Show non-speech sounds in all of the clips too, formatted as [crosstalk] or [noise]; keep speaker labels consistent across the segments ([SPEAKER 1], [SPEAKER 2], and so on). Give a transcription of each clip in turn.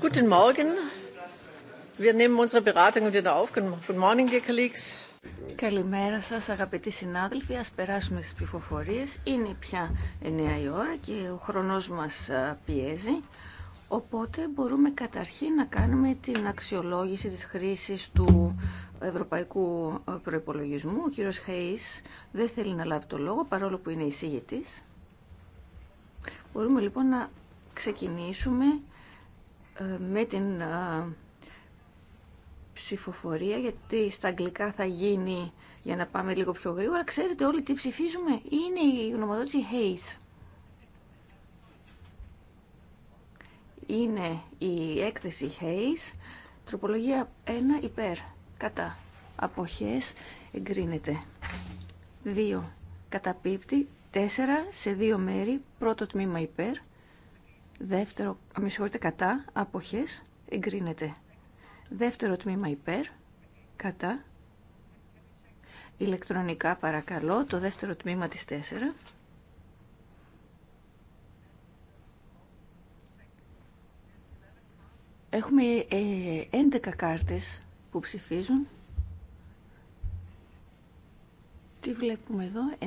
[SPEAKER 1] Καλημέρα
[SPEAKER 2] σας αγαπητοί συνάδελφοι, ας περάσουμε στις πληροφορίε. Είναι πια 9 η ώρα και ο χρονός μας πιέζει. Οπότε μπορούμε καταρχήν να κάνουμε την αξιολόγηση της χρήσης του ευρωπαϊκού προϋπολογισμού. Ο κύριος Χαΐς δεν θέλει να λάβει το λόγο παρόλο που είναι εισηγητής. Μπορούμε λοιπόν να ξεκινήσουμε ε, με την ε, ψηφοφορία, γιατί στα αγγλικά θα γίνει για να πάμε λίγο πιο γρήγορα. Ξέρετε όλοι τι ψηφίζουμε. Είναι η γνωμοδότηση Hayes. Είναι η έκθεση Hayes. Τροπολογία 1 υπέρ. Κατά. Αποχές εγκρίνεται. 2. Καταπίπτει. Τέσσερα σε δύο μέρη, πρώτο τμήμα υπέρ, δεύτερο, με κατά, αποχές, εγκρίνεται. Δεύτερο τμήμα υπέρ, κατά, ηλεκτρονικά παρακαλώ, το δεύτερο τμήμα της 4. Έχουμε 11 ε, κάρτες που ψηφίζουν. Τι βλέπουμε εδώ, 9.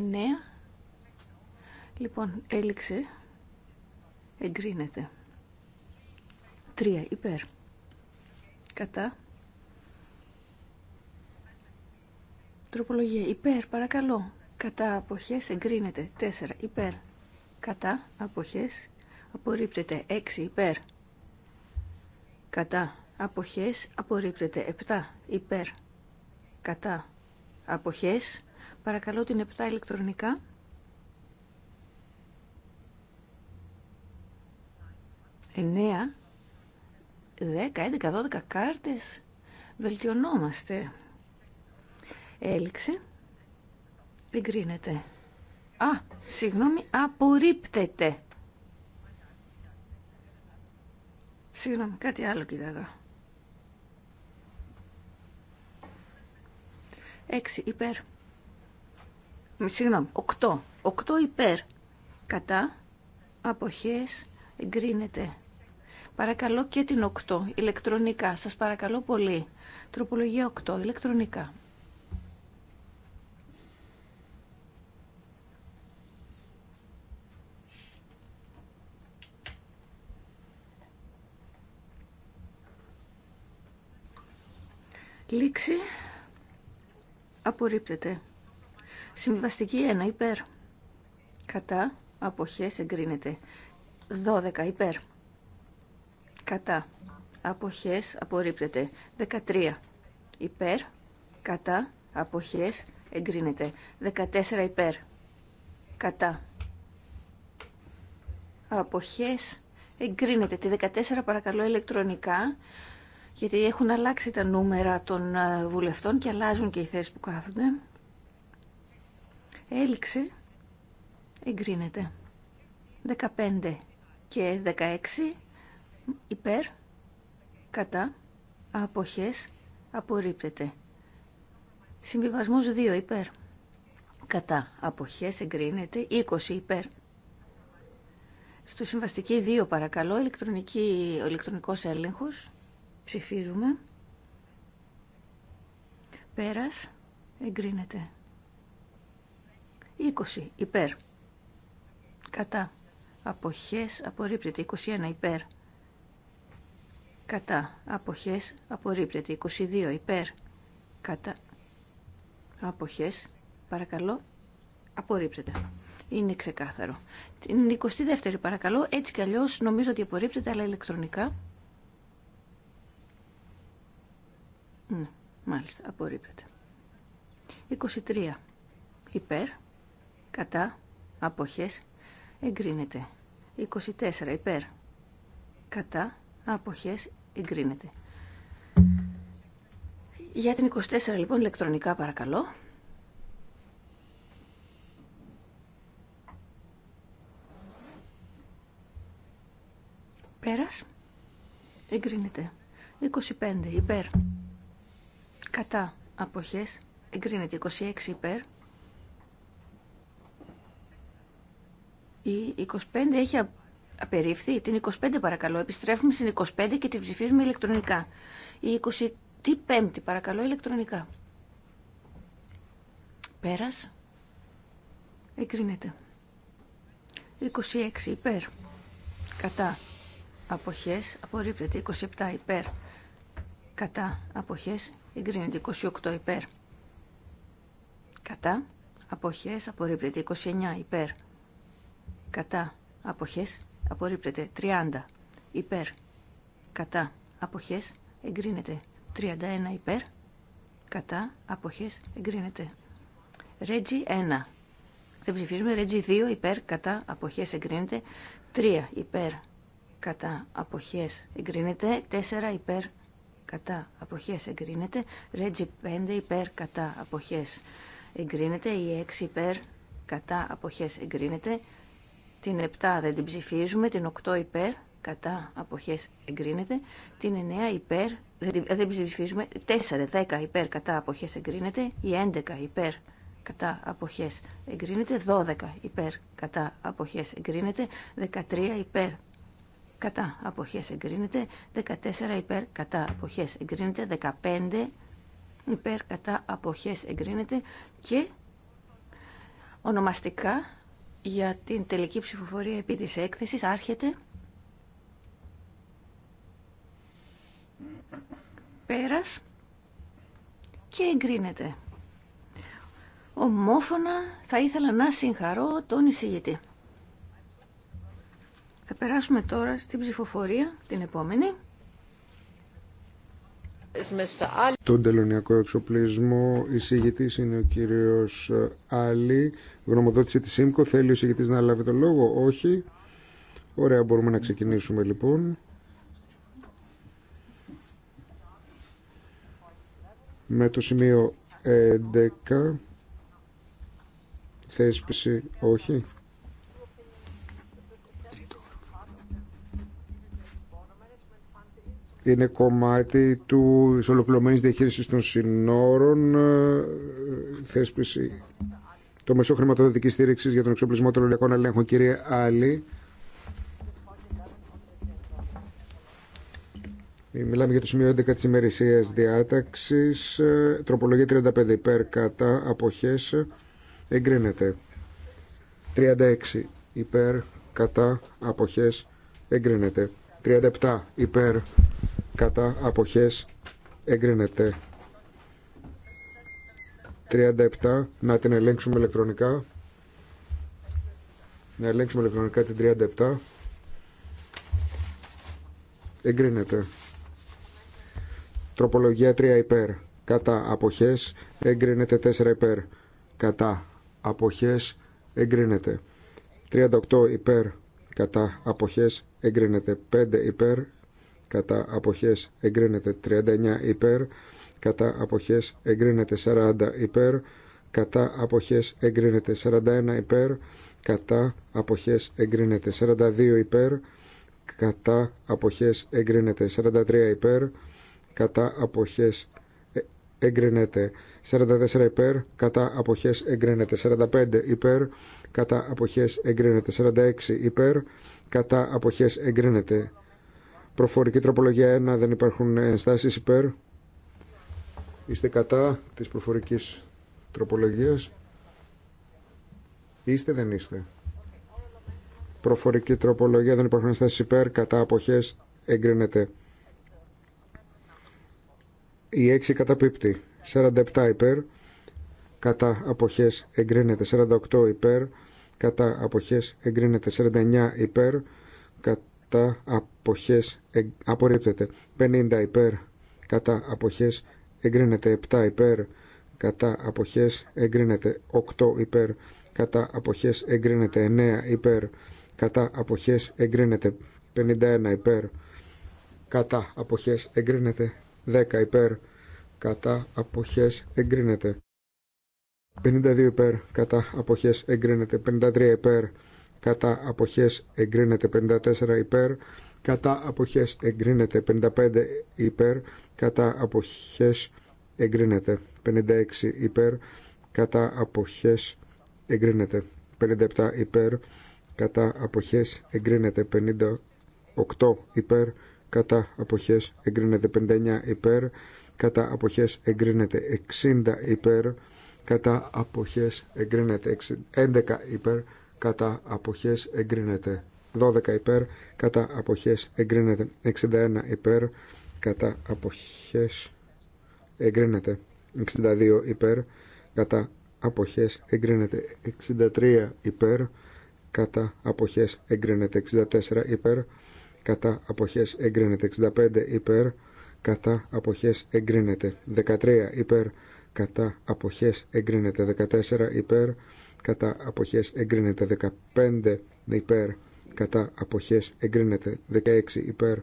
[SPEAKER 2] Λοιπόν, έληξε. Εγκρίνεται. 3. Υπέρ. Κατά. Τροπολογία. Υπέρ, παρακαλώ. Κατά αποχές εγκρίνεται. 4. Υπέρ. Κατά αποχές απορρίπτεται. 6. Υπέρ. Κατά αποχές απορρίπτεται. 7. Υπέρ. Κατά αποχές. Παρακαλώ την 7 ηλεκτρονικά. 9, 10, 11, 12 κάρτες. Βελτιωνόμαστε. Έληξε. Εγκρίνεται. Α, συγγνώμη, απορρίπτεται. Συγγνώμη, κάτι άλλο κοιτάγα. 6 υπέρ. Συγγνώμη, 8. 8 υπέρ. Κατά. Αποχές εγκρίνεται. Παρακαλώ και την 8 ηλεκτρονικά. Σας παρακαλώ πολύ. Τροπολογία 8 ηλεκτρονικά. Λήξη. Απορρίπτεται. Συμβαστική 1 υπέρ. Κατά. Αποχές εγκρίνεται. 12 υπέρ κατά, αποχές, απορρίπτεται. 13 υπέρ, κατά, αποχές, εγκρίνεται. 14 υπέρ, κατά, αποχές, εγκρίνεται. Τη 14 παρακαλώ ηλεκτρονικά, γιατί έχουν αλλάξει τα νούμερα των ε, βουλευτών και αλλάζουν και οι θέσεις που κάθονται. Έληξε, εγκρίνεται. 15 και 16 υπέρ, κατά, αποχές, απορρίπτεται. Συμβιβασμός 2 υπέρ, κατά, αποχές, εγκρίνεται, 20 υπέρ. Στο συμβαστική 2 παρακαλώ, ηλεκτρονική, ο ηλεκτρονικός έλεγχος, ψηφίζουμε. Πέρας, εγκρίνεται. 20 υπέρ, κατά, αποχές, απορρίπτεται, 21 υπέρ κατά αποχές απορρίπτεται 22 υπέρ κατά αποχές παρακαλώ απορρίπτεται είναι ξεκάθαρο την 22η παρακαλώ έτσι κι αλλιώς νομίζω ότι απορρίπτεται αλλά ηλεκτρονικά ναι, μάλιστα απορρίπτεται 23 υπέρ κατά αποχές εγκρίνεται 24 υπέρ κατά αποχές εγκρίνεται. Για την 24 λοιπόν ηλεκτρονικά παρακαλώ. Πέρας. Εγκρίνεται. 25 υπέρ. Κατά αποχές. Εγκρίνεται. 26 υπέρ. Η 25 έχει Απερίφθη. Την 25 παρακαλώ. Επιστρέφουμε στην 25 και την ψηφίζουμε ηλεκτρονικά. Η 25 παρακαλώ ηλεκτρονικά. Πέρας. Εγκρίνεται. 26 υπέρ. Κατά. Αποχές. Απορρίπτεται. 27 υπέρ. Κατά. Αποχές. Εγκρίνεται. 28 υπέρ. Κατά. Αποχές. Απορρίπτεται. 29 υπέρ. Κατά. Αποχές απορρίπτεται. 30 υπέρ κατά αποχές εγκρίνεται. 31 υπέρ κατά αποχές εγκρίνεται. Ρέτζι 1. Δεν ψηφίζουμε. Ρέτζι 2 υπέρ κατά αποχές εγκρίνεται. 3 υπέρ κατά αποχές εγκρίνεται. 4 υπέρ κατά αποχές εγκρίνεται. Ρέτζι 5 υπέρ κατά αποχές εγκρίνεται. Η 6 υπέρ κατά αποχές εγκρίνεται. Την 7 δεν την ψηφίζουμε, την 8 υπέρ, κατά αποχές εγκρίνεται, την 9 υπέρ, δεν, την ψηφίζουμε, 4, 10 υπέρ, κατά αποχές εγκρίνεται, η 11 υπέρ, κατά αποχές εγκρίνεται, 12 υπέρ, κατά αποχές εγκρίνεται, 13 υπέρ, κατά αποχές εγκρίνεται, 14 υπέρ, κατά αποχές εγκρίνεται, 15 υπέρ, κατά αποχές εγκρίνεται και ονομαστικά για την τελική ψηφοφορία επί της έκθεσης άρχεται. Πέρας και εγκρίνεται. Ομόφωνα θα ήθελα να συγχαρώ τον εισηγητή. Θα περάσουμε τώρα στην ψηφοφορία, την επόμενη.
[SPEAKER 3] Τον τελωνιακό εξοπλισμό εισηγητή είναι ο κύριος ε, Άλλη. Γνωμοδότηση τη ΣΥΜΚΟ. Θέλει ο εισηγητή να λάβει το λόγο. Όχι. Ωραία, μπορούμε να ξεκινήσουμε λοιπόν. Με το σημείο 11. Θέσπιση, όχι. είναι κομμάτι του ολοκληρωμένης διαχείρισης των συνόρων, ε, θέσπιση το Μεσό Χρηματοδοτικής Στήριξης για τον Εξοπλισμό των Ολιακών Ελέγχων, κύριε Άλλη. Ε, μιλάμε για το σημείο 11 της ημερησίας διάταξης, ε, τροπολογία 35 υπέρ κατά αποχές, εγκρίνεται. 36 υπέρ κατά αποχές, εγκρίνεται. 37 υπέρ κατά αποχές εγκρίνεται 37 να την ελέγξουμε ηλεκτρονικά να ελέγξουμε ηλεκτρονικά την 37 εγκρίνεται τροπολογία 3 υπέρ κατά αποχές εγκρίνεται 4 υπέρ κατά αποχές εγκρίνεται 38 υπέρ κατά αποχές εγκρίνεται 5 υπέρ κατά αποχές εγκρίνεται 39 υπέρ κατά αποχές εγκρίνεται 40 υπέρ κατά αποχές εγκρίνεται 41 υπέρ κατά αποχές εγκρίνεται 42 υπέρ κατά αποχές εγκρίνεται 43 ε, υπέρ κατά αποχές εγκρίνεται 44 υπέρ κατά αποχές εγκρίνεται 45 υπέρ κατά αποχές εγκρίνεται 46 υπέρ κατά αποχές εγκρίνεται Προφορική τροπολογία 1. Δεν υπάρχουν ενστάσεις υπέρ. Είστε κατά της προφορικής τροπολογίας. Είστε δεν είστε. Προφορική τροπολογία. Δεν υπάρχουν ενστάσεις υπέρ. Κατά αποχές εγκρίνεται. Η 6 καταπίπτει. 47 υπέρ. Κατά αποχές εγκρίνεται. 48 υπέρ. Κατά αποχές εγκρίνεται. 49 υπέρ. Κατά κατά αποχές ε, απορρίπτεται 50 υπέρ κατά αποχές εγκρίνεται 7 υπέρ κατά αποχές εγκρίνεται 8 υπέρ κατά αποχές εγκρίνεται 9 υπέρ κατά αποχές εγκρίνεται 51 υπέρ κατά αποχές εγκρίνεται 10 υπέρ κατά αποχές εγκρίνεται 52 υπέρ κατά αποχές εγκρίνεται 53 υπέρ κατά αποχές εγκρίνεται 54 υπέρ κατά αποχές εγκρίνεται 55 υπέρ κατά αποχές εγκρίνεται 56 υπέρ κατά αποχές εγκρίνεται 57 υπέρ κατά αποχές εγκρίνεται 58 υπέρ κατά αποχές εγκρίνεται 59 υπέρ κατά αποχές εγκρίνεται 60 υπέρ κατά αποχές εγκρίνεται 11 υπέρ κατά αποχές εγκρίνεται 12 υπέρ κατά αποχές εγκρίνεται 61 υπέρ κατά αποχές εγκρίνεται 62 υπέρ κατά αποχές εγκρίνεται 63 υπέρ κατά αποχές εγκρίνεται 64 υπέρ κατά αποχές εγκρίνεται 65 υπέρ κατά αποχές εγκρίνεται 13 υπέρ κατά αποχές εγκρίνεται 14 υπέρ κατά αποχές εγκρίνεται 15 υπέρ κατά αποχές εγκρίνεται 16 υπέρ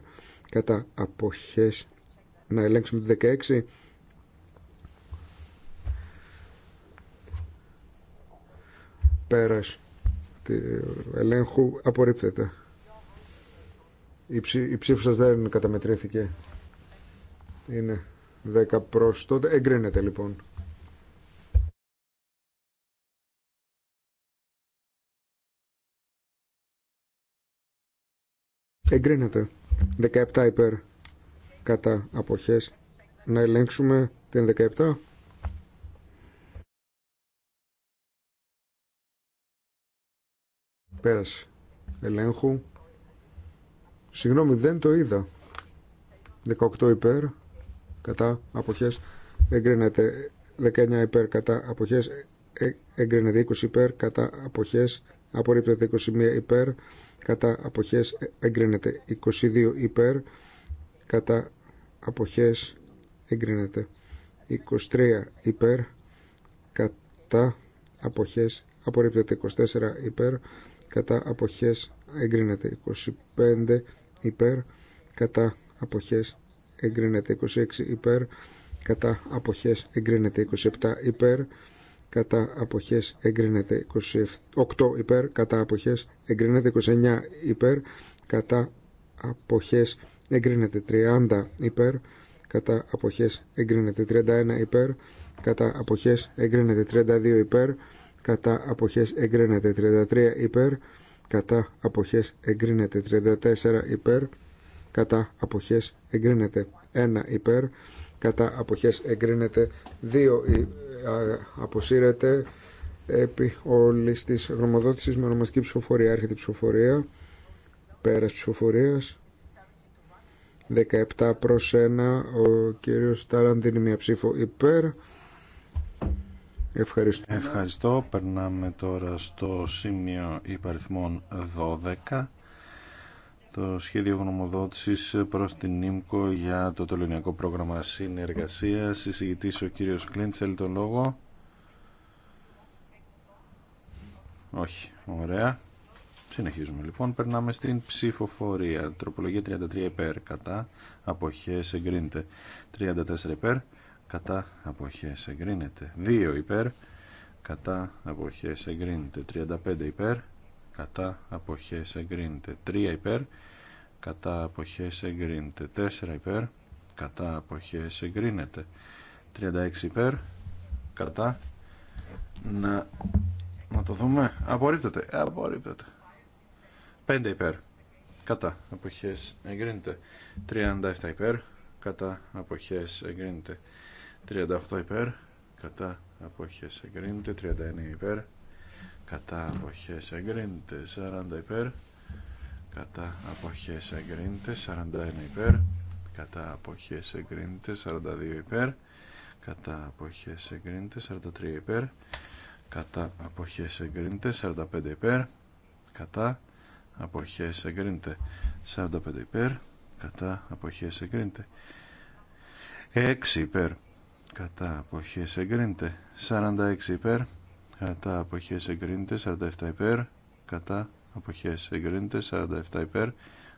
[SPEAKER 3] κατά αποχές να ελέγξουμε το 16 πέρας του ελέγχου απορρίπτεται η, ψή, η σας δεν καταμετρήθηκε είναι 10 προς τότε εγκρίνεται λοιπόν Εγκρίνεται. 17 υπέρ κατά αποχές. Να ελέγξουμε την 17. Πέρασε. Ελέγχου. Συγγνώμη, δεν το είδα. 18 υπέρ κατά αποχές. Εγκρίνεται. 19 υπέρ κατά αποχές. Ε, εγκρίνεται 20 υπέρ κατά αποχές απορρίπτεται 21 ε, υπέρ κατά αποχές εγκρίνεται 22 υπέρ κατά αποχές εγκρίνεται 23 υπέρ κατά αποχές απορρίπτεται 24 υπέρ κατά αποχές εγκρίνεται 25 υπέρ κατά αποχές εγκρίνεται 26 υπέρ κατά αποχές εγκρίνεται 27 υπέρ κατά αποχές εγκρίνεται 28 υπέρ κατά αποχές εγκρίνεται 29 υπέρ κατά αποχές εγκρίνεται 30 υπέρ κατά αποχές εγκρίνεται 31 υπέρ κατά αποχές εγκρίνεται 32 υπέρ κατά αποχές εγκρίνεται 33 υπέρ κατά αποχές εγκρίνεται 34 υπέρ κατά αποχές εγκρίνεται 1 υπέρ κατά αποχές εγκρίνεται 2 αποσύρεται επί όλη της γνωμοδότηση με ονομαστική ψηφοφορία. Έρχεται η ψηφοφορία, πέρας ψηφοφορία 17 προς 1 ο κύριος Τάραν δίνει μια ψήφο υπέρ. Ευχαριστώ. Ευχαριστώ. Περνάμε τώρα στο σημείο υπαριθμών
[SPEAKER 4] 12 το σχέδιο γνωμοδότησης προς την ΙΜΚΟ για το Τολωνιακό Πρόγραμμα Συνεργασίας. Συζητητής ο κύριος κλίντ θέλει τον λόγο. Όχι, ωραία. Συνεχίζουμε λοιπόν. Περνάμε στην ψηφοφορία. Τροπολογία 33 υπέρ κατά αποχές εγκρίνεται. 34 υπέρ κατά αποχές εγκρίνεται. 2 υπέρ κατά αποχές εγκρίνεται. 35 υπέρ κατά αποχές εγκρίνεται 3 υπέρ κατά αποχές εγκρίνεται 4 υπέρ κατά αποχές εγκρίνεται 36 υπέρ κατά να, να το δούμε απορρίπτεται απορρίπτεται 5 υπέρ κατά αποχές εγκρίνεται 37 υπέρ κατά αποχές εγκρίνεται 38 υπέρ κατά αποχές εγκρίνεται 39 υπέρ κατά αποχές εγκρίνεται 40 υπέρ κατά αποχές εγκρίνεται 41 υπέρ κατά αποχές εγκρίνεται 42 υπέρ κατά αποχές εγκρίνεται 43 υπέρ κατά αποχές εγκρίνεται 45 υπέρ κατά αποχές εγκρίνεται 45 υπέρ κατά αποχές εγκρίνεται 6 υπέρ κατά αποχές εγκρίνεται 46 υπέρ κατά αποχές εγκρίνεται 47 υπέρ κατά αποχές εγκρίνεται 47 υπέρ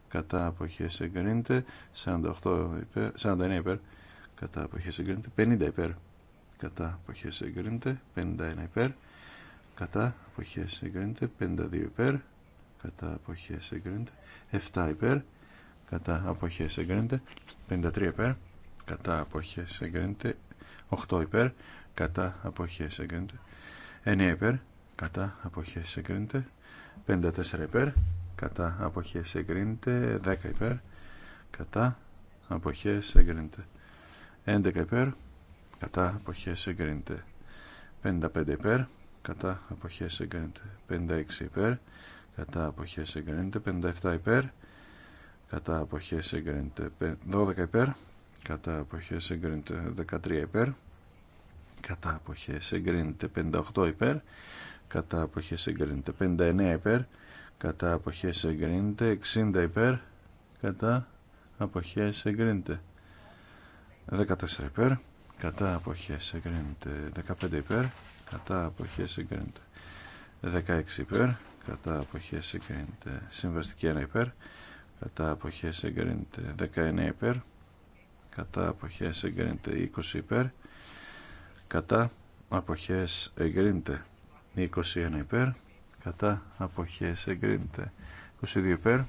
[SPEAKER 4] κατά αποχές εγκρίνεται 48 υπέρ, 49 υπέρ κατά αποχές εγκρίνεται 50 υπέρ κατά αποχές εγκρίνεται 51 υπέρ κατά αποχές εγκρίνεται 52 υπέρ κατά αποχές εγκρίνεται 7 υπέρ κατά αποχές εγκρίνεται 53 υπέρ κατά αποχές εγκρίνεται 8 υπέρ κατά αποχές εγκρίνεται 9 υπέρ, κατά αποχές εγκρίνεται. 54 υπέρ, κατά αποχές εγκρίνεται. 10 υπέρ, κατά αποχές εγκρίνεται. 11 υπέρ, κατά αποχές εγκρίνεται. 55 υπέρ, κατά αποχές εγκρίνεται. 56 υπέρ, κατά αποχές εγκρίνεται. 57 υπέρ, κατά αποχές εγκρίνεται. 12 υπέρ, κατά αποχές εγκρίνεται. 13 υπέρ, κατά αποχές εγκρίνεται 58 υπέρ κατά αποχές εγκρίνεται 59 υπέρ κατά αποχές εγκρίνεται 60 υπέρ κατά αποχές εγκρίνεται 14 υπέρ κατά αποχές εγκρίνεται 15 υπέρ κατά αποχές εγκρίνεται 16 υπέρ κατά αποχές εγκρίνεται συμβαστική 1 υπέρ κατά αποχές εγκρίνεται 19 υπέρ κατά αποχές εγκρίνεται 20 υπέρ κατά αποχές εγκρίνεται 21 υπέρ κατά αποχές εγκρίνεται 22 υπέρ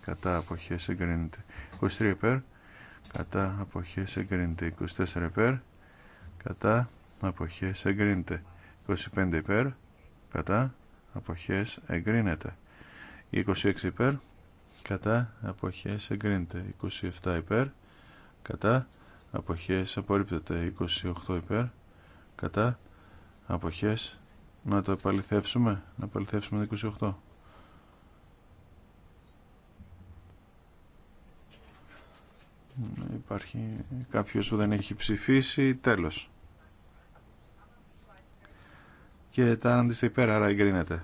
[SPEAKER 4] κατά αποχές εγκρίνεται 23 υπέρ κατά αποχές εγκρίνεται 24 υπέρ κατά αποχές εγκρίνεται 25 υπέρ κατά αποχές εγκρίνεται 26 υπέρ κατά αποχές εγκρίνεται 27 υπέρ κατά αποχές απορρίπτεται 28 υπέρ κατά αποχές να το επαληθεύσουμε να επαληθεύσουμε το 28 Υπάρχει κάποιος που δεν έχει ψηφίσει, τέλος. Και τα αντίστοιχα υπέρ, άρα εγκρίνεται.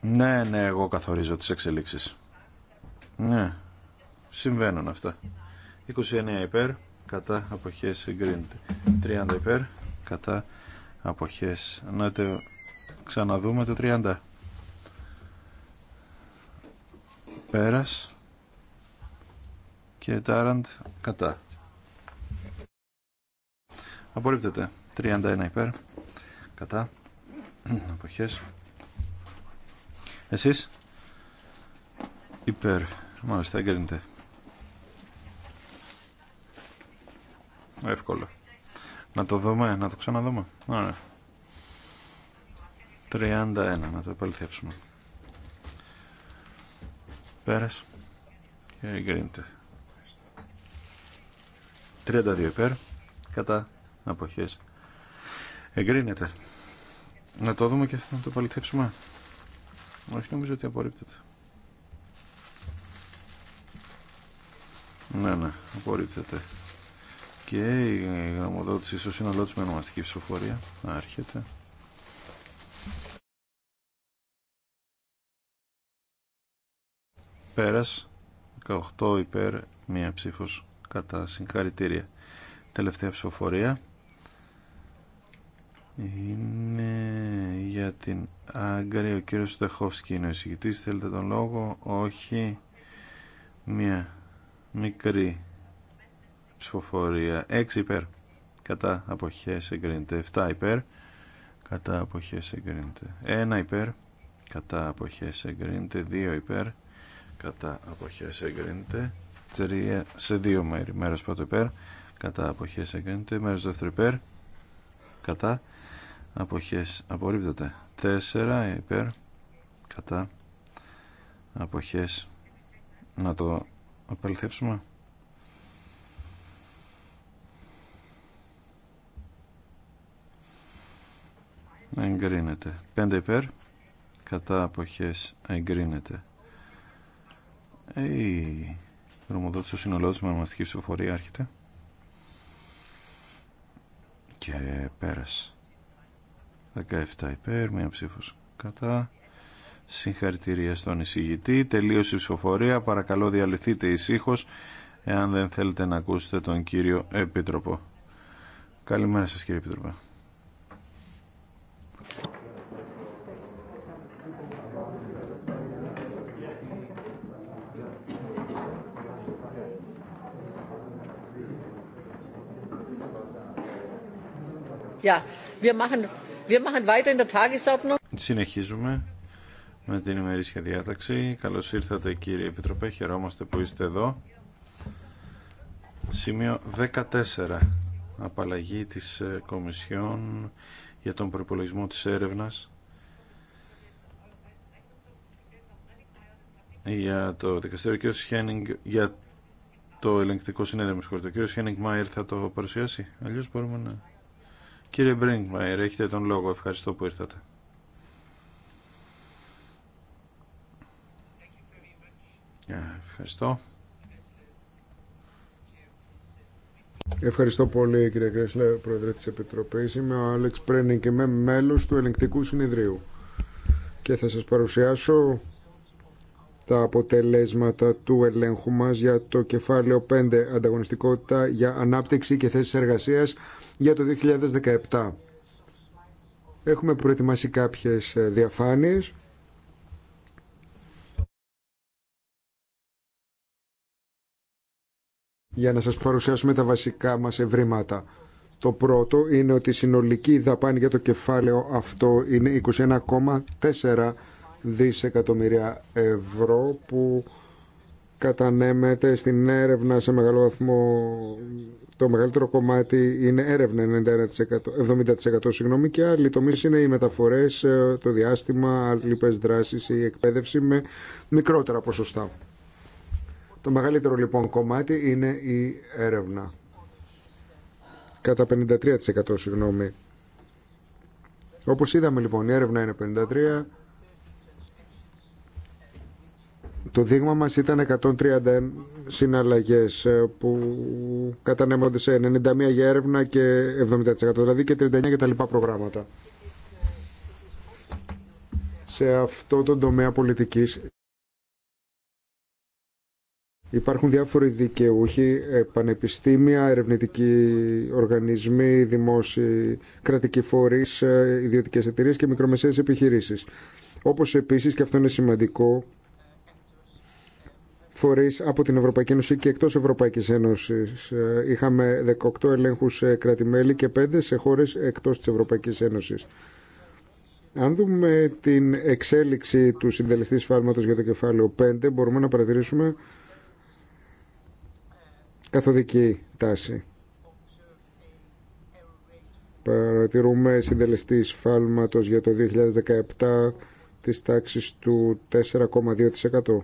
[SPEAKER 4] Ναι, ναι, εγώ καθορίζω τις εξελίξεις. Ναι, συμβαίνουν αυτά. 29 υπέρ κατά αποχές εγκρίνεται 30 υπέρ κατά αποχές να το ξαναδούμε το 30 πέρας και τάραντ κατά απορρίπτεται 31 υπέρ κατά αποχές εσείς υπέρ μάλιστα εγκρίνεται εύκολο. Να το δούμε, να το ξαναδούμε. Ωραία. 31, να το επαληθεύσουμε. Πέρας. Και εγκρίνεται. 32 υπέρ, κατά αποχές. Εγκρίνεται. Να το δούμε και θα το επαληθεύσουμε. Όχι, νομίζω ότι απορρίπτεται. Ναι, ναι, απορρίπτεται και η γραμμοδότηση στο σύνολό της με ονομαστική ψηφοφορία. Άρχεται. Πέρας 18 υπέρ μία ψήφος κατά συγχαρητήρια. Τελευταία ψηφοφορία είναι για την Άγκαρη. Ο κύριος Στεχόφσκι είναι ο εισηγητής. Θέλετε τον λόγο. Όχι. Μία μικρή ψηφοφορία 6 υπέρ κατά αποχές εγκρίνεται 7 υπέρ κατά αποχές εγκρίνεται 1 υπέρ κατά αποχές εγκρίνεται 2 υπέρ κατά αποχές εγκρίνεται 3 σε 2 μέρη μέρος πρώτο υπέρ κατά αποχές εγκρίνεται μέρο δεύτερο υπέρ κατά αποχές απορρίπτεται 4 υπέρ κατά αποχές να το απελθέψουμε εγκρίνεται Πέντε υπέρ κατά αποχές εγκρίνεται η δρομοδότηση του σύνολό της με ψηφοφορία έρχεται και πέρασε 17 υπέρ, μία ψήφος κατά συγχαρητήρια στον εισηγητή τελείωσε η ψηφοφορία παρακαλώ διαλυθείτε ησύχως εάν δεν θέλετε να ακούσετε τον κύριο Επίτροπο Καλημέρα σας κύριε Επίτροπο. Συνεχίζουμε με την ημερήσια διάταξη. Καλώς ήρθατε κύριε Επιτροπέ, χαιρόμαστε που είστε εδώ. Σημείο 14. Απαλλαγή της ε, Κομισιόν για τον προπολογισμό της έρευνας για το δικαστήριο κ. για το ελεγκτικό συνέδριο με συγχωρείτε. Ο κ. Χένιγκ Μάιερ θα το παρουσιάσει. Αλλιώς μπορούμε να... Κύριε Μάιρ, έχετε τον λόγο. Ευχαριστώ που ήρθατε.
[SPEAKER 3] Ε, ευχαριστώ. Ευχαριστώ πολύ κύριε Κρέσλε, Πρόεδρε της Επιτροπής. Είμαι ο Άλεξ Πρένιν και είμαι μέλος του Ελεγκτικού Συνεδρίου και θα σας παρουσιάσω τα αποτελέσματα του ελέγχου μας για το κεφάλαιο 5 ανταγωνιστικότητα για ανάπτυξη και θέσεις εργασίας για το 2017. Έχουμε προετοιμάσει κάποιες ε, διαφάνειες για να σας παρουσιάσουμε τα βασικά μας ευρήματα. Το πρώτο είναι ότι η συνολική δαπάνη για το κεφάλαιο αυτό είναι 21,4 δισεκατομμύρια ευρώ που κατανέμεται στην έρευνα σε μεγάλο βαθμό το μεγαλύτερο κομμάτι είναι έρευνα 70% συγγνώμη και άλλοι τομεί είναι οι μεταφορές, ε, το διάστημα, λοιπές δράσεις, η εκπαίδευση με μικρότερα ποσοστά. Το μεγαλύτερο λοιπόν κομμάτι είναι η έρευνα. Κατά 53% συγγνώμη. Όπως είδαμε λοιπόν η έρευνα είναι 53%. Το δείγμα μας ήταν 130 συναλλαγές ε, που κατανέμονται σε 91 για έρευνα και 70% δηλαδή και 39 για τα λοιπά προγράμματα. Σε αυτό το τομέα πολιτικής Υπάρχουν διάφοροι δικαιούχοι, ε, πανεπιστήμια, ερευνητικοί οργανισμοί, δημόσιοι, κρατικοί φορεί, ε, ιδιωτικέ εταιρείε και μικρομεσαίες επιχειρήσει. Όπω επίση και αυτό είναι σημαντικό, φορείς από την Ευρωπαϊκή Ένωση και εκτό Ευρωπαϊκή Ένωση. Ε, είχαμε 18 ελέγχου σε κράτη-μέλη και 5 σε χώρε εκτό τη Ευρωπαϊκή Ένωση. Αν δούμε την εξέλιξη του συντελεστή σφάλματος για το κεφάλαιο 5, μπορούμε να παρατηρήσουμε καθοδική τάση. Παρατηρούμε συντελεστή σφάλματος για το 2017 της τάξης του 4,2%.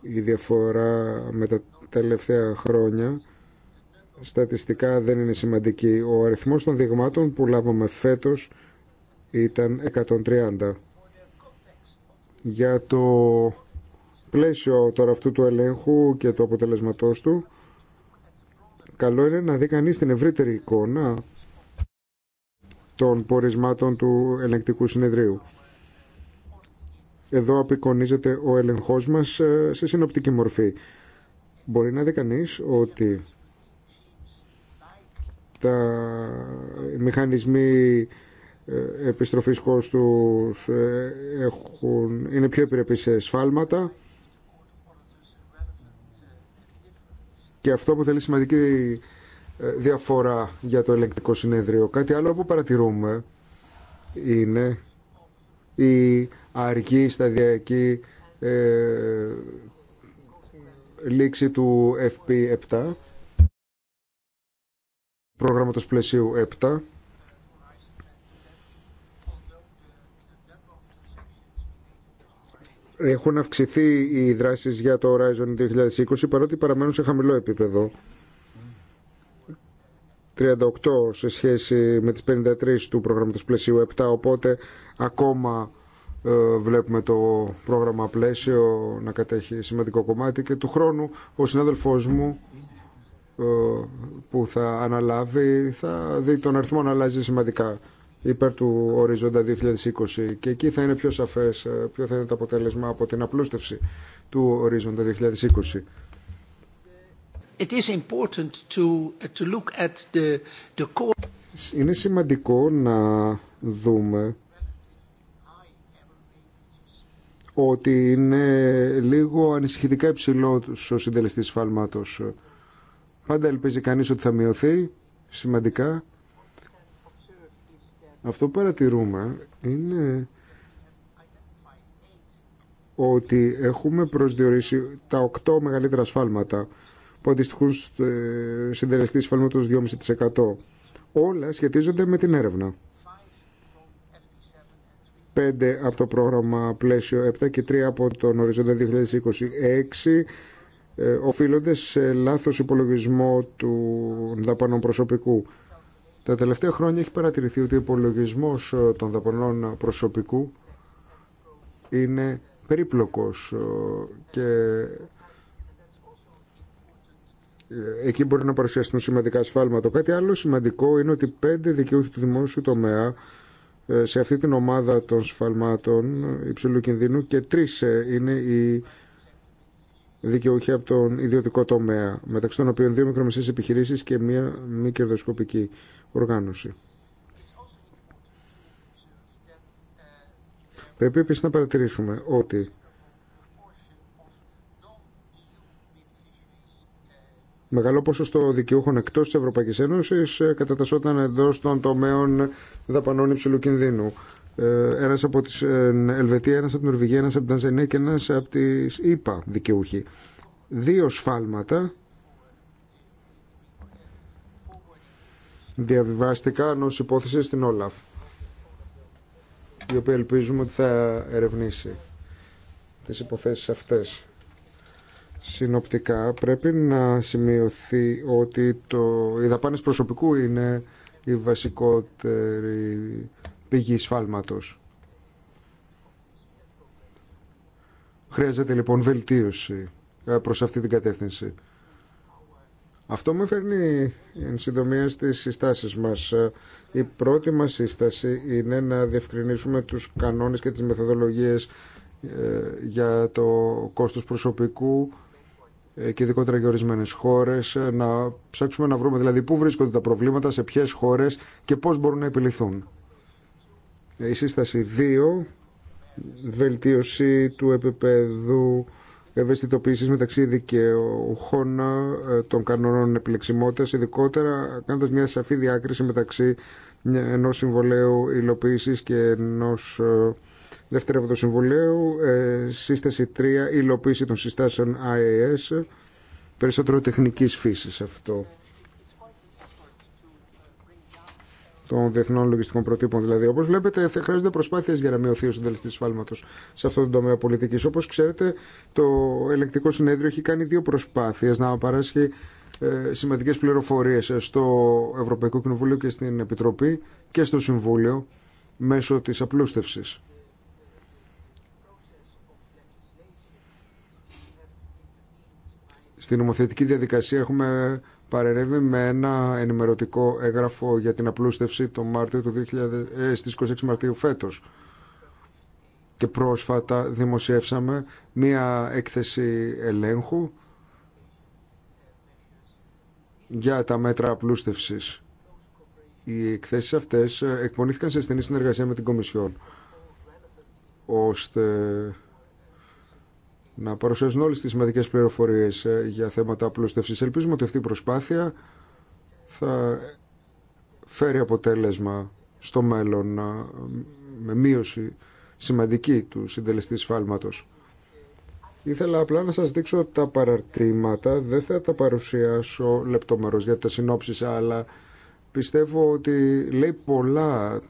[SPEAKER 3] Η διαφορά με τα τελευταία χρόνια στατιστικά δεν είναι σημαντική. Ο αριθμός των δειγμάτων που λάβαμε φέτος ήταν 130. Για το πλαίσιο τώρα αυτού του ελέγχου και του αποτελεσματός του, καλό είναι να δει κανείς την ευρύτερη εικόνα των πορισμάτων του ελεγκτικού συνεδρίου. Εδώ απεικονίζεται ο ελεγχός μας ε, σε συνοπτική μορφή. Μπορεί να δει κανείς ότι τα μηχανισμοί ε, επιστροφής κόστους ε, έχουν, είναι πιο επιρρεπείς σε σφάλματα Και αυτό αποτελεί σημαντική ε, διαφορά για το ελεγκτικό συνέδριο. Κάτι άλλο που παρατηρούμε είναι η αργή σταδιακή ε, λήξη του FP7 πρόγραμματος πλαισίου 7 Έχουν αυξηθεί οι δράσεις για το Horizon 2020 παρότι παραμένουν σε χαμηλό επίπεδο. 38 σε σχέση με τις 53 του προγράμματος πλαισίου 7 οπότε ακόμα ε, βλέπουμε το πρόγραμμα πλαίσιο να κατέχει σημαντικό κομμάτι και του χρόνου ο συνάδελφός μου ε, που θα αναλάβει θα δει τον αριθμό να αλλάζει σημαντικά υπέρ του οριζόντα 2020 και εκεί θα είναι πιο σαφές ε, ποιο θα είναι το αποτέλεσμα από την απλούστευση του οριζόντα 2020. Uh, είναι σημαντικό να δούμε ότι είναι λίγο ανησυχητικά υψηλό ο συντελεστής φάλματος. Πάντα ελπίζει κανείς ότι θα μειωθεί σημαντικά αυτό που παρατηρούμε είναι ότι έχουμε προσδιορίσει τα οκτώ μεγαλύτερα σφάλματα που αντιστοιχούν ε, συντελεστή σφάλματος 2,5%. Όλα σχετίζονται με την έρευνα. Πέντε από το πρόγραμμα πλαίσιο 7 και τρία από τον οριζόντα 2026 ε, οφείλονται σε λάθος υπολογισμό του δαπανών προσωπικού. Τα τελευταία χρόνια έχει παρατηρηθεί ότι ο υπολογισμό ε, των δαπανών προσωπικού είναι περίπλοκος ε, και ε, εκεί μπορεί να παρουσιαστούν σημαντικά ασφάλματα. Κάτι άλλο σημαντικό είναι ότι πέντε δικαιούχοι του δημόσιου τομέα σε αυτή την ομάδα των σφαλμάτων υψηλού κινδύνου και τρεις είναι οι δικαιούχοι από τον ιδιωτικό τομέα, μεταξύ των οποίων δύο μικρομεσαίες επιχειρήσεις και μία μη κερδοσκοπική οργάνωση. Πρέπει επίσης να παρατηρήσουμε ότι Μεγάλο ποσοστό δικαιούχων εκτός της Ευρωπαϊκής Ένωσης ε, κατατασσόταν εντός των τομέων δαπανών υψηλού κινδύνου. Ε, ένα από την ε, Ελβετία, ένα από την Νορβηγία, ένα από την Τανζανία και ένα από τι ΗΠΑ δικαιούχοι. Δύο σφάλματα διαβιβάστηκαν ω υπόθεση στην Όλαφ, η οποία ελπίζουμε ότι θα ερευνήσει τις υποθέσεις αυτές. Συνοπτικά πρέπει να σημειωθεί ότι το, οι δαπάνες προσωπικού είναι η βασικότερη πηγή σφάλματος. Χρειάζεται λοιπόν βελτίωση ε, προς αυτή την κατεύθυνση. Αυτό με φέρνει εν συντομία στις συστάσεις μας. Ε, η πρώτη μας σύσταση είναι να διευκρινίσουμε τους κανόνες και τις μεθοδολογίες ε, για το κόστος προσωπικού και ειδικότερα για ορισμένε χώρε, να ψάξουμε να βρούμε δηλαδή πού βρίσκονται τα προβλήματα, σε ποιε χώρε και πώ μπορούν να επιληθούν. Η σύσταση 2, βελτίωση του επίπεδου ευαισθητοποίησης μεταξύ δικαιούχων ε, των κανόνων επιλεξιμότητας, ειδικότερα κάνοντα μια σαφή διάκριση μεταξύ ενό συμβολέου υλοποίηση και ενό ε, δεύτερου συμβολέου, ε, σύσταση 3, υλοποίηση των συστάσεων IAS, περισσότερο τεχνική φύση αυτό. των διεθνών λογιστικών προτύπων. Δηλαδή, όπω βλέπετε, θα χρειάζονται προσπάθειε για να μειωθεί ο συντελεστή σφάλματο σε αυτόν τον τομέα πολιτική. Όπω ξέρετε, το ελεκτικό συνέδριο έχει κάνει δύο προσπάθειε να παράσχει ε, σημαντικέ πληροφορίες στο Ευρωπαϊκό Κοινοβούλιο και στην Επιτροπή και στο Συμβούλιο μέσω τη απλούστευση. Στην νομοθετική διαδικασία έχουμε παρερεύει με ένα ενημερωτικό έγγραφο για την απλούστευση το Μάρτιο του 2000, ε, στις 26 Μαρτίου φέτος. Και πρόσφατα δημοσιεύσαμε μία έκθεση ελέγχου για τα μέτρα απλούστευσης. Οι εκθέσεις αυτές ε, εκπονήθηκαν σε στενή συνεργασία με την Κομισιόν, ώστε να παρουσιάσουν όλες τις σημαντικές πληροφορίες ε, για θέματα απλούστευσης. Ελπίζουμε ότι αυτή η προσπάθεια θα φέρει αποτέλεσμα στο μέλλον ε, με μείωση σημαντική του συντελεστή σφάλματος. Ήθελα απλά να σας δείξω τα παραρτήματα, δεν θα τα παρουσιάσω λεπτομερώς για τα συνόψεις, αλλά πιστεύω ότι λέει πολλά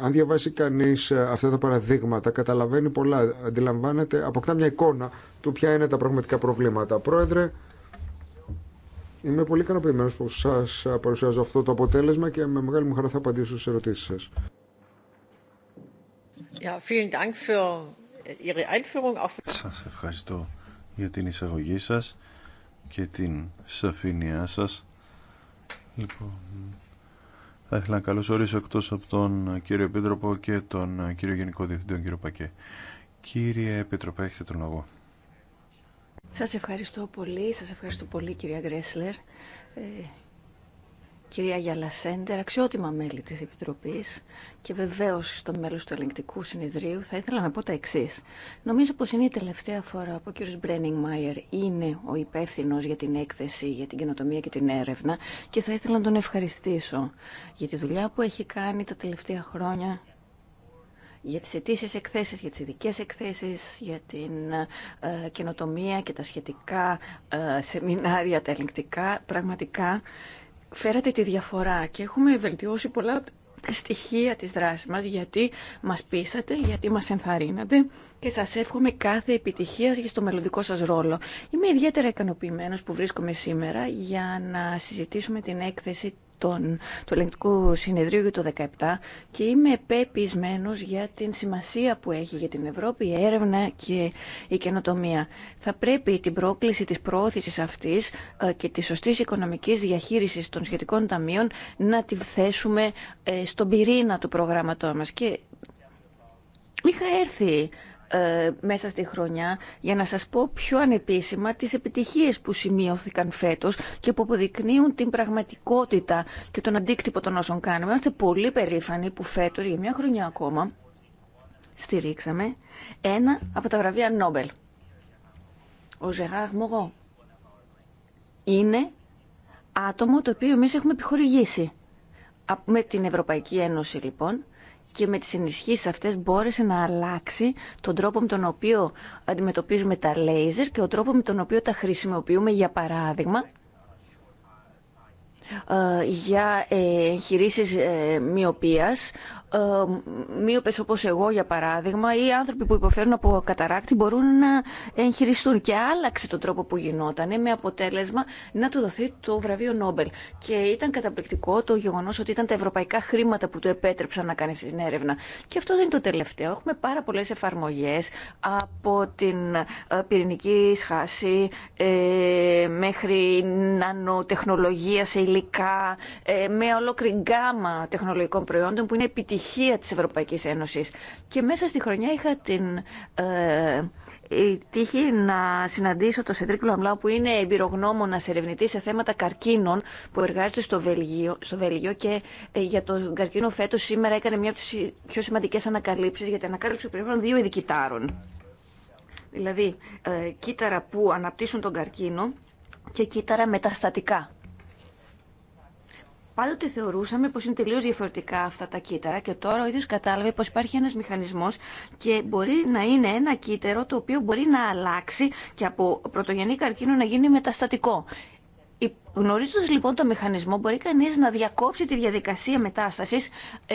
[SPEAKER 3] αν διαβάσει κανεί ε, αυτά τα παραδείγματα, καταλαβαίνει πολλά, αντιλαμβάνεται, αποκτά μια εικόνα του ποια είναι τα πραγματικά προβλήματα. Πρόεδρε, είμαι πολύ ικανοποιημένο που σας παρουσιάζω αυτό το αποτέλεσμα και με μεγάλη μου χαρά θα απαντήσω στι ερωτήσεις σας.
[SPEAKER 1] Σα
[SPEAKER 4] ευχαριστώ για την εισαγωγή σας και την σαφήνειά σα. Λοιπόν, θα ήθελα να καλωσορίσω εκτός από τον κύριο Επίτροπο και τον κύριο Γενικό Διευθυντή, τον κύριο Πακέ. Κύριε Επίτροπο, έχετε τον λόγο.
[SPEAKER 2] Σας ευχαριστώ πολύ. Σας ευχαριστώ πολύ κυρία Γκρέσλερ ε, κυρία Σέντερ, αξιότιμα μέλη της Επιτροπής και βεβαίως στο μέλος του Ελεγκτικού Συνεδρίου, θα ήθελα να πω τα εξή. Νομίζω πως είναι η τελευταία φορά που ο κ. Μπρένινγκ Μάιερ είναι ο υπεύθυνο για την έκθεση, για την καινοτομία και την έρευνα και θα ήθελα να τον ευχαριστήσω για τη δουλειά που έχει κάνει τα τελευταία χρόνια για τις αιτήσεις εκθέσεις, για τις ειδικέ εκθέσεις, για την ε, καινοτομία και τα σχετικά ε, σεμινάρια, τα ελεγκτικά, πραγματικά φέρατε τη διαφορά και έχουμε βελτιώσει πολλά στοιχεία της δράσης μας γιατί μας πείσατε, γιατί μας ενθαρρύνατε και σας εύχομαι κάθε επιτυχία για στο μελλοντικό σας ρόλο. Είμαι ιδιαίτερα ικανοποιημένος που βρίσκομαι σήμερα για να συζητήσουμε την έκθεση τον του Ελεγκτικού Συνεδρίου για το 2017 και είμαι πεπισμένο για την σημασία που έχει για την Ευρώπη η έρευνα και η καινοτομία. Θα πρέπει την πρόκληση της προώθησης αυτής ε, και τη σωστή οικονομικής διαχείρισης των σχετικών ταμείων να τη θέσουμε ε, στον πυρήνα του προγράμματό μας. Και είχα έρθει ε, μέσα στη χρονιά για να σας πω πιο ανεπίσημα τις επιτυχίες που σημειώθηκαν φέτος και που αποδεικνύουν την πραγματικότητα και τον αντίκτυπο των όσων κάνουμε. Είμαστε πολύ περήφανοι που φέτος για μια χρονιά ακόμα στηρίξαμε ένα από τα βραβεία Νόμπελ. Ο Ζεγάρ Μογό είναι άτομο το οποίο εμείς έχουμε επιχορηγήσει. Με την Ευρωπαϊκή Ένωση λοιπόν και με τις ενισχύσεις αυτές μπόρεσε να αλλάξει τον τρόπο με τον οποίο αντιμετωπίζουμε τα λέιζερ και ο τρόπο με τον οποίο τα χρησιμοποιούμε για παράδειγμα ε, για ε, εγχειρήσεις ε, μοιοπίας ε, μείωπες όπως εγώ για παράδειγμα ή άνθρωποι που υποφέρουν από καταράκτη μπορούν να εγχειριστούν και άλλαξε τον τρόπο που γινόταν με αποτέλεσμα να του δοθεί το βραβείο Νόμπελ. Και ήταν καταπληκτικό το γεγονό ότι ήταν τα ευρωπαϊκά χρήματα που του επέτρεψαν να κάνει αυτή την έρευνα. Και αυτό δεν είναι το τελευταίο. Έχουμε πάρα πολλέ εφαρμογέ από την ε, πυρηνική σχάση ε, μέχρι νανοτεχνολογία σε υλικά με ολόκληρη γκάμα τεχνολογικών προϊόντων που είναι επιτυχία στοιχεία της Ευρωπαϊκής Ένωσης. Και μέσα στη χρονιά είχα την ε, τύχη να συναντήσω τον Σεντρίκ Λαμλάου που είναι εμπειρογνώμονας ερευνητή σε θέματα καρκίνων που εργάζεται στο Βέλγιο, στο Βέλγιο και ε, για τον καρκίνο φέτος σήμερα έκανε μια από τις πιο σημαντικές ανακαλύψεις γιατί ανακάλυψε ανακάλυψη περίπου δύο ειδικητάρων. Δηλαδή, ε, κύτταρα που αναπτύσσουν τον καρκίνο και κύτταρα μεταστατικά. Πάντοτε θεωρούσαμε πω είναι τελείω διαφορετικά αυτά τα κύτταρα και τώρα ο ίδιο κατάλαβε πω υπάρχει ένα μηχανισμό και μπορεί να είναι ένα κύτταρο το οποίο μπορεί να αλλάξει και από πρωτογενή καρκίνο να γίνει μεταστατικό. Γνωρίζοντα λοιπόν το μηχανισμό, μπορεί κανεί να διακόψει τη διαδικασία μετάσταση, ε,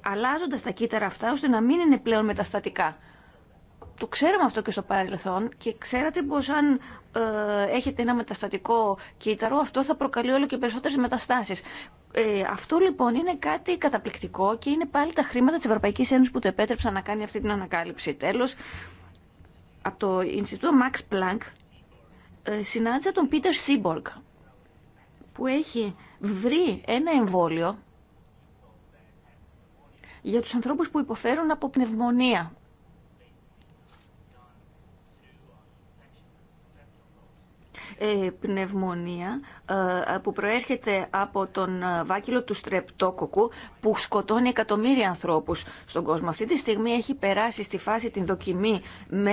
[SPEAKER 2] αλλάζοντα τα κύτταρα αυτά, ώστε να μην είναι πλέον μεταστατικά. Το ξέραμε αυτό και στο παρελθόν και ξέρατε πως αν ε, έχετε ένα μεταστατικό κύτταρο αυτό θα προκαλεί όλο και περισσότερες μεταστάσεις. Ε, αυτό λοιπόν είναι κάτι καταπληκτικό και είναι πάλι τα χρήματα της Ευρωπαϊκής Ένωσης που το επέτρεψαν να κάνει αυτή την ανακάλυψη. Τέλος, από το Ινστιτούτο Max Planck ε, συνάντησα τον Peter Seaborg που έχει βρει ένα εμβόλιο για τους ανθρώπους που υποφέρουν από πνευμονία. Ε, πνευμονία ε, που προέρχεται από τον ε, βάκυλο του στρεπτόκοκου που σκοτώνει εκατομμύρια ανθρώπους στον κόσμο. Αυτή τη στιγμή έχει περάσει στη φάση την δοκιμή με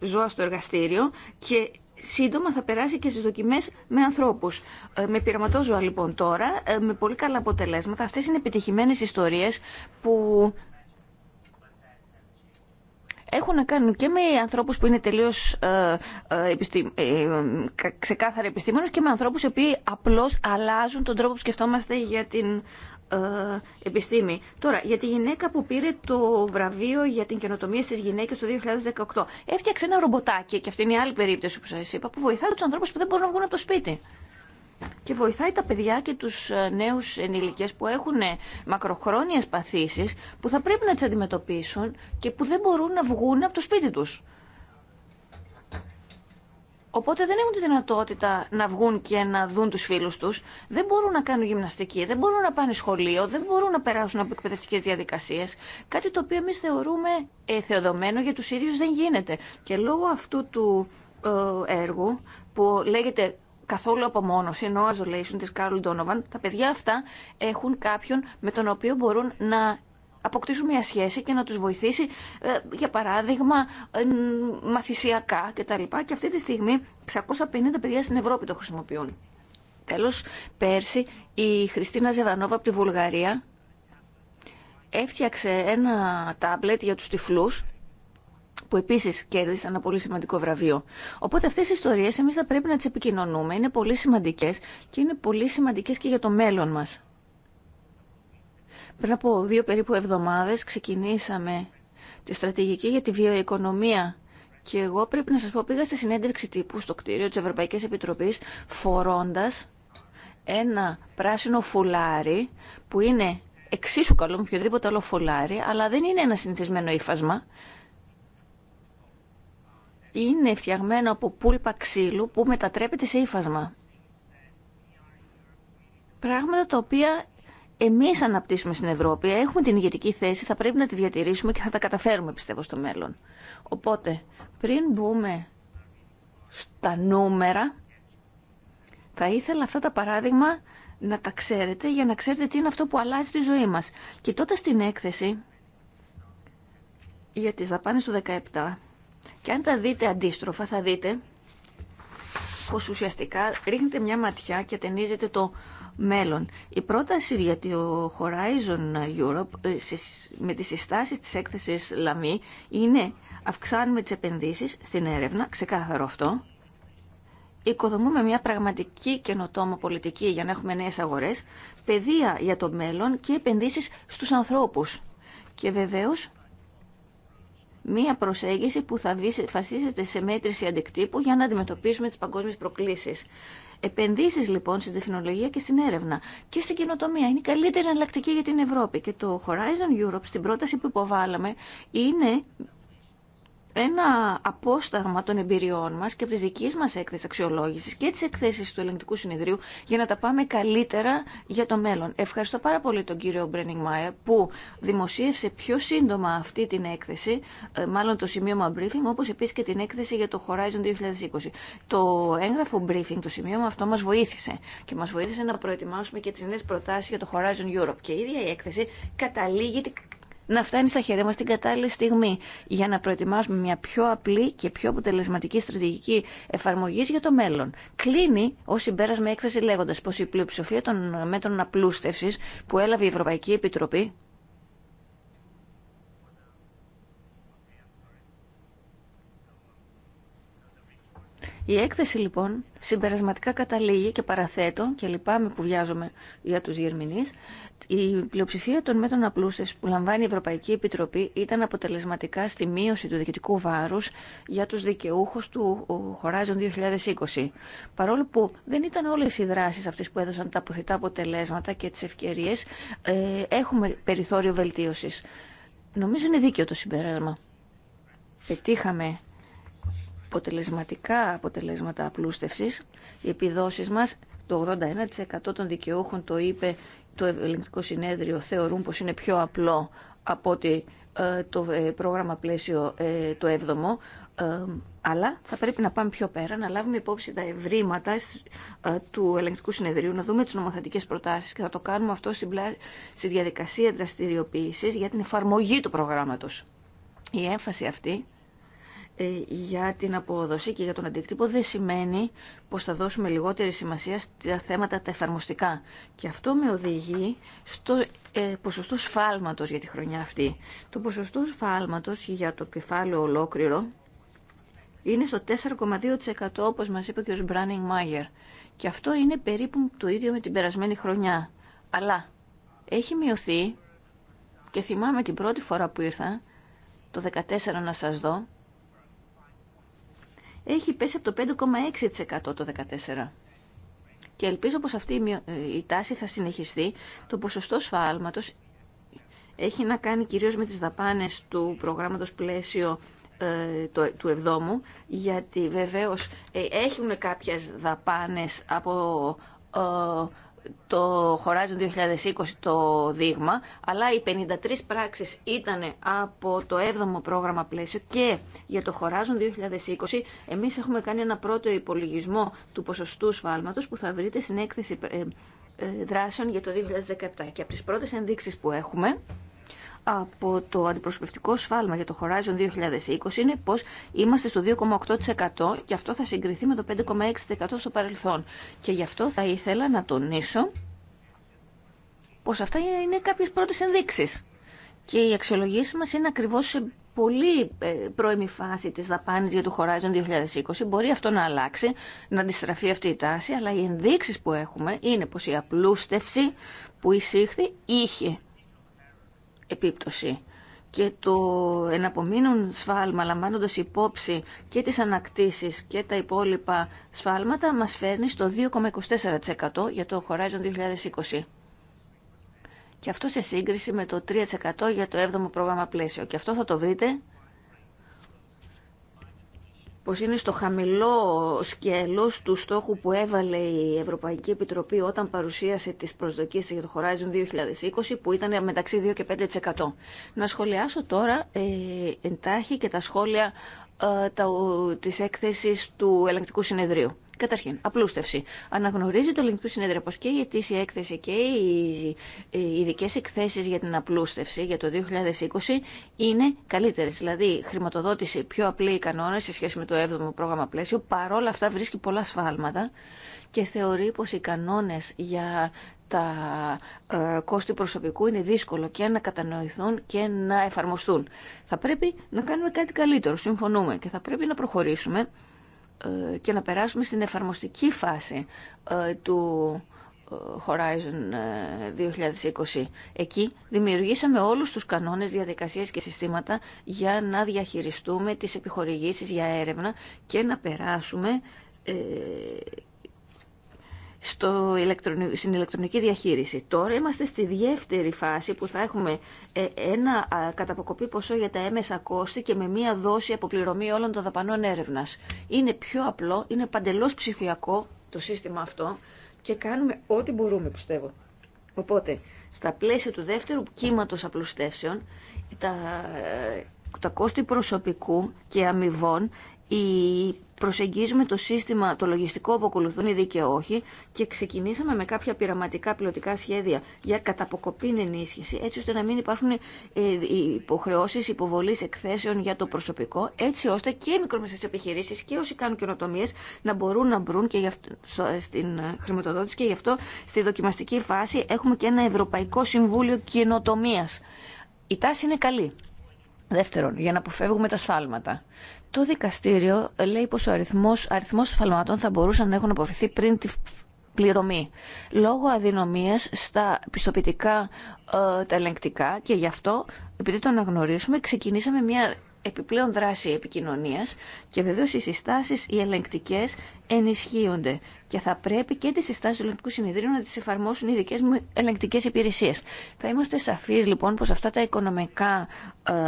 [SPEAKER 2] ζώα στο εργαστήριο και σύντομα θα περάσει και στις δοκιμές με ανθρώπους. Με πειραματόζωα λοιπόν τώρα, με πολύ καλά αποτελέσματα. Αυτές είναι επιτυχημένες ιστορίες που έχουν να κάνουν και με ανθρώπους που είναι τελείως ε, ε, ε ξεκάθαρα επιστήμονες και με ανθρώπους οι οποίοι απλώς αλλάζουν τον τρόπο που σκεφτόμαστε για την ε, επιστήμη. Τώρα, για τη γυναίκα που πήρε το βραβείο για την καινοτομία στις γυναίκες το 2018. Έφτιαξε ένα ρομποτάκι, και αυτή είναι η άλλη περίπτωση που σας είπα, που βοηθάει τους ανθρώπους που δεν μπορούν να βγουν από το σπίτι και βοηθάει τα παιδιά και τους ε, νέους ενηλικές που έχουν ε, μακροχρόνιες παθήσεις που θα πρέπει να τις αντιμετωπίσουν και που δεν μπορούν να βγουν από το σπίτι τους. Οπότε δεν έχουν τη δυνατότητα να βγουν και να δουν τους φίλους τους. Δεν μπορούν να κάνουν γυμναστική, δεν μπορούν να πάνε σχολείο, δεν μπορούν να περάσουν από εκπαιδευτικές διαδικασίες. Κάτι το οποίο εμείς θεωρούμε ε, θεοδομένο για τους ίδιους δεν γίνεται. Και λόγω αυτού του ε, έργου που λέγεται καθόλου απομόνωση, ενώ isolation της Κάρολ Ντόνοβαν, τα παιδιά αυτά έχουν κάποιον με τον οποίο μπορούν να αποκτήσουν μια σχέση και να τους βοηθήσει, ε, για παράδειγμα, ε, μαθησιακά κτλ. Και αυτή τη στιγμή 650 παιδιά στην Ευρώπη το χρησιμοποιούν. Τέλος, πέρσι η Χριστίνα Ζεβανόβα από τη Βουλγαρία έφτιαξε ένα τάμπλετ για τους τυφλούς που επίση κέρδισαν ένα πολύ σημαντικό βραβείο. Οπότε αυτέ οι ιστορίε εμεί θα πρέπει να τι επικοινωνούμε, είναι πολύ σημαντικέ και είναι πολύ σημαντικέ και για το μέλλον μα. Πριν από δύο περίπου εβδομάδε ξεκινήσαμε τη στρατηγική για τη βιοοικονομία και εγώ πρέπει να σα πω πήγα στη συνέντευξη τύπου στο κτίριο τη Ευρωπαϊκή Επιτροπή, φορώντα ένα πράσινο φουλάρι που είναι εξίσου καλό με οποιοδήποτε άλλο φουλάρι αλλά δεν είναι ένα συνηθισμένο ύφασμα είναι φτιαγμένο από πούλπα ξύλου που μετατρέπεται σε ύφασμα. Πράγματα τα οποία εμείς αναπτύσσουμε στην Ευρώπη, έχουμε την ηγετική θέση, θα πρέπει να τη διατηρήσουμε και θα τα καταφέρουμε πιστεύω στο μέλλον. Οπότε, πριν μπούμε στα νούμερα, θα ήθελα αυτά τα παράδειγμα να τα ξέρετε για να ξέρετε τι είναι αυτό που αλλάζει τη ζωή μας. Κοιτώντας την έκθεση για τις δαπάνες του 17, και αν τα δείτε αντίστροφα θα δείτε πως ουσιαστικά ρίχνετε μια ματιά και ταινίζετε το μέλλον. Η πρόταση για το Horizon Europe ε, με τις συστάσεις της έκθεσης Λαμή είναι αυξάνουμε τις επενδύσεις στην έρευνα, ξεκάθαρο αυτό, οικοδομούμε μια πραγματική καινοτόμο πολιτική για να έχουμε νέες αγορές, παιδεία για το μέλλον και επενδύσεις στους ανθρώπους. Και βεβαίως μία προσέγγιση που θα βασίζεται σε μέτρηση αντικτύπου για να αντιμετωπίσουμε τις παγκόσμιες προκλήσεις. Επενδύσεις λοιπόν στην τεχνολογία και στην έρευνα και στην καινοτομία είναι η καλύτερη εναλλακτική για την Ευρώπη και το Horizon Europe στην πρόταση που υποβάλαμε είναι ένα απόσταγμα των εμπειριών μα και από τι δικέ μας έκθεσης αξιολόγηση και τι εκθέσει του Ελεγκτικού Συνεδρίου για να τα πάμε καλύτερα για το μέλλον. Ευχαριστώ πάρα πολύ τον κύριο Μπρένιγκ Μάιερ που δημοσίευσε πιο σύντομα αυτή την έκθεση, ε, μάλλον το σημείωμα briefing, όπω επίση και την έκθεση για το Horizon 2020. Το έγγραφο briefing, το σημείωμα αυτό μα βοήθησε και μα βοήθησε να προετοιμάσουμε και τι νέε προτάσει για το Horizon Europe και η ίδια η έκθεση καταλήγει να φτάνει στα χέρια μας την κατάλληλη στιγμή για να προετοιμάσουμε μια πιο απλή και πιο αποτελεσματική στρατηγική εφαρμογής για το μέλλον. Κλείνει ως συμπέρασμα έκθεση λέγοντας πως η πλειοψηφία των μέτρων απλούστευσης που έλαβε η Ευρωπαϊκή Επιτροπή Η έκθεση λοιπόν συμπερασματικά καταλήγει και παραθέτω και λυπάμαι που βιάζομαι για τους γερμηνείς η πλειοψηφία των μέτρων απλούστες που λαμβάνει η Ευρωπαϊκή Επιτροπή ήταν αποτελεσματικά στη μείωση του διοικητικού βάρους για τους δικαιούχους του Horizon 2020. Παρόλο που δεν ήταν όλες οι δράσεις αυτές που έδωσαν τα αποθητά αποτελέσματα και τις ευκαιρίες ε, έχουμε περιθώριο βελτίωσης. Νομίζω είναι δίκαιο το συμπέρασμα. Πετύχαμε αποτελεσματικά αποτελέσματα απλούστευσης. Οι επιδόσεις μας, το 81% των δικαιούχων το είπε το Ελληνικό Συνέδριο, θεωρούν πως είναι πιο απλό από ότι ε, το ε, πρόγραμμα πλαίσιο ε, το 7ο. Αλλά θα πρέπει να πάμε πιο πέρα, να λάβουμε υπόψη τα ευρήματα του ελεγκτικού συνεδρίου, να δούμε τις νομοθετικές προτάσεις και θα το κάνουμε αυτό στη διαδικασία δραστηριοποίησης για την εφαρμογή του προγράμματος. Η έμφαση αυτή ε, για την αποδοσή και για τον αντίκτυπο δεν σημαίνει πως θα δώσουμε λιγότερη σημασία στα θέματα τα εφαρμοστικά. Και αυτό με οδηγεί στο ε, ποσοστό σφάλματος για τη χρονιά αυτή. Το ποσοστό σφάλματος για το κεφάλαιο ολόκληρο είναι στο 4,2% όπως μας είπε ο κ. Μπράνινγκ Μάγερ. Και αυτό είναι περίπου το ίδιο με την περασμένη χρονιά. Αλλά έχει μειωθεί και θυμάμαι την πρώτη φορά που ήρθα, το 14 να σας δω, έχει πέσει από το 5,6% το 2014. Και ελπίζω πως αυτή ε, η τάση θα συνεχιστεί. Το ποσοστό σφάλματος έχει να κάνει κυρίως με τις δαπάνες του προγράμματος πλαίσιο ε, του εβδόμου, γιατί βεβαίως ε, έχουν κάποιες δαπάνες από το Horizon 2020 το δείγμα, αλλά οι 53 πράξεις ήταν από το 7ο πρόγραμμα πλαίσιο και για το Horizon 2020 εμείς έχουμε κάνει ένα πρώτο υπολογισμό του ποσοστού σφάλματος που θα βρείτε στην έκθεση ε, ε, δράσεων για το 2017. Και από τις πρώτες ενδείξεις που έχουμε, από το αντιπροσωπευτικό σφάλμα για το Horizon 2020 είναι πως είμαστε στο 2,8% και αυτό θα συγκριθεί με το 5,6% στο παρελθόν. Και γι' αυτό θα ήθελα να τονίσω πως αυτά είναι κάποιες πρώτες ενδείξεις. Και οι αξιολογήσει μας είναι ακριβώς σε πολύ ε, πρώιμη φάση της δαπάνης για το Horizon 2020. Μπορεί αυτό να αλλάξει, να αντιστραφεί αυτή η τάση, αλλά οι ενδείξεις που έχουμε είναι πως η απλούστευση που εισήχθη είχε επίπτωση και το εναπομείνουν σφάλμα λαμβάνοντας υπόψη και τις ανακτήσεις και τα υπόλοιπα σφάλματα μας φέρνει στο 2,24% για το Horizon 2020. Και αυτό σε σύγκριση με το 3% για το 7ο πρόγραμμα πλαίσιο. Και αυτό θα το βρείτε πως είναι στο χαμηλό σκέλος του στόχου που έβαλε η Ευρωπαϊκή Επιτροπή όταν παρουσίασε τις προσδοκίες για το Horizon 2020 που ήταν μεταξύ 2 και 5%. Να σχολιάσω τώρα ε, εντάχει και τα σχόλια ε, τα, της έκθεσης του Ελεγκτικού Συνεδρίου. Καταρχήν, απλούστευση. Αναγνωρίζει το ελληνικό συνέδριο πω και η ετήσια έκθεση και οι ειδικέ εκθέσει για την απλούστευση για το 2020 είναι καλύτερε. Δηλαδή, χρηματοδότηση πιο απλή κανόνε σε σχέση με το 7ο πρόγραμμα πλαίσιο. Παρόλα αυτά, βρίσκει πολλά σφάλματα και θεωρεί πω οι κανόνε για τα ε, κόστη προσωπικού είναι δύσκολο και να κατανοηθούν και να εφαρμοστούν. Θα πρέπει να κάνουμε κάτι καλύτερο, συμφωνούμε, και θα πρέπει να προχωρήσουμε ε, και να περάσουμε στην εφαρμοστική φάση ε, του ε, Horizon 2020. Εκεί δημιουργήσαμε όλους τους κανόνες, διαδικασίες και συστήματα για να διαχειριστούμε τις επιχορηγήσεις για έρευνα και να περάσουμε στο στην ηλεκτρονική διαχείριση. Τώρα είμαστε στη δεύτερη φάση που θα έχουμε ε, ένα καταποκοπή ποσό για τα έμεσα κόστη και με μία δόση αποπληρωμή όλων των δαπανών έρευνας. Είναι πιο απλό, είναι παντελώς ψηφιακό το σύστημα αυτό και κάνουμε ό,τι μπορούμε πιστεύω. Οπότε, στα πλαίσια του δεύτερου κύματος απλουστεύσεων, τα, ε, κόστη προσωπικού και αμοιβών προσεγγίζουμε το σύστημα, το λογιστικό που ακολουθούν οι όχι και ξεκινήσαμε με κάποια πειραματικά πιλωτικά σχέδια για καταποκοπήν ενίσχυση, έτσι ώστε να μην υπάρχουν ε, υποχρεώσει υποβολή εκθέσεων για το προσωπικό, έτσι ώστε και οι μικρομεσαίε επιχειρήσει και όσοι κάνουν καινοτομίε να μπορούν να μπρουν και στην χρηματοδότηση. Και γι' αυτό στη δοκιμαστική φάση έχουμε και ένα Ευρωπαϊκό Συμβούλιο Καινοτομία. Η τάση είναι καλή. Δεύτερον, για να αποφεύγουμε τα σφάλματα. Το δικαστήριο λέει πως ο αριθμός, αριθμός σφαλμάτων θα μπορούσαν να έχουν αποφευθεί πριν τη πληρωμή λόγω αδυνομίας στα πιστοποιητικά ε, τα ελεγκτικά και γι' αυτό επειδή το αναγνωρίσουμε ξεκινήσαμε μια επιπλέον δράση επικοινωνίας και βεβαίως οι συστάσεις οι ελεγκτικές ενισχύονται και θα πρέπει και τις συστάσεις του ελεγκτικού συνεδρίου να τις εφαρμόσουν οι δικές μου ελεγκτικές υπηρεσίες. Θα είμαστε σαφείς λοιπόν πως αυτά τα οικονομικά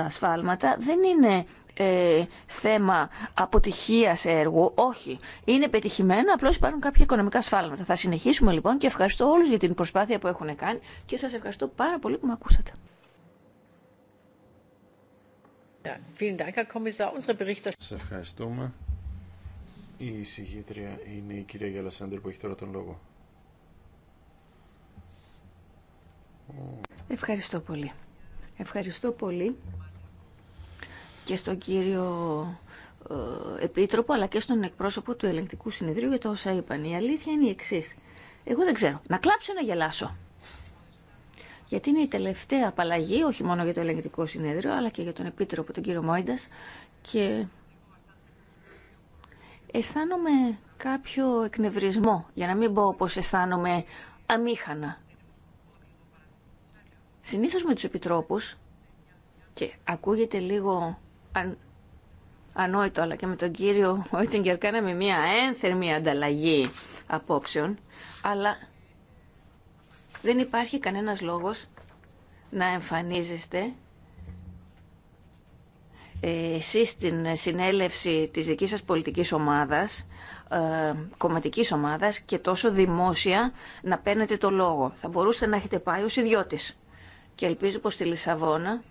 [SPEAKER 2] ασφάλματα ε, δεν είναι ε, θέμα αποτυχίας έργου. Όχι. Είναι πετυχημένα, απλώς υπάρχουν κάποια οικονομικά σφάλματα. Θα συνεχίσουμε λοιπόν και ευχαριστώ όλους για την προσπάθεια που έχουν κάνει και σας ευχαριστώ πάρα πολύ που με ακούσατε.
[SPEAKER 1] Σας ευχαριστούμε. Η συγγήτρια
[SPEAKER 4] είναι η κυρία Γιαλασάντερ που έχει τώρα τον λόγο.
[SPEAKER 2] Ευχαριστώ πολύ. Ευχαριστώ πολύ και στον κύριο ε, Επίτροπο αλλά και στον εκπρόσωπο του Ελεγκτικού Συνεδρίου για τα όσα είπαν. Η αλήθεια είναι η εξή. Εγώ δεν ξέρω. Να κλάψω ή να γελάσω. Γιατί είναι η τελευταία απαλλαγή, όχι μόνο για το Ελεγκτικό Συνέδριο, αλλά και για τον Επίτροπο, τον κύριο Μόιντα. Και αισθάνομαι κάποιο εκνευρισμό, για να μην πω πως αισθάνομαι αμήχανα. Συνήθως με τους επιτρόπους, και ακούγεται λίγο αν, ανόητο, αλλά και με τον κύριο Όιτιγκερ κάναμε μια ένθερμη ανταλλαγή απόψεων, αλλά δεν υπάρχει κανένας λόγος να εμφανίζεστε ε, εσείς στην συνέλευση της δικής σας πολιτικής ομάδας, ε, κομματικής ομάδας και τόσο δημόσια να παίρνετε το λόγο. Θα μπορούσατε να έχετε πάει ως ιδιώτης. Και ελπίζω πως στη Λισαβόνα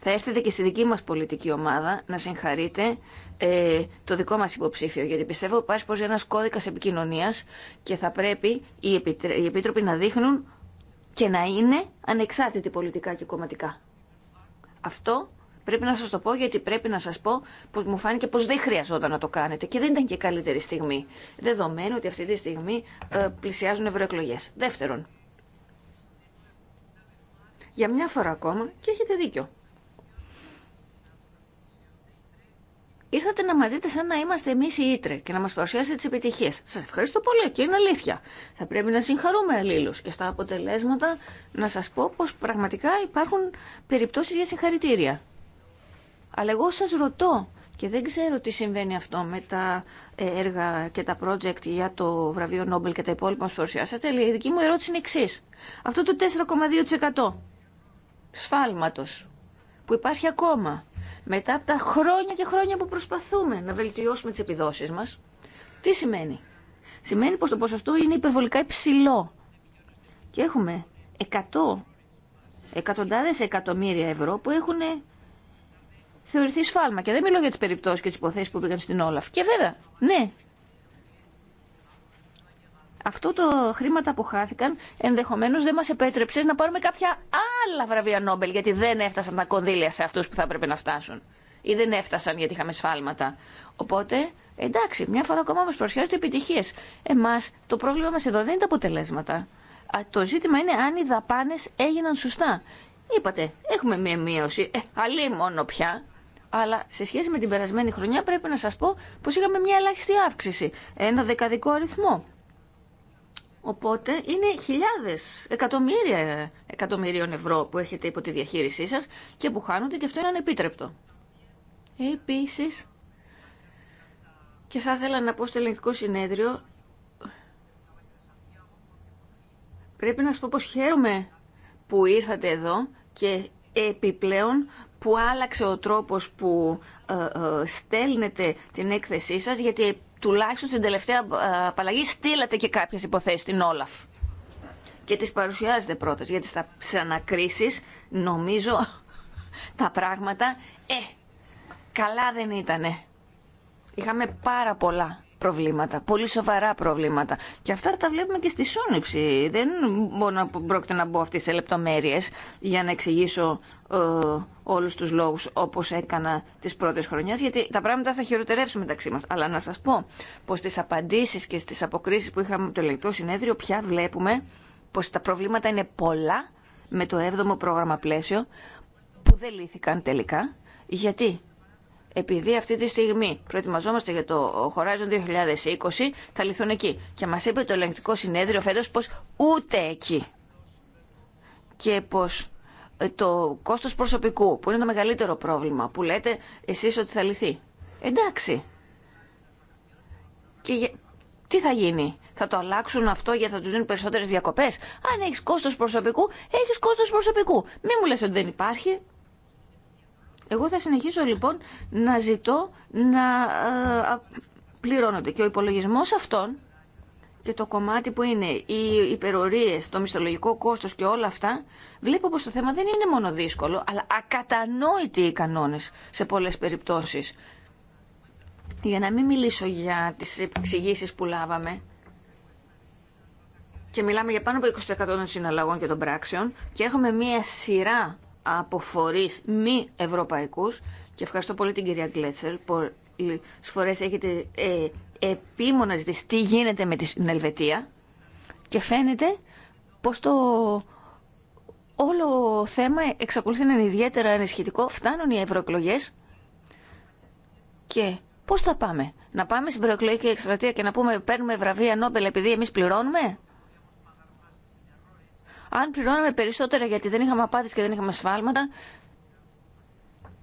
[SPEAKER 2] θα έρθετε και στη δική μας πολιτική ομάδα να συγχαρείτε ε, το δικό μας υποψήφιο. Γιατί πιστεύω ότι υπάρχει πως ένας κώδικας επικοινωνίας και θα πρέπει οι, επιτρε... επίτροποι να δείχνουν και να είναι ανεξάρτητοι πολιτικά και κομματικά. Αυτό πρέπει να σας το πω γιατί πρέπει να σας πω πως μου φάνηκε πως δεν χρειαζόταν να το κάνετε και δεν ήταν και καλύτερη στιγμή. Δεδομένου ότι αυτή τη στιγμή ε, πλησιάζουν ευρωεκλογέ. Δεύτερον, για μια φορά ακόμα και έχετε δίκιο. ήρθατε να μα δείτε σαν να είμαστε εμεί οι Ήτρε και να μα παρουσιάσετε τι επιτυχίε. Σα ευχαριστώ πολύ και είναι αλήθεια. Θα πρέπει να συγχαρούμε αλλήλω και στα αποτελέσματα να σα πω πω πραγματικά υπάρχουν περιπτώσει για συγχαρητήρια. Αλλά εγώ σα ρωτώ και δεν ξέρω τι συμβαίνει αυτό με τα ε, έργα και τα project για το βραβείο Νόμπελ και τα υπόλοιπα μας παρουσιάσατε. Αλλά η δική μου ερώτηση είναι εξή. Αυτό το 4,2% σφάλματο. που υπάρχει ακόμα μετά από τα χρόνια και χρόνια που προσπαθούμε να βελτιώσουμε τις επιδόσεις μας, τι σημαίνει. Σημαίνει πως το ποσοστό είναι υπερβολικά υψηλό. Και έχουμε 100 εκατοντάδες εκατομμύρια ευρώ που έχουν θεωρηθεί σφάλμα. Και δεν μιλώ για τις περιπτώσεις και τις υποθέσεις που πήγαν στην Όλαφ. Και βέβαια, ναι, αυτό το χρήματα που χάθηκαν ενδεχομένω δεν μα επέτρεψε να πάρουμε κάποια άλλα βραβεία Νόμπελ, γιατί δεν έφτασαν τα κονδύλια σε αυτού που θα έπρεπε να φτάσουν. Ή δεν έφτασαν γιατί είχαμε σφάλματα. Οπότε, εντάξει, μια φορά ακόμα μα προσχέζονται επιτυχίε. Εμά το πρόβλημα μα εδώ δεν είναι τα αποτελέσματα. Το ζήτημα είναι αν οι δαπάνε έγιναν σωστά. Είπατε, έχουμε μία μείωση, ε, αλλή μόνο πια, αλλά σε σχέση με την περασμένη χρονιά πρέπει να σας πω πως είχαμε μια ελάχιστη αύξηση, ένα δεκαδικό αριθμό. Οπότε είναι χιλιάδες, εκατομμύρια ε, εκατομμυρίων ευρώ που έχετε υπό τη διαχείρισή σας και που χάνονται και αυτό είναι ανεπίτρεπτο. Επίσης, και θα ήθελα να πω στο ελληνικό συνέδριο, πρέπει να σα πω πω χαίρομαι που ήρθατε εδώ και επιπλέον που άλλαξε ο τρόπος που ε, ε, στέλνετε την έκθεσή σας, γιατί τουλάχιστον στην τελευταία ε, απαλλαγή στείλατε και κάποιε υποθέσει στην Όλαφ και τις παρουσιάζετε πρώτες, γιατί στα, σε ανακρίσεις νομίζω [laughs] τα πράγματα, ε, καλά δεν ήτανε. Είχαμε πάρα πολλά προβλήματα, πολύ σοβαρά προβλήματα. Και αυτά τα βλέπουμε και στη σύνυψη. Δεν μπορώ να πρόκειται να μπω αυτή σε λεπτομέρειε για να εξηγήσω ε, όλους τους λόγους όπως έκανα τι πρώτε χρονιές. γιατί τα πράγματα θα χειροτερεύσουν μεταξύ μα. Αλλά να σα πω πω στις απαντήσει και στι αποκρίσει που είχαμε από το ελεγκτικό συνέδριο πια βλέπουμε πω τα προβλήματα είναι πολλά με το 7ο πρόγραμμα πλαίσιο που δεν λύθηκαν τελικά. Γιατί επειδή αυτή τη στιγμή προετοιμαζόμαστε για το Horizon 2020, θα λυθούν εκεί. Και μας είπε το ελεγκτικό συνέδριο φέτος πως ούτε εκεί. Και πως ε, το κόστος προσωπικού, που είναι το μεγαλύτερο πρόβλημα, που λέτε εσείς ότι θα λυθεί. Εντάξει. Και τι θα γίνει. Θα το αλλάξουν αυτό για θα του δίνουν περισσότερε διακοπέ. Αν έχει κόστο προσωπικού, έχει κόστο προσωπικού. Μην μου λε ότι δεν υπάρχει. Εγώ θα συνεχίσω λοιπόν να ζητώ να ε, πληρώνονται. Και ο υπολογισμός αυτών και το κομμάτι που είναι οι υπερορίες, το μισθολογικό κόστο και όλα αυτά, βλέπω πως το θέμα δεν είναι μόνο δύσκολο, αλλά ακατανόητοι οι κανόνες σε πολλέ περιπτώσεις. Για να μην μιλήσω για τις εξηγήσει που λάβαμε, και μιλάμε για πάνω από 20% των συναλλαγών και των πράξεων και έχουμε μία σειρά από φορεί μη Ευρωπαϊκού. και ευχαριστώ πολύ την κυρία Γκλέτσερ Πολλέ φορέ έχετε ε, επίμονα ζητήσει τι γίνεται με την Ελβετία και φαίνεται πως το όλο θέμα εξακολουθεί να είναι ιδιαίτερα ενισχυτικό. Φτάνουν οι ευρωεκλογέ και πώς θα πάμε. Να πάμε στην προεκλογική εκστρατεία και να πούμε παίρνουμε βραβεία Νόμπελ επειδή εμεί πληρώνουμε. Αν πληρώναμε περισσότερα γιατί δεν είχαμε απάτες και δεν είχαμε σφάλματα,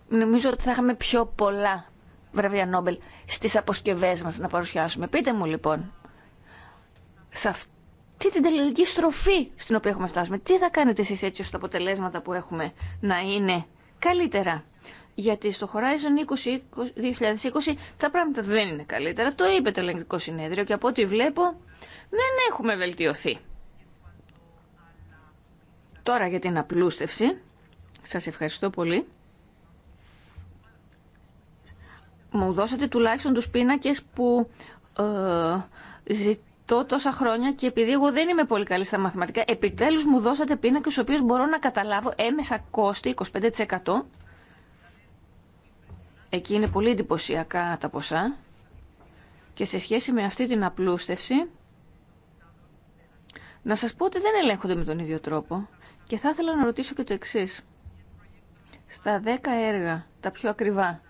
[SPEAKER 2] νομίζω ότι θα είχαμε πιο πολλά βραβεία Νόμπελ στις αποσκευές μας να παρουσιάσουμε. Πείτε μου λοιπόν, σε αυτή την τελική στροφή στην οποία έχουμε φτάσει, τι θα κάνετε εσείς έτσι ώστε τα αποτελέσματα που έχουμε να είναι καλύτερα. Γιατί στο Horizon 2020 τα πράγματα δεν είναι καλύτερα. Το είπε το ελεγκτικό συνέδριο και από ό,τι βλέπω δεν έχουμε βελτιωθεί. Τώρα για την απλούστευση. Σας ευχαριστώ πολύ. Μου δώσατε τουλάχιστον τους πίνακες που ε, ζητώ τόσα χρόνια και επειδή εγώ δεν είμαι πολύ καλή στα μαθηματικά, επιτέλους μου δώσατε πίνακες στους οποίους μπορώ να καταλάβω έμεσα κόστη 25%. Εκεί είναι πολύ εντυπωσιακά τα ποσά. Και σε σχέση με αυτή την απλούστευση, να σας πω ότι δεν ελέγχονται με τον ίδιο τρόπο. Και θα ήθελα να ρωτήσω και το εξή. Στα 10 έργα, τα πιο ακριβά,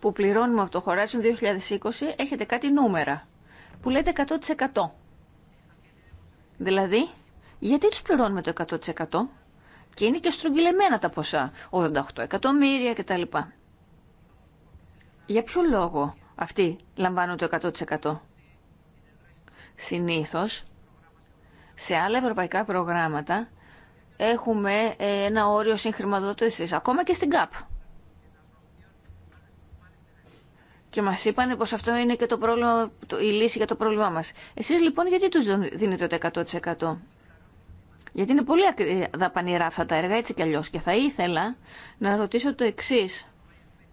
[SPEAKER 2] που πληρώνουμε από το Horizon 2020, έχετε κάτι νούμερα που λέτε 100%. Δηλαδή, γιατί τους πληρώνουμε το 100% και είναι και στρογγυλεμένα τα ποσά, 88 εκατομμύρια κτλ. Για ποιο λόγο αυτοί λαμβάνουν το 100%. Συνήθως σε άλλα ευρωπαϊκά προγράμματα έχουμε ε, ένα όριο συγχρηματοδότησης, ακόμα και στην ΚΑΠ. Και μας είπαν πως αυτό είναι και το πρόβλημα, η λύση για το πρόβλημά μας. Εσείς λοιπόν γιατί τους δίνετε το 100%? Γιατί είναι πολύ δαπανηρά αυτά τα έργα, έτσι κι αλλιώς. Και θα ήθελα να ρωτήσω το εξή.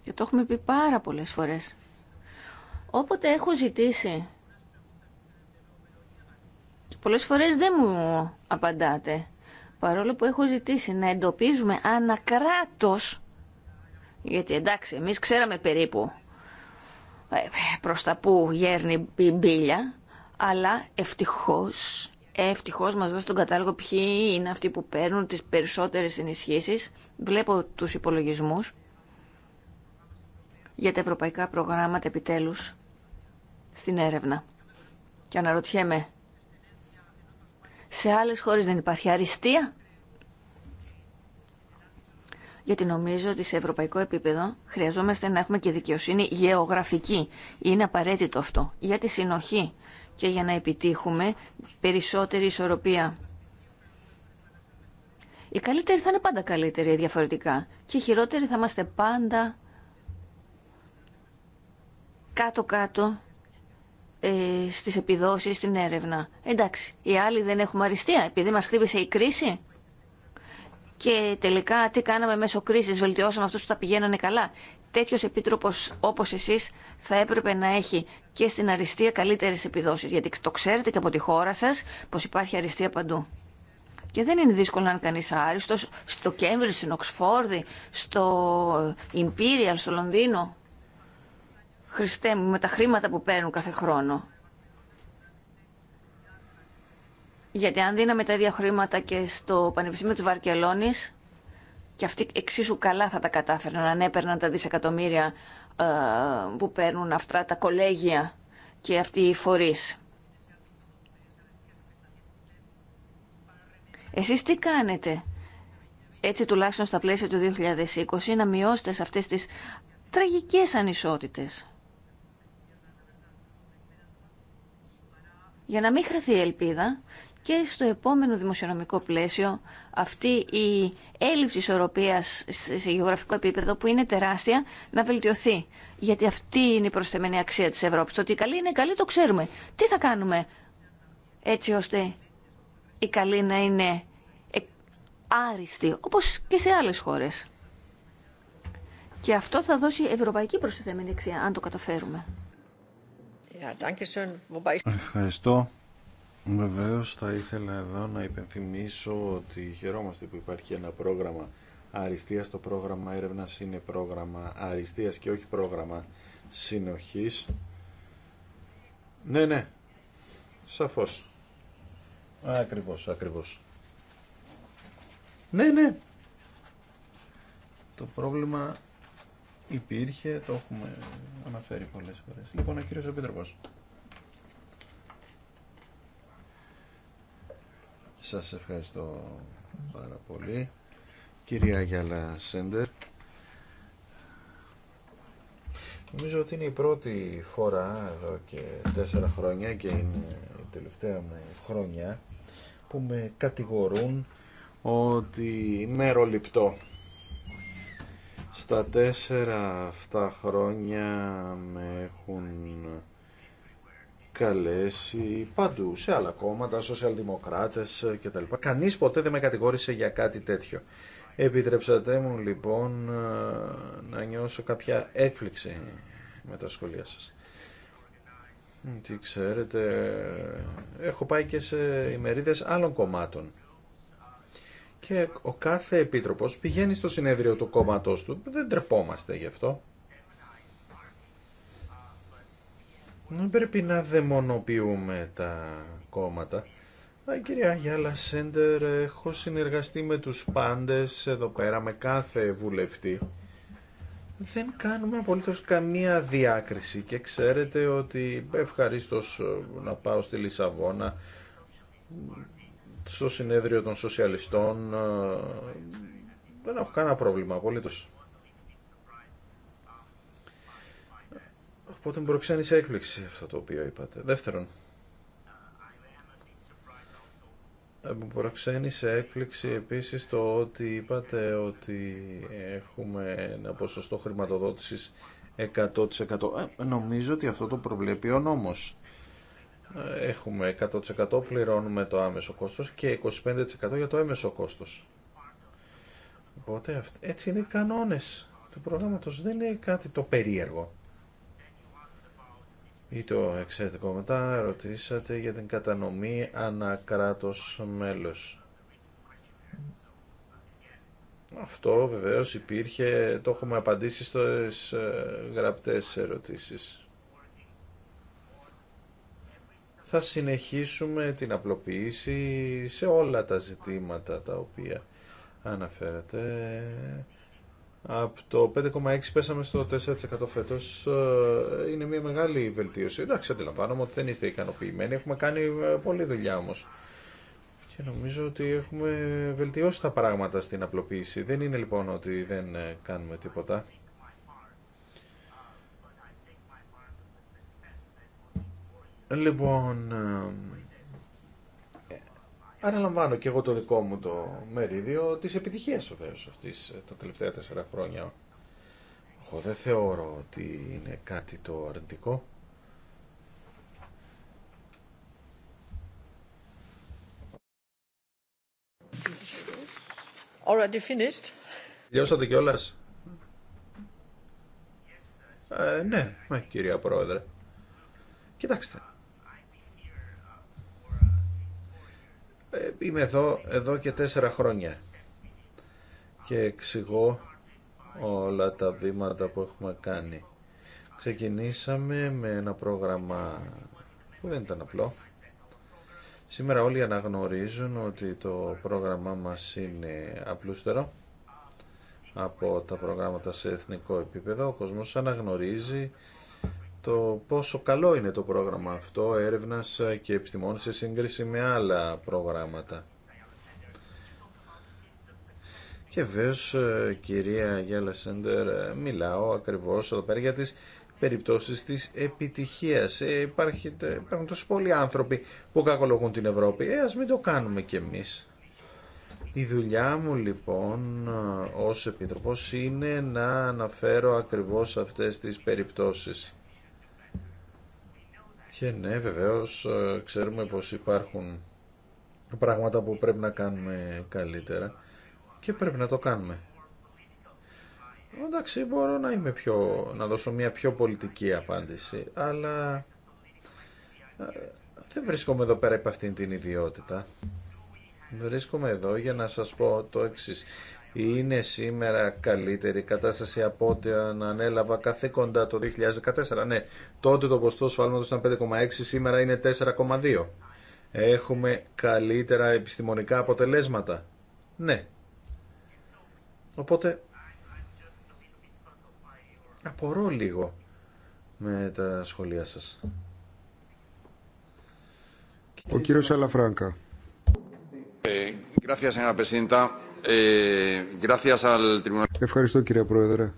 [SPEAKER 2] και το έχουμε πει πάρα πολλές φορές. Όποτε έχω ζητήσει Πολλές φορές δεν μου απαντάτε. Παρόλο που έχω ζητήσει να εντοπίζουμε ανακράτος, γιατί εντάξει, εμείς ξέραμε περίπου ε, προς τα που γέρνει η μπίλια, αλλά ευτυχώς, ευτυχώς μας δώσει τον κατάλογο ποιοι είναι αυτοί που παίρνουν τις περισσότερες ενισχύσεις. Βλέπω τους υπολογισμούς για τα ευρωπαϊκά προγράμματα επιτέλους στην έρευνα. Και αναρωτιέμαι, σε άλλες χώρες δεν υπάρχει αριστεία. Γιατί νομίζω ότι σε ευρωπαϊκό επίπεδο χρειαζόμαστε να έχουμε και δικαιοσύνη γεωγραφική. Είναι απαραίτητο αυτό για τη συνοχή και για να επιτύχουμε περισσότερη ισορροπία. Οι καλύτεροι θα είναι πάντα καλύτεροι ε, διαφορετικά και οι χειρότεροι θα είμαστε πάντα κάτω-κάτω ε, στις επιδόσεις, στην έρευνα. Εντάξει, οι άλλοι δεν έχουμε αριστεία επειδή μας χτύπησε η κρίση. Και τελικά τι κάναμε μέσω κρίσης, βελτιώσαμε αυτούς που τα πηγαίνανε καλά. Τέτοιο επίτροπο όπω εσεί θα έπρεπε να έχει και στην αριστεία καλύτερε επιδόσει. Γιατί το ξέρετε και από τη χώρα σα πω υπάρχει αριστεία παντού. Και δεν είναι δύσκολο να είναι κανεί άριστο στο Κέμβρι, στην Οξφόρδη, στο Imperial, στο Λονδίνο. Χριστέ μου, με τα χρήματα που παίρνουν κάθε χρόνο. Γιατί αν δίναμε τα ίδια χρήματα και στο Πανεπιστήμιο της Βαρκελόνης, και αυτοί εξίσου καλά θα τα κατάφερναν αν έπαιρναν τα δισεκατομμύρια ε, που παίρνουν αυτά τα κολέγια και αυτοί οι φορείς. Εσείς τι κάνετε, έτσι τουλάχιστον στα πλαίσια του 2020, να μειώσετε σε αυτές τις τραγικές ανισότητες. για να μην χρεθεί η ελπίδα και στο επόμενο δημοσιονομικό πλαίσιο αυτή η έλλειψη ισορροπίας σε γεωγραφικό επίπεδο που είναι τεράστια να βελτιωθεί. Γιατί αυτή είναι η προσθεμένη αξία της Ευρώπης. ότι η καλή είναι καλή το ξέρουμε. Τι θα κάνουμε έτσι ώστε η καλή να είναι άριστη όπως και σε άλλες χώρες. Και αυτό θα δώσει ευρωπαϊκή προσθεμένη αξία αν το καταφέρουμε.
[SPEAKER 4] Ευχαριστώ. Βεβαίω θα ήθελα εδώ να υπενθυμίσω ότι χαιρόμαστε που υπάρχει ένα πρόγραμμα αριστείας. Το πρόγραμμα έρευνα είναι πρόγραμμα αριστείας και όχι πρόγραμμα συνοχής. Ναι, ναι. Σαφώς. Ακριβώς, ακριβώς. Ναι, ναι. Το πρόβλημα υπήρχε, το έχουμε αναφέρει πολλές φορές. Λοιπόν, ο κύριος Επίτροπος. Σας ευχαριστώ πάρα πολύ. Κυρία Γιάλα Σέντερ. Νομίζω ότι είναι η πρώτη φορά εδώ και τέσσερα χρόνια και είναι η τελευταία μου χρόνια που με κατηγορούν ότι μεροληπτώ στα τέσσερα αυτά χρόνια με έχουν καλέσει παντού σε άλλα κόμματα, σοσιαλδημοκράτες κτλ. Κανείς ποτέ δεν με κατηγόρησε για κάτι τέτοιο. Επιτρέψατε μου λοιπόν να νιώσω κάποια έκπληξη με τα σχολεία σας. Τι ξέρετε, έχω πάει και σε ημερίδες άλλων κομμάτων και ο κάθε επίτροπος πηγαίνει στο συνέδριο του κόμματός του. Δεν τρεπόμαστε γι' αυτό. Δεν πρέπει να δαιμονοποιούμε τα κόμματα. Α, κυρία Γιάλα Σέντερ, έχω συνεργαστεί με τους πάντες εδώ πέρα, με κάθε βουλευτή. Δεν κάνουμε απολύτως καμία διάκριση και ξέρετε ότι ευχαρίστως να πάω στη Λισαβόνα στο συνέδριο των σοσιαλιστών ε, δεν έχω κανένα πρόβλημα απολύτως. Οπότε μου προξένησε σε έκπληξη αυτό το οποίο είπατε. Δεύτερον, ε, μου προξένησε σε έκπληξη επίσης το ότι είπατε ότι έχουμε ένα ποσοστό χρηματοδότησης 100%. Ε, νομίζω ότι αυτό το προβλέπει ο νόμος έχουμε 100% πληρώνουμε το άμεσο κόστος και 25% για το έμεσο κόστος. Οπότε έτσι είναι οι κανόνες του προγράμματος, δεν είναι κάτι το περίεργο. Ή το εξαιρετικό μετά ρωτήσατε για την κατανομή ανακράτος μέλος. Αυτό βεβαίως υπήρχε, το έχουμε απαντήσει στις ε, γραπτές ερωτήσεις θα συνεχίσουμε την απλοποίηση σε όλα τα ζητήματα τα οποία αναφέρατε. Από το 5,6 πέσαμε στο 4% φέτος. Ε, είναι μια μεγάλη βελτίωση. Εντάξει, αντιλαμβάνομαι ότι δεν είστε ικανοποιημένοι. Έχουμε κάνει ε, πολλή δουλειά όμως. Και νομίζω ότι έχουμε βελτιώσει τα πράγματα στην απλοποίηση. Δεν είναι λοιπόν ότι δεν ε, κάνουμε τίποτα. Λοιπόν, ε, αναλαμβάνω και εγώ το δικό μου το μερίδιο της επιτυχίας βεβαίω αυτής ε, τα τελευταία τέσσερα χρόνια. Εγώ δεν θεωρώ ότι είναι κάτι το αρνητικό.
[SPEAKER 1] Already finished.
[SPEAKER 4] Τελειώσατε κιόλα.
[SPEAKER 1] Ε, ναι,
[SPEAKER 4] ναι, κυρία Πρόεδρε. Κοιτάξτε, Ε, είμαι εδώ, εδώ και τέσσερα χρόνια και εξηγώ όλα τα βήματα που έχουμε κάνει. Ξεκινήσαμε με ένα πρόγραμμα που δεν ήταν απλό. Σήμερα όλοι αναγνωρίζουν ότι το πρόγραμμά μας είναι απλούστερο από τα προγράμματα σε εθνικό επίπεδο. Ο κόσμος αναγνωρίζει το πόσο καλό είναι το πρόγραμμα αυτό έρευνας και επιστημών σε σύγκριση με άλλα προγράμματα. Και βέβαια, ε, κυρία Γιάλα Σέντερ, ε, μιλάω ακριβώς εδώ πέρα για τις περιπτώσεις της επιτυχίας. Ε, Υπάρχει, υπάρχουν τόσοι πολλοί άνθρωποι που κακολογούν την Ευρώπη. Ε, ας μην το κάνουμε κι εμείς. Η δουλειά μου λοιπόν ως Επιτροπός είναι να αναφέρω ακριβώς αυτές τις περιπτώσεις. Και ναι, βεβαίως ε, ξέρουμε πως υπάρχουν πράγματα που πρέπει να κάνουμε καλύτερα και πρέπει να το κάνουμε. Εντάξει, μπορώ να, είμαι πιο, να δώσω μια πιο πολιτική απάντηση, αλλά ε, δεν βρίσκομαι εδώ πέρα από αυτήν την ιδιότητα. Βρίσκομαι εδώ για να σας πω το εξής είναι σήμερα καλύτερη κατάσταση από ό,τι ανέλαβα καθήκοντα το 2014. Ναι, τότε το ποστό σφάλματος ήταν 5,6, σήμερα είναι 4,2. Έχουμε καλύτερα επιστημονικά αποτελέσματα. Ναι. Οπότε, απορώ λίγο με τα σχολεία σας.
[SPEAKER 3] Ο κύριος Αλαφράγκα.
[SPEAKER 2] Ε, gracias, señora ε,
[SPEAKER 3] Ευχαριστώ κύριε Πρόεδρε.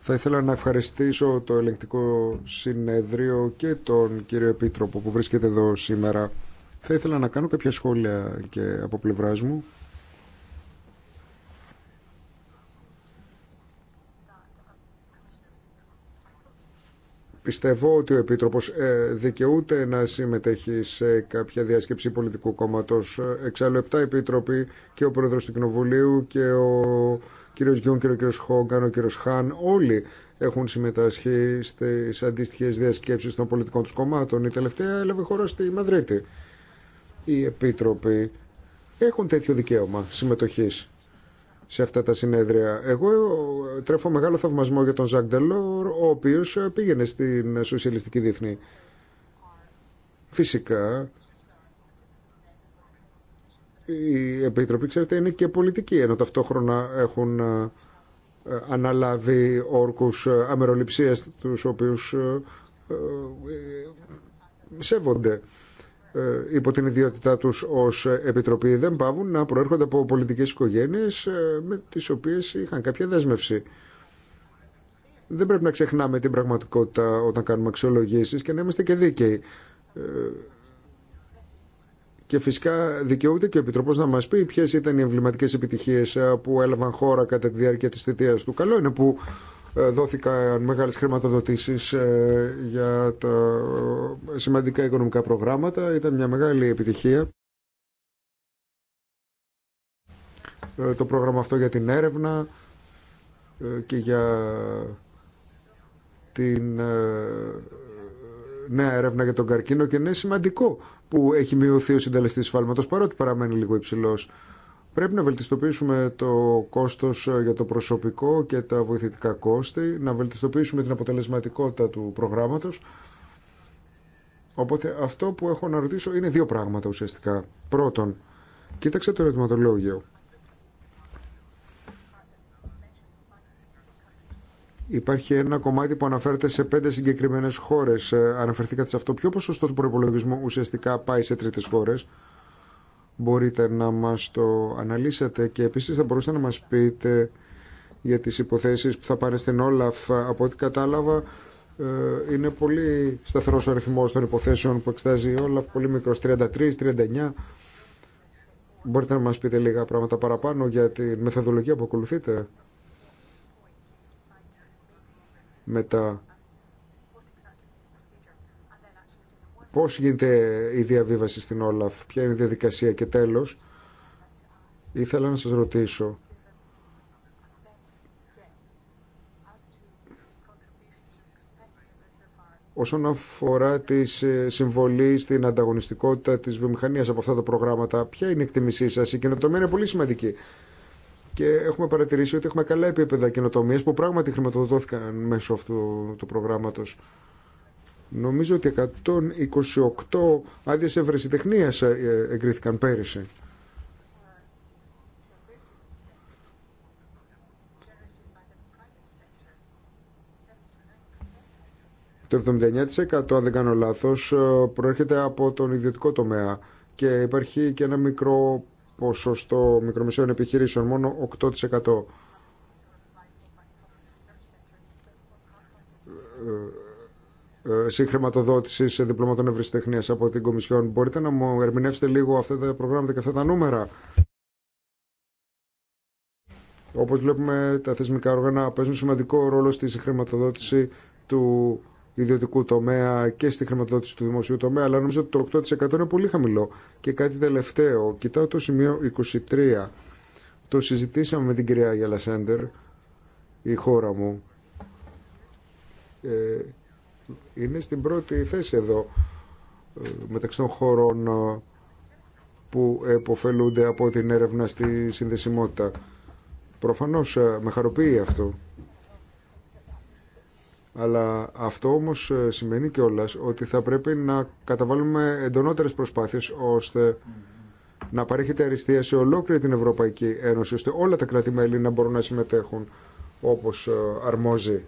[SPEAKER 3] Θα ήθελα να ευχαριστήσω το ελεγκτικό συνεδρίο και τον κύριο Επίτροπο που βρίσκεται εδώ σήμερα. Θα ήθελα να κάνω κάποια σχόλια και από πλευράς μου. Πιστεύω ότι ο Επίτροπος ε, δικαιούται να συμμετέχει σε κάποια διάσκεψη πολιτικού κόμματος. Εξάλλου, επτά Επίτροποι και ο Πρόεδρος του Κοινοβουλίου και ο κύριος και ο κύριος Χόγκαν, ο κύριος Χάν, όλοι έχουν συμμετάσχει στις αντίστοιχες διασκέψεις των πολιτικών τους κομμάτων. Η τελευταία έλαβε χώρα στη Μαδρίτη. Οι Επίτροποι έχουν τέτοιο δικαίωμα συμμετοχής σε αυτά τα συνέδρια. Εγώ τρέφω μεγάλο θαυμασμό για τον Ζακ Ντελόρ, ο οποίος ε, πήγαινε στην Σοσιαλιστική Διεθνή. Φυσικά, η Επιτροπή, ξέρετε, είναι και πολιτική, ενώ ταυτόχρονα έχουν ε, αναλάβει όρκους ε, αμεροληψίας τους οποίους σέβονται. Ε, υπό την ιδιότητά τους ως ε, Επιτροπή δεν πάβουν να προέρχονται από πολιτικές οικογένειες ε, με τις οποίες είχαν κάποια δέσμευση. Δεν πρέπει να ξεχνάμε την πραγματικότητα όταν κάνουμε αξιολογήσεις και να είμαστε και δίκαιοι. Και φυσικά δικαιούται και ο Επιτροπός να μας πει ποιες ήταν οι εμβληματικές επιτυχίες που έλαβαν χώρα κατά τη διάρκεια της θητείας του. Καλό είναι που ε, δόθηκαν μεγάλες χρηματοδοτήσεις ε, για τα σημαντικά οικονομικά προγράμματα. Ήταν μια μεγάλη επιτυχία. Ε, το πρόγραμμα αυτό για την έρευνα και για την νέα έρευνα για τον καρκίνο και είναι σημαντικό που έχει μειωθεί ο συντελεστής φάλματος παρότι παραμένει λίγο υψηλός. Πρέπει να βελτιστοποιήσουμε το κόστος ε, για το προσωπικό και τα βοηθητικά κόστη, να βελτιστοποιήσουμε την αποτελεσματικότητα του προγράμματος. Οπότε αυτό που έχω να ρωτήσω είναι δύο πράγματα ουσιαστικά. Πρώτον, κοίταξε το ερωτηματολόγιο. Υπάρχει ένα κομμάτι που αναφέρεται σε πέντε συγκεκριμένε χώρε. Ε, αναφερθήκατε σε αυτό. Ποιο ποσοστό του προπολογισμού ουσιαστικά πάει σε τρίτε χώρε μπορείτε να μας το αναλύσετε και επίσης θα μπορούσατε να μας πείτε για τις υποθέσεις που θα πάνε στην Όλαφ από ό,τι κατάλαβα ε, είναι πολύ σταθερός ο αριθμός των υποθέσεων που εξετάζει η Όλαφ πολύ μικρός 33, 39 μπορείτε να μας πείτε λίγα πράγματα παραπάνω για τη μεθοδολογία που ακολουθείτε μετά πώς γίνεται η διαβίβαση στην Όλαφ, ποια είναι η διαδικασία και τέλο, Ήθελα να σας ρωτήσω όσον αφορά τη ε, συμβολή στην ανταγωνιστικότητα της βιομηχανίας από αυτά τα προγράμματα, ποια είναι η εκτιμήσή σας. Η καινοτομία είναι πολύ σημαντική. Και έχουμε παρατηρήσει ότι έχουμε καλά επίπεδα καινοτομία που πράγματι χρηματοδοτήθηκαν μέσω αυτού του προγράμματος. Νομίζω ότι 128 άδειε ευρεσιτεχνία ε, εγκρίθηκαν πέρυσι. Το 79% αν δεν κάνω λάθος ε, προέρχεται από τον ιδιωτικό τομέα και υπάρχει και ένα μικρό ποσοστό μικρομεσαίων επιχειρήσεων, μόνο 8%. Ε, συγχρηματοδότηση διπλωμάτων ευρεσιτεχνία από την Κομισιόν. Μπορείτε να μου ερμηνεύσετε λίγο αυτά τα προγράμματα και αυτά τα νούμερα. Όπως βλέπουμε τα θεσμικά όργανα παίζουν σημαντικό ρόλο στη χρηματοδότηση του ιδιωτικού τομέα και στη χρηματοδότηση του δημοσίου τομέα, αλλά νομίζω ότι το 8% είναι πολύ χαμηλό. Και κάτι τελευταίο, κοιτάω το σημείο 23. Το συζητήσαμε με την κυρία Γιαλασέντερ, η χώρα μου. Ε, είναι στην πρώτη θέση εδώ ε, μεταξύ των χωρών ε, που εποφελούνται από την έρευνα στη συνδεσιμότητα. Προφανώς ε, με χαροποιεί αυτό. Αλλά αυτό όμως σημαίνει κιόλα ότι θα πρέπει να καταβάλουμε εντονότερες προσπάθειες ώστε να παρέχεται αριστεία σε ολόκληρη την Ευρωπαϊκή Ένωση, ώστε όλα τα κράτη-μέλη να μπορούν να συμμετέχουν όπως αρμόζει.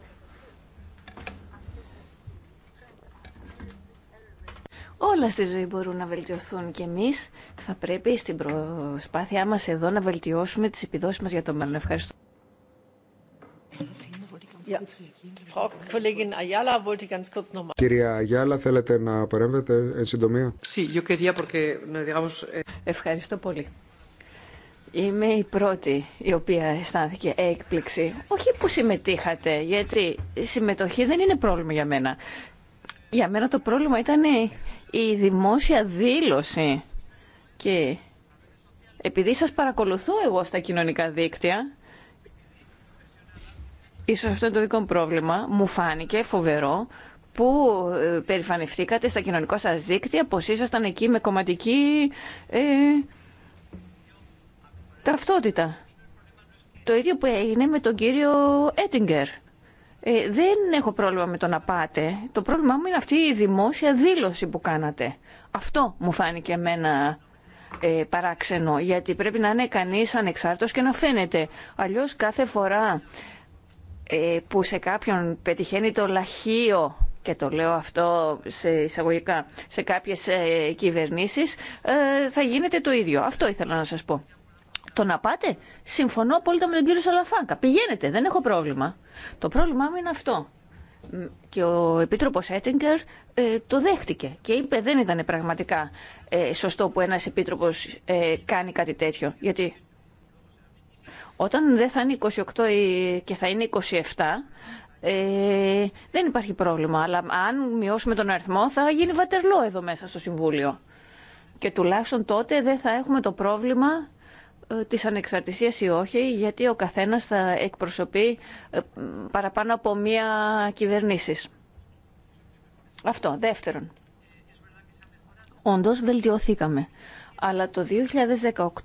[SPEAKER 2] Όλα στη ζωή μπορούν να βελτιωθούν και εμείς θα πρέπει στην προσπάθειά μας εδώ να βελτιώσουμε τις επιδόσεις μας για το μέλλον. Ευχαριστώ.
[SPEAKER 3] Κυρία Αγιάλα, θέλετε να παρέμβετε εν συντομία.
[SPEAKER 2] Eh, Ευχαριστώ πολύ. Είμαι η πρώτη η οποία αισθάνθηκε έκπληξη. Όχι που συμμετείχατε, γιατί η συμμετοχή δεν είναι πρόβλημα για μένα. Για μένα το πρόβλημα ήταν η δημόσια δήλωση και επειδή σας παρακολουθώ εγώ στα κοινωνικά δίκτυα, ίσως αυτό είναι το δικό μου πρόβλημα, μου φάνηκε φοβερό που ε, περηφανευτήκατε στα κοινωνικά σας δίκτυα, πως ήσασταν εκεί με κομματική ε, ταυτότητα. Το ίδιο που έγινε με τον κύριο Έτιγκερ ε, δεν έχω πρόβλημα με το να πάτε. Το πρόβλημά μου είναι αυτή η δημόσια δήλωση που κάνατε. Αυτό μου φάνηκε εμένα ε, παράξενο, γιατί πρέπει να είναι κανείς ανεξάρτητος και να φαίνεται. Αλλιώς κάθε φορά ε, που σε κάποιον πετυχαίνει το λαχείο και το λέω αυτό σε εισαγωγικά, σε κάποιες ε, κυβερνήσεις, ε, θα γίνεται το ίδιο. Αυτό ήθελα να σας πω. Το να πάτε, συμφωνώ απόλυτα με τον κύριο Σαλαφάνκα. Πηγαίνετε, δεν έχω πρόβλημα. Το πρόβλημά μου είναι αυτό. Και ο επίτροπο Έτιγκερ ε, το δέχτηκε και είπε δεν ήταν πραγματικά ε, σωστό που ένας Επίτροπος ε, κάνει κάτι τέτοιο. Γιατί όταν δεν θα είναι 28 και θα είναι 27... δεν υπάρχει πρόβλημα, αλλά αν μειώσουμε τον αριθμό θα γίνει βατερλό εδώ μέσα στο Συμβούλιο. Και τουλάχιστον τότε δεν θα έχουμε το πρόβλημα ε, της ανεξαρτησίας ή όχι, γιατί ο καθένας θα εκπροσωπεί ε, παραπάνω από μία κυβερνήσεις. Αυτό. Δεύτερον, όντως βελτιωθήκαμε. Αλλά το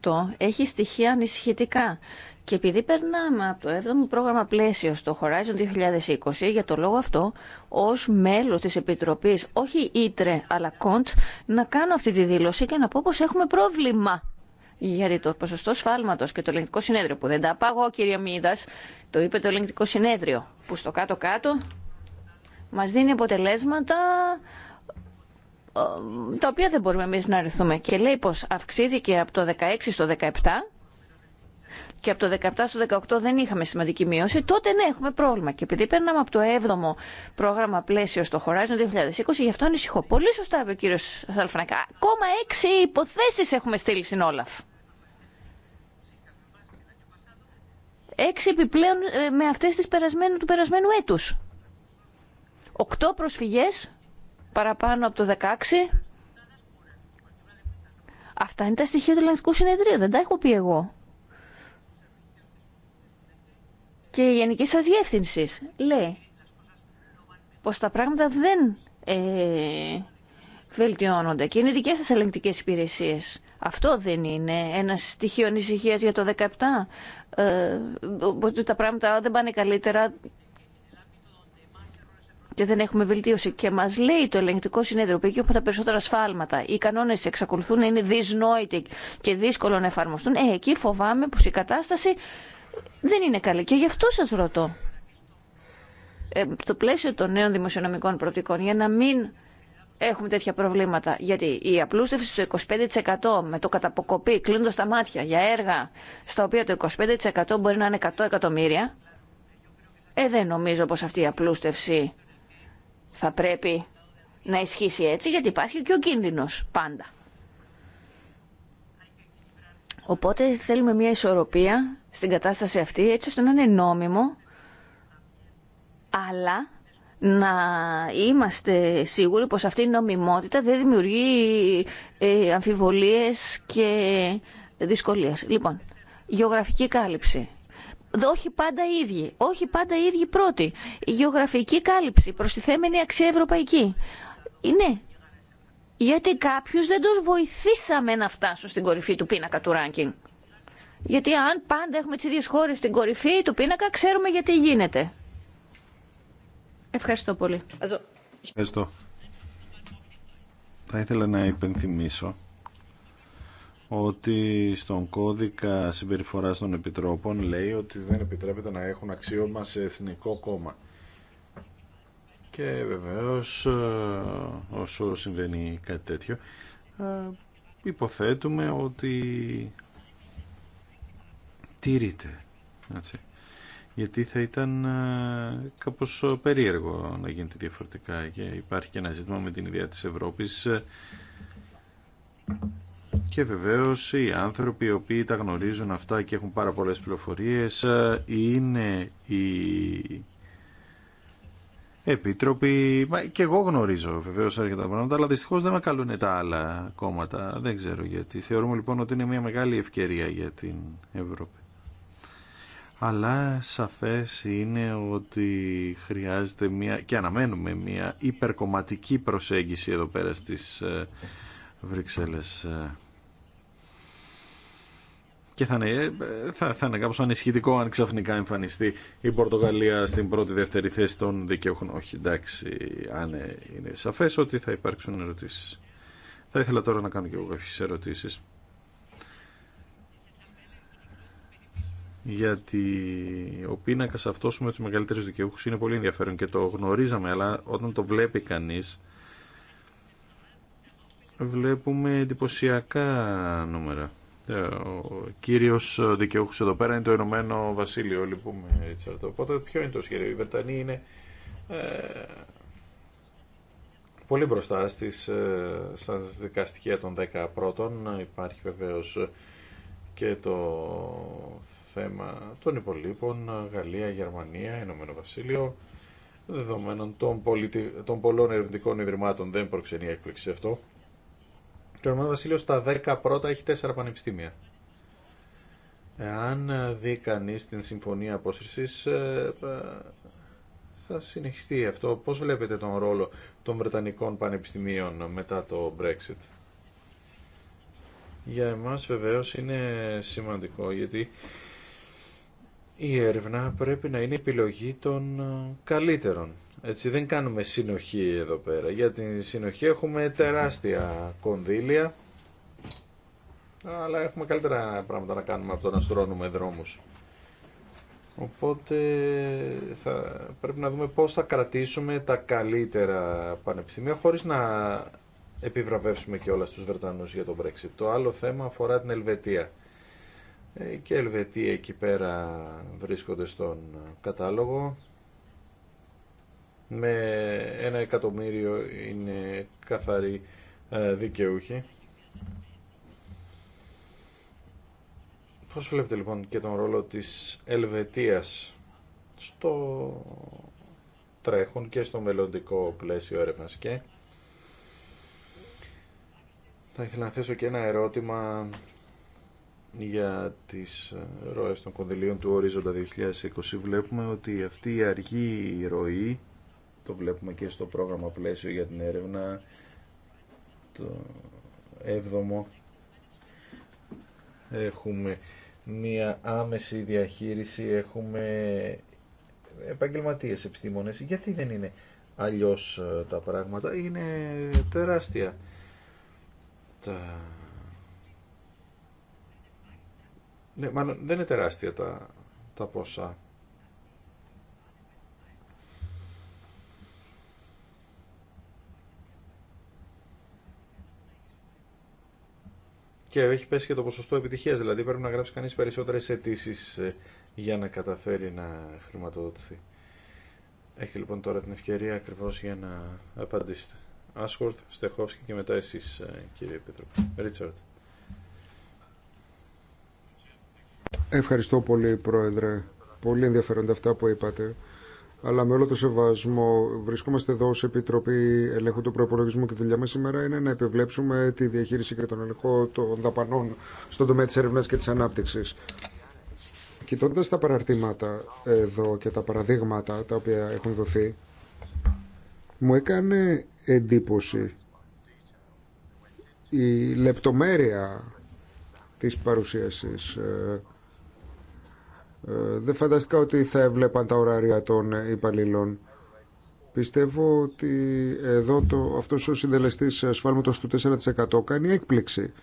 [SPEAKER 2] 2018 έχει στοιχεία ανησυχητικά. Και επειδή περνάμε από το 7ο πρόγραμμα πλαίσιο στο Horizon 2020, για το λόγο αυτό, ως μέλος της Επιτροπής, όχι ήτρε αλλά κοντ, να κάνω αυτή τη δήλωση και να πω πως έχουμε πρόβλημα γιατί το ποσοστό σφάλματο και το ελεγκτικό συνέδριο που δεν τα πάγω κύριε Μίδας, το είπε το ελεγκτικό συνέδριο που στο κάτω-κάτω μα δίνει αποτελέσματα ε, τα οποία δεν μπορούμε εμεί να ρυθούμε. Και λέει πω, αυξήθηκε από το 16 στο 17 και από το 17 στο 18 δεν είχαμε σημαντική μείωση, τότε ναι, έχουμε πρόβλημα. Και επειδή παίρναμε από το 7ο πρόγραμμα πλαίσιο στο Horizon 2020, γι' αυτό ανησυχώ. Πολύ σωστά είπε ο κύριο Σαλφρανκά. Ακόμα 6 υποθέσει έχουμε στείλει στην Όλαφ. Έξι επιπλέον ε, με αυτές τις περασμένου, του περασμένου έτους. Οκτώ προσφυγές παραπάνω από το 16. Αυτά είναι τα στοιχεία του Ελληνικού Συνεδρίου, δεν τα έχω πει εγώ. Και η Γενική σας διεύθυνση λέει πως τα πράγματα δεν ε, βελτιώνονται και είναι δικές σας ελεγκτικές υπηρεσίες. Αυτό δεν είναι ένα στοιχείο ανησυχία για το 2017. Ε, τα πράγματα δεν πάνε καλύτερα και δεν έχουμε βελτίωση. Και μα λέει το ελεγκτικό συνέδριο που εκεί όπου τα περισσότερα σφάλματα. Οι κανόνε εξακολουθούν να είναι δυσνόητοι και δύσκολο να εφαρμοστούν. Ε, εκεί φοβάμαι πω η κατάσταση δεν είναι καλή. Και γι' αυτό σα ρωτώ. Ε, το πλαίσιο των νέων δημοσιονομικών προοπτικών, για να μην έχουμε τέτοια προβλήματα. Γιατί η απλούστευση του 25% με το καταποκοπή, κλείνοντα τα μάτια για έργα στα οποία το 25% μπορεί να είναι 100 εκατομμύρια, ε, δεν νομίζω πως αυτή η απλούστευση θα πρέπει να ισχύσει έτσι, γιατί υπάρχει και ο κίνδυνος πάντα. Οπότε θέλουμε μια ισορροπία στην κατάσταση αυτή, έτσι ώστε να είναι νόμιμο, αλλά να είμαστε σίγουροι πως αυτή η νομιμότητα δεν δημιουργεί ε, αμφιβολίες και δυσκολίες. Λοιπόν, γεωγραφική κάλυψη. Όχι πάντα οι ίδιοι. Όχι πάντα οι ίδιοι πρώτοι. Η γεωγραφική κάλυψη, θέμενη αξία ευρωπαϊκή. Ναι, γιατί κάποιους δεν τους βοηθήσαμε να φτάσουν στην κορυφή του πίνακα του ranking. Γιατί αν πάντα έχουμε τις ίδιες χώρες στην κορυφή του πίνακα, ξέρουμε γιατί γίνεται. Ευχαριστώ πολύ.
[SPEAKER 4] Ευχαριστώ. Θα ήθελα να υπενθυμίσω ότι στον κώδικα συμπεριφοράς των επιτρόπων λέει ότι δεν επιτρέπεται να έχουν αξίωμα σε εθνικό κόμμα. Και βεβαίως ε, όσο συμβαίνει κάτι τέτοιο ε, υποθέτουμε ότι τήρηται. Έτσι γιατί θα ήταν ε, κάπως ε, περίεργο να γίνεται διαφορετικά και υπάρχει και ένα ζήτημα με την ιδέα της Ευρώπης και βεβαίως οι άνθρωποι οι οποίοι τα γνωρίζουν αυτά και έχουν πάρα πολλές πληροφορίες ε, είναι οι επίτροποι και εγώ γνωρίζω βεβαίως αρκετά πράγματα αλλά δυστυχώς δεν με καλούν τα άλλα κόμματα δεν ξέρω γιατί θεωρούμε λοιπόν ότι είναι μια μεγάλη ευκαιρία για την Ευρώπη αλλά σαφές είναι ότι χρειάζεται μια και αναμένουμε μια υπερκομματική προσέγγιση εδώ πέρα στις ε, Βρυξέλλες ε, και θα είναι, ε, θα, θα είναι κάπως ανησυχητικό αν ξαφνικά εμφανιστεί η Πορτογαλία στην πρώτη-δεύτερη θέση των δικαιούχων. Όχι, εντάξει, αν είναι σαφές ότι θα υπάρξουν ερωτήσεις. Θα ήθελα τώρα να κάνω και εγώ κάποιες ερωτήσεις. γιατί ο πίνακα αυτό με του μεγαλύτερου δικαιούχου είναι πολύ ενδιαφέρον και το γνωρίζαμε, αλλά όταν το βλέπει κανείς βλέπουμε εντυπωσιακά νούμερα. Ε, ο κύριος δικαιούχο εδώ πέρα είναι το Ηνωμένο Βασίλειο, λυπούμε λοιπόν, έτσι. Οπότε ποιο είναι το σχέδιο, οι Βρετανοί είναι ε, πολύ μπροστά στις, ε, των 10 πρώτων. Υπάρχει βεβαίως και το θέμα των υπολείπων, Γαλλία, Γερμανία, Ηνωμένο Βασίλειο, δεδομένων των, πολιτι... των πολλών ερευνητικών ιδρυμάτων δεν προξενεί έκπληξη αυτό. Το Ηνωμένο Βασίλειο στα 10 πρώτα έχει 4 πανεπιστήμια. Εάν δει κανεί την συμφωνία απόσυρση, ε, ε, θα συνεχιστεί αυτό. Πώς βλέπετε τον ρόλο των Βρετανικών πανεπιστημίων μετά το Brexit. Για εμάς βεβαίως είναι σημαντικό γιατί η έρευνα πρέπει να είναι επιλογή των ε, καλύτερων. Έτσι δεν κάνουμε συνοχή εδώ πέρα. Για την συνοχή έχουμε τεράστια κονδύλια. Αλλά έχουμε καλύτερα πράγματα να κάνουμε από το να στρώνουμε δρόμους. Οπότε θα, πρέπει να δούμε πώς θα κρατήσουμε τα καλύτερα πανεπιστήμια χωρίς να επιβραβεύσουμε και όλα στους Βρετανούς για τον Brexit. Το άλλο θέμα αφορά την Ελβετία. Ε, και Ελβετία εκεί πέρα βρίσκονται στον κατάλογο με ένα εκατομμύριο είναι καθαροί ε, δικαιούχοι. Πώς βλέπετε λοιπόν και τον ρόλο της Ελβετίας στο τρέχον και στο μελλοντικό πλαίσιο έρευνας και θα ήθελα να θέσω και ένα ερώτημα για τις ε, ροές των κονδυλίων του ορίζοντα 2020 βλέπουμε ότι αυτή η αργή ροή το βλέπουμε και στο πρόγραμμα πλαίσιο για την έρευνα το 7 έχουμε μία άμεση διαχείριση έχουμε επαγγελματίες επιστήμονες γιατί δεν είναι αλλιώς ε, τα πράγματα είναι τεράστια τα Ναι, μάλλον δεν είναι τεράστια τα, τα ποσά. Και έχει πέσει και το ποσοστό επιτυχία, δηλαδή πρέπει να γράψει κανεί περισσότερε αιτήσει ε, για να καταφέρει να χρηματοδοτηθεί. Έχετε λοιπόν τώρα την ευκαιρία ακριβώ για να απαντήσετε. Άσχορθ, Στεχόφσκι και μετά εσεί, ε, κύριε πίτρο. Ρίτσαρτ.
[SPEAKER 3] Ευχαριστώ πολύ, Πρόεδρε. Πολύ ενδιαφέροντα αυτά που είπατε. Αλλά με όλο το σεβασμό, βρισκόμαστε εδώ σε Επιτροπή Ελέγχου του Προπολογισμού και η δουλειά μα σήμερα είναι να επιβλέψουμε τη διαχείριση και τον ελεγχό των δαπανών στον τομέα τη έρευνα και τη ανάπτυξη. Κοιτώντα τα παραρτήματα εδώ και τα παραδείγματα τα οποία έχουν δοθεί, μου έκανε εντύπωση η λεπτομέρεια της παρουσίασης ε, ε, δεν φανταστικά ότι θα έβλεπαν τα ωράρια των υπαλλήλων. Πιστεύω ότι εδώ το, αυτός ο συντελεστής σφάλματος του 4% κάνει έκπληξη.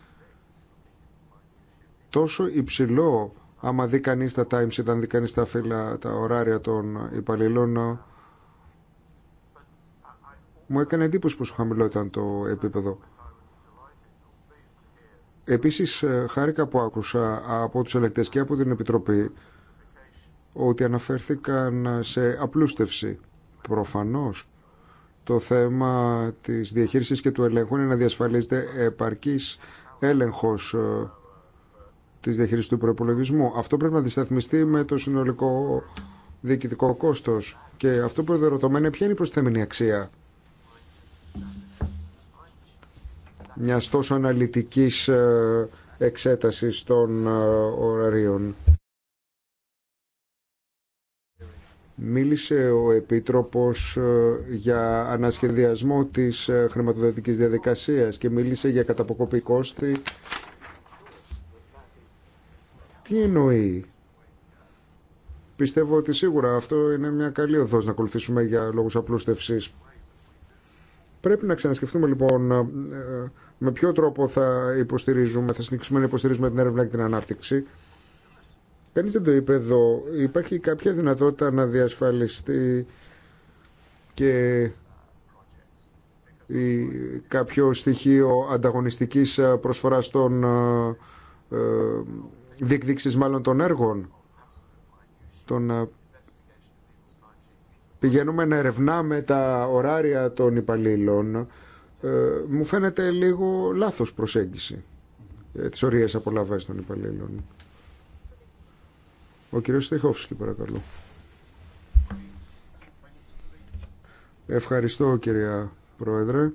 [SPEAKER 3] Τόσο υψηλό, άμα δει κανείς τα times, ήταν δει κανείς τα φύλλα, τα ωράρια των υπαλλήλων, μου έκανε εντύπωση πόσο χαμηλό ήταν το επίπεδο. Επίσης, ε, χάρηκα που άκουσα από τους ελεκτές και από την Επιτροπή ότι αναφέρθηκαν σε απλούστευση. Προφανώς το θέμα της διαχείρισης και του ελέγχου είναι να διασφαλίζεται επαρκής έλεγχος ε, της διαχείρισης του προπολογισμού. Αυτό πρέπει να δισταθμιστεί με το συνολικό διοικητικό κόστος. Και αυτό που είναι ποια είναι η προσθέμενη αξία μιας τόσο αναλυτικής ε, εξέτασης των ε, ωραρίων. Μίλησε ο Επίτροπος ε, για ανασχεδιασμό της ε, χρηματοδοτικής διαδικασίας και μίλησε για καταποκοπή κόστη. Τι εννοεί. Πιστεύω ότι σίγουρα αυτό είναι μια καλή οδός να ακολουθήσουμε για λόγους απλούστευσης. Πρέπει να ξανασκεφτούμε λοιπόν ε, με ποιο τρόπο θα υποστηρίζουμε, θα συνεχίσουμε να υποστηρίζουμε την έρευνα και την ανάπτυξη Κανείς δεν το είπε εδώ. Υπάρχει κάποια δυνατότητα να διασφαλιστεί και κάποιο στοιχείο ανταγωνιστικής ε, προσφοράς των ε, ε, διεκδίξεις μάλλον των έργων. Το να ε, πηγαίνουμε να ερευνάμε τα ωράρια των υπαλλήλων μου φαίνεται λίγο λάθος προσέγγιση ε, τις ωρίες των υπαλλήλων. Ο κύριος Στεχόφσκι παρακαλώ. Ευχαριστώ κυρία Πρόεδρε.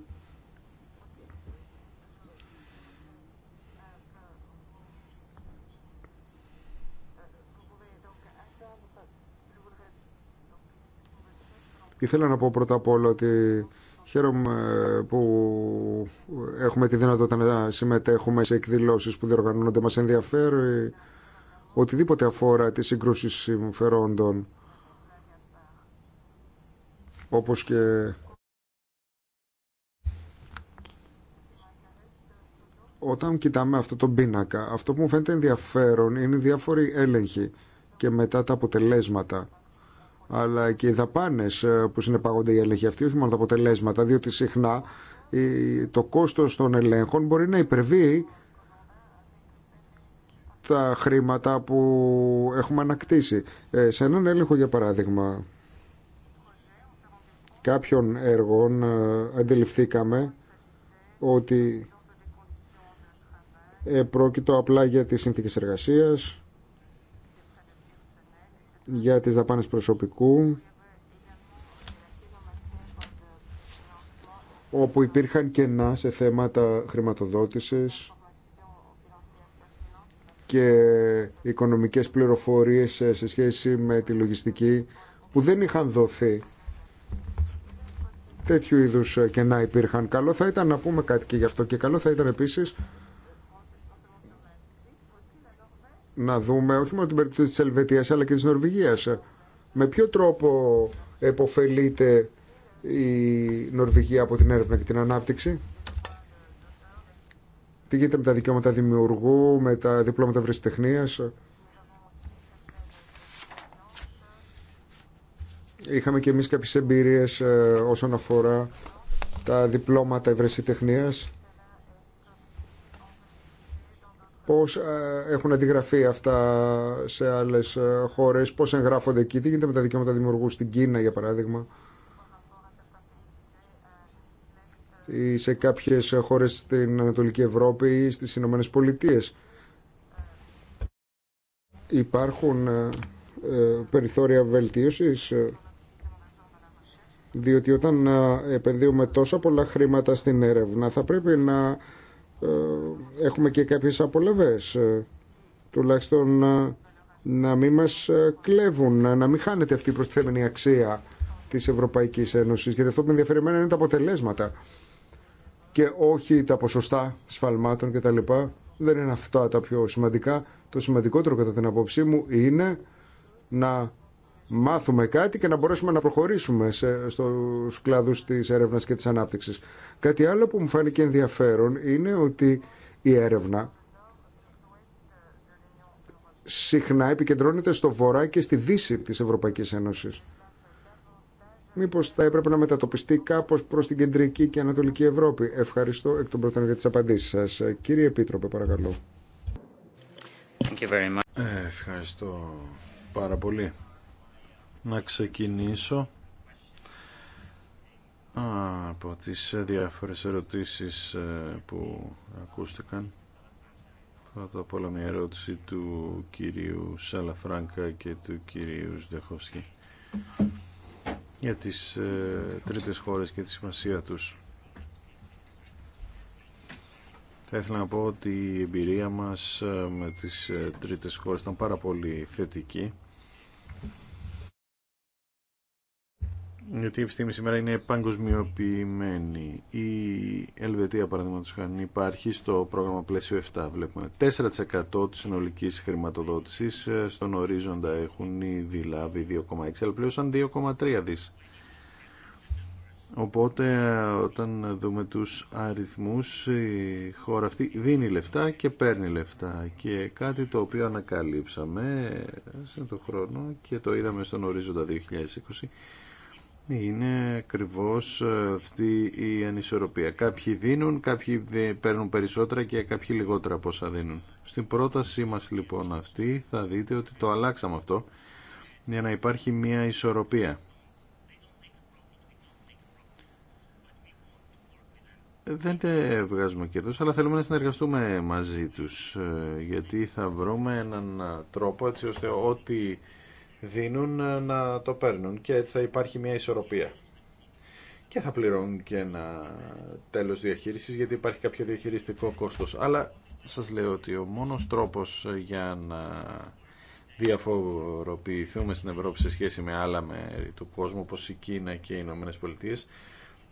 [SPEAKER 3] Ήθελα να πω πρώτα απ' όλα ότι χαίρομαι που έχουμε τη δυνατότητα να συμμετέχουμε σε εκδηλώσεις που διοργανώνονται. Μας ενδιαφέρει οτιδήποτε αφορά τις συγκρούσεις συμφερόντων όπως και όταν κοιτάμε αυτό το πίνακα αυτό που μου φαίνεται ενδιαφέρον είναι οι διάφοροι έλεγχοι και μετά τα αποτελέσματα αλλά και οι δαπάνες ε, που συνεπάγονται οι έλεγχοι αυτοί όχι μόνο τα αποτελέσματα διότι συχνά το κόστος των ελέγχων μπορεί να υπερβεί τα χρήματα που έχουμε ανακτήσει. Ε, σε έναν έλεγχο, για παράδειγμα, κάποιων έργων ε, αντιληφθήκαμε ότι πρόκειτο απλά για τις συνθήκες εργασίας, για τις δαπάνες προσωπικού, όπου υπήρχαν κενά σε θέματα χρηματοδότησης και οικονομικές πληροφορίες ε, σε σχέση με τη λογιστική που δεν είχαν δοθεί. Τέτοιου είδους ε, κενά υπήρχαν. Καλό θα ήταν να πούμε κάτι και γι' αυτό και καλό θα ήταν επίσης να δούμε όχι μόνο την περίπτωση της Ελβετίας αλλά και της Νορβηγίας. Με ποιο τρόπο επωφελείται η Νορβηγία από την έρευνα και την ανάπτυξη. Τι γίνεται με τα δικαιώματα δημιουργού, με τα διπλώματα ευρεσιτεχνία. Είχαμε και εμείς κάποιες εμπειρίες ε, όσον αφορά τα διπλώματα ευρεσιτεχνίας. Πώς ε, έχουν αντιγραφεί αυτά σε άλλες ε, χώρες, πώς εγγράφονται εκεί, τι γίνεται με τα δικαιώματα δημιουργού στην Κίνα για παράδειγμα. ή σε κάποιες χώρες στην Ανατολική Ευρώπη ή στις Ηνωμένες Πολιτείες. Υπάρχουν ε, ε, περιθώρια βελτίωσης ε, διότι όταν επενδύουμε τόσα πολλά χρήματα στην έρευνα θα πρέπει να έχουμε και κάποιες απολαβές τουλάχιστον να μην μας κλέβουν να μην χάνεται αυτή η προστιθέμενη αξία της Ευρωπαϊκής Ένωσης γιατί αυτό που με ενδιαφέρει εμένα είναι τα αποτελέσματα και όχι τα ποσοστά σφαλμάτων κτλ. Δεν είναι αυτά τα πιο σημαντικά. Το σημαντικότερο κατά την απόψή μου είναι να μάθουμε κάτι και να μπορέσουμε να προχωρήσουμε σε, στους κλάδους της έρευνας και της ανάπτυξης. Κάτι άλλο που μου φάνηκε ενδιαφέρον είναι ότι η έρευνα συχνά επικεντρώνεται στο βορρά και στη δύση της Ευρωπαϊκής Ένωσης μήπως θα έπρεπε να μετατοπιστεί κάπω προς την κεντρική και ανατολική Ευρώπη. Ευχαριστώ εκ των προτέρων για τις απαντήσεις σας. Κύριε Επίτροπε, παρακαλώ.
[SPEAKER 2] Ε,
[SPEAKER 4] ευχαριστώ πάρα πολύ.
[SPEAKER 3] Να ξεκινήσω
[SPEAKER 4] από τις διάφορες ερωτήσεις ε, που ακούστηκαν. Πρώτα απ' όλα μια ερώτηση του κυρίου Σαλαφράγκα και του κυρίου Σδεχόφσκη για τις ε, τρίτες χώρες και τη σημασία τους. Θα ήθελα να πω ότι η εμπειρία μας ε, με τις ε, τρίτες χώρες ήταν πάρα πολύ θετική Γιατί η επιστήμη σήμερα είναι παγκοσμιοποιημένη. Η Ελβετία, παραδείγματο χάνει, υπάρχει στο πρόγραμμα πλαίσιο 7. Βλέπουμε 4% τη συνολική χρηματοδότηση ε, στον ορίζοντα έχουν ήδη λάβει 2,6, αλλά σαν 2,3 δι. Οπότε όταν δούμε τους αριθμούς η χώρα αυτή δίνει λεφτά και παίρνει λεφτά και κάτι το οποίο ανακαλύψαμε σε τον χρόνο και το είδαμε στον ορίζοντα 2020 είναι ακριβώ ε, αυτή η ανισορροπία. Κάποιοι δίνουν, κάποιοι παίρνουν περισσότερα και κάποιοι λιγότερα από όσα δίνουν. Στην πρότασή μας λοιπόν αυτή θα δείτε ότι το αλλάξαμε αυτό για να υπάρχει μια ισορροπία. Δεν βγάζουμε κέρδος, αλλά θέλουμε να συνεργαστούμε μαζί τους, ε, γιατί θα βρούμε έναν ε, τρόπο έτσι ώστε ό,τι δίνουν ε, να το παίρνουν και έτσι θα υπάρχει μια ισορροπία. Και θα πληρώνουν και ένα τέλος διαχείρισης γιατί υπάρχει κάποιο διαχειριστικό κόστος. Αλλά σας λέω ότι ο μόνος τρόπος ε, για να διαφοροποιηθούμε στην Ευρώπη σε σχέση με άλλα μέρη του κόσμου όπως η Κίνα και οι Ηνωμένε Πολιτείες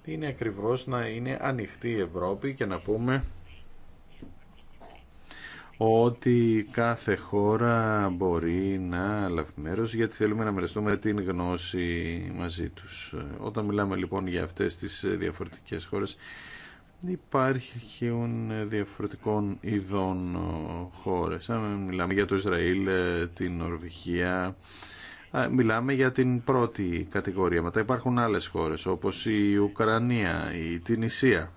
[SPEAKER 4] είναι ακριβώς να είναι ανοιχτή η Ευρώπη και να πούμε ότι κάθε χώρα μπορεί να λάβει μέρος γιατί θέλουμε να μοιραστούμε την γνώση μαζί τους. Όταν μιλάμε λοιπόν για αυτές τις διαφορετικές χώρες υπάρχουν διαφορετικών ειδών χώρες. Μιλάμε για το Ισραήλ, την Νορβηγία, μιλάμε για την πρώτη κατηγορία. Μετά υπάρχουν άλλες χώρες όπως η Ουκρανία, η Τινησία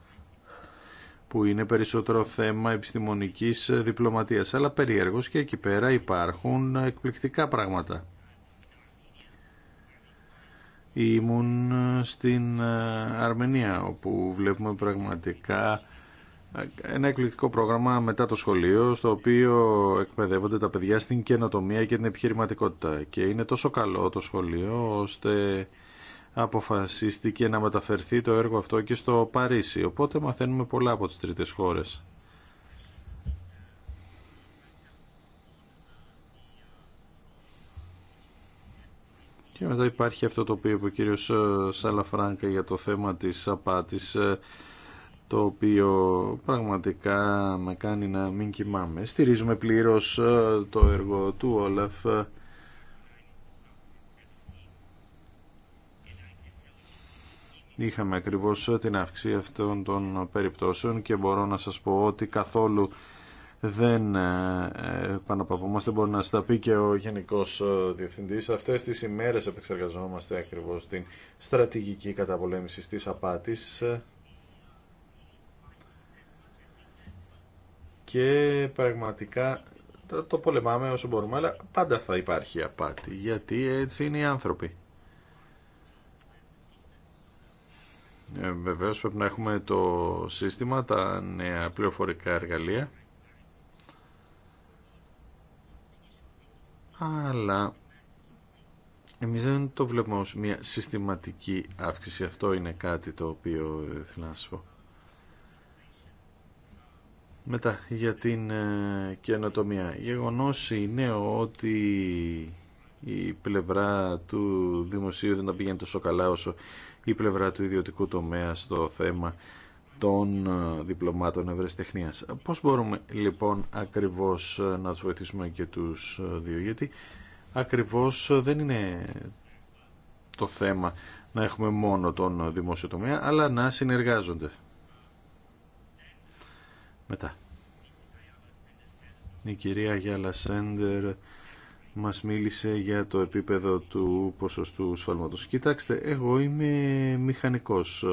[SPEAKER 4] που είναι περισσότερο θέμα επιστημονικής διπλωματίας. Αλλά περίεργως και εκεί πέρα υπάρχουν εκπληκτικά πράγματα. Ήμουν στην ε, Αρμενία όπου βλέπουμε πραγματικά ε, ένα εκπληκτικό πρόγραμμα μετά το σχολείο στο οποίο εκπαιδεύονται τα παιδιά στην καινοτομία και την επιχειρηματικότητα και είναι τόσο καλό το σχολείο ώστε αποφασίστηκε να μεταφερθεί το έργο αυτό και στο Παρίσι. Οπότε μαθαίνουμε πολλά από τις τρίτες χώρες. Και μετά υπάρχει αυτό το οποίο είπε ο κύριος ε, Σαλαφράνκα για το θέμα της απάτης ε, το οποίο πραγματικά με κάνει να μην κοιμάμαι. Στηρίζουμε πλήρως ε, το έργο του Όλαφ είχαμε ακριβώς την αύξηση αυτών των περιπτώσεων και μπορώ να σας πω ότι καθόλου δεν ε, ε, επαναπαυόμαστε, μπορεί να στα πει και ο Γενικός ε, Διευθυντής. Αυτές τις ημέρες επεξεργαζόμαστε ακριβώς την στρατηγική καταπολέμηση της απάτης και πραγματικά το πολεμάμε όσο μπορούμε, αλλά πάντα θα υπάρχει απάτη, γιατί έτσι είναι οι άνθρωποι. Ε, βεβαίως πρέπει να έχουμε το σύστημα, τα νέα πληροφορικά εργαλεία. Αλλά εμείς δεν το βλέπουμε ως μια συστηματική αύξηση. Αυτό είναι κάτι το οποίο ε, θέλω να πω. Μετά για την ε, καινοτομία. Γεγονός είναι ότι η πλευρά του δημοσίου δεν τα πήγαινε τόσο καλά όσο η πλευρά του ιδιωτικού τομέα στο θέμα των ε, διπλωμάτων ευρεσιτεχνίας. Πώς μπορούμε λοιπόν ακριβώς ε, να τους βοηθήσουμε και τους ε, δύο, γιατί ακριβώς δεν είναι το θέμα να έχουμε μόνο τον δημόσιο τομέα, αλλά να συνεργάζονται. Μετά. Η κυρία Γιάλα Σέντερ μας μίλησε για το επίπεδο του ποσοστού σφαλματος. Κοιτάξτε, εγώ είμαι μηχανικός.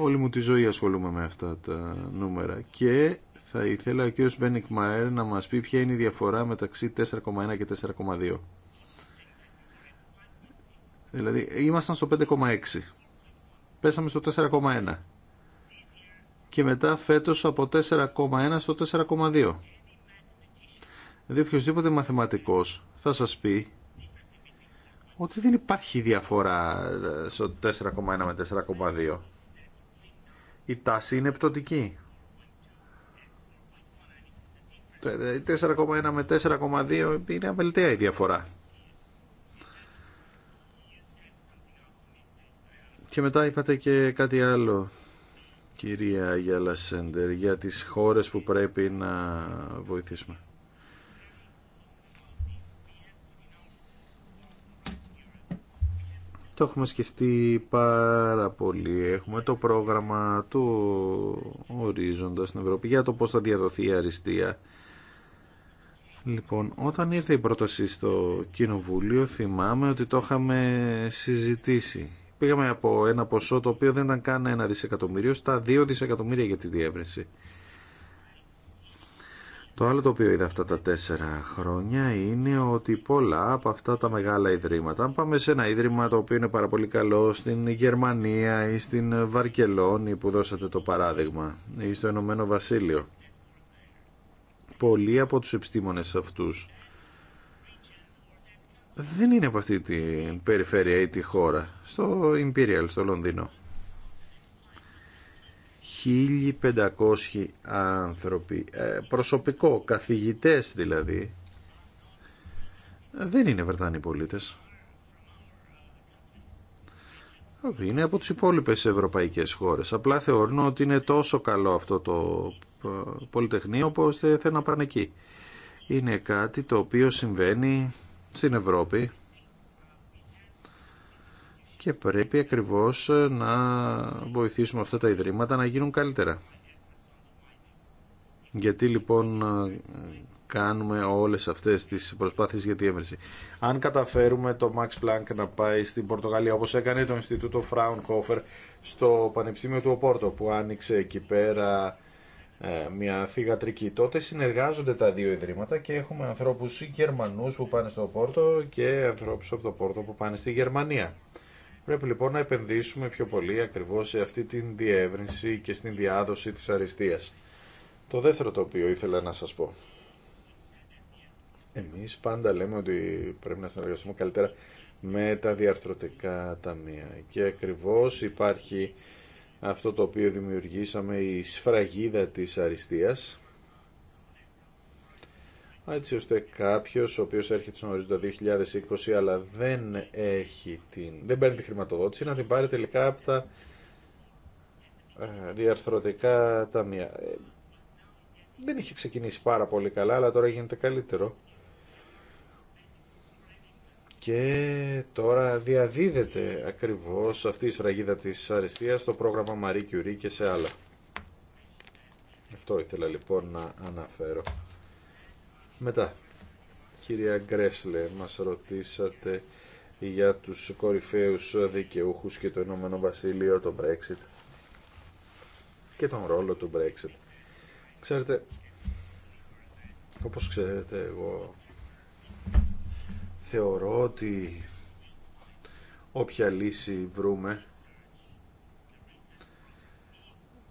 [SPEAKER 4] Όλη μου τη ζωή ασχολούμαι με αυτά τα νούμερα και θα ήθελα ο κ. Μπένικ Μαέρ να μας πει ποια είναι η διαφορά μεταξύ 4,1 και 4,2. Δηλαδή, ήμασταν στο 5,6. Πέσαμε στο 4,1. Και μετά φέτος από 4,1 στο 4,2. Δηλαδή οποιοδήποτε μαθηματικός θα σας πει ότι δεν υπάρχει διαφορά ε, στο 4,1 με 4,2. Η τάση είναι πτωτική. 4,1 ε, με 4,2 είναι απελταία η διαφορά. Και μετά είπατε και κάτι άλλο, κυρία Γιάλα Σέντερ, για τις χώρες που πρέπει να βοηθήσουμε. Το έχουμε σκεφτεί πάρα πολύ. Έχουμε το πρόγραμμα του ορίζοντα στην Ευρώπη για το πώς θα διαδοθεί η αριστεία. Λοιπόν, όταν ήρθε η πρόταση στο Κοινοβούλιο, θυμάμαι ότι το είχαμε συζητήσει. Πήγαμε από ένα ποσό το οποίο δεν ήταν καν ένα δισεκατομμύριο στα δύο δισεκατομμύρια για τη διεύρυνση. Το άλλο το οποίο είδα αυτά τα τέσσερα χρόνια είναι ότι πολλά από αυτά τα μεγάλα ιδρύματα, αν πάμε σε ένα ίδρυμα το οποίο είναι πάρα πολύ καλό στην Γερμανία ή στην Βαρκελόνη που δώσατε το παράδειγμα ή στο Ενωμένο Βασίλειο, πολλοί από τους επιστήμονες αυτούς δεν είναι από αυτή την περιφέρεια ή τη χώρα, στο Imperial, στο Λονδίνο. 1500 άνθρωποι, ε, προσωπικό, καθηγητές δηλαδή, δεν είναι Βρετανοί πολίτες. Είναι από τις υπόλοιπες ευρωπαϊκές χώρες. Απλά θεωρούν ότι είναι τόσο καλό αυτό το ε, πολυτεχνείο, όπως θέλουν να πάνε εκεί. Είναι κάτι το οποίο συμβαίνει στην Ευρώπη και πρέπει ακριβώς ε, να βοηθήσουμε αυτά τα ιδρύματα να γίνουν καλύτερα. Γιατί λοιπόν ε, κάνουμε όλες αυτές τις προσπάθειες για τη έμβριση. Αν καταφέρουμε το Max Planck να πάει στην Πορτογαλία όπως έκανε το Ινστιτούτο Fraunhofer στο Πανεπιστήμιο του Οπόρτο που άνοιξε εκεί πέρα ε, μια θηγατρική. Τότε συνεργάζονται τα δύο ιδρύματα και έχουμε ανθρώπους Γερμανούς που πάνε στο Πόρτο και ανθρώπους από το Πόρτο που πάνε στη Γερμανία. Πρέπει λοιπόν να επενδύσουμε πιο πολύ ακριβώς σε αυτή την διεύρυνση και στην διάδοση της αριστείας. Το δεύτερο το οποίο ήθελα να σας πω. Εμείς πάντα λέμε ότι πρέπει να συνεργαστούμε καλύτερα με τα διαρθρωτικά ταμεία. Και ακριβώς υπάρχει αυτό το οποίο δημιουργήσαμε η σφραγίδα της αριστείας έτσι ώστε κάποιος ο οποίος έρχεται στον ορίζοντα 2020 αλλά δεν έχει την, δεν παίρνει τη χρηματοδότηση να την πάρει τελικά από τα ε, διαρθρωτικά ταμεία. Ε, δεν είχε ξεκινήσει πάρα πολύ καλά αλλά τώρα γίνεται καλύτερο. Και τώρα διαδίδεται ακριβώς αυτή η σφραγίδα της αριστείας στο πρόγραμμα Marie Curie και σε άλλα. Αυτό ήθελα λοιπόν να αναφέρω. Μετά, κυρία Γκρέσλε, μας ρωτήσατε για τους κορυφαίους δικαιούχους και το Ηνωμένο Βασίλειο, το Brexit και τον ρόλο του Brexit. Ξέρετε, όπως ξέρετε εγώ θεωρώ ότι όποια λύση βρούμε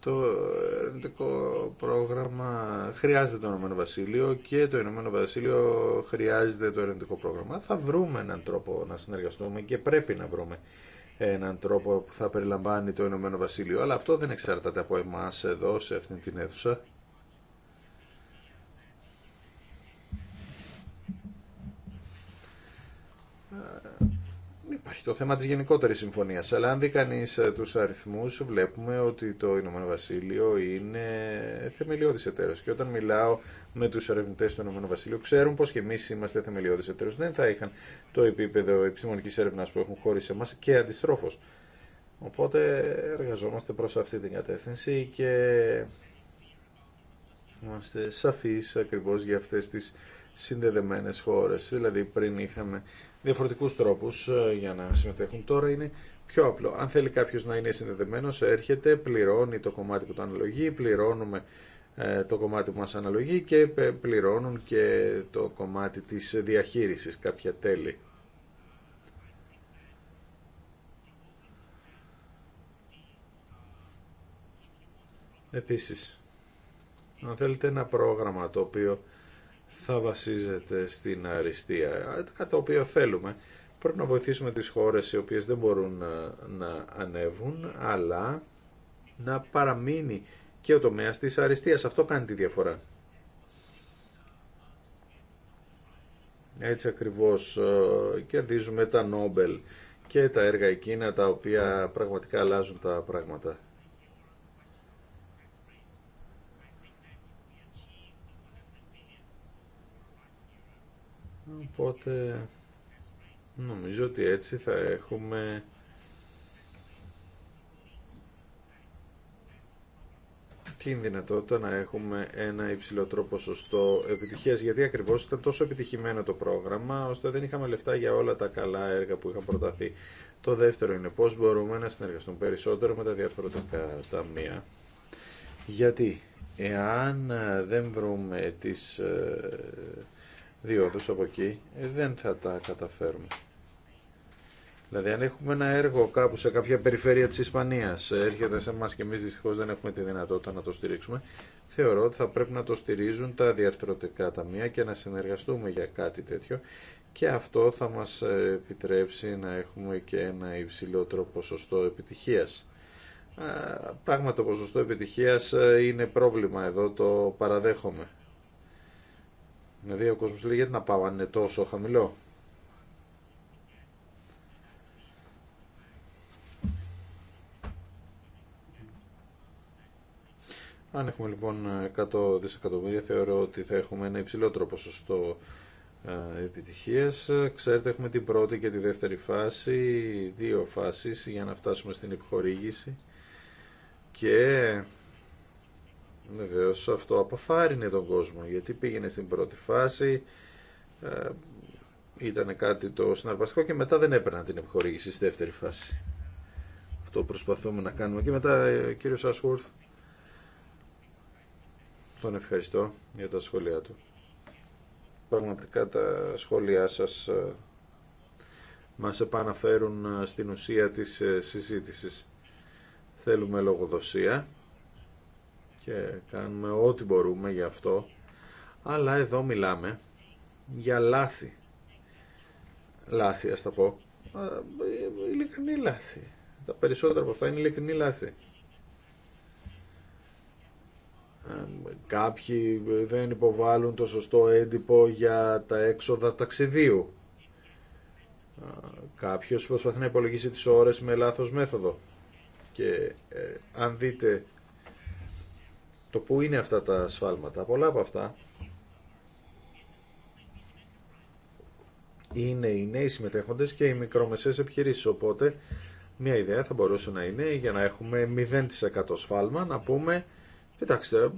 [SPEAKER 4] το ερευνητικό πρόγραμμα χρειάζεται το Ηνωμένο Βασίλειο και το Ηνωμένο Βασίλειο χρειάζεται το ερευνητικό πρόγραμμα. Θα βρούμε έναν τρόπο να συνεργαστούμε και πρέπει να βρούμε έναν τρόπο που θα περιλαμβάνει το Ηνωμένο Βασίλειο. Αλλά αυτό δεν εξαρτάται από εμάς εδώ σε αυτή την αίθουσα. Υπάρχει το θέμα της γενικότερης συμφωνίας, αλλά αν δει κανείς ε, τους αριθμούς βλέπουμε ότι το Ηνωμένο Βασίλειο είναι θεμελιώδης εταίρος και όταν μιλάω με τους ερευνητέ του Ηνωμένου Βασίλειου ξέρουν πως και εμείς είμαστε θεμελιώδης εταίρος. Δεν θα είχαν το επίπεδο επιστημονικής έρευνας που έχουν χωρίς εμάς και αντιστρόφως. Οπότε εργαζόμαστε προς αυτή την κατεύθυνση και είμαστε σαφείς ακριβώς για αυτές τις συνδεδεμένες χώρες. Δηλαδή πριν είχαμε Διαφορετικού τρόπου ε, για να συμμετέχουν. Τώρα είναι πιο απλό. Αν θέλει κάποιο να είναι συνδεδεμένο, έρχεται, πληρώνει το κομμάτι που του αναλογεί, πληρώνουμε ε, το κομμάτι που μας αναλογεί και ε, πληρώνουν και το κομμάτι της διαχείρισης, κάποια τέλη. Επίσης, αν θέλετε ένα πρόγραμμα το οποίο θα βασίζεται στην αριστεία, κατά οποίο θέλουμε. Πρέπει να βοηθήσουμε τις χώρες οι οποίες δεν μπορούν να, ανέβουν, αλλά να παραμείνει και ο τομέας της αριστείας. Αυτό κάνει τη διαφορά. Έτσι ακριβώς ε, κερδίζουμε τα Νόμπελ και τα έργα εκείνα τα οποία πραγματικά αλλάζουν τα πράγματα. Οπότε νομίζω ότι έτσι θα έχουμε την δυνατότητα να έχουμε ένα υψηλότερο σωστό επιτυχίας γιατί ακριβώς ήταν τόσο επιτυχημένο το πρόγραμμα ώστε δεν είχαμε λεφτά για όλα τα καλά έργα που είχαν προταθεί. Το δεύτερο είναι πώς μπορούμε να συνεργαστούμε περισσότερο με τα διαφορετικά ταμεία γιατί εάν δεν βρούμε τις ε, διόδους από εκεί, ε, δεν θα τα καταφέρουμε. Δηλαδή αν έχουμε ένα έργο κάπου σε κάποια περιφέρεια της Ισπανίας, ε, έρχεται σε εμά και εμείς δυστυχώς δεν έχουμε τη δυνατότητα να το στηρίξουμε, θεωρώ ότι θα πρέπει να το στηρίζουν τα διαρθρωτικά ταμεία και να συνεργαστούμε για κάτι τέτοιο και αυτό θα μας ε, επιτρέψει να έχουμε και ένα υψηλότερο ποσοστό επιτυχίας. Πράγμα το ποσοστό επιτυχίας είναι πρόβλημα εδώ, το παραδέχομαι. Δηλαδή ο κόσμος λέει γιατί να πάω αν είναι τόσο χαμηλό. Αν έχουμε λοιπόν 100 δισεκατομμύρια θεωρώ ότι θα έχουμε ένα υψηλότερο ποσοστό ε, επιτυχίας. Ξέρετε έχουμε την πρώτη και τη δεύτερη φάση, δύο φάσεις για να φτάσουμε στην επιχορήγηση και Βεβαίω αυτό αποφάρινε τον κόσμο γιατί πήγαινε στην πρώτη φάση, ε, ήταν κάτι το συναρπαστικό και μετά δεν έπαιρναν την επιχορήγηση στη δεύτερη φάση. Αυτό προσπαθούμε να κάνουμε. Και μετά, ε, κύριο Άσχουρθ, τον ευχαριστώ για τα σχόλιά του. Πραγματικά τα σχόλιά σας ε, μας επαναφέρουν στην ουσία της συζήτησης. Θέλουμε λογοδοσία και κάνουμε ό,τι μπορούμε για αυτό αλλά εδώ μιλάμε για λάθη λάθη ας τα πω ειλικρινή λάθη τα περισσότερα από αυτά είναι ειλικρινή λάθη ε, κάποιοι δεν υποβάλλουν το σωστό έντυπο για τα έξοδα ταξιδίου κάποιος προσπαθεί να υπολογίσει τις ώρες με λάθος μέθοδο και ε, αν δείτε το πού είναι αυτά τα σφάλματα. Πολλά από αυτά είναι οι νέοι συμμετέχοντες και οι μικρομεσαίες επιχειρήσεις. Οπότε μια ιδέα θα μπορούσε να είναι για να έχουμε 0% σφάλμα να πούμε κοιτάξτε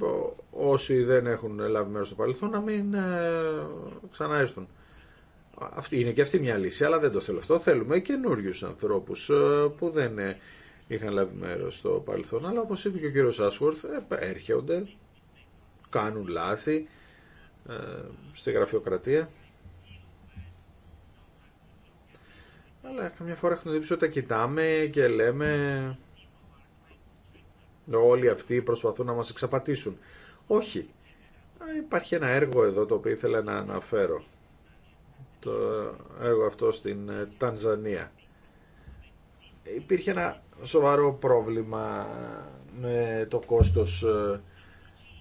[SPEAKER 4] όσοι δεν έχουν λάβει μέρος στο παρελθόν να μην ε, ξαναέρθουν. Αυτή είναι και αυτή μια λύση, αλλά δεν το θέλω αυτό. Θέλουμε καινούριου ανθρώπου ε, που δεν είχαν λάβει μέρο στο παρελθόν, αλλά όπως είπε και ο κύριο Άσουαρθ, ε, έρχονται, κάνουν λάθη ε, στη γραφειοκρατία. Αλλά καμιά φορά έχουν εντύπωση ότι τα κοιτάμε και λέμε όλοι αυτοί προσπαθούν να μας εξαπατήσουν. Όχι. Υπάρχει ένα έργο εδώ το οποίο ήθελα να αναφέρω. Το έργο αυτό στην ε, Τανζανία. Υπήρχε ένα σοβαρό πρόβλημα με το κόστος ε,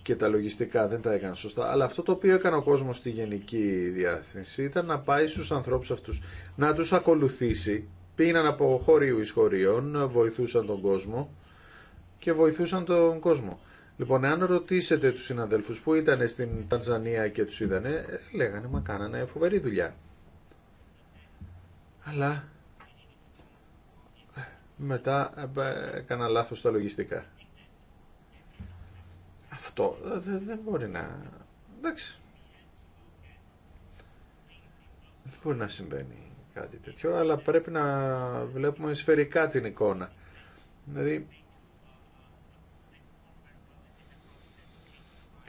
[SPEAKER 4] και τα λογιστικά δεν τα έκανε σωστά. Αλλά αυτό το οποίο έκανε ο κόσμο στη γενική διάθεση ήταν να πάει στου ανθρώπου αυτού, να του ακολουθήσει. Πήγαιναν από χωρίου ει χωρίων, βοηθούσαν τον κόσμο και βοηθούσαν τον κόσμο. Λοιπόν, εάν ρωτήσετε του συναδέλφου που ήταν στην Τανζανία και του είδανε, ε, λέγανε Μα κάνανε φοβερή δουλειά. Αλλά μετά ε, έκανα λάθος στα λογιστικά. Αυτό ε, δεν μπορεί να... εντάξει. Δεν μπορεί να συμβαίνει κάτι τέτοιο, αλλά πρέπει να βλέπουμε σφαιρικά την εικόνα. Δηλαδή,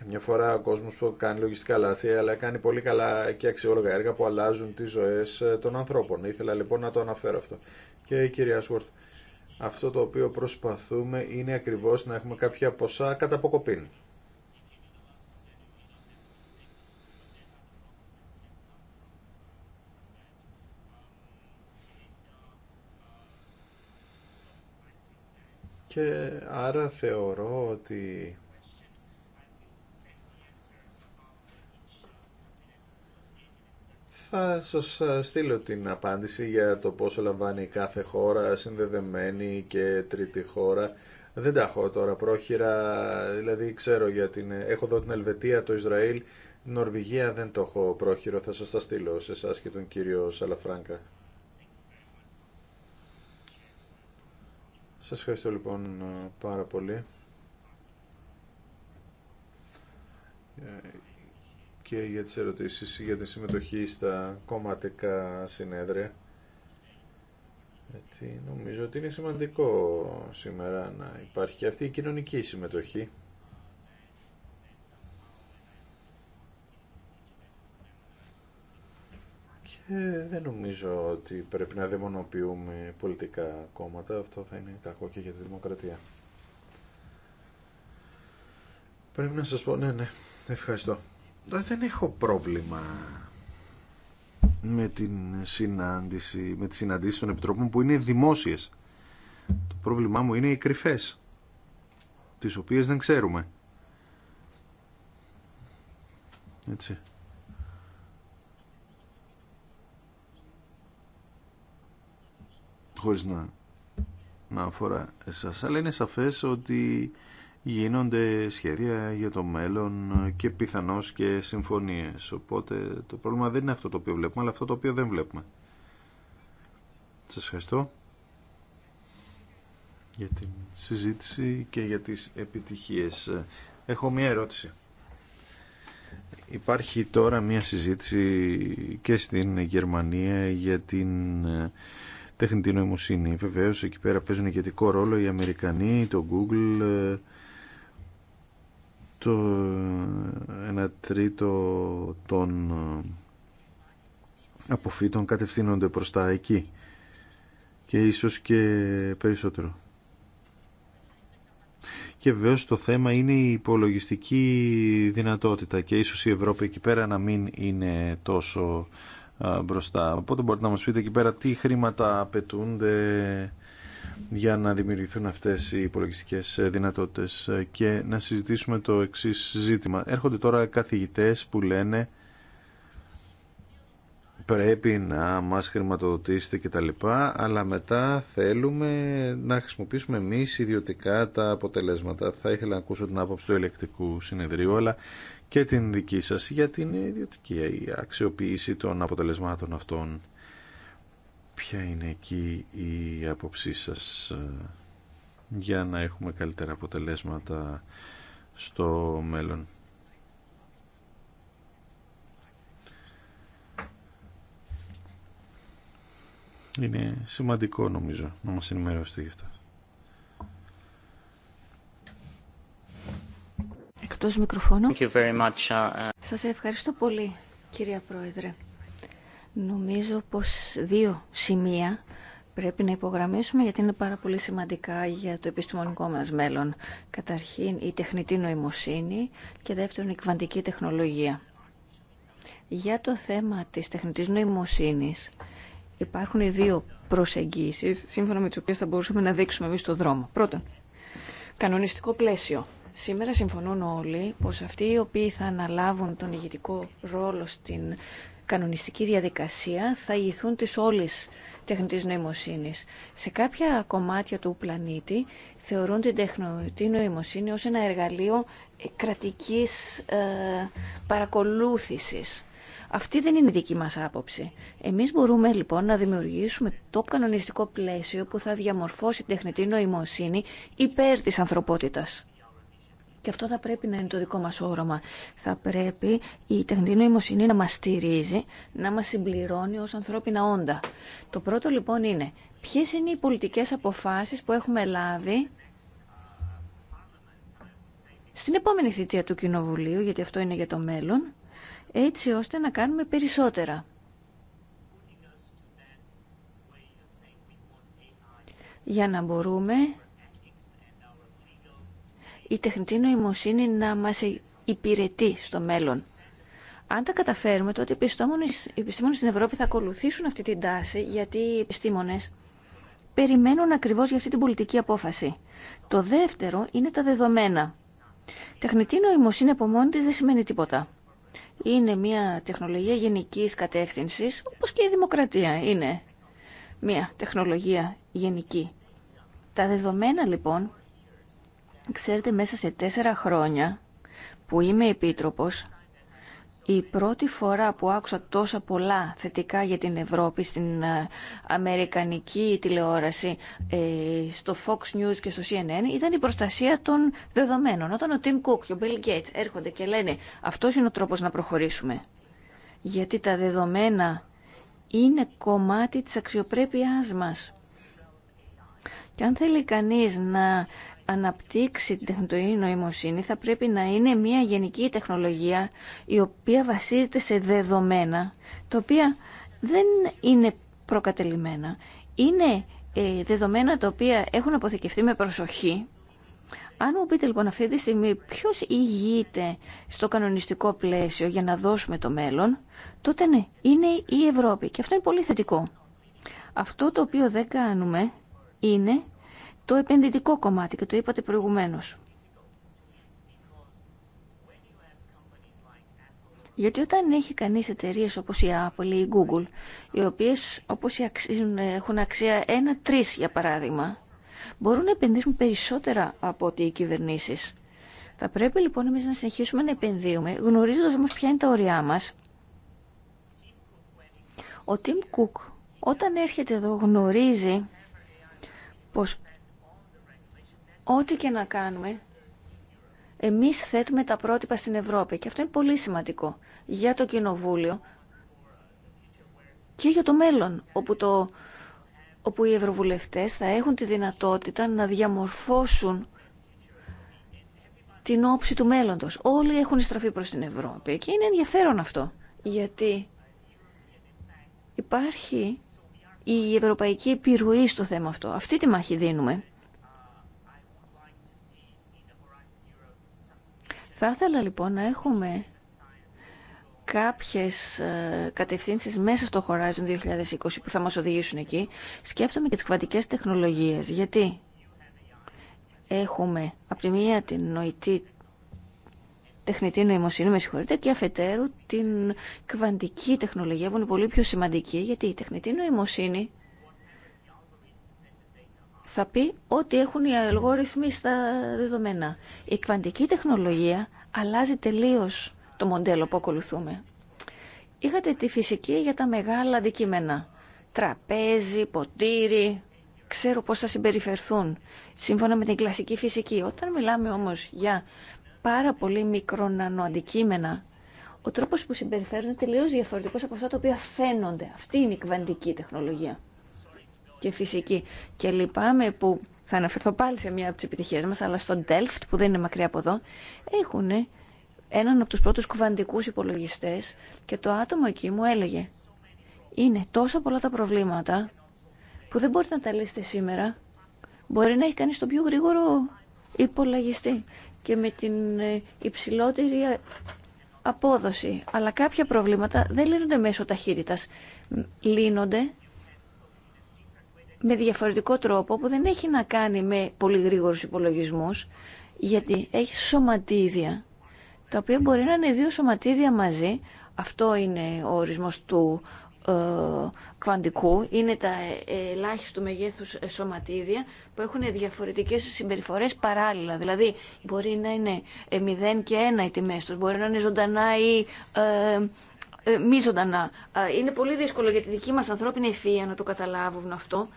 [SPEAKER 4] Μια φορά ο κόσμο που κάνει λογιστικά λάθη, αλλά κάνει πολύ καλά και αξιόλογα έργα που αλλάζουν τι ζωέ ε, των ανθρώπων. Ήθελα λοιπόν να το αναφέρω αυτό. Και η κυρία Σουόρθ, αυτό το οποίο προσπαθούμε είναι ακριβώ να έχουμε κάποια ποσά κατά αποκοπήν. Και άρα θεωρώ ότι Θα σας ε, στείλω την απάντηση για το πόσο λαμβάνει κάθε χώρα, συνδεδεμένη και τρίτη χώρα. Δεν τα έχω τώρα πρόχειρα, δηλαδή ξέρω για την... Έχω εδώ την Ελβετία, το Ισραήλ, Νορβηγία δεν το έχω πρόχειρο, θα σας τα στείλω σε εσά και τον κύριο Σαλαφράγκα. Σας ευχαριστώ λοιπόν ε, πάρα πολύ ε, και για τις ερωτήσεις για τη συμμετοχή στα κομματικά συνέδρια. Γιατί νομίζω ότι είναι σημαντικό σήμερα να υπάρχει και αυτή η κοινωνική συμμετοχή. Και δεν νομίζω ότι πρέπει να δαιμονοποιούμε πολιτικά κόμματα. Αυτό θα είναι κακό και για τη δημοκρατία. Πρέπει να σας πω, ναι, ναι, ευχαριστώ δεν έχω πρόβλημα με, την συνάντηση, με τις συναντήσεις των επιτρόπων που είναι δημόσιες. Το πρόβλημά μου είναι οι κρυφές, τις οποίες δεν ξέρουμε. Έτσι. Χωρίς να, να αφορά εσάς, αλλά είναι σαφές ότι γίνονται σχέδια για το μέλλον και πιθανώς και συμφωνίες. Οπότε το πρόβλημα δεν είναι αυτό το οποίο βλέπουμε, αλλά αυτό το οποίο δεν βλέπουμε. Σας ευχαριστώ για την συζήτηση και για τις επιτυχίες. Έχω μία ερώτηση. Υπάρχει τώρα μία συζήτηση και στην Γερμανία για την ε, τεχνητή νοημοσύνη. Βεβαίως εκεί πέρα παίζουν ηγετικό ρόλο οι Αμερικανοί, το Google, ε, το ένα τρίτο των ε, αποφύτων κατευθύνονται προς τα εκεί και ίσως και περισσότερο. Και βεβαίως το θέμα είναι η υπολογιστική δυνατότητα και ίσως η Ευρώπη εκεί πέρα να μην είναι τόσο ε, μπροστά. Οπότε μπορείτε να μας πείτε εκεί πέρα τι χρήματα απαιτούνται για να δημιουργηθούν αυτές οι υπολογιστικέ δυνατότητες και να συζητήσουμε το εξής ζήτημα. Έρχονται τώρα καθηγητές που λένε πρέπει να μας χρηματοδοτήσετε και τα λοιπά, αλλά μετά θέλουμε να χρησιμοποιήσουμε εμεί ιδιωτικά τα αποτελέσματα. Θα ήθελα να ακούσω την άποψη του ελεκτικού συνεδρίου, αλλά και την δική σας για την ιδιωτική αξιοποίηση των αποτελεσμάτων αυτών ποια είναι εκεί η άποψή σας ε, για να έχουμε καλύτερα αποτελέσματα στο μέλλον. Είναι σημαντικό νομίζω να μας ενημερώσετε γι' αυτό.
[SPEAKER 2] Εκτός μικροφώνου.
[SPEAKER 1] Uh, uh,
[SPEAKER 2] σας ευχαριστώ πολύ κυρία Πρόεδρε. Νομίζω πως δύο σημεία πρέπει να υπογραμμίσουμε γιατί είναι πάρα πολύ σημαντικά για το επιστημονικό μας μέλλον. Καταρχήν η τεχνητή νοημοσύνη και δεύτερον η κβαντική τεχνολογία. Για το θέμα της τεχνητής νοημοσύνης υπάρχουν δύο προσεγγίσεις σύμφωνα με τις οποίες θα μπορούσαμε να δείξουμε εμείς το δρόμο. Πρώτον, κανονιστικό πλαίσιο. Σήμερα συμφωνούν όλοι πως αυτοί οι οποίοι θα αναλάβουν τον ηγετικό ρόλο στην κανονιστική διαδικασία θα ηγηθούν της όλης τεχνητής νοημοσύνης. Σε κάποια κομμάτια του πλανήτη θεωρούν την τεχνητή νοημοσύνη ως ένα εργαλείο κρατικής ε, παρακολούθησης. Αυτή δεν είναι η δική μας άποψη. Εμείς μπορούμε λοιπόν να δημιουργήσουμε το κανονιστικό πλαίσιο που θα διαμορφώσει τεχνητή νοημοσύνη υπέρ της ανθρωπότητας. Και αυτό θα πρέπει να είναι το δικό μας όρομα. Θα πρέπει η τεχνητή νοημοσύνη να μας στηρίζει, να μας συμπληρώνει ως ανθρώπινα όντα. Το πρώτο λοιπόν είναι ποιες είναι οι πολιτικές αποφάσεις που έχουμε λάβει στην επόμενη θητεία του Κοινοβουλίου, γιατί αυτό είναι για το μέλλον, έτσι ώστε να κάνουμε περισσότερα. Για να μπορούμε η τεχνητή νοημοσύνη να μας υπηρετεί στο μέλλον. Αν τα καταφέρουμε, τότε οι επιστήμονες στην Ευρώπη θα ακολουθήσουν αυτή την τάση, γιατί οι επιστήμονες περιμένουν ακριβώς για αυτή την πολιτική απόφαση. Το δεύτερο είναι τα δεδομένα. Τεχνητή νοημοσύνη από μόνη της δεν σημαίνει τίποτα. Είναι μια τεχνολογία γενικής κατεύθυνσης, όπως και η δημοκρατία είναι μια τεχνολογία γενική. Τα δεδομένα λοιπόν Ξέρετε, μέσα σε τέσσερα χρόνια που είμαι επίτροπος, η πρώτη φορά που άκουσα τόσα πολλά θετικά για την Ευρώπη στην ε, αμερικανική τηλεόραση, ε, στο Fox News και στο CNN, ήταν η προστασία των δεδομένων. Όταν ο Tim Cook και ο Bill Gates έρχονται και λένε «Αυτός είναι ο τρόπος να προχωρήσουμε». Γιατί τα δεδομένα είναι κομμάτι της αξιοπρέπειάς μας. Και αν θέλει κανείς να αναπτύξει την τεχνητή νοημοσύνη θα πρέπει να είναι μια γενική τεχνολογία η οποία βασίζεται σε δεδομένα τα οποία δεν είναι προκατελημένα. Είναι ε, δεδομένα τα οποία έχουν αποθηκευτεί με προσοχή. Αν μου πείτε λοιπόν αυτή τη στιγμή ποιος ηγείται στο κανονιστικό πλαίσιο για να δώσουμε το μέλλον, τότε ναι, είναι η Ευρώπη και αυτό είναι πολύ θετικό. Αυτό το οποίο δεν κάνουμε είναι το επενδυτικό κομμάτι και το είπατε προηγουμένως. Γιατί όταν έχει κανείς εταιρείε όπως η Apple ή η Google, οι οποίες όπως εχουν έχουν αξία 1-3 για παράδειγμα, μπορούν να επενδύσουν περισσότερα από ότι οι κυβερνήσεις. Θα πρέπει λοιπόν εμείς να συνεχίσουμε να επενδύουμε, γνωρίζοντας όμως ποια είναι τα ωριά μας. Ο Tim Cook, όταν έρχεται εδώ γνωρίζει πως Ό,τι και να κάνουμε, εμείς θέτουμε τα πρότυπα στην Ευρώπη και αυτό είναι πολύ σημαντικό για το Κοινοβούλιο και για το μέλλον, όπου, το, όπου οι ευρωβουλευτές θα έχουν τη δυνατότητα να διαμορφώσουν την όψη του μέλλοντος. Όλοι έχουν στραφεί προς την Ευρώπη και είναι ενδιαφέρον αυτό, γιατί υπάρχει η ευρωπαϊκή επιρροή στο θέμα αυτό. Αυτή τη μάχη δίνουμε. Θα ήθελα λοιπόν να έχουμε κάποιες ε, κατευθύνσεις μέσα στο Horizon 2020 που θα μας οδηγήσουν εκεί. Σκέφτομαι και τις κβαντικές τεχνολογίες. Γιατί έχουμε από τη μία την νοητή τεχνητή νοημοσύνη, με συγχωρείτε, και αφετέρου την κβαντική τεχνολογία που είναι πολύ πιο σημαντική γιατί η τεχνητή νοημοσύνη θα πει ότι έχουν οι αλγόριθμοι στα δεδομένα. Η κβαντική τεχνολογία αλλάζει τελείως το μοντέλο που ακολουθούμε. Είχατε τη φυσική για τα μεγάλα αντικείμενα. Τραπέζι, ποτήρι, ξέρω πώς θα συμπεριφερθούν, σύμφωνα με την κλασική φυσική. Όταν μιλάμε όμως για πάρα πολύ αντικείμενα, ο τρόπος που συμπεριφέρουν είναι τελείως διαφορετικός από αυτά τα οποία φαίνονται. Αυτή είναι η κβαντική τεχνολογία και φυσική. Και λυπάμαι που θα αναφερθώ πάλι σε μία από τις επιτυχίες μας, αλλά στο Delft που δεν είναι μακριά από εδώ, έχουν έναν από τους πρώτους κουβαντικούς υπολογιστές και το άτομο εκεί μου έλεγε «Είναι τόσα πολλά τα προβλήματα που δεν μπορείτε να τα λύσετε σήμερα. Μπορεί να έχει κανείς τον πιο γρήγορο υπολογιστή και με την ε, υψηλότερη απόδοση. Αλλά κάποια προβλήματα δεν λύνονται μέσω ταχύτητας. Λύνονται με διαφορετικό τρόπο που δεν έχει να κάνει με πολύ γρήγορους υπολογισμούς γιατί έχει σωματίδια τα οποία μπορεί να είναι δύο σωματίδια μαζί αυτό είναι ο ορισμός του ε, κβαντικού είναι τα ε, ελάχιστο μεγέθους ε, σωματίδια που έχουν διαφορετικές συμπεριφορές παράλληλα δηλαδή μπορεί να είναι 0 ε, και 1 οι τιμές τους μπορεί να είναι ζωντανά ή ε, μη ζωντανά. Είναι πολύ δύσκολο για τη δική μας ανθρώπινη ευθεία να το καταλάβουν αυτό.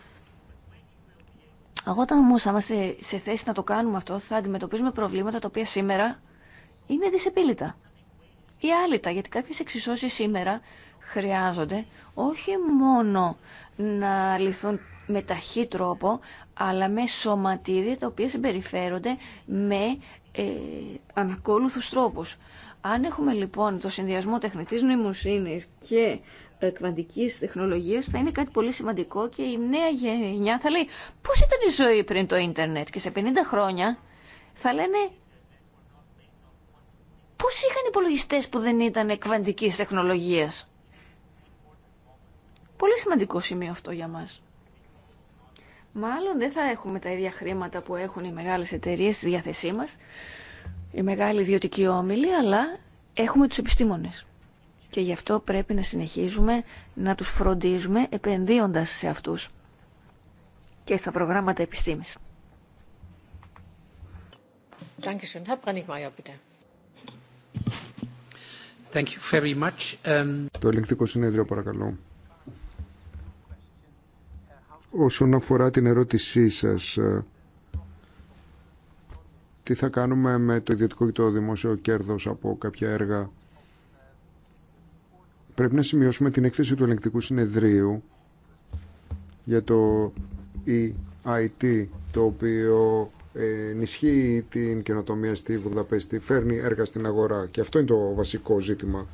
[SPEAKER 2] Όταν όμω είμαστε σε θέση να το κάνουμε αυτό, θα αντιμετωπίζουμε προβλήματα τα οποία σήμερα είναι δυσεπίλητα ή άλυτα, γιατί κάποιες εξισώσεις σήμερα χρειάζονται όχι μόνο να λυθούν με ταχύ τρόπο, αλλά με σωματίδια τα οποία συμπεριφέρονται με ε, ανακόλουθους τρόπους. Αν έχουμε λοιπόν το συνδυασμό τεχνητής νοημοσύνης και κβαντική τεχνολογία θα είναι κάτι πολύ σημαντικό και η νέα γενιά θα λέει πώς ήταν η ζωή πριν το ίντερνετ και σε 50 χρόνια θα λένε πώς είχαν υπολογιστέ που δεν ήταν κβαντική τεχνολογία, Πολύ σημαντικό σημείο αυτό για μας. Μάλλον δεν θα έχουμε τα ίδια χρήματα που έχουν οι μεγάλες εταιρείες στη διάθεσή μας, οι μεγάλοι ιδιωτικοί όμιλοι, αλλά έχουμε τους επιστήμονες και γι' αυτό πρέπει να συνεχίζουμε να τους φροντίζουμε επενδύοντας σε αυτούς και στα προγράμματα επιστήμης.
[SPEAKER 1] Thank
[SPEAKER 3] you very much. Um, το ελεγκτικό συνέδριο παρακαλώ. Όσον αφορά την ερώτησή σας, ε, τι θα κάνουμε με το ιδιωτικό και το δημόσιο κέρδος από κάποια έργα Πρέπει να σημειώσουμε την έκθεση του ελεγκτικού συνεδρίου για το EIT, το οποίο ε, ενισχύει την καινοτομία στη Βουδαπέστη, φέρνει έργα στην αγορά και αυτό είναι το βασικό ζήτημα.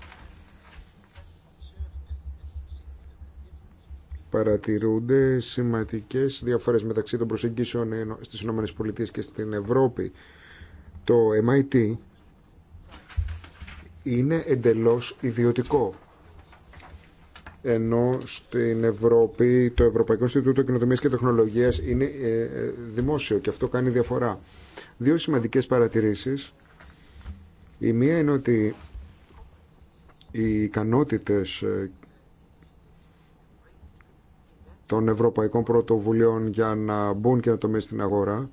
[SPEAKER 3] Παρατηρούνται σημαντικές διαφορές μεταξύ των προσεγγίσεων στις ΗΠΑ και στην Ευρώπη. Το MIT είναι εντελώς ιδιωτικό ενώ στην Ευρώπη το Ευρωπαϊκό Ινστιτούτο Κοινοτομίας και Τεχνολογίας είναι ε, ε, δημόσιο και αυτό κάνει διαφορά. Δύο σημαντικές παρατηρήσεις. Η μία είναι ότι οι ικανότητες ε, των Ευρωπαϊκών Πρωτοβουλίων για να μπουν και να το στην αγορά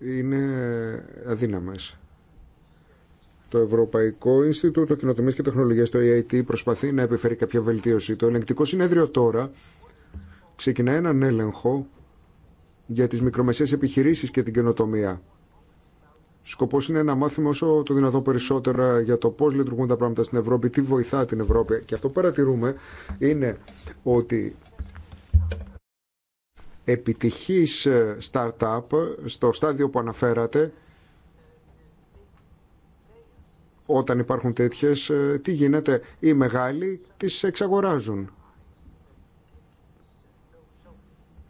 [SPEAKER 3] είναι αδύναμες. Το Ευρωπαϊκό Ινστιτούτο Κοινοτομίας και Τεχνολογίας, το EIT, προσπαθεί να επιφέρει κάποια βελτίωση. Το ελεγκτικό συνέδριο τώρα ξεκινά έναν έλεγχο για τις μικρομεσαίες επιχειρήσεις και την καινοτομία. Σκοπό είναι να μάθουμε όσο το δυνατόν περισσότερα για το πώ λειτουργούν τα πράγματα στην Ευρώπη, τι βοηθά την Ευρώπη. Και αυτό που παρατηρούμε είναι ότι επιτυχής startup στο στάδιο που αναφέρατε όταν υπάρχουν τέτοιες, ε, τι γίνεται, οι μεγάλοι τις εξαγοράζουν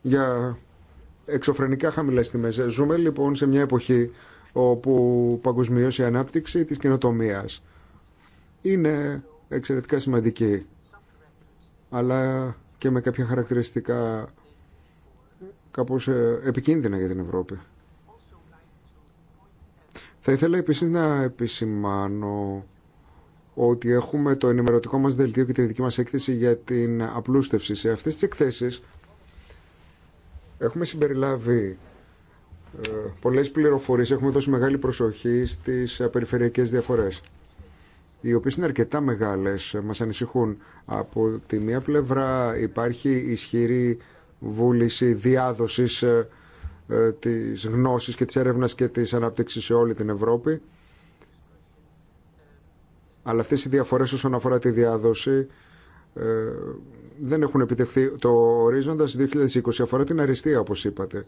[SPEAKER 3] για εξωφρενικά χαμηλές τιμές. Ζούμε λοιπόν σε μια εποχή όπου παγκοσμίως η ανάπτυξη της καινοτομία είναι εξαιρετικά σημαντική, αλλά και με κάποια χαρακτηριστικά κάπως ε, επικίνδυνα για την Ευρώπη. Θα ήθελα επίσης να επισημάνω ότι έχουμε το ενημερωτικό μας δελτίο και την ειδική μας έκθεση για την απλούστευση. Σε αυτές τις εκθέσεις έχουμε συμπεριλάβει ε, πολλές πληροφορίες, έχουμε δώσει μεγάλη προσοχή στις περιφερειακές διαφορές οι οποίες είναι αρκετά μεγάλες, ε, μας ανησυχούν. Από τη μία πλευρά υπάρχει ισχυρή βούληση διάδοσης ε, ε, της γνώσης και της έρευνας και της ανάπτυξης σε όλη την Ευρώπη. Αλλά αυτές οι διαφορές όσον αφορά τη διάδοση ε, δεν έχουν επιτευχθεί. Το ορίζοντας 2020 αφορά την αριστεία όπως είπατε.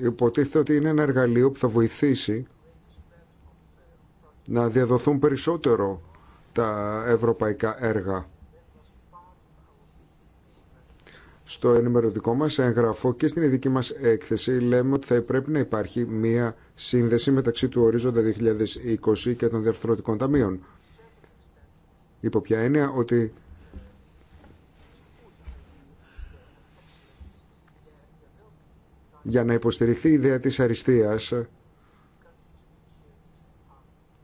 [SPEAKER 3] Υποτίθεται ότι είναι ένα εργαλείο που θα βοηθήσει να διαδοθούν περισσότερο τα ευρωπαϊκά έργα Στο ενημερωτικό μας έγγραφο και στην ειδική μας έκθεση λέμε ότι θα πρέπει να υπάρχει μία σύνδεση μεταξύ του ορίζοντα 2020 και των διαρθρωτικών ταμείων. Υπό ποια έννοια ότι για να υποστηριχθεί η ιδέα της αριστείας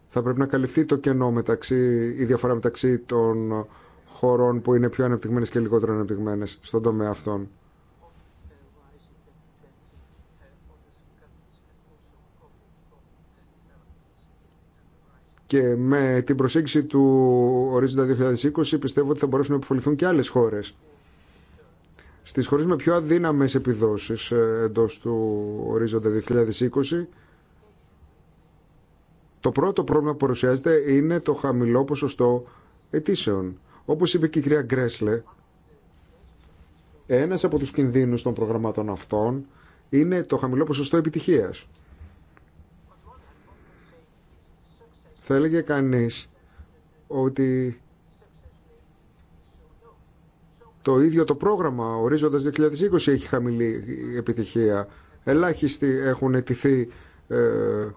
[SPEAKER 3] θα πρέπει να καλυφθεί το κενό μεταξύ, η διαφορά μεταξύ των χωρών που είναι πιο ανεπτυγμένες και λιγότερο ανεπτυγμένες στον τομέα αυτών. Και με την προσέγγιση του ορίζοντα 2020 πιστεύω ότι θα μπορέσουν να επιφοληθούν και άλλες χώρες. Στις χώρες με πιο αδύναμες επιδόσεις ε, εντός του ορίζοντα 2020 το πρώτο πρόβλημα που παρουσιάζεται είναι το χαμηλό ποσοστό αιτήσεων. Όπως είπε και η κυρία Γκρέσλε, ένας από τους κινδύνους των προγραμμάτων αυτών είναι το χαμηλό ποσοστό επιτυχίας. Θα έλεγε κανείς ότι το ίδιο το πρόγραμμα ορίζοντας 2020 έχει χαμηλή επιτυχία. Ελάχιστοι έχουν ετηθεί ε,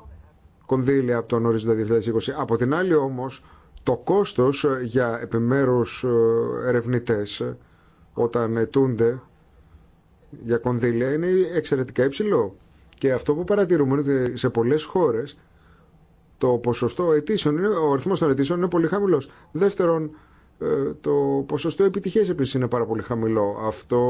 [SPEAKER 3] κονδύλια από τον ορίζοντα 2020. Από την άλλη όμως το κόστος ε, για επιμέρους ε, ερευνητές ε, όταν ετούνται για κονδύλια είναι εξαιρετικά υψηλό. Και αυτό που παρατηρούμε είναι ότι σε πολλές χώρες το ποσοστό αιτήσεων, ο αριθμός των αιτήσεων είναι πολύ χαμηλός. Δεύτερον, το ποσοστό επιτυχίας επίσης είναι πάρα πολύ χαμηλό. Αυτό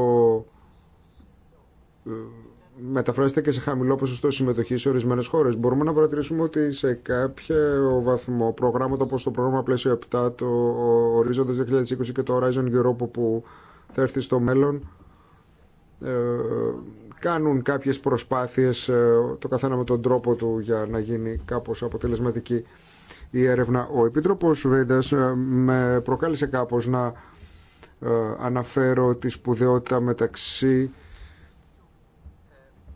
[SPEAKER 3] μεταφράζεται και σε χαμηλό ποσοστό συμμετοχή σε ορισμένε χώρε. Μπορούμε να παρατηρήσουμε ότι σε κάποιο βαθμό προγράμματα όπω το πρόγραμμα Πλαίσιο 7, το Ορίζοντα 2020 και το Horizon Europe που θα έρθει στο μέλλον, ε, κάνουν κάποιε προσπάθειες ε, το καθένα με τον τρόπο του, για να γίνει κάπως αποτελεσματική η έρευνα. Ο Επίτροπο Βέντα ε, με προκάλεσε κάπως να αναφέρω τη σπουδαιότητα μεταξύ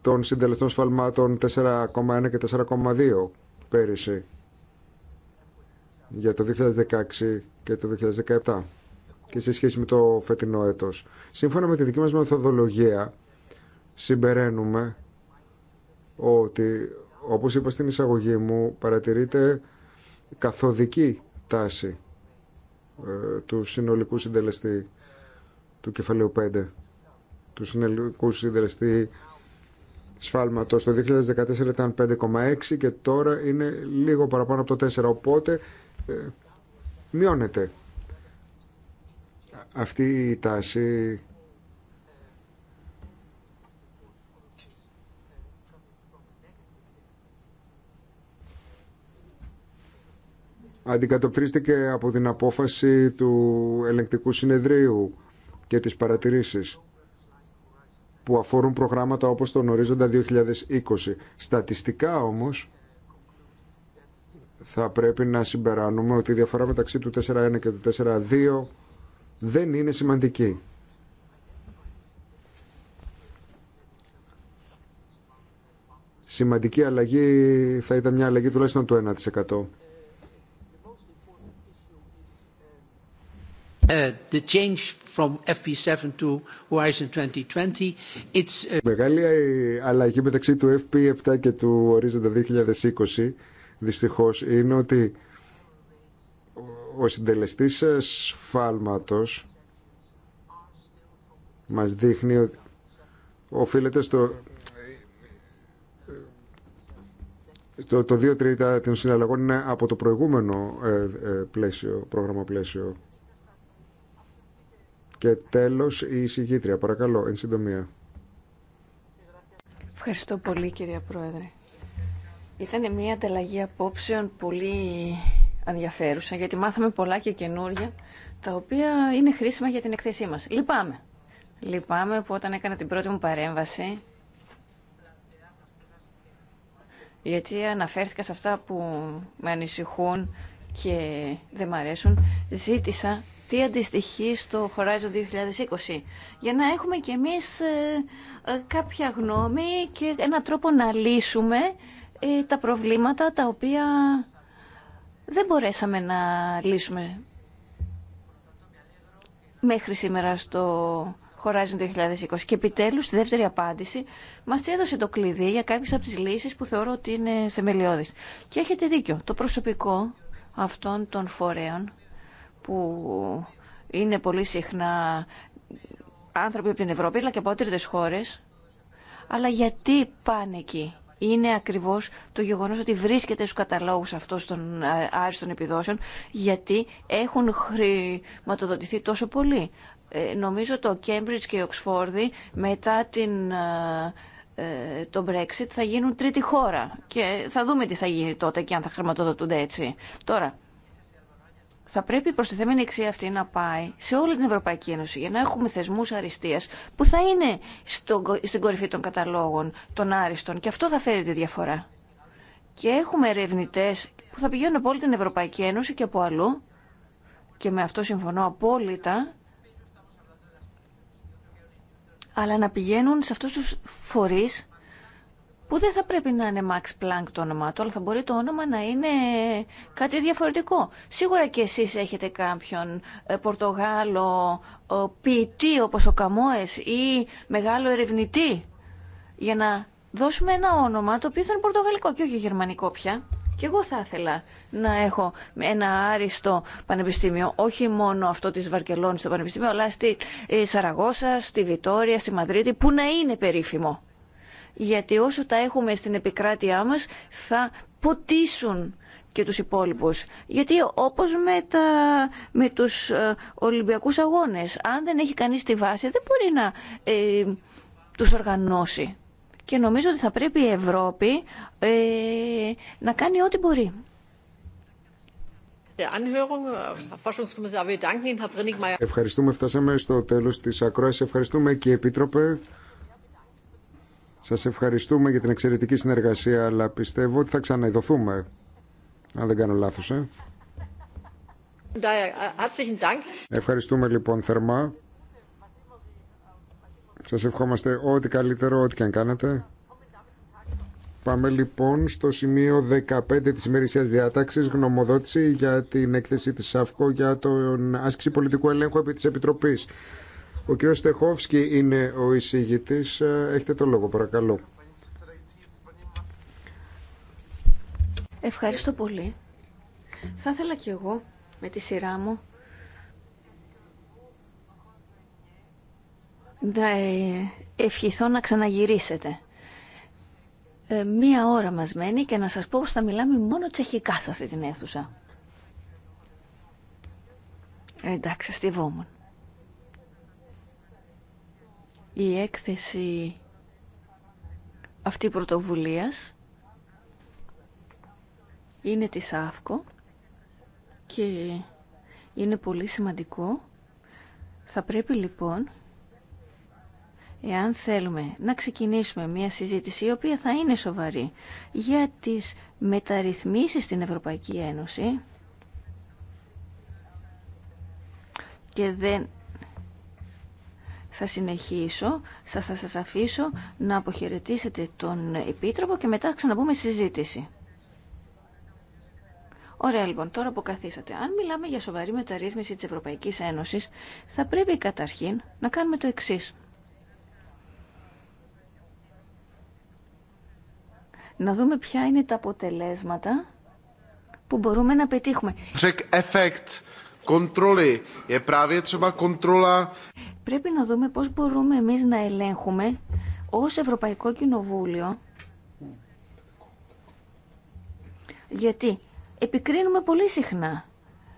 [SPEAKER 3] των συντελεστών σφαλμάτων 4,1 και 4,2 πέρυσι για το 2016 και το 2017 και σε σχέση με το φετινό έτος. Σύμφωνα με τη δική μας μεθοδολογία συμπεραίνουμε ότι όπως είπα στην εισαγωγή μου παρατηρείται καθοδική τάση ε, του συνολικού συντελεστή του κεφαλαίου 5 του συνολικού συντελεστή σφάλματος. Το 2014 ήταν 5,6 και τώρα είναι λίγο παραπάνω από το 4, οπότε ε, μειώνεται. Αυτή η τάση αντικατοπτρίστηκε από την απόφαση του ελεγκτικού συνεδρίου και τις παρατηρήσεις που αφορούν προγράμματα όπως τον ορίζοντα 2020. Στατιστικά όμως θα πρέπει να συμπεράνουμε ότι η διαφορά μεταξύ του 4.1 και του 4.2 δεν είναι σημαντική. Σημαντική αλλαγή θα ήταν μια αλλαγή τουλάχιστον του 1%. Uh, the change from uh, Μεγάλη ε, αλλαγή μεταξύ του FP7 και του Horizon 2020 δυστυχώς είναι ότι ο συντελεστής σφάλματος μας δείχνει ότι οφείλεται στο το, το 2 τρίτα των συναλλαγών είναι από το προηγούμενο ε, ε, πλαίσιο, πρόγραμμα πλαίσιο και τέλος η εισηγήτρια. Παρακαλώ, εν συντομία.
[SPEAKER 2] Ευχαριστώ πολύ κυρία Πρόεδρε. Ήταν μια ανταλλαγή απόψεων πολύ ενδιαφέρουσα γιατί μάθαμε πολλά και καινούργια τα οποία είναι χρήσιμα για την εκθέσή μας. Λυπάμαι. Λυπάμαι που όταν έκανα την πρώτη μου παρέμβαση γιατί αναφέρθηκα σε αυτά που με ανησυχούν και δεν μ' αρέσουν, ζήτησα αυτή αντιστοιχεί στο Horizon 2020. Για να έχουμε κι εμείς ε, ε, κάποια γνώμη και ένα τρόπο να λύσουμε ε, τα προβλήματα τα οποία δεν μπορέσαμε να λύσουμε μέχρι σήμερα στο Horizon 2020. Και επιτέλους, στη δεύτερη απάντηση, μας έδωσε το κλειδί για κάποιες από τις λύσεις που θεωρώ ότι είναι θεμελιώδεις. Και έχετε δίκιο, το προσωπικό αυτών των φορέων που είναι πολύ συχνά άνθρωποι από την Ευρώπη, αλλά και από τρίτες χώρες. Αλλά γιατί πάνε εκεί. Είναι ακριβώς το γεγονός ότι βρίσκεται στους καταλόγους αυτών των ε, άριστον επιδόσεων, γιατί έχουν χρηματοδοτηθεί τόσο πολύ. Ε, νομίζω το Cambridge και η Οξφόρδη μετά την, ε, το Brexit θα γίνουν τρίτη χώρα και θα δούμε τι θα γίνει τότε και αν θα χρηματοδοτούνται έτσι. Τώρα, θα πρέπει η προστιθέμενη εξή αυτή να πάει σε όλη την Ευρωπαϊκή Ένωση για να έχουμε θεσμούς αριστείας που θα είναι στο, στην κορυφή των καταλόγων των άριστων και αυτό θα φέρει τη διαφορά. Και έχουμε ερευνητέ που θα πηγαίνουν από όλη την Ευρωπαϊκή Ένωση και από αλλού και με αυτό συμφωνώ απόλυτα αλλά να πηγαίνουν σε αυτούς τους φορείς που δεν θα πρέπει να είναι Max Planck το όνομά του, αλλά θα μπορεί το όνομα να είναι κάτι διαφορετικό. Σίγουρα και εσείς έχετε κάποιον ε, Πορτογάλο ποιητή όπως ο Καμόες ή μεγάλο ερευνητή για να δώσουμε ένα όνομα το οποίο θα είναι πορτογαλικό και όχι γερμανικό πια. Και εγώ θα ήθελα να έχω ένα άριστο πανεπιστήμιο, όχι μόνο αυτό της Βαρκελόνης στο πανεπιστήμιο, αλλά στη ε, Σαραγώσα, στη Βιτόρια, στη Μαδρίτη, που να είναι περίφημο γιατί όσο τα έχουμε στην επικράτειά μας θα ποτίσουν και τους υπόλοιπους. Γιατί όπως με, τα, με τους ε, Ολυμπιακούς Αγώνες, αν δεν έχει κανείς τη βάση δεν μπορεί να ε, τους οργανώσει. Και νομίζω ότι θα πρέπει η Ευρώπη ε, να κάνει ό,τι μπορεί.
[SPEAKER 3] Ευχαριστούμε. Φτάσαμε στο τέλος της ακρόασης. Ευχαριστούμε και Επίτροπε. Σας ευχαριστούμε για την εξαιρετική συνεργασία, αλλά πιστεύω ότι θα ξαναειδωθούμε, αν δεν κάνω λάθο. Ε. Ευχαριστούμε λοιπόν θερμά. Σας ευχόμαστε ό,τι καλύτερο, ό,τι και αν κάνετε. Πάμε λοιπόν στο σημείο 15 της ημερησίας διάταξης, γνωμοδότηση για την έκθεση της ΑΦΚΟ για τον άσκηση πολιτικού ελέγχου επί της Επιτροπής. Ο κύριος Στεχόφσκι είναι ο εισηγητής. Ε, έχετε το λόγο παρακαλώ.
[SPEAKER 2] Ευχαριστώ πολύ. Θα ήθελα κι εγώ με τη σειρά μου να ε, ευχηθώ να ξαναγυρίσετε. Ε, μία ώρα μας μένει και να σας πω πως θα μιλάμε μόνο τσεχικά σε αυτή την αίθουσα. Εντάξει, βόμβο η έκθεση αυτή πρωτοβουλίας είναι της ΑΦΚΟ και είναι πολύ σημαντικό. Θα πρέπει λοιπόν, εάν θέλουμε να ξεκινήσουμε μια συζήτηση η οποία θα είναι σοβαρή για τις μεταρρυθμίσεις στην Ευρωπαϊκή Ένωση και δεν θα συνεχίσω, θα, σας αφήσω να αποχαιρετήσετε τον Επίτροπο και μετά ξαναπούμε στη συζήτηση. Ωραία λοιπόν, τώρα που καθίσατε, αν μιλάμε για σοβαρή μεταρρύθμιση της Ευρωπαϊκής Ένωσης, θα πρέπει καταρχήν να κάνουμε το εξής. Να δούμε ποια είναι τα αποτελέσματα που μπορούμε να πετύχουμε.
[SPEAKER 4] Check effect
[SPEAKER 2] πρέπει να δούμε πώς μπορούμε εμείς να ελέγχουμε ως Ευρωπαϊκό Κοινοβούλιο γιατί επικρίνουμε πολύ συχνά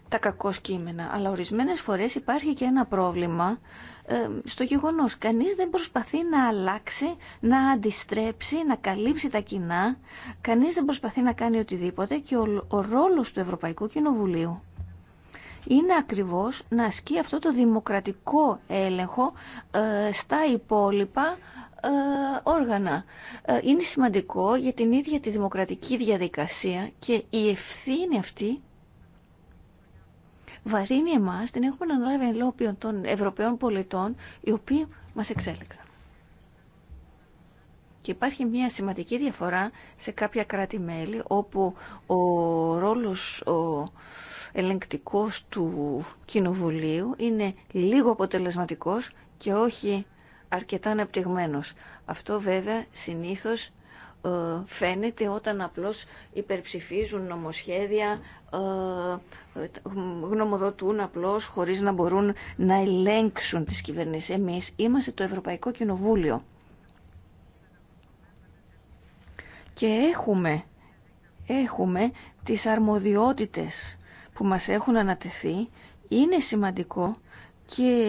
[SPEAKER 2] τα κακό κείμενα, αλλά ορισμένες φορές υπάρχει και ένα πρόβλημα ε, στο γεγονός. Κανείς δεν προσπαθεί να αλλάξει, να αντιστρέψει, να καλύψει τα κοινά. Κανείς δεν προσπαθεί να κάνει οτιδήποτε και ο, ο ρόλος του Ευρωπαϊκού Κοινοβουλίου είναι ακριβώς να ασκεί αυτό το δημοκρατικό έλεγχο ε, στα υπόλοιπα ε, όργανα. Ε, είναι σημαντικό για την ίδια τη δημοκρατική διαδικασία και η ευθύνη αυτή βαρύνει εμάς, την έχουμε αναλάβει λόγω των Ευρωπαίων πολιτών, οι οποίοι μας εξέλεξαν. Και υπάρχει μια σημαντική διαφορά σε κάποια κράτη-μέλη, όπου ο ρόλος ο, ελεγκτικός του Κοινοβουλίου είναι λίγο αποτελεσματικός και όχι αρκετά αναπτυγμένος. Αυτό βέβαια συνήθως ε, φαίνεται όταν απλώς υπερψηφίζουν νομοσχέδια, ε, ε, γνωμοδοτούν απλώς χωρίς να μπορούν να ελέγξουν τις κυβερνήσεις. Εμείς είμαστε το Ευρωπαϊκό Κοινοβούλιο και έχουμε, έχουμε τις αρμοδιότητες που μας έχουν ανατεθεί είναι σημαντικό και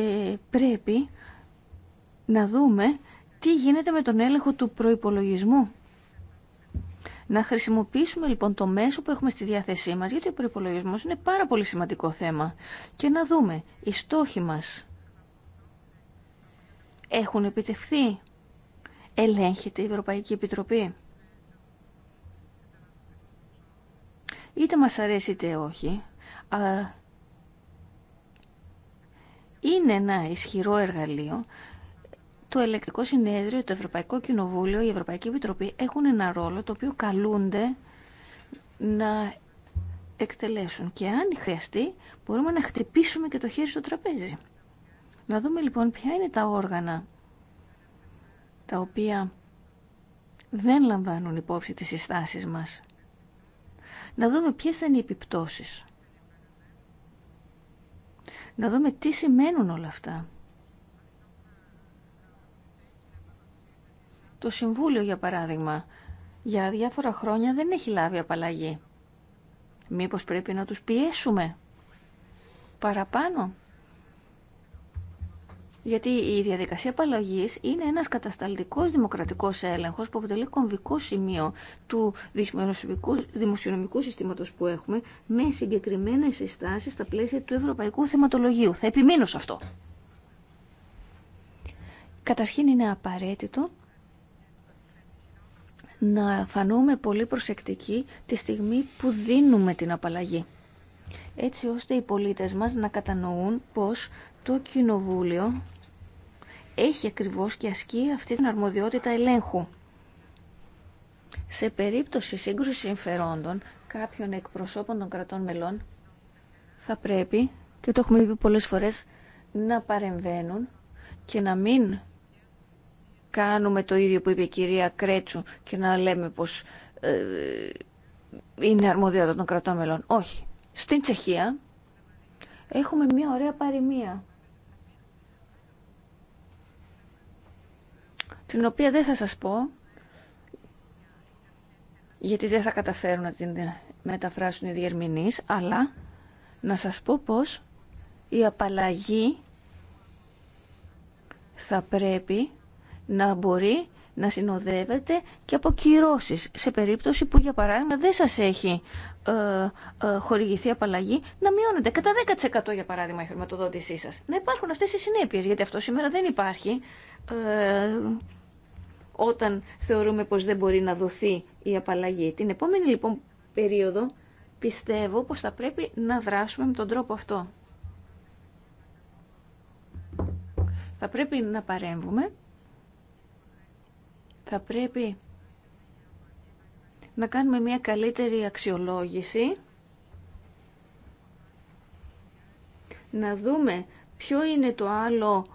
[SPEAKER 2] πρέπει να δούμε τι γίνεται με τον έλεγχο του προϋπολογισμού. Να χρησιμοποιήσουμε λοιπόν το μέσο που έχουμε στη διάθεσή μας, γιατί ο προϋπολογισμός είναι πάρα πολύ σημαντικό θέμα, και να δούμε οι στόχοι μας έχουν επιτευχθεί. Ελέγχεται η Ευρωπαϊκή Επιτροπή. Είτε μας αρέσει είτε όχι, είναι ένα ισχυρό εργαλείο το Ελεκτικό Συνέδριο, το Ευρωπαϊκό Κοινοβούλιο, η Ευρωπαϊκή Επιτροπή έχουν ένα ρόλο το οποίο καλούνται να εκτελέσουν. Και αν χρειαστεί, μπορούμε να χτυπήσουμε και το χέρι στο τραπέζι. Να δούμε λοιπόν ποια είναι τα όργανα τα οποία δεν λαμβάνουν υπόψη τις συστάσεις μας. Να δούμε ποιες θα είναι οι επιπτώσεις να δούμε τι σημαίνουν όλα αυτά. Το Συμβούλιο, για παράδειγμα, για διάφορα χρόνια δεν έχει λάβει απαλλαγή. Μήπως πρέπει να τους πιέσουμε παραπάνω γιατί η διαδικασία απαλλαγή είναι ένα κατασταλτικό δημοκρατικό έλεγχο που αποτελεί κομβικό σημείο του δημοσιονομικού συστήματο που έχουμε με συγκεκριμένε συστάσει στα πλαίσια του ευρωπαϊκού θεματολογίου. Θα επιμείνω σε αυτό. Καταρχήν είναι απαραίτητο να φανούμε πολύ προσεκτικοί τη στιγμή που δίνουμε την απαλλαγή. Έτσι ώστε οι πολίτες μας να κατανοούν πως το Κοινοβούλιο έχει ακριβώς και ασκεί αυτή την αρμοδιότητα ελέγχου. Σε περίπτωση σύγκρουσης συμφερόντων κάποιων εκπροσώπων των κρατών μελών θα πρέπει, και το έχουμε πει πολλές φορές, να παρεμβαίνουν και να μην κάνουμε το ίδιο που είπε η κυρία Κρέτσου και να λέμε πως ε, είναι αρμοδιότητα των κρατών μελών. Όχι. Στην Τσεχία έχουμε μια ωραία παροιμία την οποία δεν θα σας πω, γιατί δεν θα καταφέρουν να την μεταφράσουν οι διερμηνείς, αλλά να σας πω πως η απαλλαγή θα πρέπει να μπορεί να συνοδεύεται και από κυρώσεις σε περίπτωση που για παράδειγμα δεν σας έχει ε, ε χορηγηθεί απαλλαγή να μειώνεται κατά 10% για παράδειγμα η χρηματοδότησή σας. Να υπάρχουν αυτές οι συνέπειες γιατί αυτό σήμερα δεν υπάρχει. Ε, όταν θεωρούμε πως δεν μπορεί να δοθεί η απαλλαγή. Την επόμενη λοιπόν περίοδο πιστεύω πως θα πρέπει να δράσουμε με τον τρόπο αυτό. Θα πρέπει να παρέμβουμε, θα πρέπει να κάνουμε μια καλύτερη αξιολόγηση, να δούμε ποιο είναι το άλλο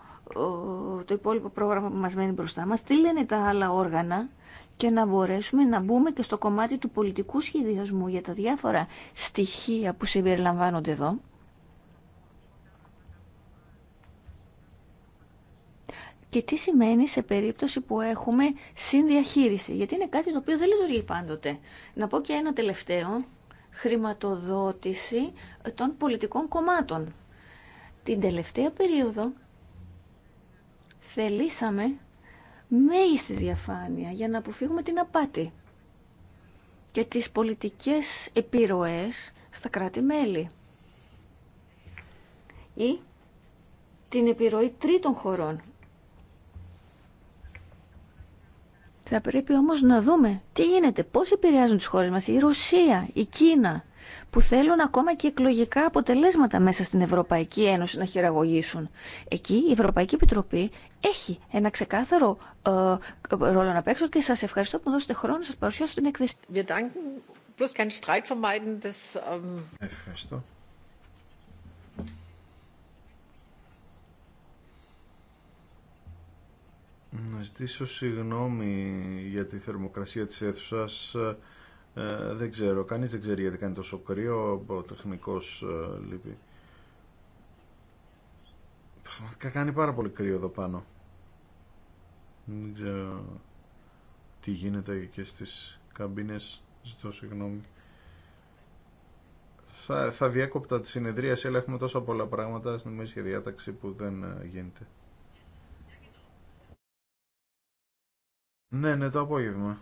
[SPEAKER 2] το υπόλοιπο πρόγραμμα που μας μένει μπροστά μας, τι λένε τα άλλα όργανα και να μπορέσουμε να μπούμε και στο κομμάτι του πολιτικού σχεδιασμού για τα διάφορα στοιχεία που συμπεριλαμβάνονται εδώ. Και τι σημαίνει σε περίπτωση που έχουμε συνδιαχείριση, γιατί είναι κάτι το οποίο δεν λειτουργεί πάντοτε. Να πω και ένα τελευταίο, χρηματοδότηση των πολιτικών κομμάτων. Την τελευταία περίοδο θελήσαμε μέγιστη διαφάνεια για να αποφύγουμε την απάτη και τις πολιτικές επιρροές στα κράτη-μέλη ή την επιρροή τρίτων χωρών. Θα πρέπει όμως να δούμε τι γίνεται, πώς επηρεάζουν τις χώρες μας, η Ρωσία, η Κίνα, που θέλουν ακόμα και εκλογικά αποτελέσματα μέσα στην Ευρωπαϊκή Ένωση να χειραγωγήσουν. Εκεί η Ευρωπαϊκή Επιτροπή έχει ένα ξεκάθαρο ε, ρόλο να παίξει και σας ευχαριστώ που δώσετε χρόνο να σας παρουσιάσω την εκθέση.
[SPEAKER 1] Ähm,
[SPEAKER 4] ευχαριστώ. Να ζητήσω συγγνώμη για τη θερμοκρασία της αίθουσας. Ε, δεν ξέρω, κανείς δεν ξέρει γιατί κάνει τόσο κρύο, ο τεχνικός ε, λείπει. Πραγματικά κάνει πάρα πολύ κρύο εδώ πάνω. Δεν ξέρω τι γίνεται και στις καμπίνες, ζητώ συγγνώμη. Θα, θα διέκοπτα τη συνεδρίαση, αλλά έχουμε τόσο πολλά πράγματα στην μέση διάταξη που δεν ε, γίνεται. Ναι, ναι, το απόγευμα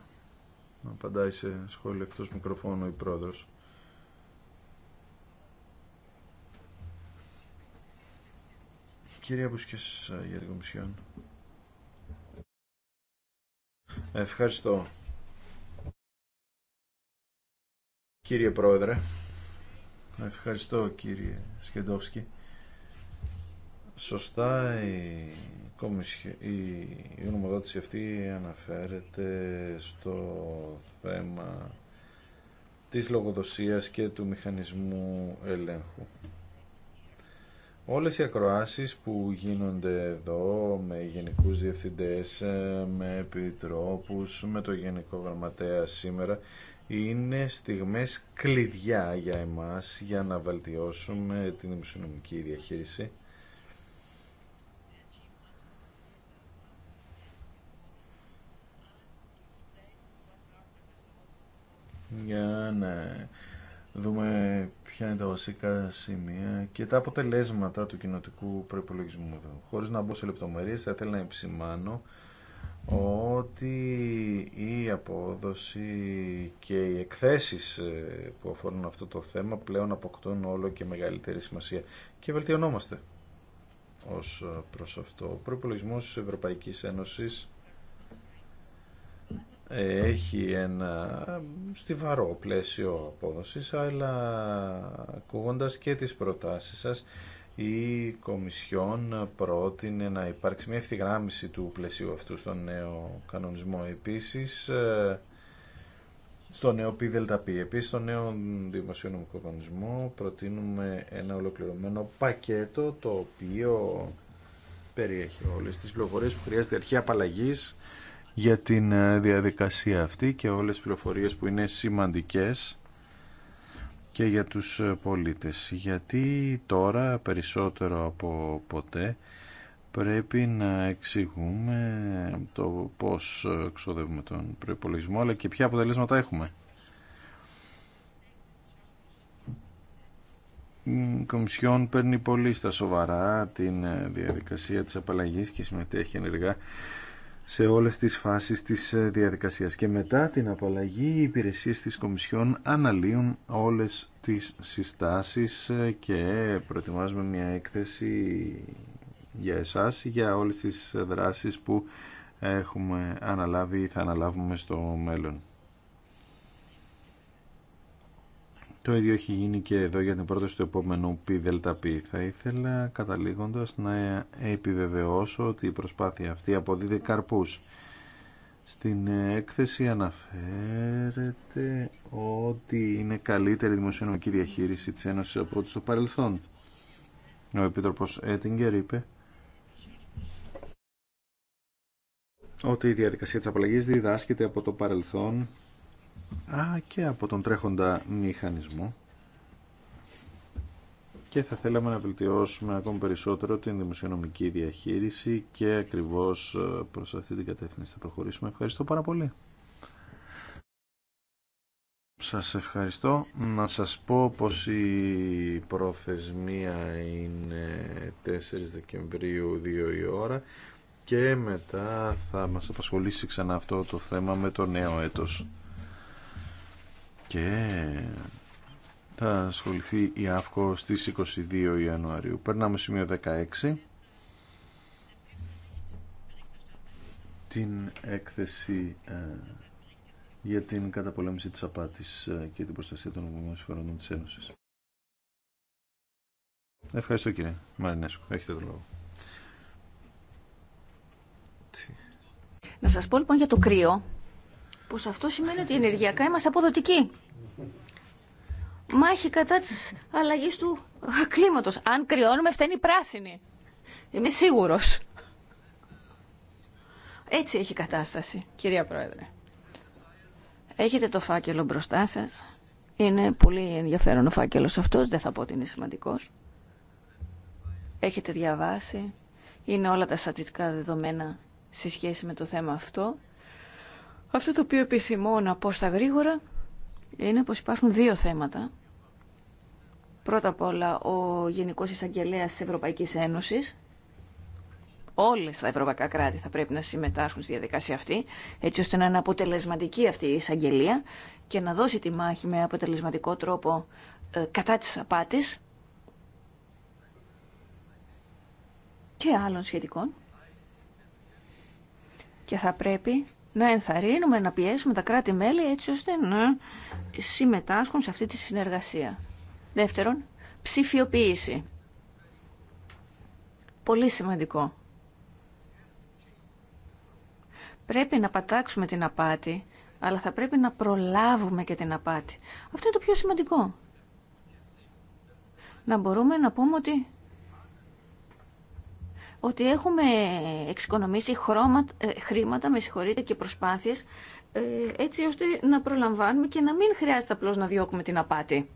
[SPEAKER 4] να απαντάει σε σχόλιο εκτός μικροφώνου η πρόεδρος. Κυρία Μπουσκές για την Κομισιόν. Ευχαριστώ. Κύριε Πρόεδρε, ευχαριστώ κύριε Σκεντόφσκι. Σωστά η η γνωμοδότηση αυτή αναφέρεται στο θέμα της λογοδοσίας και του μηχανισμού ελέγχου. Όλες οι ακροάσεις που γίνονται εδώ με γενικούς διευθυντές, με επιτρόπους, με το Γενικό Γραμματέα σήμερα είναι στιγμές κλειδιά για εμάς για να βελτιώσουμε την δημοσιονομική διαχείριση για να δούμε ποια είναι τα βασικά σημεία και τα αποτελέσματα του κοινοτικού προπολογισμού. εδώ. Χωρίς να μπω σε λεπτομερίες θα ήθελα να επισημάνω ότι η απόδοση και οι εκθέσεις ε, που αφορούν αυτό το θέμα πλέον αποκτούν όλο και μεγαλύτερη σημασία και βελτιωνόμαστε ως ε, προς αυτό. Ο προϋπολογισμός της Ευρωπαϊκής Ένωσης έχει ένα στιβαρό πλαίσιο απόδοση, αλλά ακούγοντα και τις προτάσεις σας η Κομισιόν πρότεινε να υπάρξει μια ευθυγράμμιση του πλαισίου αυτού στον νέο κανονισμό επίσης ε, στο νέο ΠΔΠ, επίσης στο νέο δημοσιονομικό κανονισμό προτείνουμε ένα ολοκληρωμένο πακέτο το οποίο περιέχει όλες τις πληροφορίες που χρειάζεται αρχή απαλλαγής για την ε, διαδικασία αυτή και όλες τις πληροφορίες που είναι σημαντικές και για τους ε, πολίτες. Γιατί τώρα περισσότερο από ποτέ πρέπει να εξηγούμε το πώς εξοδεύουμε τον προϋπολογισμό αλλά και ποια αποτελέσματα έχουμε. Η Κομισιόν παίρνει πολύ στα σοβαρά την ε, διαδικασία της απαλλαγής και συμμετέχει ενεργά σε όλες τις φάσεις της ε, διαδικασίας. Και μετά την απαλλαγή οι υπηρεσίες της Κομισιόν αναλύουν όλες τις συστάσεις ε, και προετοιμάζουμε μια έκθεση για εσάς, για όλες τις δράσεις που έχουμε αναλάβει ή θα αναλάβουμε στο μέλλον. Το ίδιο έχει γίνει και εδώ για την πρόταση του επόμενου ΠΔΠ. Θα ήθελα καταλήγοντας να επιβεβαιώσω ότι η προσπάθεια αυτή αποδίδει καρπούς. Στην έκθεση αναφέρεται ότι είναι καλύτερη η δημοσιονομική διαχείριση της Ένωσης από ό,τι στο παρελθόν. Ο Επίτροπος Έτιγκερ είπε ότι η διαδικασία της απαλλαγή διδάσκεται από το παρελθόν και από τον τρέχοντα μηχανισμό. Και θα θέλαμε να βελτιώσουμε ακόμη περισσότερο την δημοσιονομική διαχείριση και ακριβώς ε, προς αυτή την κατεύθυνση θα προχωρήσουμε. Ευχαριστώ πάρα πολύ. Σας ευχαριστώ. Να σας πω πως η προθεσμία είναι 4 Δεκεμβρίου 2 η ώρα και μετά θα μας απασχολήσει ξανά αυτό το θέμα με το νέο έτος και θα ασχοληθεί η ΑΦΚΟ στις 22 Ιανουαρίου. Περνάμε σημείο 16. Την έκθεση ε, για την καταπολέμηση της απάτης ε, και την προστασία των ομιλών συμφερόντων της Ένωσης. Ευχαριστώ κύριε Μαρινέσκο. Έχετε το λόγο.
[SPEAKER 2] Να σας πω λοιπόν για το κρύο πως αυτό σημαίνει ότι ενεργειακά είμαστε αποδοτικοί. Μάχη κατά της αλλαγής του κλίματος. Αν κρυώνουμε φταίνει πράσινη. Είμαι σίγουρος. Έτσι έχει κατάσταση, κυρία Πρόεδρε. Έχετε το φάκελο μπροστά σας. Είναι πολύ ενδιαφέρον ο φάκελος αυτός, δεν θα πω ότι είναι σημαντικός. Έχετε διαβάσει, είναι όλα τα στατιστικά δεδομένα σε σχέση με το θέμα αυτό. Αυτό το οποίο επιθυμώ να πω στα γρήγορα είναι πως υπάρχουν δύο θέματα. Πρώτα απ' όλα ο Γενικός Εισαγγελέας της Ευρωπαϊκής Ένωσης. Όλες τα ευρωπαϊκά κράτη θα πρέπει να συμμετάσχουν στη διαδικασία αυτή, έτσι ώστε να είναι αποτελεσματική αυτή η εισαγγελία και να δώσει τη μάχη με αποτελεσματικό τρόπο ε, κατά της απάτης και άλλων σχετικών. Και θα πρέπει να ενθαρρύνουμε, να πιέσουμε τα κράτη-μέλη έτσι ώστε να συμμετάσχουν σε αυτή τη συνεργασία. Δεύτερον, ψηφιοποίηση. Πολύ σημαντικό. Πρέπει να πατάξουμε την απάτη, αλλά θα πρέπει να προλάβουμε και την απάτη. Αυτό είναι το πιο σημαντικό. Να μπορούμε να πούμε ότι ότι έχουμε εξοικονομήσει ε, χρήματα με συγχωρείτε, και προσπάθειες ε, έτσι ώστε να προλαμβάνουμε και να μην χρειάζεται απλώς να διώκουμε την απάτη.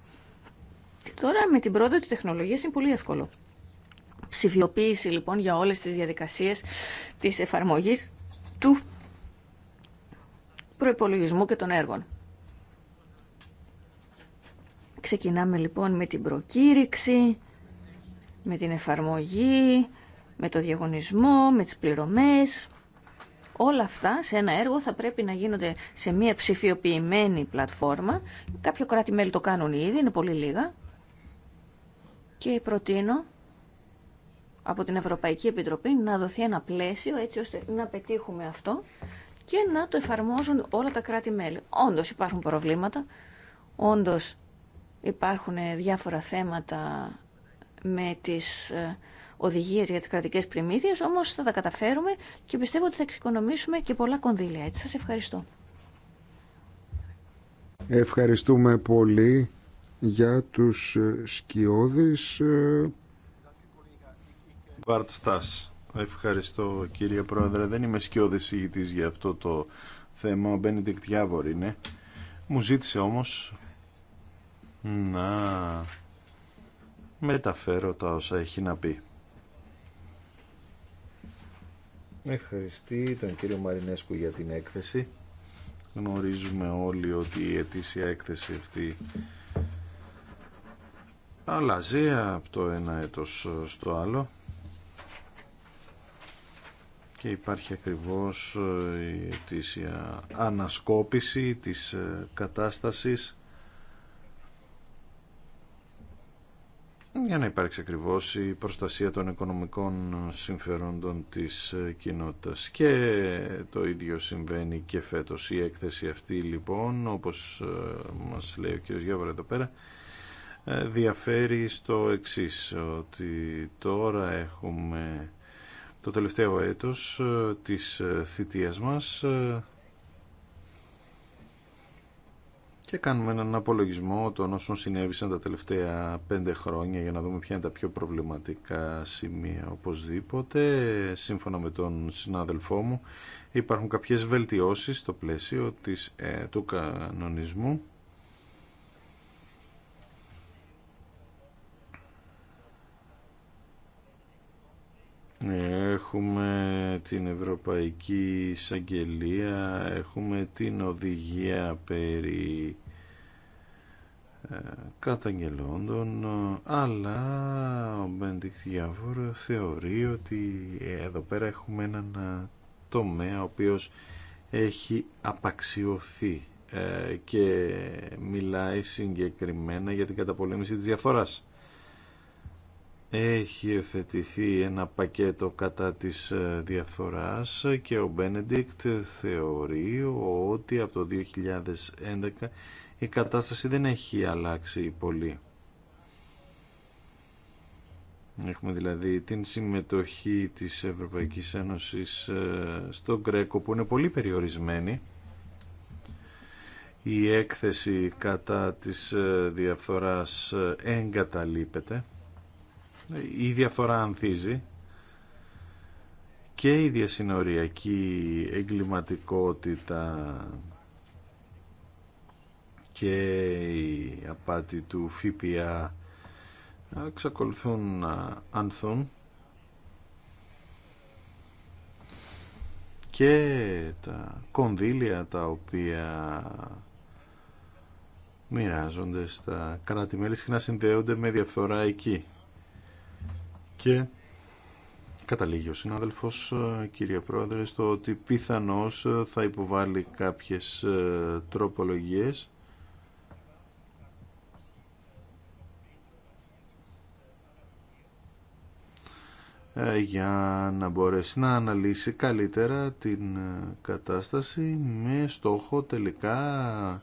[SPEAKER 2] Τώρα με την πρόοδο της τεχνολογίας είναι πολύ εύκολο. Ψηφιοποίηση λοιπόν για όλες τις διαδικασίες της εφαρμογής του προϋπολογισμού και των έργων. Ξεκινάμε λοιπόν με την προκήρυξη, με την εφαρμογή, με το διαγωνισμό, με τις πληρωμές. Όλα αυτά σε ένα έργο θα πρέπει να γίνονται σε μια ψηφιοποιημένη πλατφόρμα. Κάποιο κράτη-μέλη το κάνουν ήδη, είναι πολύ λίγα. Και προτείνω από την Ευρωπαϊκή Επιτροπή να δοθεί ένα πλαίσιο έτσι ώστε να πετύχουμε αυτό και να το εφαρμόζουν όλα τα κράτη-μέλη. Όντως υπάρχουν προβλήματα, όντως υπάρχουν διάφορα θέματα με τις ε, οδηγίες για τις κρατικές πριμήθειες, όμως θα τα καταφέρουμε και πιστεύω ότι θα εξοικονομήσουμε και πολλά κονδύλια. Έτσι, σας ευχαριστώ.
[SPEAKER 3] Ευχαριστούμε πολύ για τους ε, σκιώδεις. Ε.
[SPEAKER 4] Ευχαριστώ κύριε Πρόεδρε. Δεν είμαι σκιώδης ηγητής για αυτό το θέμα. Ο Μπένιντεκ Διάβορ είναι. Μου ζήτησε όμως να μεταφέρω τα όσα έχει να πει. Ευχαριστή τον κύριο Μαρινέσκου για την έκθεση. Γνωρίζουμε όλοι ότι η ετήσια έκθεση αυτή αλλάζει από το ένα έτος στο άλλο και υπάρχει ακριβώς ε, η ετήσια ανασκόπηση της ε, κατάστασης για να υπάρξει ακριβώς η προστασία των οικονομικών συμφερόντων της κοινότητας. Και το ίδιο συμβαίνει και φέτος. Η έκθεση αυτή λοιπόν, όπως ε, μας λέει ο κ. Γιώβαρα εδώ πέρα, ε, διαφέρει στο εξής, ότι τώρα έχουμε το τελευταίο έτος ε, της θητείας μας και κάνουμε έναν απολογισμό των όσων συνέβησαν τα τελευταία πέντε χρόνια για να δούμε ποια είναι τα πιο προβληματικά σημεία οπωσδήποτε. Σύμφωνα με τον συνάδελφό μου υπάρχουν κάποιες βελτιώσεις στο πλαίσιο της, ε, του κανονισμού Έχουμε την Ευρωπαϊκή Εισαγγελία, έχουμε την οδηγία περί ε, καταγγελόντων, αλλά ο Μπέντικτ Γιάβορ θεωρεί ότι εδώ πέρα έχουμε έναν ε, τομέα ο οποίος έχει απαξιωθεί ε, και μιλάει συγκεκριμένα για την καταπολέμηση της διαφοράς έχει εφετηθεί ένα πακέτο κατά της ε, διαφθοράς και ο Μπένεντικτ θεωρεί ότι από το 2011 η κατάσταση δεν έχει αλλάξει πολύ. Έχουμε δηλαδή την συμμετοχή της Ευρωπαϊκής Ένωσης ε, στον Κρεκο, που είναι πολύ περιορισμένη. Η έκθεση κατά της ε, διαφθοράς εγκαταλείπεται η διαφορά ανθίζει και η διασυνοριακή εγκληματικότητα και η απάτη του ΦΠΑ εξακολουθούν να ανθούν και τα κονδύλια τα οποία μοιράζονται στα κράτη-μέλη συχνά συνδέονται με διαφορά εκεί και καταλήγει ο συνάδελφος ε, κύριε Πρόεδρε στο ότι πιθανώς ε, θα υποβάλει κάποιες ε, τροπολογίες για να μπορέσει να αναλύσει καλύτερα την κατάσταση με στόχο τελικά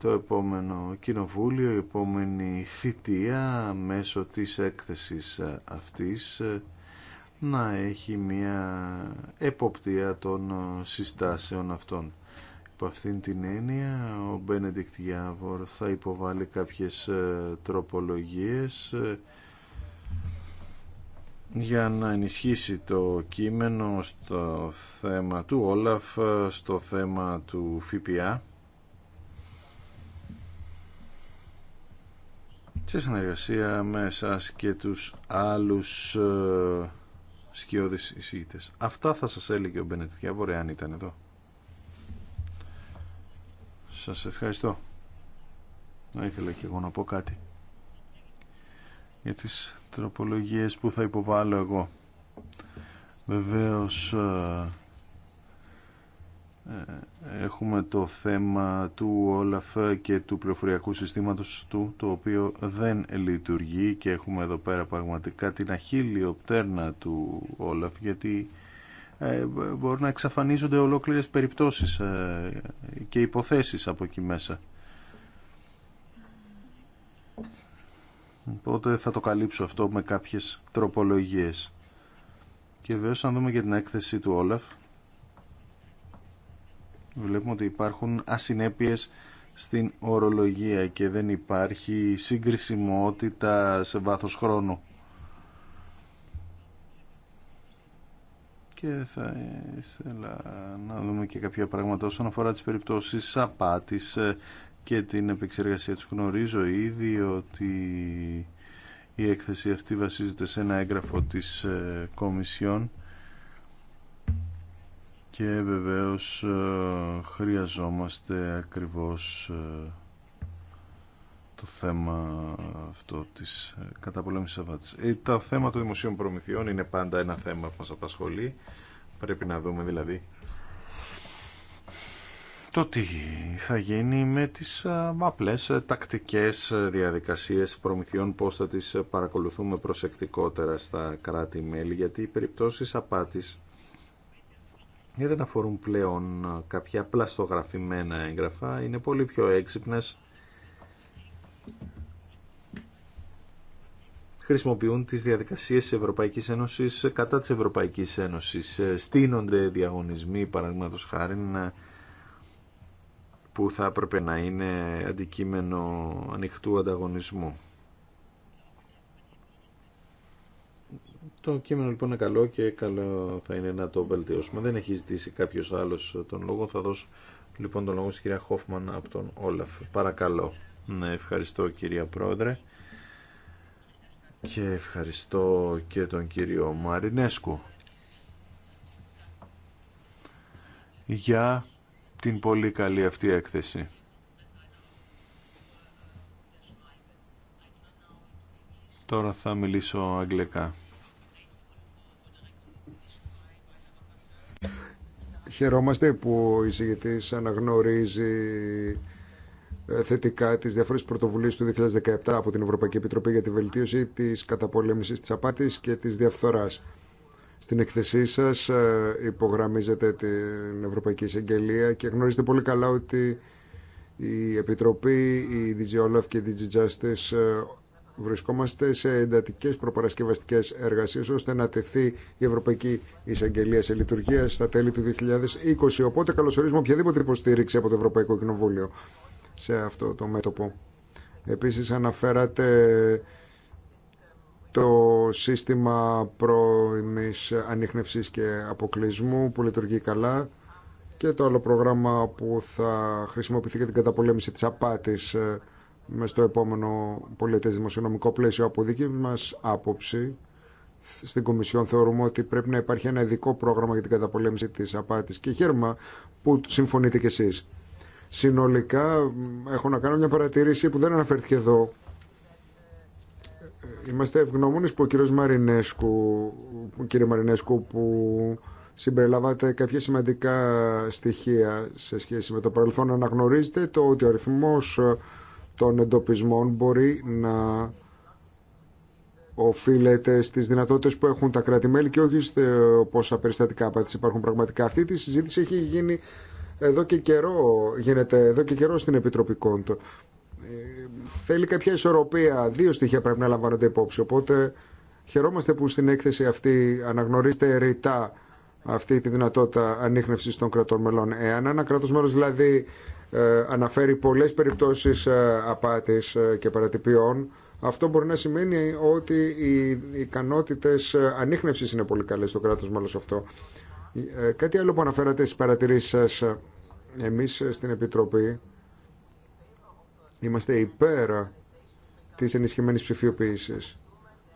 [SPEAKER 4] το επόμενο κοινοβούλιο, η επόμενη θητεία μέσω της έκθεσης αυτής να έχει μια εποπτεία των συστάσεων αυτών. Υπό αυτήν την έννοια ο Μπένεντικτ Γιάβορ θα υποβάλει κάποιες ε, τροπολογίες ε, για να ενισχύσει το κείμενο στο θέμα του Όλαφ, ε, στο θέμα του ΦΠΑ σε συνεργασία με εσά και τους άλλους ε, σκιώδεις Αυτά θα σας έλεγε ο Μπενετιά αν ήταν εδώ. Σας ευχαριστώ. Να ήθελα και εγώ να πω κάτι για τις τροπολογίες που θα υποβάλω εγώ. Βεβαίως ε, έχουμε το θέμα του Όλαφ και του πληροφοριακού συστήματος του το οποίο δεν λειτουργεί και έχουμε εδώ πέρα πραγματικά την αχίλιο πτέρνα του Όλαφ γιατί ε, μπορεί να εξαφανίζονται ολόκληρες περιπτώσεις ε, και υποθέσεις από εκεί μέσα. Οπότε θα το καλύψω αυτό με κάποιες τροπολογίες. Και βέβαια αν δούμε και την έκθεση του Όλαφ βλέπουμε ότι υπάρχουν ασυνέπειες στην ορολογία και δεν υπάρχει συγκρισιμότητα σε βάθος χρόνου. Και θα ήθελα να δούμε και κάποια πράγματα όσον αφορά τις περιπτώσεις απάτης και την επεξεργασία τους. Γνωρίζω ήδη ότι η έκθεση αυτή βασίζεται σε ένα έγγραφο της ε, Κομισιόν και βεβαίως ε, χρειαζόμαστε ακριβώς ε, το θέμα αυτό της ε, καταπολέμησης αβάτης. Τα θέμα των δημοσίων προμηθειών είναι πάντα ένα θέμα που μας απασχολεί. Πρέπει να δούμε δηλαδή το τι θα γίνει με τις απλές τακτικές διαδικασίες προμηθειών, πώς θα τις παρακολουθούμε προσεκτικότερα στα κράτη-μέλη, γιατί οι περιπτώσεις απάτης ε, δεν αφορούν πλέον κάποια πλαστογραφημένα έγγραφα, είναι πολύ πιο έξυπνες. Χρησιμοποιούν τις διαδικασίες της Ευρωπαϊκής Ένωσης κατά της Ευρωπαϊκής Ένωσης. Ε, στείνονται διαγωνισμοί, παραδείγματο χάρη, ε, που θα έπρεπε να είναι αντικείμενο ανοιχτού ανταγωνισμού. Το κείμενο λοιπόν είναι καλό και καλό θα είναι να το βελτιώσουμε. Δεν έχει ζητήσει κάποιο άλλο τον λόγο. Θα δώσω λοιπόν τον λόγο στην κυρία Χόφμαν από τον Όλαφ. Παρακαλώ. Ναι, ευχαριστώ κυρία Πρόεδρε. Και ευχαριστώ και τον κύριο Μαρινέσκου για την πολύ καλή αυτή έκθεση. Τώρα θα μιλήσω αγγλικά.
[SPEAKER 3] Χαιρόμαστε που ο εισηγητής αναγνωρίζει ε, θετικά τις διάφορες πρωτοβουλίες του 2017 από την Ευρωπαϊκή Επιτροπή για τη βελτίωση της καταπολέμησης της απάτης και της διαφθοράς. Στην εκθεσή σας ε, υπογραμμίζετε την Ευρωπαϊκή Εισαγγελία και γνωρίζετε πολύ καλά ότι η Επιτροπή, η DG Olaf και η DG Justice ε, βρισκόμαστε σε εντατικές προπαρασκευαστικές εργασίες ώστε να τεθεί η Ευρωπαϊκή Εισαγγελία σε λειτουργία στα τέλη του 2020. Οπότε καλωσορίζουμε οποιαδήποτε υποστήριξη από το Ευρωπαϊκό Κοινοβούλιο σε αυτό το μέτωπο. Επίσης αναφέρατε το σύστημα πρώιμης ανείχνευσης και αποκλεισμού που λειτουργεί καλά και το άλλο πρόγραμμα που θα χρησιμοποιηθεί για την καταπολέμηση της απάτης με στο επόμενο πολιτές δημοσιονομικό πλαίσιο. Από δική μας άποψη, στην Κομισιόν θεωρούμε ότι πρέπει να υπάρχει ένα ειδικό πρόγραμμα για την καταπολέμηση της απάτης και χέρμα που συμφωνείτε κι εσείς. Συνολικά έχω να κάνω μια παρατήρηση που δεν αναφέρθηκε εδώ. Είμαστε ευγνώμονες που ο κύριος Μαρινέσκου, κύριε Μαρινέσκου που συμπεριλάβατε κάποια σημαντικά στοιχεία σε σχέση με το παρελθόν. Αναγνωρίζετε το ότι ο αριθμός των εντοπισμών μπορεί να οφείλεται στις δυνατότητες που έχουν τα κράτη-μέλη και όχι στο πόσα περιστατικά υπάρχουν πραγματικά. Αυτή τη συζήτηση έχει γίνει εδώ και καιρό, γίνεται εδώ και καιρό στην Επιτροπή Κόντο. Ε, θέλει κάποια ισορροπία, δύο στοιχεία πρέπει να λαμβάνονται υπόψη, οπότε χαιρόμαστε που στην έκθεση αυτή αναγνωρίζεται ρητά αυτή τη δυνατότητα ανείχνευσης των κρατών μελών. Εάν ένα κράτος μέλος δηλαδή ε, αναφέρει πολλές περιπτώσεις ε, απάτης ε, και παρατυπιών. Αυτό μπορεί να σημαίνει ότι οι ικανότητες ανείχνευσης είναι πολύ καλές στο κράτος μάλλον αυτό. Κάτι άλλο που αναφέρατε στις παρατηρήσεις σας εμείς στην Επιτροπή είμαστε υπέρα της ενισχυμένης ψηφιοποίησης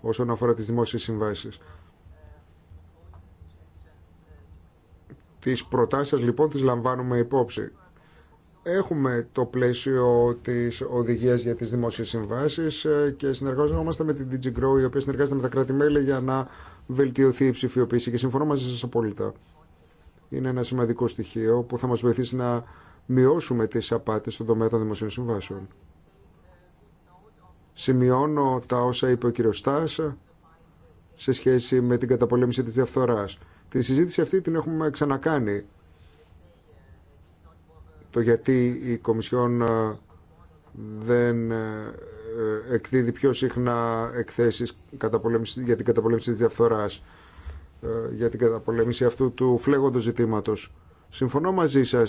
[SPEAKER 3] όσον αφορά τις δημόσιες συμβάσεις. Τις προτάσεις λοιπόν τις λαμβάνουμε υπόψη Έχουμε το πλαίσιο της οδηγίας για τις δημόσιες συμβάσεις ε, και συνεργαζόμαστε με την DigiGrow η οποία συνεργάζεται με τα κράτη-μέλη για να βελτιωθεί η ψηφιοποίηση και συμφωνώ μαζί σας απόλυτα. Είναι ένα σημαντικό στοιχείο που θα μας βοηθήσει να μειώσουμε τις απάτε στον τομέα των δημοσίων συμβάσεων. Σημειώνω τα όσα είπε ο κ. Στάς σε σχέση με την καταπολέμηση της διαφθοράς. Τη συζήτηση αυτή την έχουμε ξανακάνει το γιατί η Κομισιόν ε, δεν ε, ε, εκδίδει πιο συχνά εκθέσεις για την καταπολέμηση της διαφθοράς, για την καταπολέμηση αυτού του φλέγοντος ζητήματος. Συμφωνώ μαζί σα.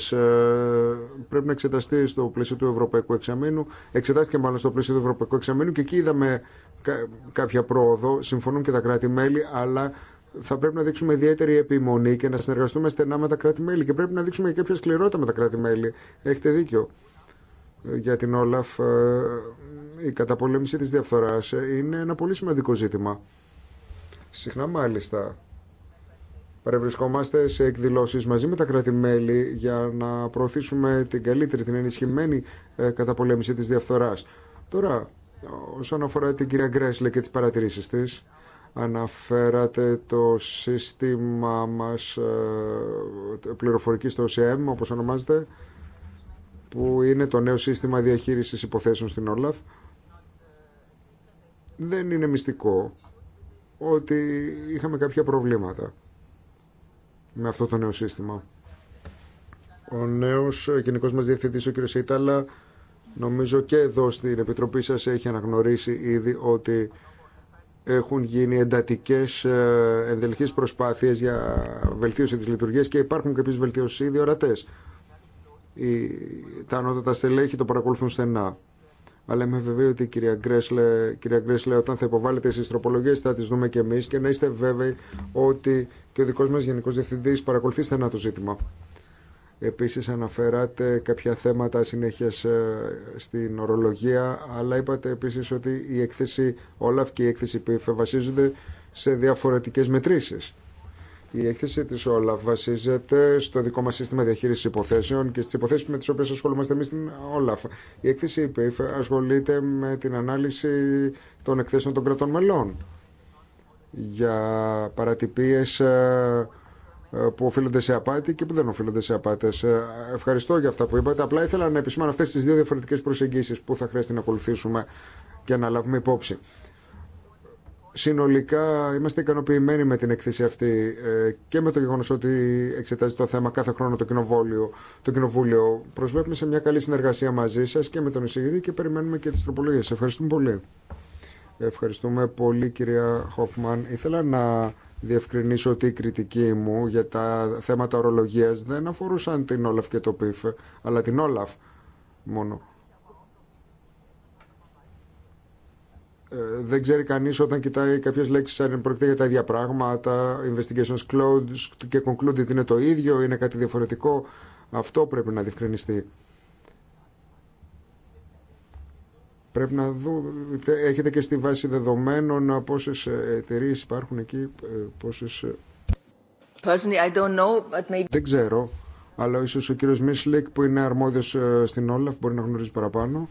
[SPEAKER 3] Πρέπει να εξεταστεί στο πλαίσιο του Ευρωπαϊκού Εξαμήνου. Εξετάστηκε μάλλον στο πλαίσιο του Ευρωπαϊκού Εξαμήνου και εκεί είδαμε κάποια πρόοδο. Συμφωνούν και τα κράτη-μέλη, αλλά θα πρέπει να δείξουμε ιδιαίτερη επιμονή και να συνεργαστούμε στενά με τα κράτη-μέλη. Και πρέπει να δείξουμε και κάποια σκληρότητα με τα κράτη-μέλη. Έχετε δίκιο. Για την Όλαφ, ε, η καταπολέμηση της διαφθοράς ε, είναι ένα πολύ σημαντικό ζήτημα. Συχνά μάλιστα παρευρισκόμαστε σε εκδηλώσεις μαζί με τα κράτη-μέλη για να προωθήσουμε την καλύτερη, την ενισχυμένη ε, καταπολέμηση της διαφθοράς. Τώρα, όσον αφορά την κυρία Γκρέσλε και τις παρατηρήσεις τη, Αναφέρατε το σύστημα μας ε, πληροφορικής, στο OCM, όπως ονομάζεται, που είναι το νέο σύστημα διαχείρισης υποθέσεων στην Όλαφ. Δεν είναι μυστικό ότι είχαμε κάποια προβλήματα με αυτό το νέο σύστημα. Ο νέος κοινικός μας διευθυντής, ο κ. Σιτάλα, νομίζω και εδώ στην Επιτροπή σας έχει αναγνωρίσει ήδη ότι έχουν γίνει εντατικέ ε, ενδελεχείς προσπάθειες για βελτίωση της λειτουργίας και υπάρχουν και βελτιώσεις ήδη ορατές. τα ανώτατα στελέχη το παρακολουθούν στενά. Αλλά είμαι βέβαιο ότι κυρία Γκρέσλε, κυρία Γκρέσλε, όταν θα υποβάλλετε εσεί τροπολογίε, θα τι δούμε και εμεί και να είστε βέβαιοι ότι και ο δικό μα Γενικό Διευθυντή παρακολουθεί στενά το ζήτημα. Επίσης αναφέρατε κάποια θέματα συνέχεια ε, στην ορολογία, αλλά είπατε επίσης ότι η έκθεση Όλαφ και η έκθεση ΠΥΦ βασίζονται σε διαφορετικές μετρήσεις. Η έκθεση της Όλαφ βασίζεται στο δικό μας σύστημα διαχείρισης υποθέσεων και στις υποθέσεις με τις οποίες ασχολούμαστε εμείς στην Όλαφ. Η έκθεση ΠΥΦ ασχολείται με την ανάλυση των εκθέσεων των κρατών μελών για παρατυπίες ε, ε, που οφείλονται σε απάτη και που δεν οφείλονται σε απάτε. Ε, ευχαριστώ για αυτά που είπατε. Απλά ήθελα να επισημάνω αυτέ τι δύο διαφορετικέ προσεγγίσεις που θα χρειαστεί να ακολουθήσουμε και να λάβουμε υπόψη. Συνολικά είμαστε ικανοποιημένοι με την εκθέση αυτή ε, και με το γεγονό ότι εξετάζει το θέμα κάθε χρόνο το Κοινοβούλιο. Το κοινοβούλιο. Προσβλέπουμε σε μια καλή συνεργασία μαζί σα και με τον εισηγητή και περιμένουμε και τι τροπολογίε. Ευχαριστούμε πολύ. Ευχαριστούμε πολύ κυρία Χόφμαν. Ήθελα να διευκρινίσω ότι η κριτική μου για τα θέματα ορολογίας δεν αφορούσαν την Όλαφ και το ΠΙΦ, αλλά την Όλαφ μόνο. Ε, δεν ξέρει κανεί όταν κοιτάει κάποιε λέξει αν πρόκειται για τα ίδια πράγματα. Investigations closed και concluded είναι το ίδιο, είναι κάτι διαφορετικό. Αυτό πρέπει να διευκρινιστεί. Πρέπει να δούμε, έχετε και στη βάση δεδομένων ε, πόσες ε, εταιρείε υπάρχουν εκεί, ε, πόσες...
[SPEAKER 1] maybe...
[SPEAKER 3] Δεν ξέρω, αλλά ίσως ο κύριος Μίσλικ που είναι αρμόδιος στην Όλαφ μπορεί να γνωρίζει παραπάνω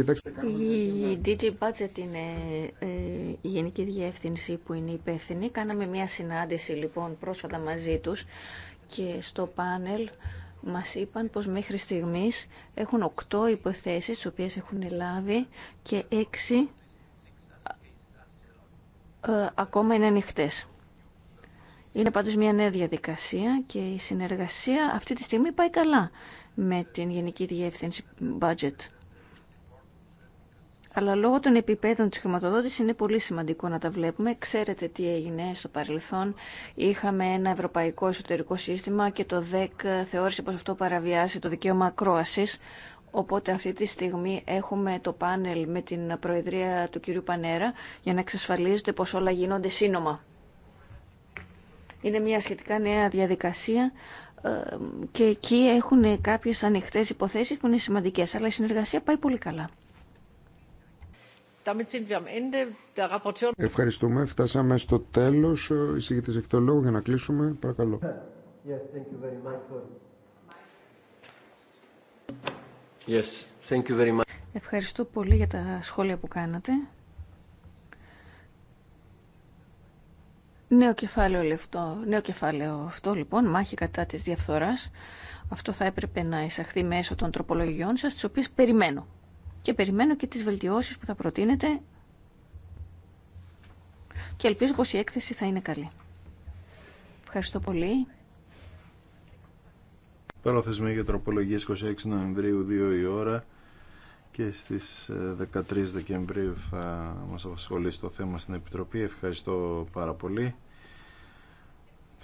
[SPEAKER 3] η
[SPEAKER 2] DG Budget είναι ε, η Γενική Διεύθυνση που είναι υπεύθυνη. Κάναμε μια συνάντηση λοιπόν πρόσφατα μαζί τους και στο πάνελ μας είπαν πως μέχρι στιγμής έχουν οκτώ υποθέσεις τις οποίες έχουν λάβει και έξι ε, ακόμα είναι ανοιχτέ. Είναι πάντως μια νέα διαδικασία και η συνεργασία αυτή τη στιγμή πάει καλά με την Γενική Διεύθυνση Budget αλλά λόγω των επιπέδων της χρηματοδότησης είναι πολύ σημαντικό να τα βλέπουμε. Ξέρετε τι έγινε στο παρελθόν. Είχαμε ένα ευρωπαϊκό εσωτερικό σύστημα και το ΔΕΚ θεώρησε πως αυτό παραβιάσει το δικαίωμα ακρόασης. Οπότε αυτή τη στιγμή έχουμε το πάνελ με την προεδρία του κυρίου Πανέρα για να εξασφαλίζεται πως όλα γίνονται σύνομα. Είναι μια σχετικά νέα διαδικασία ε, και εκεί έχουν κάποιες ανοιχτές υποθέσεις που είναι σημαντικές, αλλά η συνεργασία πάει πολύ καλά.
[SPEAKER 1] Ευχαριστούμε.
[SPEAKER 3] Φτάσαμε στο τέλος. Εισηγητή έχει το λόγο για να κλείσουμε. Παρακαλώ.
[SPEAKER 5] yes, thank you very much.
[SPEAKER 2] Ευχαριστώ πολύ για τα σχόλια που κάνατε. Νέο κεφάλαιο, λεφτό, νέο κεφάλαιο αυτό λοιπόν, μάχη κατά της διαφθοράς. Αυτό θα έπρεπε να εισαχθεί μέσω των τροπολογιών σας, τις οποίες περιμένω και περιμένω και τις βελτιώσεις που θα προτείνετε και ελπίζω πως η έκθεση θα είναι καλή. Ευχαριστώ πολύ.
[SPEAKER 4] Προθεσμία για τροπολογίες 26 Νοεμβρίου 2 η ώρα και στις 13 ε, Δεκεμβρίου θα μας απασχολήσει το θέμα στην Επιτροπή. Ευχαριστώ πάρα πολύ.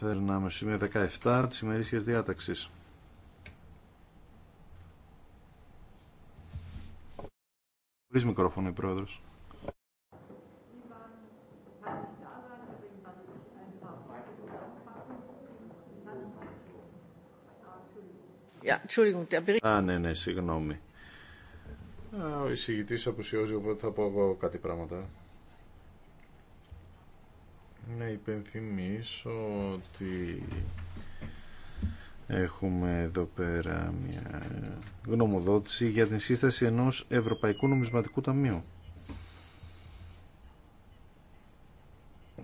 [SPEAKER 4] Περνάμε στο σημείο 17 της ημερήσιας διάταξης. Χωρί μικρόφωνο η πρόεδρο. Α, ναι, ναι, συγγνώμη. Ο εισηγητή απουσιώζει, οπότε θα πω εγώ κάτι πράγματα. Να υπενθυμίσω ότι Έχουμε εδώ πέρα μια γνωμοδότηση για την σύσταση ενός Ευρωπαϊκού Νομισματικού Ταμείου.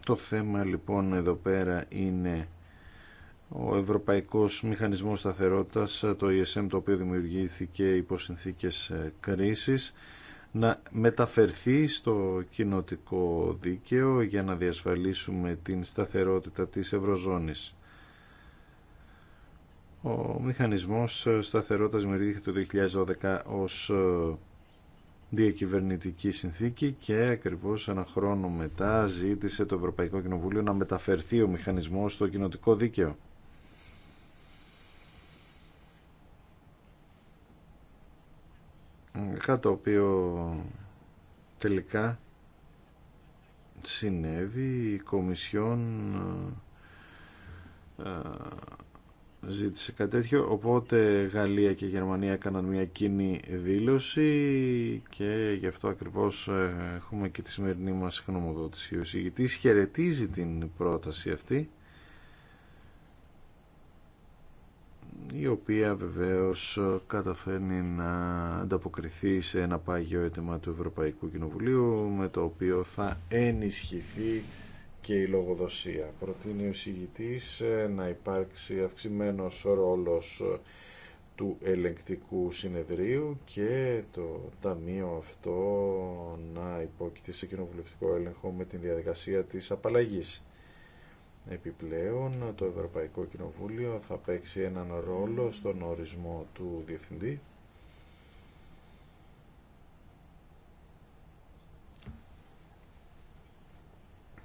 [SPEAKER 4] Το θέμα λοιπόν εδώ πέρα είναι ο Ευρωπαϊκός Μηχανισμός Σταθερότητας, το ESM το οποίο δημιουργήθηκε υπό συνθήκες κρίσης, να μεταφερθεί στο κοινοτικό δίκαιο για να διασφαλίσουμε την σταθερότητα της Ευρωζώνης ο μηχανισμός σταθερότητας μερίθηκε το 2012 ως ε, διακυβερνητική συνθήκη και ακριβώς ένα χρόνο μετά ζήτησε το Ευρωπαϊκό Κοινοβούλιο να μεταφερθεί ο μηχανισμός στο κοινοτικό δίκαιο. Κάτι το οποίο τελικά συνέβη η Κομισιόν ε, ε, ζήτησε κάτι τέτοιο. Οπότε Γαλλία και Γερμανία έκαναν μια κοινή δήλωση και γι' αυτό ακριβώς ε, έχουμε και τη σημερινή μας γνωμοδότηση. Ο συγγητή χαιρετίζει την πρόταση αυτή η οποία βεβαίως καταφέρνει να ανταποκριθεί σε ένα πάγιο αίτημα του Ευρωπαϊκού Κοινοβουλίου με το οποίο θα ενισχυθεί και η λογοδοσία. Προτείνει ο συγητής ε, να υπάρξει αυξημένος ρόλος ε, του ελεγκτικού συνεδρίου και το ταμείο αυτό να υπόκειται σε κοινοβουλευτικό έλεγχο με την διαδικασία της απαλλαγής. Επιπλέον, το Ευρωπαϊκό Κοινοβούλιο θα παίξει έναν ρόλο στον ορισμό του Διευθυντή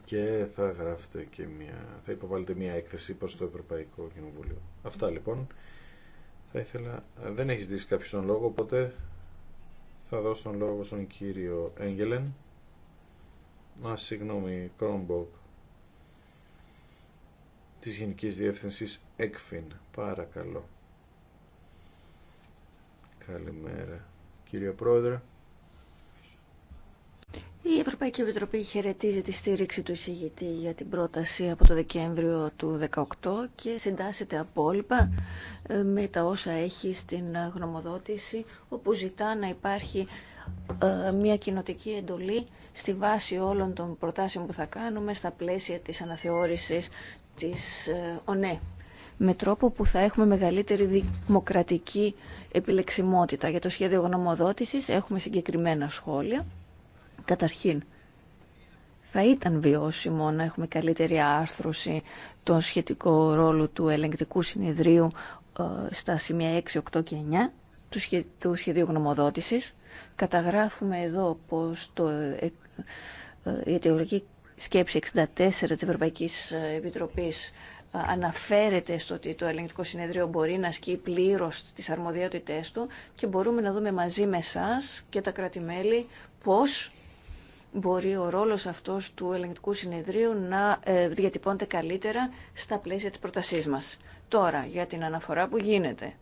[SPEAKER 4] και θα γράφετε και μια, θα υποβάλλετε μια έκθεση προς το Ευρωπαϊκό Κοινοβούλιο. Αυτά λοιπόν. Θα ήθελα, δεν έχεις δει κάποιο τον λόγο, οπότε θα δώσω τον λόγο στον κύριο Έγγελεν. Α, συγγνώμη, Κρόμποκ της Γενικής Διεύθυνσης ΕΚΦΙΝ. Παρακαλώ. Καλημέρα. Κύριε Πρόεδρε.
[SPEAKER 2] Η Ευρωπαϊκή Επιτροπή χαιρετίζει τη στήριξη του εισηγητή για την πρόταση από το Δεκέμβριο του 2018 και συντάσσεται απόλυπα ε, με τα όσα έχει στην γνωμοδότηση όπου ζητά να υπάρχει ε, μια κοινοτική εντολή στη βάση όλων των προτάσεων που θα κάνουμε στα πλαίσια της αναθεώρησης της ε, ΟΝΕ με τρόπο που θα έχουμε μεγαλύτερη δημοκρατική επιλεξιμότητα. Για το σχέδιο γνωμοδότησης έχουμε συγκεκριμένα σχόλια Καταρχήν, θα ήταν βιώσιμο να έχουμε καλύτερη άρθρωση των σχετικό ρόλο του ελεγκτικού συνεδρίου ε, στα σημεία 6, 8 και 9 του, του σχεδίου γνωμοδότησης. Καταγράφουμε εδώ πως το, ε, ε, η αιτιολογική σκέψη 64 της Ευρωπαϊκής ε, Επιτροπής αναφέρεται στο ότι το ελεγκτικό συνεδρίο μπορεί να ασκεί πλήρω τις αρμοδιότητές του και μπορούμε να δούμε μαζί με εσά και τα κράτη-μέλη πώς μπορεί ο ρόλος αυτός του ελεγκτικού συνεδρίου να ε, διατυπώνεται καλύτερα στα πλαίσια της πρότασής μας. Τώρα, για την αναφορά που γίνεται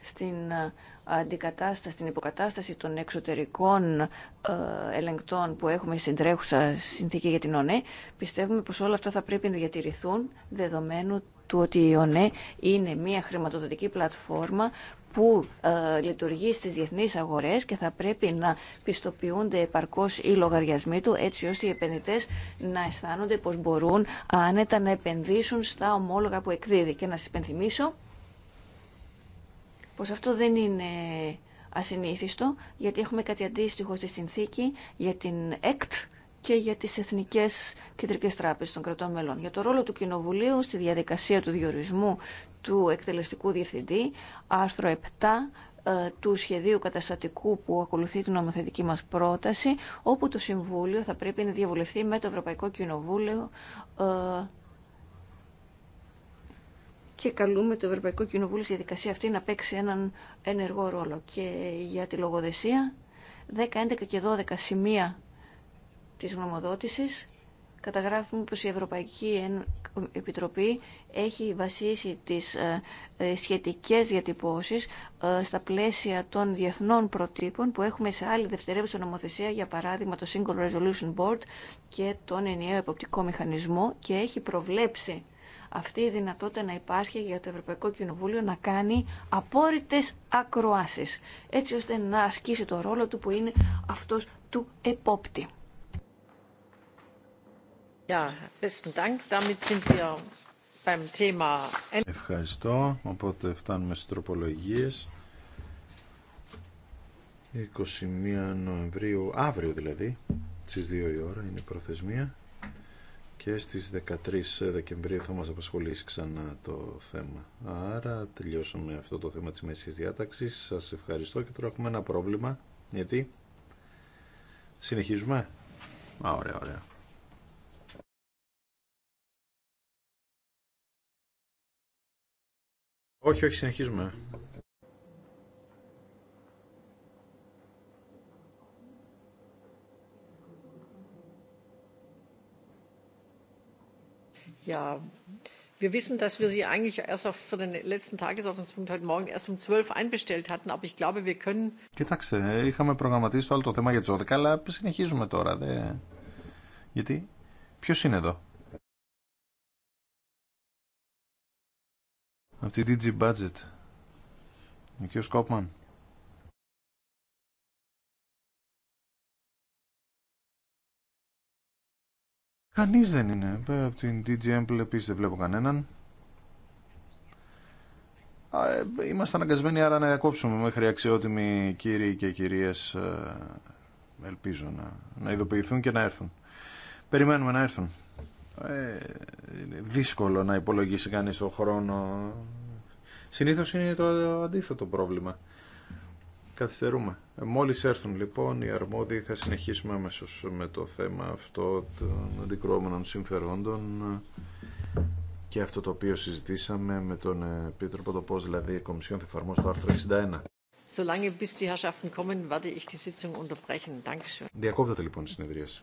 [SPEAKER 2] στην ε, αντικατάσταση, στην υποκατάσταση των εξωτερικών ε, ελεγκτών που έχουμε στην τρέχουσα συνθήκη για την ΟΝΕ, πιστεύουμε πως όλα αυτά θα πρέπει να διατηρηθούν δεδομένου του ότι η ΟΝΕ είναι μια χρηματοδοτική πλατφόρμα που ε, λειτουργεί στι διεθνεί αγορές και θα πρέπει να πιστοποιούνται επαρκώς οι λογαριασμοί του έτσι ώστε οι επενδυτές να αισθάνονται πως μπορούν άνετα να επενδύσουν στα ομόλογα που εκδίδει. Και να σα υπενθυμίσω πως αυτό δεν είναι ασυνήθιστο γιατί έχουμε κάτι αντίστοιχο στη συνθήκη για την ΕΚΤ και για τις Εθνικές Κεντρικές Τράπεζες των Κρατών Μελών. Για το ρόλο του Κοινοβουλίου στη διαδικασία του διορισμού του εκτελεστικού διευθυντή, άρθρο 7 ε, του σχεδίου καταστατικού που ακολουθεί την νομοθετική μας πρόταση, όπου το Συμβούλιο θα πρέπει να διαβουλευτεί με το Ευρωπαϊκό Κοινοβούλιο ε, και καλούμε το Ευρωπαϊκό Κοινοβούλιο στη διαδικασία αυτή να παίξει έναν ενεργό ρόλο. Και για τη λογοδεσία, 10, 11 και 12 σημεία της γνωμοδότησης καταγράφουμε πως η Ευρωπαϊκή Επιτροπή έχει βασίσει τις ε, ε, σχετικές διατυπώσεις ε, στα πλαίσια των διεθνών προτύπων που έχουμε σε άλλη δευτερεύουσα νομοθεσία, για παράδειγμα το Single Resolution Board και τον ενιαίο εποπτικό μηχανισμό και έχει προβλέψει αυτή η δυνατότητα να υπάρχει για το Ευρωπαϊκό Κοινοβούλιο να κάνει απόρριτες ακροάσεις, έτσι ώστε να ασκήσει το ρόλο του που είναι αυτός του επόπτη.
[SPEAKER 4] Ευχαριστώ. Οπότε φτάνουμε στις τροπολογίες. 21 Νοεμβρίου, αύριο δηλαδή, στις 2 η ώρα είναι η προθεσμία και στις 13 Δεκεμβρίου θα μας απασχολήσει ξανά το θέμα. Άρα τελειώσαμε αυτό το θέμα της μέσης διάταξης. Σας ευχαριστώ και τώρα έχουμε ένα πρόβλημα. Γιατί συνεχίζουμε. ωραία, ωραία. Όχι, όχι, συνεχίζουμε.
[SPEAKER 1] Ja, wir wissen, dass wir Sie eigentlich erst auf für den letzten Tagesordnungspunkt heute Morgen erst um 12 einbestellt hatten, aber ich glaube, wir können...
[SPEAKER 4] Κοιτάξτε, είχαμε προγραμματίσει το άλλο το θέμα για τι 12, αλλά συνεχίζουμε τώρα, δε... Γιατί, Ποιο είναι εδώ. από τη DG Budget. Ο κ. Κόπμαν. Κανείς δεν είναι. Ε, από την DG Ample επίσης δεν βλέπω κανέναν. Ε, είμαστε αναγκασμένοι άρα να διακόψουμε μέχρι αξιότιμοι κύριοι και κυρίες ε, ελπίζω να, να ειδοποιηθούν και να έρθουν. Περιμένουμε να έρθουν. Ε, είναι δύσκολο να υπολογίσει κανείς τον χρόνο. Συνήθως είναι το αντίθετο πρόβλημα. Καθυστερούμε. Ε, μόλις έρθουν λοιπόν οι αρμόδιοι θα συνεχίσουμε αμέσω με το θέμα αυτό των αντικρώμενων συμφερόντων και αυτό το οποίο συζητήσαμε με τον Επίτροπο το πώς δηλαδή η Κομισιόν θα εφαρμόσει το άρθρο 61.
[SPEAKER 1] Solange bis die
[SPEAKER 4] Διακόπτεται λοιπόν η συνεδρίαση.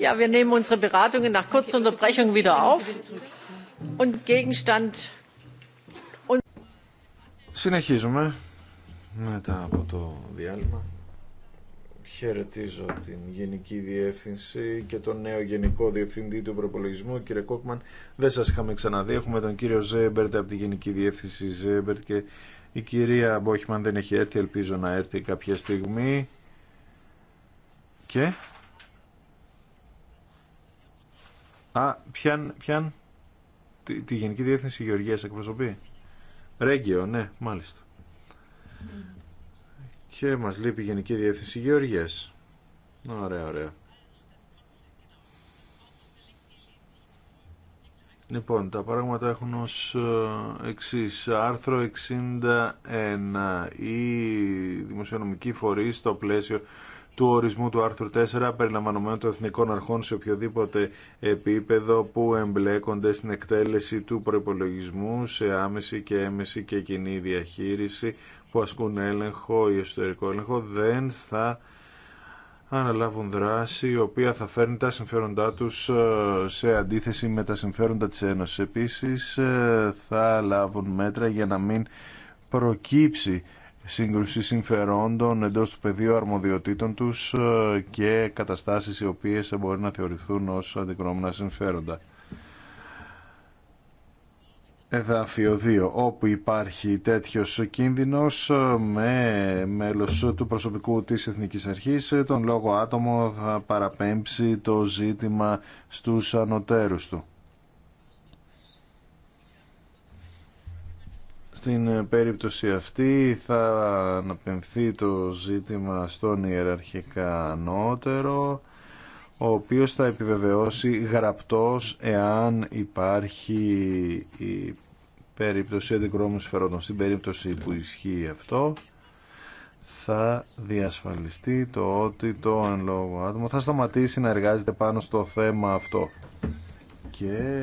[SPEAKER 1] Ja, wir nehmen unsere Beratungen nach kurzer Unterbrechung wieder auf. Und Gegenstand.
[SPEAKER 4] Συνεχίζουμε μετά από το διάλειμμα. Χαιρετίζω την Γενική Διεύθυνση και τον νέο Γενικό Διευθυντή του Προπολογισμού, κύριε Κόκμαν. Δεν σας είχαμε ξαναδεί. Έχουμε τον κύριο Ζέμπερτ από τη Γενική Διεύθυνση Ζέμπερτ και η κυρία Μπόχημαν δεν έχει έρθει. Ελπίζω να έρθει κάποια στιγμή. Και Α, πιαν, πιαν, τη, Γενική Διεύθυνση Γεωργίας εκπροσωπεί. Ρέγγιο, ναι, μάλιστα. Και μας λείπει η Γενική Διεύθυνση Γεωργίας. Ωραία, ωραία. Λοιπόν, τα πράγματα έχουν ως ε, εξής. Άρθρο 61. η Δημοσιονομική φορείς στο πλαίσιο του ορισμού του άρθρου 4 περιλαμβανομένων των εθνικών αρχών σε οποιοδήποτε επίπεδο που εμπλέκονται στην εκτέλεση του προπολογισμού σε άμεση και έμεση και κοινή διαχείριση που ασκούν έλεγχο ή εσωτερικό έλεγχο δεν θα αναλάβουν δράση η οποία θα φέρνει τα συμφέροντά τους ε, σε αντίθεση με τα συμφέροντα της Ένωσης. Επίσης ε, θα λάβουν μέτρα για να μην προκύψει σύγκρουση συμφερόντων εντός του πεδίου αρμοδιοτήτων τους ε, και καταστάσεις οι οποίες μπορεί να θεωρηθούν ως αντικρόμενα συμφέροντα. Εδάφιο 2. Όπου υπάρχει τέτοιος κίνδυνος ε, με μέλος του προσωπικού της Εθνικής Αρχής, ε, τον λόγο άτομο θα παραπέμψει το ζήτημα στους ανωτέρους του. Στην ε, περίπτωση αυτή θα αναπαινθεί το ζήτημα στον ιεραρχικά ανώτερο, ο οποίος θα επιβεβαιώσει γραπτός εάν υπάρχει η περίπτωση αντικρόμου σφαιρότων. Στην περίπτωση που ισχύει αυτό, θα διασφαλιστεί το ότι το εν λόγω άτομο θα σταματήσει να εργάζεται πάνω στο θέμα αυτό. Και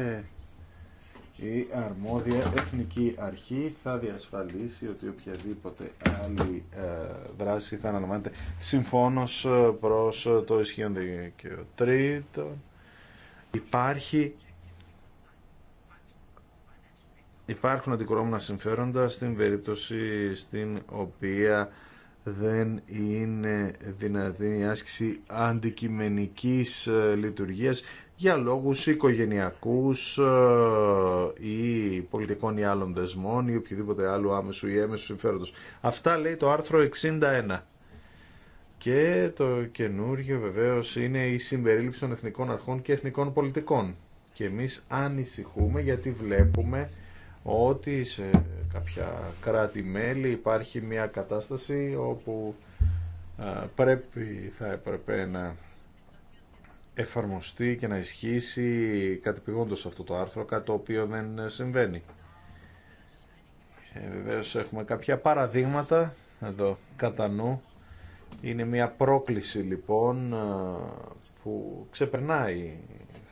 [SPEAKER 4] η αρμόδια εθνική αρχή θα διασφαλίσει ότι οποιαδήποτε άλλη ε, δράση θα αναλαμβάνεται συμφώνως ε, προς ε, το ισχύον δικαίωμα. Τρίτον, υπάρχει υπάρχουν αντικρώμενα συμφέροντα στην περίπτωση στην οποία δεν είναι δυνατή η άσκηση αντικειμενικής λειτουργίας για λόγους οικογενειακούς ε, ή πολιτικών ή άλλων δεσμών ή οποιοδήποτε άλλου άμεσου ή έμεσου συμφέροντος. Αυτά λέει το άρθρο 61. Και το καινούργιο βεβαίως είναι η συμπερίληψη των εθνικών αρχών και εθνικών πολιτικών. Και εμείς ανησυχούμε γιατί βλέπουμε ότι σε κάποια κράτη-μέλη υπάρχει μια κατάσταση όπου ε, πρέπει, θα έπρεπε να εφαρμοστεί και να ισχύσει κατεπηγόντως αυτό το άρθρο, κάτι το οποίο δεν συμβαίνει. Ε, έχουμε κάποια παραδείγματα εδώ κατά νου. Είναι μια πρόκληση λοιπόν ε, που ξεπερνάει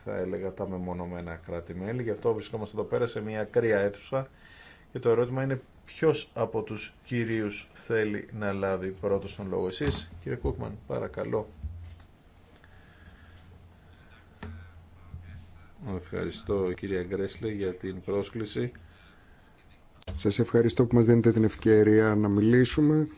[SPEAKER 4] θα έλεγα τα μεμονωμένα κράτη-μέλη. Γι' αυτό βρισκόμαστε εδώ πέρα σε μια κρυα αίθουσα και το ερώτημα είναι ποιος από τους κυρίους θέλει να λάβει πρώτος τον λόγο. Εσείς κύριε Κούκμαν παρακαλώ. Ευχαριστώ κυρία Γκρέσλε για την πρόσκληση.
[SPEAKER 3] Σας ευχαριστώ που μας δίνετε την ευκαιρία να μιλήσουμε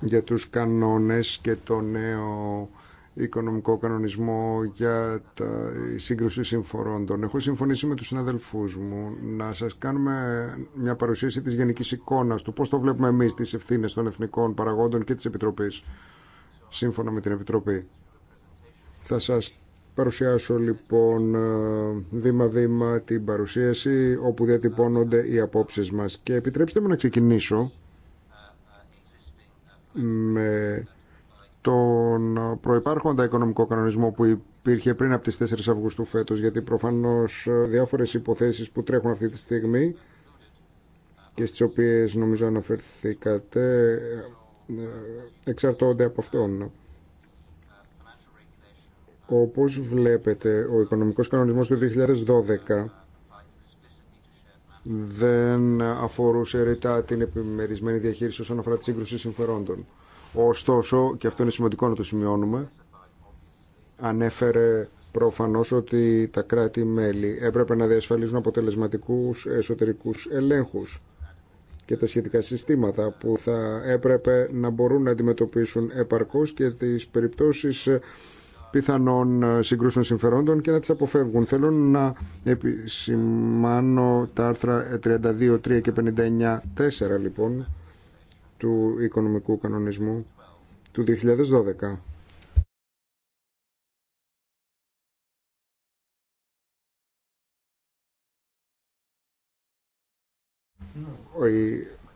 [SPEAKER 3] για τους κανόνες και το νέο οικονομικό κανονισμό για τα σύγκρουση συμφορώντων. Έχω συμφωνήσει με τους συναδελφούς μου να σας κάνουμε μια παρουσίαση της γενικής εικόνας του πώς το βλέπουμε εμείς τις ευθύνες των εθνικών παραγόντων και της Επιτροπής σύμφωνα με την Επιτροπή. Θα σας παρουσιάσω λοιπόν ε, βήμα-βήμα την παρουσίαση όπου διατυπώνονται οι απόψεις μας και επιτρέψτε μου να ξεκινήσω με τον προϋπάρχοντα οικονομικό κανονισμό που υπήρχε πριν από τις 4 Αυγούστου φέτος γιατί προφανώς ε, διάφορες υποθέσεις που τρέχουν αυτή τη στιγμή και στις οποίες νομίζω αναφερθήκατε ε, εξαρτώνται από αυτόν. Όπως βλέπετε, ο οικονομικός κανονισμός του 2012 δεν αφορούσε ρητά την επιμερισμένη διαχείριση όσον αφορά τη σύγκρουση συμφερόντων. Ωστόσο, και αυτό είναι σημαντικό να το σημειώνουμε, ανέφερε προφανώς ότι τα κράτη-μέλη έπρεπε να διασφαλίζουν αποτελεσματικούς εσωτερικούς ελέγχους και τα σχετικά συστήματα που θα έπρεπε να μπορούν να αντιμετωπίσουν επαρκώς και τις περιπτώσεις πιθανών ε, συγκρούσεων συμφερόντων και να τις αποφεύγουν. Θέλω να επισημάνω τα άρθρα 32, 3 και 59, 4 λοιπόν του οικονομικού κανονισμού του 2012.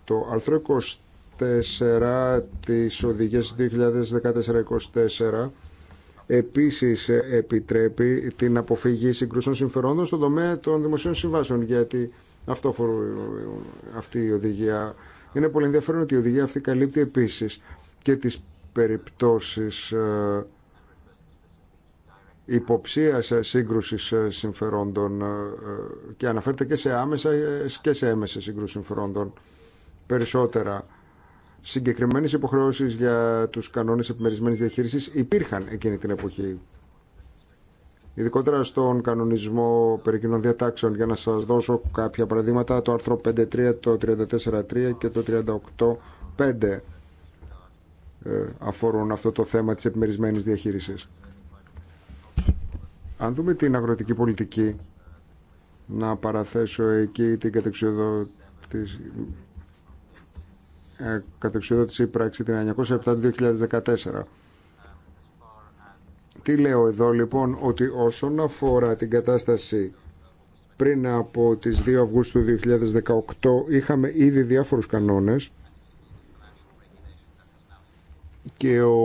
[SPEAKER 3] Το άρθρο 24 της οδηγίας 2014-24 επίσης ε, επιτρέπει την αποφυγή συγκρούσεων συμφερόντων στον τομέα των δημοσίων συμβάσεων γιατί αυτό αυτή η οδηγία είναι πολύ ενδιαφέρον ότι η οδηγία αυτή καλύπτει επίσης και τις περιπτώσεις ε, υποψίας ε, σύγκρουσης συμφερόντων και αναφέρεται και σε άμεσα και σε έμεσα σύγκρουση συμφερόντων περισσότερα συγκεκριμένες υποχρεώσεις για τους κανόνες επιμερισμένης διαχείρισης υπήρχαν εκείνη την εποχή. Ειδικότερα στον κανονισμό περί κοινών διατάξεων, για να σας δώσω κάποια παραδείγματα, το άρθρο 5.3, το 34.3 και το 38.5 ε, αφορούν αυτό το θέμα της επιμερισμένης διαχείρισης. Αν δούμε την αγροτική πολιτική, να παραθέσω εκεί την κατεξοδότηση ε, κατεξοδότηση πράξη την 907-2014. Τι λέω εδώ λοιπόν ότι όσον αφορά την κατάσταση πριν από τις 2 Αυγούστου 2018 είχαμε ήδη διάφορους κανόνες και ο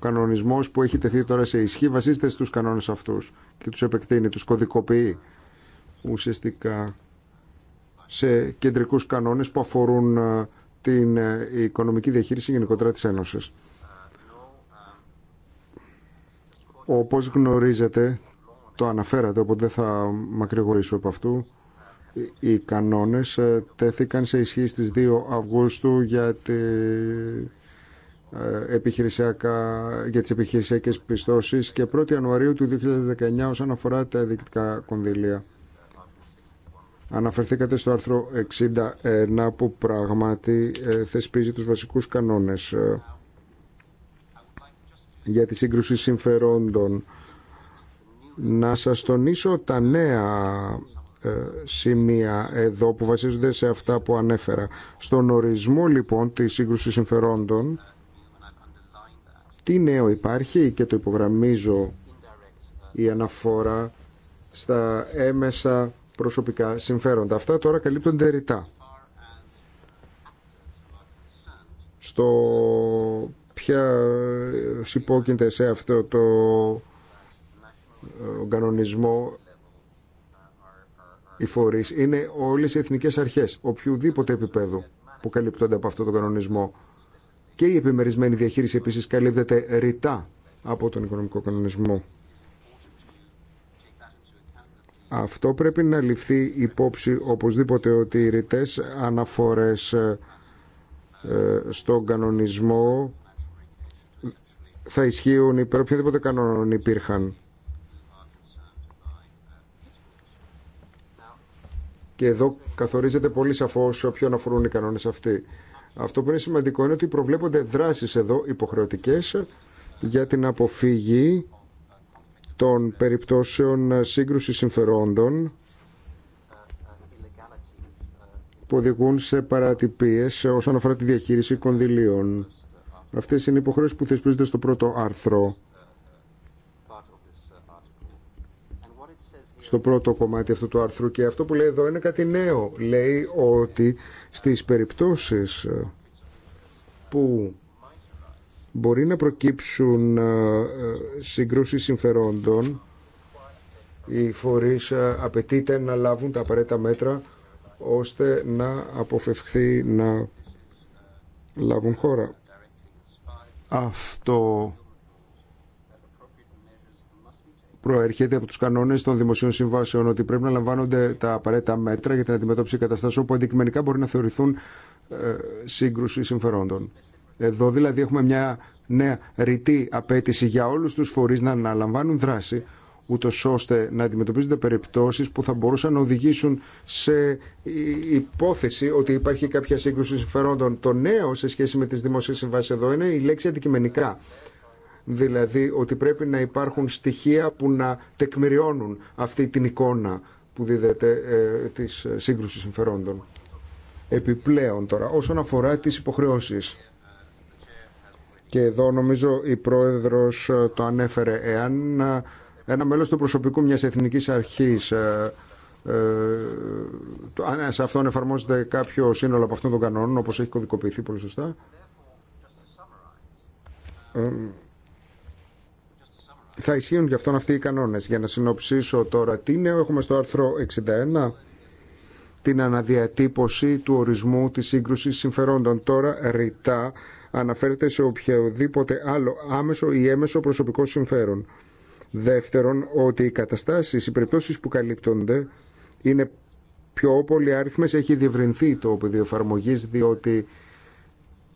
[SPEAKER 3] κανονισμός που έχει τεθεί τώρα σε ισχύ βασίζεται στους κανόνες αυτούς και τους επεκτείνει, τους κωδικοποιεί ουσιαστικά σε κεντρικούς κανόνες που αφορούν ε, την ε, οικονομική διαχείριση γενικότερα της Ένωσης. Όπως γνωρίζετε, το αναφέρατε, οπότε δεν θα μακρηγορήσω από αυτού, οι κανόνες ε, τέθηκαν σε ισχύ στις 2 Αυγούστου για, τη, ε, επιχειρησιακά, για τις επιχειρησιακές πιστώσεις και 1 Ιανουαρίου του 2019 όσον αφορά τα διοικητικά κονδυλία. Αναφερθήκατε στο άρθρο 61 που πράγματι ε, θεσπίζει τους βασικούς κανόνες ε, για τη σύγκρουση συμφερόντων. Να σας τονίσω τα νέα ε, σημεία εδώ που βασίζονται σε αυτά που ανέφερα. Στον ορισμό λοιπόν τη σύγκρουση συμφερόντων, τι νέο υπάρχει και το υπογραμμίζω η αναφορά στα έμεσα προσωπικά συμφέροντα. Αυτά τώρα καλύπτονται ρητά. Στο ποια υπόκεινται σε αυτό το ε, κανονισμό οι φορείς είναι όλες οι εθνικές αρχές οποιοδήποτε επίπεδου που καλύπτονται από αυτό το κανονισμό και η επιμερισμένη διαχείριση επίσης καλύπτεται ρητά από τον οικονομικό κανονισμό. Αυτό πρέπει να ληφθεί υπόψη οπωσδήποτε ότι οι ρητές αναφορές ε, ε, στον κανονισμό θα ισχύουν υπέρ οποιοδήποτε κανόνων υπήρχαν. Και εδώ καθορίζεται πολύ σαφώς σε ποιον αφορούν οι κανόνε αυτοί. Αυτό που είναι σημαντικό είναι ότι προβλέπονται δράσεις εδώ υποχρεωτικές για την αποφύγη των περιπτώσεων σύγκρουσης συμφερόντων που οδηγούν σε παρατυπίες όσον αφορά τη διαχείριση κονδυλίων. Αυτές είναι οι υποχρεώσεις που θεσπίζονται στο πρώτο άρθρο. στο πρώτο κομμάτι αυτού του άρθρου και αυτό που λέει εδώ είναι κάτι νέο. Λέει ότι στις περιπτώσεις που μπορεί να προκύψουν ε, ε, συγκρούσεις συμφερόντων. Οι φορείς ε, απαιτείται να λάβουν τα απαραίτητα μέτρα ώστε να αποφευχθεί να λάβουν χώρα. Αυτό προέρχεται από τους κανόνες των δημοσίων συμβάσεων ότι πρέπει να λαμβάνονται τα απαραίτητα μέτρα για την αντιμετώπιση καταστάσεων που αντικειμενικά μπορεί να θεωρηθούν σύγκρουση συμφερόντων. Εδώ δηλαδή έχουμε μια νέα ρητή απέτηση για όλους τους φορείς να αναλαμβάνουν δράση ούτω ώστε να αντιμετωπίζονται περιπτώσεις που θα μπορούσαν να οδηγήσουν σε υπόθεση ότι υπάρχει κάποια σύγκρουση συμφερόντων. Το νέο σε σχέση με τις δημοσίες συμβάσεις εδώ είναι η λέξη αντικειμενικά. Δηλαδή ότι πρέπει να υπάρχουν στοιχεία που να τεκμηριώνουν αυτή την εικόνα που δίδεται ε, της σύγκρουσης συμφερόντων. Επιπλέον τώρα, όσον αφορά τις υποχρεώσεις και εδώ νομίζω η πρόεδρος ε, το ανέφερε. Εάν ε, ένα μέλος του προσωπικού μιας εθνικής αρχής ε, αν σε αυτόν εφαρμόζεται κάποιο σύνολο από αυτόν τον κανόνων όπως έχει κωδικοποιηθεί πολύ σωστά, θα ισχύουν γι' αυτόν αυτοί οι κανόνες. Για να συνοψίσω τώρα τι νέο έχουμε στο άρθρο 61, την αναδιατύπωση του ορισμού της σύγκρουσης συμφερόντων. Τώρα ρητά αναφέρεται σε οποιοδήποτε άλλο άμεσο ή έμεσο προσωπικό συμφέρον. Δεύτερον, ότι οι καταστάσεις, οι περιπτώσεις που καλύπτονται είναι πιο πολύ αριθμές, έχει διευρυνθεί το πεδίο εφαρμογή, διότι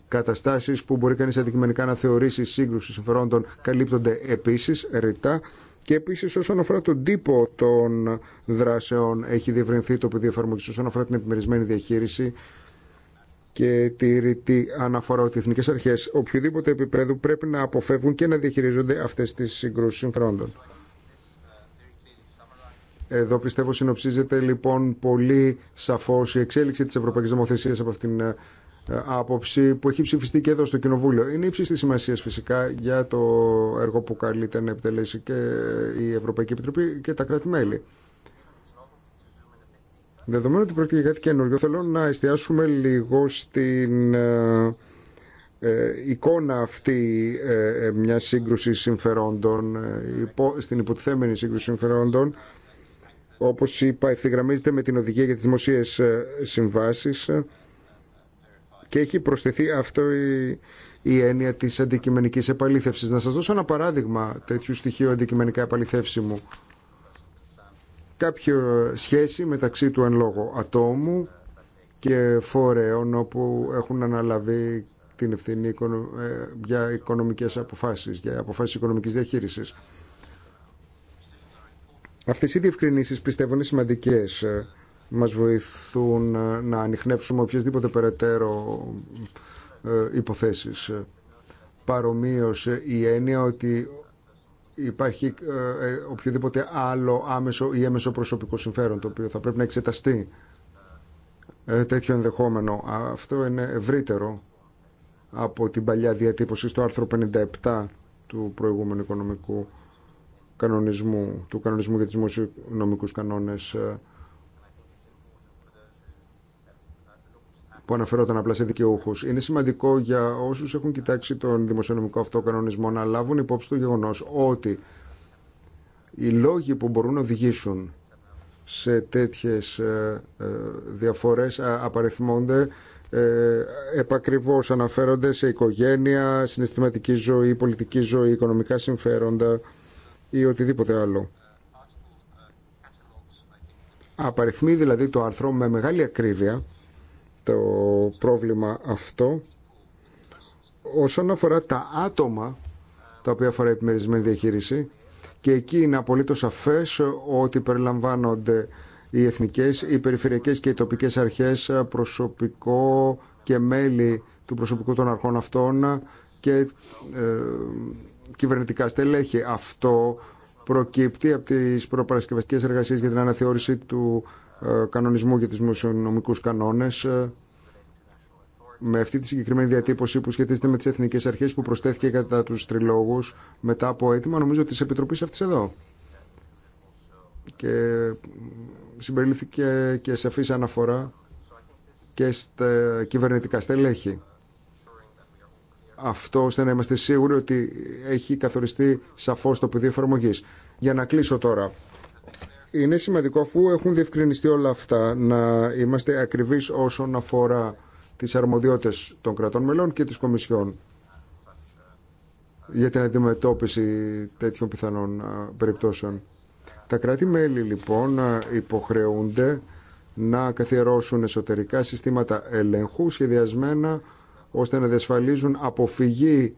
[SPEAKER 3] καταστάσεις που μπορεί κανείς αντικειμενικά να θεωρήσει σύγκρουση συμφερόντων καλύπτονται επίσης ρητά και επίση, όσον αφορά τον τύπο των δράσεων, έχει διευρυνθεί το πεδίο εφαρμογή. Όσον αφορά την επιμερισμένη διαχείριση, και τη ρητή αναφορά ότι οι εθνικέ αρχές οποιοδήποτε επίπεδου πρέπει να αποφεύγουν και να διαχειρίζονται αυτές τις συγκρούσεις συμφερόντων. Εδώ πιστεύω συνοψίζεται λοιπόν πολύ σαφώς η εξέλιξη της Ευρωπαϊκή Δημοθεσία από αυτήν την ε, άποψη που έχει ψηφιστεί και εδώ στο Κοινοβούλιο. Είναι ύψη τη σημασία φυσικά για το έργο που καλείται να επιτελέσει και η Ευρωπαϊκή Επιτροπή και τα κράτη-μέλη. Δεδομένου ότι πρόκειται για κάτι καινούργιο, θέλω να εστιάσουμε λίγο στην ε, ε, εικόνα αυτή ε, μια σύγκρουση συμφερόντων, στην υποτιθέμενη σύγκρουση συμφερόντων, όπως είπα, ευθυγραμμίζεται με την οδηγία για τις δημοσίες συμβάσεις και έχει προσθεθεί αυτό η, έννοια της αντικειμενικής επαλήθευσης. Να σας δώσω ένα παράδειγμα τέτοιου στοιχείου αντικειμενικά επαλήθευση μου κάποια σχέση μεταξύ του εν λόγω ατόμου και φορέων όπου έχουν αναλαβεί την ευθύνη ε, για οικονομικές αποφάσεις, για αποφάσεις οικονομικής διαχείρισης. Αυτές οι διευκρινήσεις πιστεύω είναι σημαντικές. Μας βοηθούν να ανοιχνεύσουμε οποιασδήποτε περαιτέρω ε, υποθέσεις. Παρομοίως η έννοια ότι υπάρχει ε, ε, οποιοδήποτε άλλο άμεσο ή έμεσο προσωπικό συμφέρον το οποίο θα πρέπει να εξεταστεί ε, τέτοιο ενδεχόμενο. Αυτό είναι ευρύτερο από την παλιά διατύπωση στο άρθρο 57 του προηγούμενου οικονομικού κανονισμού, του κανονισμού για τις δημοσιονομικούς κανόνες. που αναφερόταν απλά σε δικαιούχου. Είναι σημαντικό για όσου έχουν κοιτάξει τον δημοσιονομικό αυτό κανονισμό να λάβουν υπόψη το γεγονό ότι οι λόγοι που μπορούν να οδηγήσουν σε τέτοιες ε, ε, διαφορές ε, απαριθμώνται επακριβώς αναφέρονται σε οικογένεια, συναισθηματική ζωή, πολιτική ζωή, οικονομικά συμφέροντα ή οτιδήποτε άλλο. Απαριθμεί δηλαδή το άρθρο με μεγάλη ακρίβεια το πρόβλημα αυτό όσον αφορά τα άτομα τα οποία αφορά η επιμερισμένη διαχείριση και εκεί είναι απολύτως σαφές ότι περιλαμβάνονται οι εθνικές, οι περιφερειακές και οι τοπικές αρχές προσωπικό και μέλη του προσωπικού των αρχών αυτών και ε, κυβερνητικά στελέχη. Αυτό προκύπτει από τις προπαρασκευαστικές εργασίες για την αναθεώρηση του ε, κανονισμού για τις νομικούς κανόνες ε, με αυτή τη συγκεκριμένη διατύπωση που σχετίζεται με τις εθνικές αρχές που προσθέθηκε κατά τους τριλόγους μετά από αίτημα νομίζω της Επιτροπής αυτής εδώ. Και συμπεριλήφθηκε και σαφής αναφορά και στα κυβερνητικά στελέχη. Αυτό ώστε να είμαστε σίγουροι ότι έχει καθοριστεί σαφώς το πεδίο εφαρμογή. Για να κλείσω τώρα. Είναι σημαντικό αφού έχουν διευκρινιστεί όλα αυτά να είμαστε ακριβείς όσον αφορά τις αρμοδιότητες των κρατών μελών και της Κομισιόν για την αντιμετώπιση τέτοιων πιθανών περιπτώσεων. Τα κράτη-μέλη λοιπόν υποχρεούνται να καθιερώσουν εσωτερικά συστήματα ελέγχου σχεδιασμένα ώστε να διασφαλίζουν αποφυγή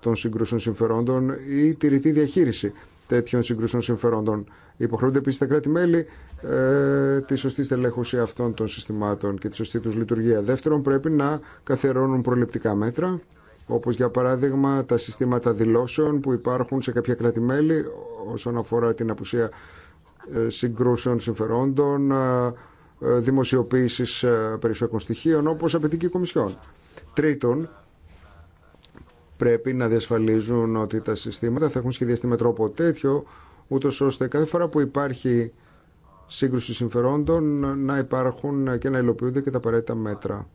[SPEAKER 3] των συγκρούσεων συμφερόντων ή τηρητή διαχείριση τέτοιων συγκρούσεων συμφερόντων. Υποχρεούνται επίση τα κράτη-μέλη ε, τη σωστή στελέχωση αυτών των συστημάτων και τη σωστή του λειτουργία. Δεύτερον, πρέπει να καθιερώνουν προληπτικά μέτρα, όπω για παράδειγμα τα συστήματα δηλώσεων που υπάρχουν σε κάποια κράτη-μέλη όσον αφορά την απουσία ε, συγκρούσεων συμφερόντων, ε, ε, δημοσιοποίηση περιουσιακών στοιχείων, όπω απαιτεί και Κομισιόν. Τρίτον, πρέπει να διασφαλίζουν ότι τα συστήματα θα έχουν σχεδιαστεί με τρόπο τέτοιο, ούτω ώστε κάθε φορά που υπάρχει σύγκρουση συμφερόντων να υπάρχουν και να υλοποιούνται και τα απαραίτητα μέτρα,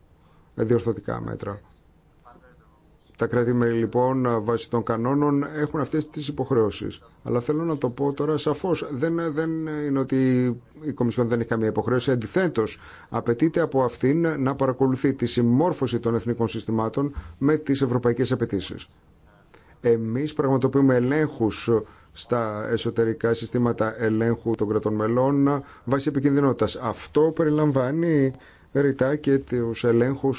[SPEAKER 3] ε, διορθωτικά μέτρα. Τα κράτη-μέλη λοιπόν βάσει των κανόνων έχουν αυτές τις υποχρεώσεις. Αλλά θέλω να το πω τώρα σαφώς. Δεν, δεν είναι ότι η Κομισιόν δεν έχει καμία υποχρέωση. Αντιθέτω, απαιτείται από αυτήν να παρακολουθεί τη συμμόρφωση των εθνικών συστημάτων με τις ευρωπαϊκές απαιτήσει. Εμείς πραγματοποιούμε ελέγχους στα εσωτερικά συστήματα ελέγχου των κρατών μελών βάσει επικινδυνότητας. Αυτό περιλαμβάνει ρητά και τους ελέγχου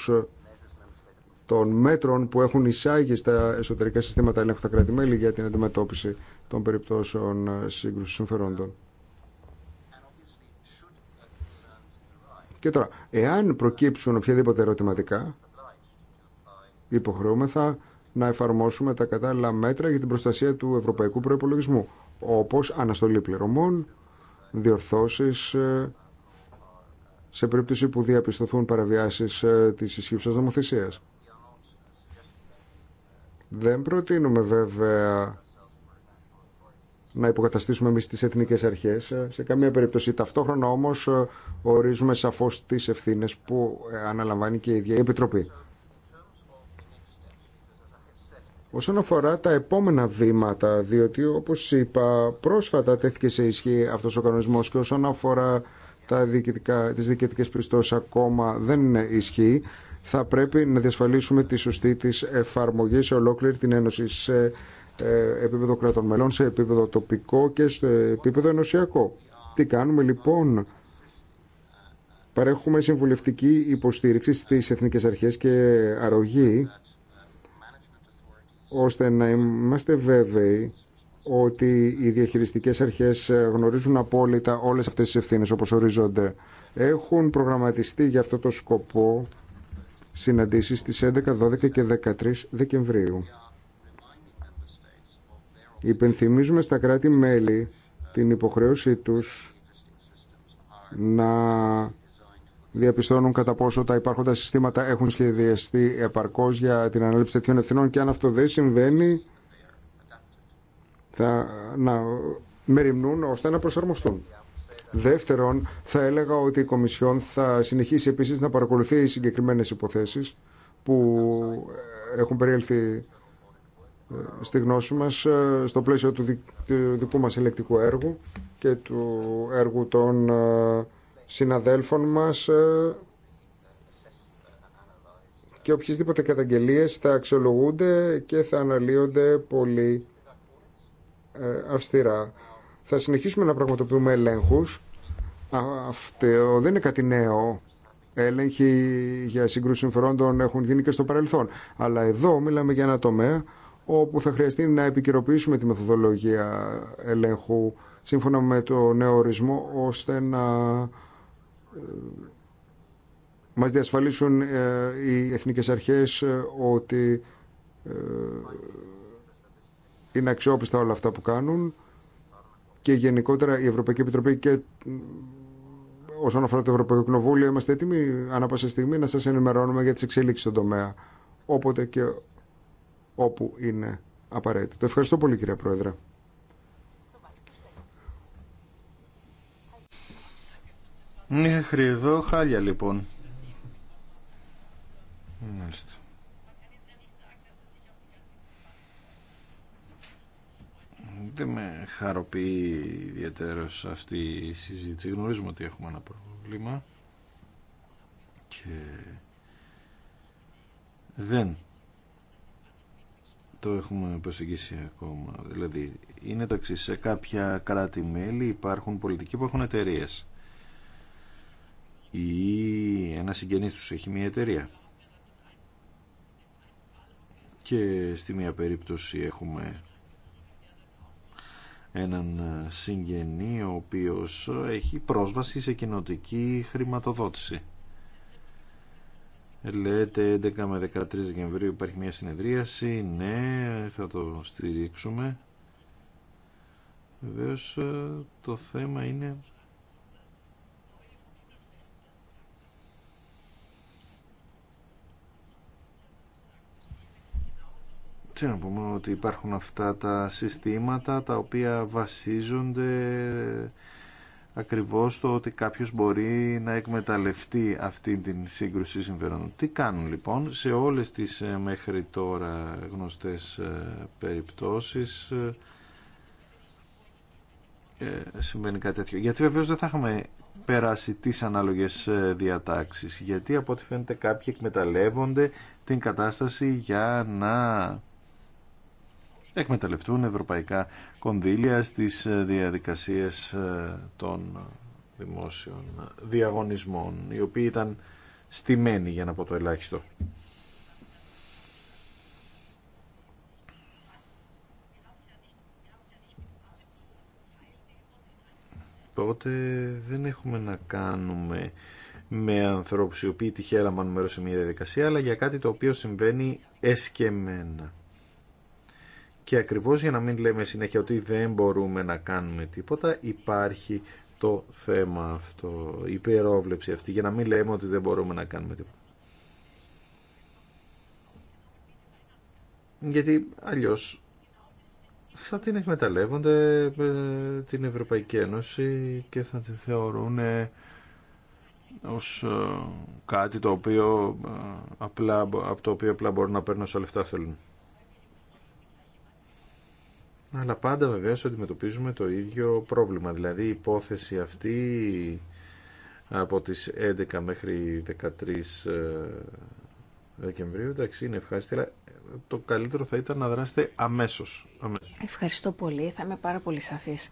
[SPEAKER 3] των μέτρων που έχουν εισάγει στα εσωτερικά συστήματα ελέγχου τα κράτη-μέλη για την αντιμετώπιση των περιπτώσεων σύγκρουσης συμφερόντων. Και τώρα, εάν προκύψουν οποιαδήποτε ερωτηματικά, υποχρεούμεθα να εφαρμόσουμε τα κατάλληλα μέτρα για την προστασία του ευρωπαϊκού προϋπολογισμού, όπως αναστολή πληρωμών, διορθώσεις ε, σε περίπτωση που διαπιστωθούν παραβιάσεις ε, της ισχύουσας νομοθεσίας. Δεν προτείνουμε βέβαια να υποκαταστήσουμε εμεί τι εθνικέ αρχέ σε καμία περίπτωση. Ταυτόχρονα όμω ορίζουμε σαφώ τι ευθύνε που αναλαμβάνει και η ίδια η Επιτροπή. Όσον αφορά τα επόμενα βήματα, διότι όπως είπα πρόσφατα τέθηκε σε ισχύ αυτός ο κανονισμός και όσον αφορά τα διοικητικά, τις διοικητικές ακόμα δεν ισχύει, θα πρέπει να διασφαλίσουμε τη σωστή τη εφαρμογή σε ολόκληρη την Ένωση σε ε, επίπεδο κρατών μελών, σε επίπεδο τοπικό και σε επίπεδο ενωσιακό. Τι κάνουμε λοιπόν παρέχουμε συμβουλευτική υποστήριξη στις εθνικές αρχές και αρρωγή ώστε να είμαστε βέβαιοι ότι οι διαχειριστικές αρχές γνωρίζουν απόλυτα όλες αυτές τις ευθύνες όπως ορίζονται. Έχουν προγραμματιστεί για αυτό το σκοπό συναντήσεις στις 11, 12 και 13 Δεκεμβρίου. Υπενθυμίζουμε στα κράτη-μέλη την υποχρέωσή τους να διαπιστώνουν κατά πόσο τα υπάρχοντα συστήματα έχουν σχεδιαστεί επαρκώς για την ανάληψη τέτοιων ευθυνών και αν αυτό δεν συμβαίνει θα να μεριμνούν ώστε να προσαρμοστούν. Δεύτερον, θα έλεγα ότι η Κομισιόν θα συνεχίσει επίσης να παρακολουθεί οι συγκεκριμένες υποθέσεις που έχουν περιέλθει ε, στη γνώση μας ε, στο πλαίσιο του δικού μας ελεκτικού έργου και του έργου των ε, συναδέλφων μας και οποιασδήποτε καταγγελίες θα αξιολογούνται και θα αναλύονται πολύ αυστηρά. Θα συνεχίσουμε να πραγματοποιούμε ελέγχους. Αυτό δεν είναι κάτι νέο. Έλεγχοι για σύγκρουση συμφερόντων έχουν γίνει και στο παρελθόν. Αλλά εδώ μιλάμε για ένα τομέα όπου θα χρειαστεί να επικαιροποιήσουμε τη μεθοδολογία ελέγχου σύμφωνα με το νέο ορισμό ώστε να ε, μας διασφαλίσουν ε, οι εθνικές αρχές ε, ότι είναι αξιόπιστα όλα αυτά που κάνουν και γενικότερα η Ευρωπαϊκή Επιτροπή και όσον αφορά το Ευρωπαϊκό Κοινοβούλιο είμαστε έτοιμοι ανά πάσα στιγμή να σας ενημερώνουμε για τις εξέλιξεις στον τομέα όποτε και όπου είναι απαραίτητο. Ευχαριστώ πολύ κυρία Πρόεδρε.
[SPEAKER 4] Ναι, χρυδό χάλια λοιπόν. Δεν με χαροποιεί ιδιαίτερο αυτή η συζήτηση. Γνωρίζουμε ότι έχουμε ένα πρόβλημα και δεν το έχουμε προσεγγίσει ακόμα. Δηλαδή, είναι το εξή. Σε κάποια κράτη-μέλη υπάρχουν πολιτικοί που έχουν εταιρείε. Ή ένα συγγενή του έχει μια εταιρεία. Και στη μία περίπτωση έχουμε έναν ε, συγγενή ο οποίος ε, έχει πρόσβαση σε κοινοτική χρηματοδότηση. Ε, λέτε 11 με 13 Δεκεμβρίου υπάρχει μια συνεδρίαση, ναι, θα το στηρίξουμε. Βεβαίω το θέμα είναι να πούμε ότι υπάρχουν αυτά τα συστήματα τα οποία βασίζονται ακριβώς στο ότι κάποιος μπορεί να εκμεταλλευτεί αυτή την σύγκρουση συμφερόντων. Τι κάνουν λοιπόν σε όλες τις ε, μέχρι τώρα γνωστές ε, περιπτώσεις ε, συμβαίνει κάτι τέτοιο. Γιατί βεβαίως δεν θα είχαμε περάσει τις ανάλογες διατάξεις. Γιατί από ό,τι φαίνεται κάποιοι εκμεταλλεύονται την κατάσταση για να εκμεταλλευτούν ευρωπαϊκά κονδύλια στις ε, διαδικασίες ε, των δημόσιων διαγωνισμών, οι οποίοι ήταν στημένοι για να πω το ελάχιστο. Οπότε δεν έχουμε να κάνουμε με ανθρώπους οι οποίοι τυχαία μέρος σε μια διαδικασία, αλλά για κάτι το οποίο συμβαίνει έσκεμενα. Και ακριβώς για να μην λέμε συνέχεια ότι δεν μπορούμε να κάνουμε τίποτα, υπάρχει το θέμα αυτό, η υπερόβλεψη αυτή, για να μην λέμε ότι δεν μπορούμε να κάνουμε τίποτα. Γιατί αλλιώς θα την εκμεταλλεύονται ε, την Ευρωπαϊκή Ένωση και θα τη θεωρούν ως ε, κάτι το οποίο, ε, απλά, από το οποίο απλά μπορούν να παίρνουν όσα λεφτά θέλουν. Αλλά πάντα βεβαίως αντιμετωπίζουμε το ίδιο πρόβλημα. Δηλαδή η υπόθεση αυτή από τις 11 μέχρι 13 ε, Δεκεμβρίου, εντάξει είναι ευχάριστη, αλλά το καλύτερο θα ήταν να δράσετε αμέσως. αμέσως.
[SPEAKER 2] Ευχαριστώ πολύ, θα είμαι πάρα πολύ σαφής.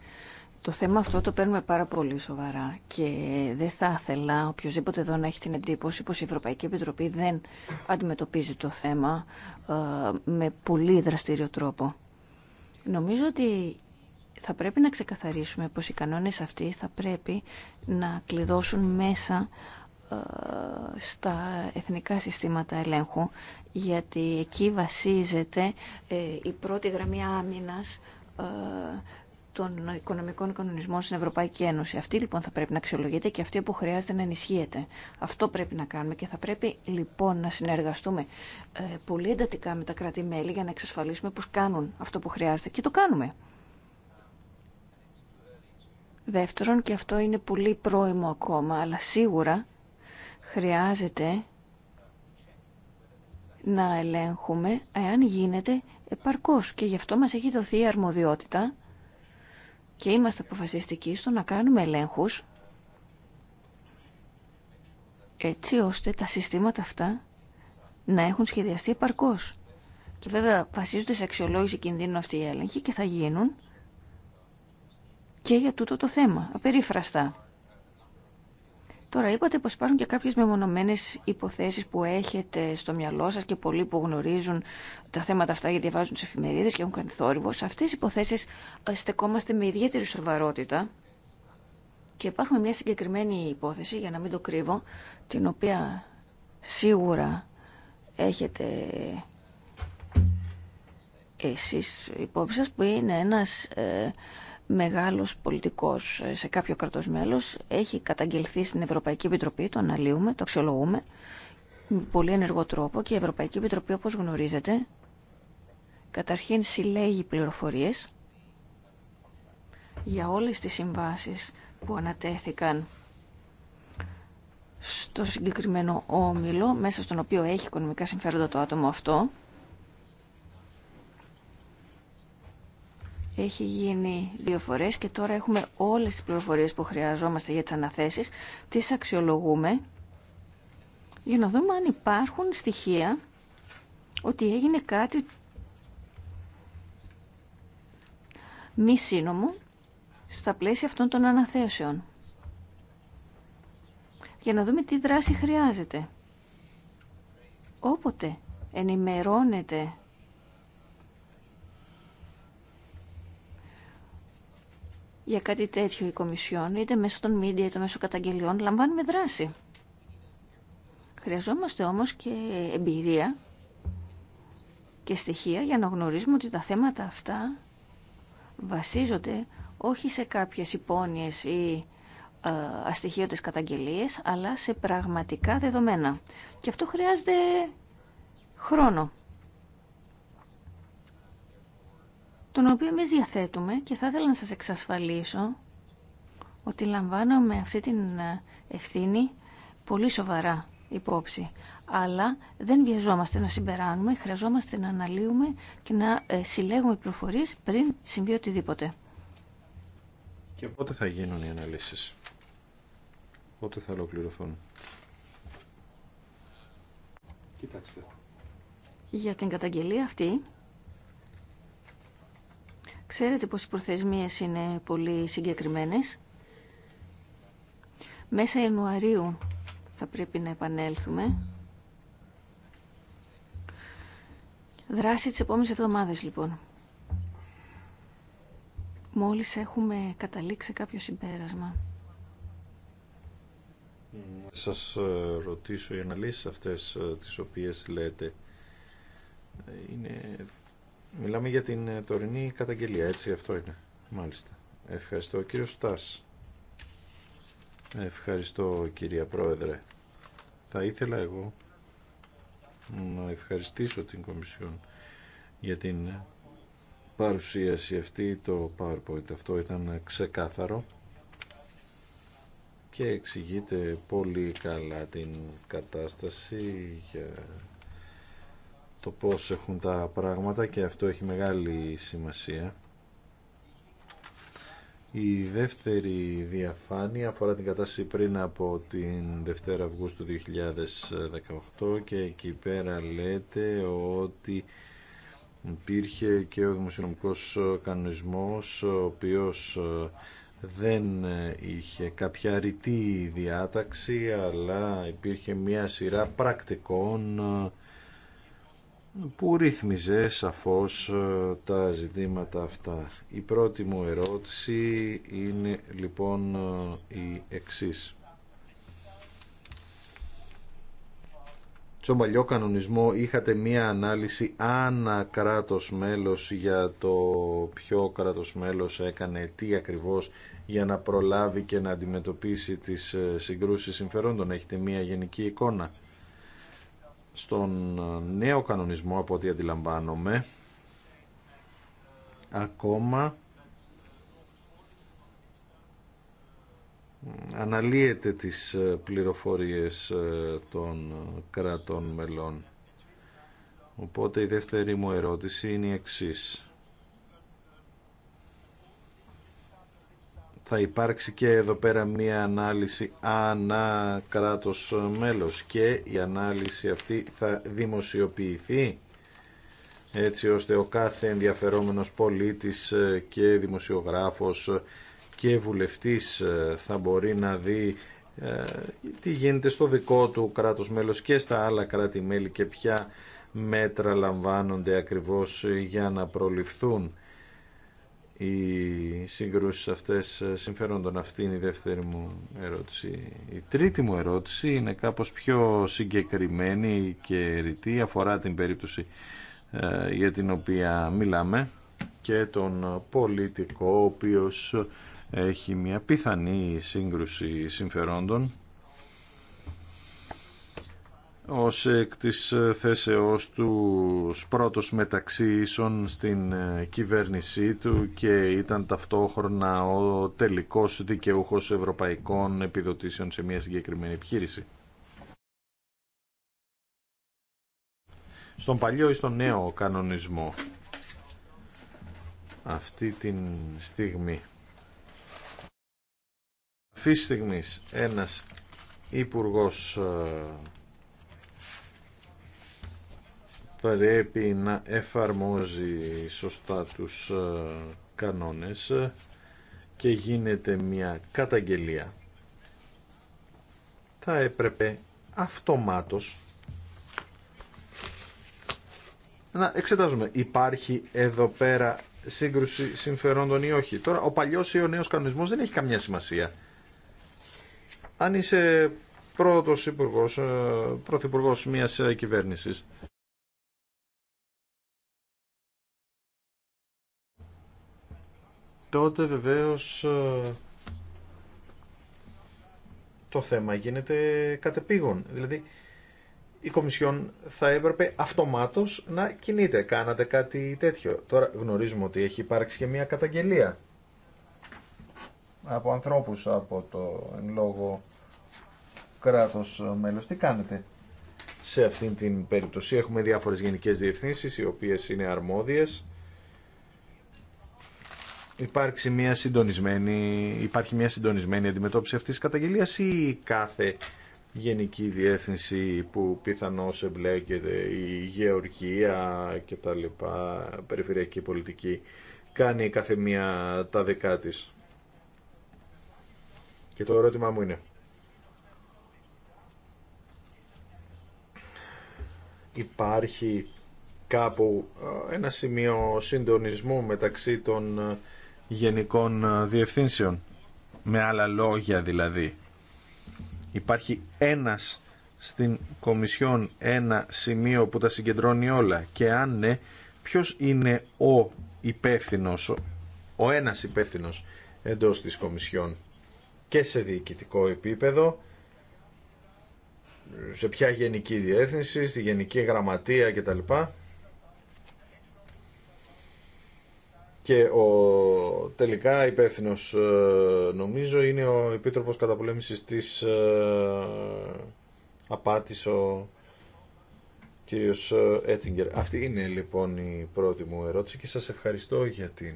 [SPEAKER 2] Το θέμα αυτό το παίρνουμε πάρα πολύ σοβαρά και δεν θα ήθελα οποιοδήποτε εδώ να έχει την εντύπωση πως η Ευρωπαϊκή Επιτροπή δεν αντιμετωπίζει το θέμα ε, με πολύ δραστήριο τρόπο. Νομίζω ότι θα πρέπει να ξεκαθαρίσουμε πως οι κανόνες αυτοί θα πρέπει να κλειδώσουν μέσα ε, στα εθνικά συστήματα ελέγχου γιατί εκεί βασίζεται ε, η πρώτη γραμμή άμυνας ε, των οικονομικών κανονισμών στην Ευρωπαϊκή Ένωση. Αυτή λοιπόν θα πρέπει να αξιολογείται και αυτή που χρειάζεται να ενισχύεται. Αυτό πρέπει να κάνουμε και θα πρέπει λοιπόν να συνεργαστούμε ε, πολύ εντατικά με τα κράτη-μέλη για να εξασφαλίσουμε πως κάνουν αυτό που χρειάζεται και το κάνουμε. Δεύτερον, και αυτό είναι πολύ πρόημο ακόμα, αλλά σίγουρα χρειάζεται να ελέγχουμε εάν γίνεται επαρκώς και γι' αυτό μας έχει δοθεί η αρμοδιότητα και είμαστε αποφασιστικοί στο να κάνουμε ελέγχους έτσι ώστε τα συστήματα αυτά να έχουν σχεδιαστεί επαρκώς. Και βέβαια βασίζονται σε αξιολόγηση κινδύνου αυτή η έλεγχοι και θα γίνουν και για τούτο το θέμα, απερίφραστα. Τώρα είπατε πως υπάρχουν και κάποιες μεμονωμένες υποθέσεις που έχετε στο μυαλό σας και πολλοί που γνωρίζουν τα θέματα αυτά γιατί διαβάζουν τις εφημερίδες και έχουν κάνει θόρυβο. Σε αυτές τις υποθέσεις ε, στεκόμαστε με ιδιαίτερη σοβαρότητα και υπάρχουν μια συγκεκριμένη υπόθεση, για να μην το κρύβω, την οποία σίγουρα έχετε εσείς υπόψη σας που είναι ένας ε, μεγάλος πολιτικός ε, σε κάποιο κρατός έχει καταγγελθεί στην Ευρωπαϊκή Επιτροπή, το αναλύουμε, το αξιολογούμε με πολύ ενεργό τρόπο και η Ευρωπαϊκή Επιτροπή όπως γνωρίζετε καταρχήν συλλέγει πληροφορίες για όλες τις συμβάσεις που ανατέθηκαν στο συγκεκριμένο όμιλο μέσα στον οποίο έχει οικονομικά συμφέροντα το άτομο αυτό έχει γίνει δύο φορές και τώρα έχουμε όλες τις πληροφορίες που χρειαζόμαστε για τις αναθέσεις, τις αξιολογούμε για να δούμε αν υπάρχουν στοιχεία ότι έγινε κάτι μη σύνομο στα πλαίσια αυτών των αναθέσεων. Για να δούμε τι δράση χρειάζεται. Όποτε ενημερώνεται για κάτι τέτοιο η Κομισιόν, είτε μέσω των media είτε μέσω καταγγελιών, λαμβάνουμε δράση. Χρειαζόμαστε όμως και εμπειρία και στοιχεία για να γνωρίζουμε ότι τα θέματα αυτά βασίζονται όχι σε κάποιες υπόνοιες ή ε, αστοιχείωτες καταγγελίες, αλλά σε πραγματικά δεδομένα. Και αυτό χρειάζεται χρόνο. τον οποίο εμείς διαθέτουμε και θα ήθελα να σας εξασφαλίσω ότι λαμβάνομαι αυτή την ε, ευθύνη πολύ σοβαρά υπόψη. Αλλά δεν βιαζόμαστε να συμπεράνουμε, χρειαζόμαστε να αναλύουμε και να ε, συλλέγουμε πληροφορίε πριν συμβεί οτιδήποτε.
[SPEAKER 4] Και πότε θα γίνουν οι αναλύσεις. Πότε θα ολοκληρωθούν. Κοιτάξτε.
[SPEAKER 2] Για την καταγγελία αυτή Ξέρετε πως οι προθεσμίες είναι πολύ συγκεκριμένες. Μέσα Ιανουαρίου θα πρέπει να επανέλθουμε. Δράση τις επόμενες εβδομάδες λοιπόν. Μόλις έχουμε καταλήξει κάποιο συμπέρασμα.
[SPEAKER 4] Σας ε, ρωτήσω οι αναλύσεις αυτές ε, τις οποίες λέτε ε, είναι Μιλάμε για την ε, τωρινή καταγγελία, έτσι αυτό είναι. Μάλιστα. Ευχαριστώ κύριο Στάς. Ευχαριστώ κυρία Πρόεδρε. Θα ήθελα εγώ να ευχαριστήσω την Κομισιόν για την παρουσίαση αυτή, το PowerPoint αυτό ήταν ξεκάθαρο και εξηγείται πολύ καλά την κατάσταση για το πώς έχουν τα πράγματα και αυτό έχει μεγάλη σημασία. Η δεύτερη διαφάνεια αφορά την κατάσταση πριν από την Δευτέρα Αυγούστου 2018 και εκεί πέρα λέτε ότι υπήρχε και ο δημοσιονομικός κανονισμός ο οποίος ε, δεν είχε κάποια ρητή διάταξη αλλά υπήρχε μια σειρά πρακτικών ε, που ρύθμιζε σαφώς ε, τα ζητήματα αυτά. Η πρώτη μου ερώτηση είναι λοιπόν ε, η εξής. Στο παλιό κανονισμό είχατε μία ανάλυση ανά κράτος μέλος για το ποιο κράτος μέλος έκανε τι ακριβώς για να προλάβει και να αντιμετωπίσει τις ε, συγκρούσεις συμφερόντων. Έχετε μία γενική εικόνα στον ε, νέο κανονισμό από ό,τι αντιλαμβάνομαι ακόμα αναλύεται τις ε, πληροφορίες ε, των κρατών μελών. Οπότε η δεύτερη μου ερώτηση είναι η εξής. θα υπάρξει και εδώ πέρα μια ανάλυση ανά κράτος μέλος και η ανάλυση αυτή θα δημοσιοποιηθεί έτσι ώστε ο κάθε ενδιαφερόμενος πολίτης και δημοσιογράφος και βουλευτής θα μπορεί να δει ε, τι γίνεται στο δικό του κράτος μέλος και στα άλλα κράτη-μέλη και ποια μέτρα λαμβάνονται ακριβώς για να προληφθούν οι σύγκρουσεις αυτές συμφέροντων. Αυτή είναι η δεύτερη μου ερώτηση. Η τρίτη μου ερώτηση είναι κάπως πιο συγκεκριμένη και ρητή. Αφορά την περίπτωση ε, για την οποία μιλάμε και τον πολιτικό ο οποίος έχει μια πιθανή σύγκρουση συμφερόντων ως εκ της θέσεώς του πρώτος μεταξύ ίσων στην ε, κυβέρνησή του και ήταν ταυτόχρονα ο τελικός δικαιούχος ευρωπαϊκών επιδοτήσεων σε μια συγκεκριμένη επιχείρηση. Στον παλιό ή στον νέο κανονισμό αυτή την στιγμή αυτή τη στιγμή ένας υπουργός ε, πρέπει να εφαρμόζει σωστά τους ε, κανόνες και γίνεται μια καταγγελία θα έπρεπε αυτομάτως να εξετάζουμε υπάρχει εδώ πέρα σύγκρουση συμφερόντων ή όχι. Τώρα ο παλιός ή ο νέος κανονισμός δεν έχει καμιά σημασία. Αν είσαι πρώτος υπουργός, ε, πρωθυπουργός μιας ε, κυβέρνησης τότε βεβαίως ε, το θέμα γίνεται κατεπήγον. Δηλαδή η Κομισιόν θα έπρεπε αυτομάτως να κινείται. Κάνατε κάτι τέτοιο. Τώρα γνωρίζουμε ότι έχει υπάρξει και μια καταγγελία από ανθρώπους από το εν λόγω κράτος μέλος. Τι κάνετε σε αυτήν την περίπτωση. Έχουμε διάφορες γενικές διευθύνσεις οι οποίες είναι αρμόδιες υπάρξει μια συντονισμένη, υπάρχει μια συντονισμένη αντιμετώπιση αυτής της καταγγελίας ή κάθε γενική διεύθυνση που πιθανώς εμπλέκεται η γεωργία και τα λοιπά, περιφερειακή πολιτική, κάνει κάθε μία τα δικά της. Και το ερώτημά μου είναι, υπάρχει κάπου ε, ένα σημείο συντονισμού μεταξύ των ε, γενικών ε, διευθύνσεων. Με άλλα λόγια δηλαδή. Υπάρχει ένας στην Κομισιόν ένα σημείο που τα συγκεντρώνει όλα και αν ναι, ποιος είναι ο υπεύθυνο, ο ένας υπεύθυνο εντός της Κομισιόν και σε διοικητικό επίπεδο, σε ποια γενική διεύθυνση, στη γενική γραμματεία κτλ. Και ο τελικά υπεύθυνο ε, νομίζω είναι ο Επίτροπος Καταπολέμησης της ε, Απάτης, ο κύριος ε, Έτιγκερ. Αυτή είναι λοιπόν η πρώτη μου ερώτηση και σας ευχαριστώ για την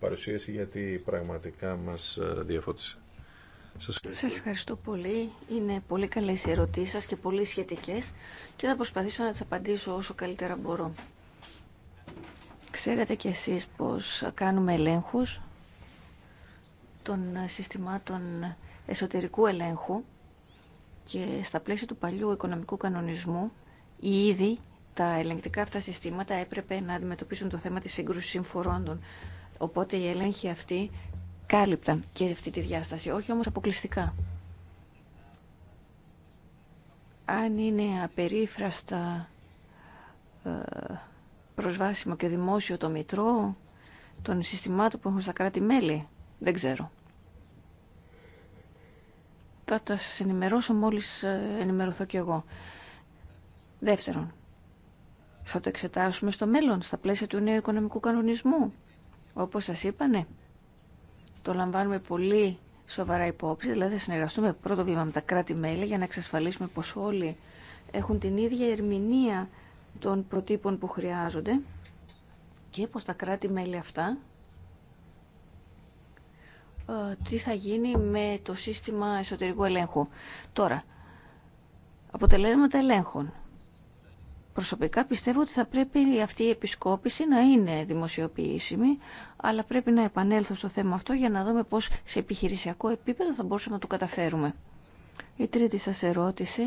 [SPEAKER 4] παρουσίαση γιατί πραγματικά μας διαφώτισε. Σας
[SPEAKER 2] ευχαριστώ. πολύ. Είναι πολύ καλές οι ερωτήσεις σας και πολύ σχετικές και θα προσπαθήσω να τις απαντήσω όσο καλύτερα μπορώ. Ξέρετε κι εσείς πως κάνουμε ελέγχους των συστημάτων εσωτερικού ελέγχου και στα πλαίσια του παλιού οικονομικού κανονισμού ήδη τα ελεγκτικά αυτά συστήματα έπρεπε να αντιμετωπίσουν το θέμα της σύγκρουσης συμφορώντων. Οπότε οι έλεγχοι αυτοί κάλυπταν και αυτή τη διάσταση, όχι όμως αποκλειστικά. Αν είναι απερίφραστα ε, προσβάσιμο και δημόσιο το Μητρό των συστημάτων που έχουν στα κράτη-μέλη. Δεν ξέρω. Θα το σας ενημερώσω μόλις ε, ενημερωθώ κι εγώ. Δεύτερον, θα το εξετάσουμε στο μέλλον, στα πλαίσια του νέου οικονομικού κανονισμού. Όπως σας είπανε, το λαμβάνουμε πολύ σοβαρά υπόψη, δηλαδή θα συνεργαστούμε πρώτο βήμα με τα κράτη-μέλη για να εξασφαλίσουμε πως όλοι έχουν την ίδια ερμηνεία των προτύπων που χρειάζονται και πως τα κράτη-μέλη αυτά ε, τι θα γίνει με το σύστημα εσωτερικού ελέγχου. Τώρα, αποτελέσματα ελέγχων. Προσωπικά πιστεύω ότι θα πρέπει αυτή η επισκόπηση να είναι δημοσιοποιήσιμη, αλλά πρέπει να επανέλθω στο θέμα αυτό για να δούμε πώς σε επιχειρησιακό επίπεδο θα μπορούσαμε να το καταφέρουμε. Η τρίτη σας ερώτηση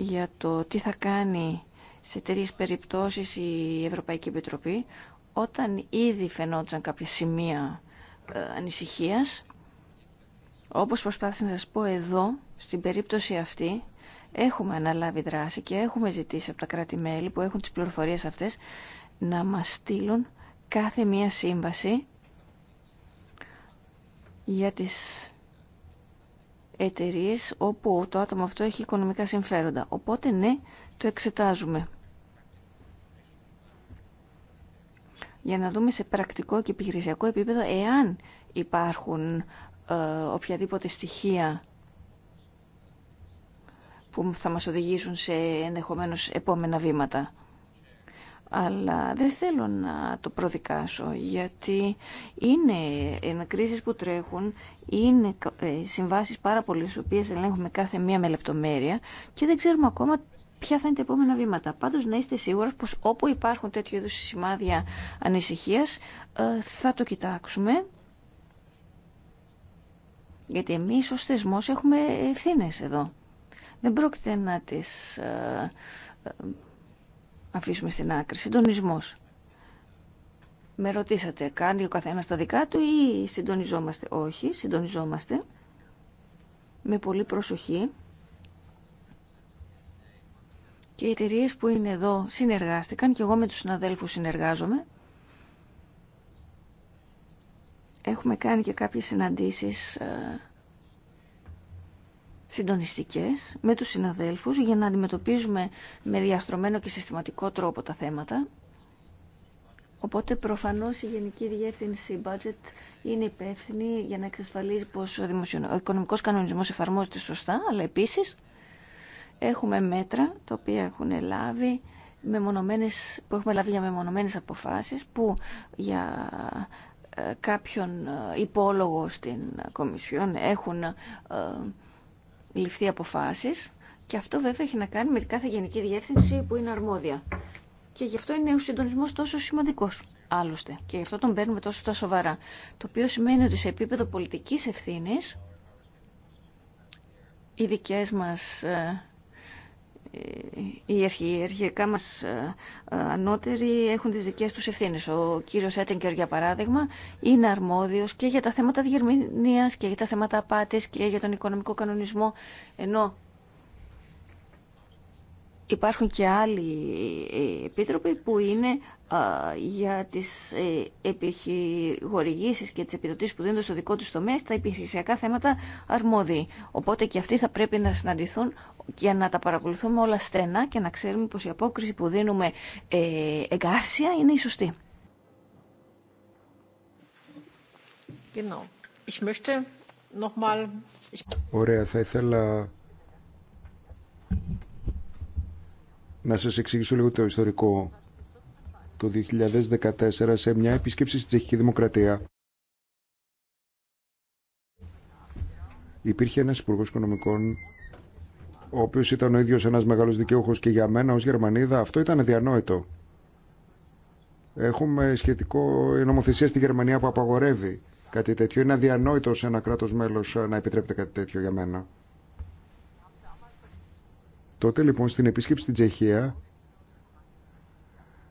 [SPEAKER 2] για το τι θα κάνει σε τρει περιπτώσεις η Ευρωπαϊκή Επιτροπή όταν ήδη φαινόταν κάποια σημεία ε, ανησυχίας όπως προσπάθησα να σας πω εδώ στην περίπτωση αυτή έχουμε αναλάβει δράση και έχουμε ζητήσει από τα κράτη-μέλη που έχουν τις πληροφορίες αυτές να μας στείλουν κάθε μία σύμβαση για τις εταιρείε όπου το άτομο αυτό έχει οικονομικά συμφέροντα. Οπότε ναι, το εξετάζουμε. Για να δούμε σε πρακτικό και επιχειρησιακό επίπεδο εάν υπάρχουν ε, οποιαδήποτε στοιχεία που θα μας οδηγήσουν σε ενδεχομένως επόμενα βήματα αλλά δεν θέλω να το προδικάσω γιατί είναι κρίσεις που τρέχουν, είναι ε, συμβάσεις πάρα πολλές τις οποίες ελέγχουμε κάθε μία με λεπτομέρεια και δεν ξέρουμε ακόμα ποια θα είναι τα επόμενα βήματα. Πάντως να είστε σίγουρος πως όπου υπάρχουν τέτοιου είδους σημάδια ανησυχίας ε, θα το κοιτάξουμε γιατί εμείς ως θεσμός έχουμε ευθύνε εδώ. Δεν πρόκειται να τις ε, αφήσουμε στην άκρη. Συντονισμό. Με ρωτήσατε, κάνει ο καθένα τα δικά του ή συντονιζόμαστε. Όχι, συντονιζόμαστε με πολύ προσοχή. Και οι εταιρείε που είναι εδώ συνεργάστηκαν και εγώ με τους συναδέλφους συνεργάζομαι. Έχουμε κάνει και κάποιες συναντήσεις ε, συντονιστικές με τους συναδέλφους για να αντιμετωπίζουμε με διαστρωμένο και συστηματικό τρόπο τα θέματα. Οπότε προφανώς η Γενική Διεύθυνση Budget είναι υπεύθυνη για να εξασφαλίζει πως ο, δημοσιο... ο οικονομικός κανονισμός εφαρμόζεται σωστά, αλλά επίσης έχουμε μέτρα τα οποία έχουν λάβει μεμονωμένες, που έχουμε λάβει για μεμονωμένες αποφάσεις που για ε, κάποιον ε, υπόλογο στην Κομισιόν έχουν ε, ληφθεί αποφάσεις και αυτό βέβαια έχει να κάνει με κάθε γενική διεύθυνση που είναι αρμόδια. Και γι' αυτό είναι ο συντονισμό τόσο σημαντικό. Άλλωστε. Και γι' αυτό τον παίρνουμε τόσο στα σοβαρά. Το οποίο σημαίνει ότι σε επίπεδο πολιτική ευθύνη οι δικέ μα ε, οι αρχικά μας ε, ε, ανώτεροι έχουν τις δικές τους ευθύνες. Ο κύριος Έτενκερ, για παράδειγμα, είναι αρμόδιος και για τα θέματα διερμηνίας και για τα θέματα απάτης και για τον οικονομικό κανονισμό, ενώ υπάρχουν και άλλοι ε, επίτροποι που είναι για τις επιχειρηγήσεις και τις επιδοτήσεις που δίνονται στο δικό του τομέα στα επιχειρησιακά θέματα αρμόδιοι. Οπότε και αυτοί θα πρέπει να συναντηθούν για να τα παρακολουθούμε όλα στενά και να ξέρουμε πως η απόκριση που δίνουμε ε, εγκάρσια είναι η σωστή.
[SPEAKER 3] Ωραία, θα ήθελα να σας εξηγήσω λίγο το ιστορικό. Το 2014 σε μια επίσκεψη στη Τσεχική Δημοκρατία υπήρχε ένας υπουργός Οικονομικών ο οποίο ήταν ο ίδιο ένα μεγάλο δικαιούχο και για μένα ω Γερμανίδα, αυτό ήταν αδιανόητο. Έχουμε σχετικό η νομοθεσία στη Γερμανία που απαγορεύει κάτι τέτοιο. Είναι αδιανόητο σε ένα κράτο μέλο ε, να επιτρέπεται κάτι τέτοιο για μένα. Τότε λοιπόν στην επίσκεψη στην Τσεχία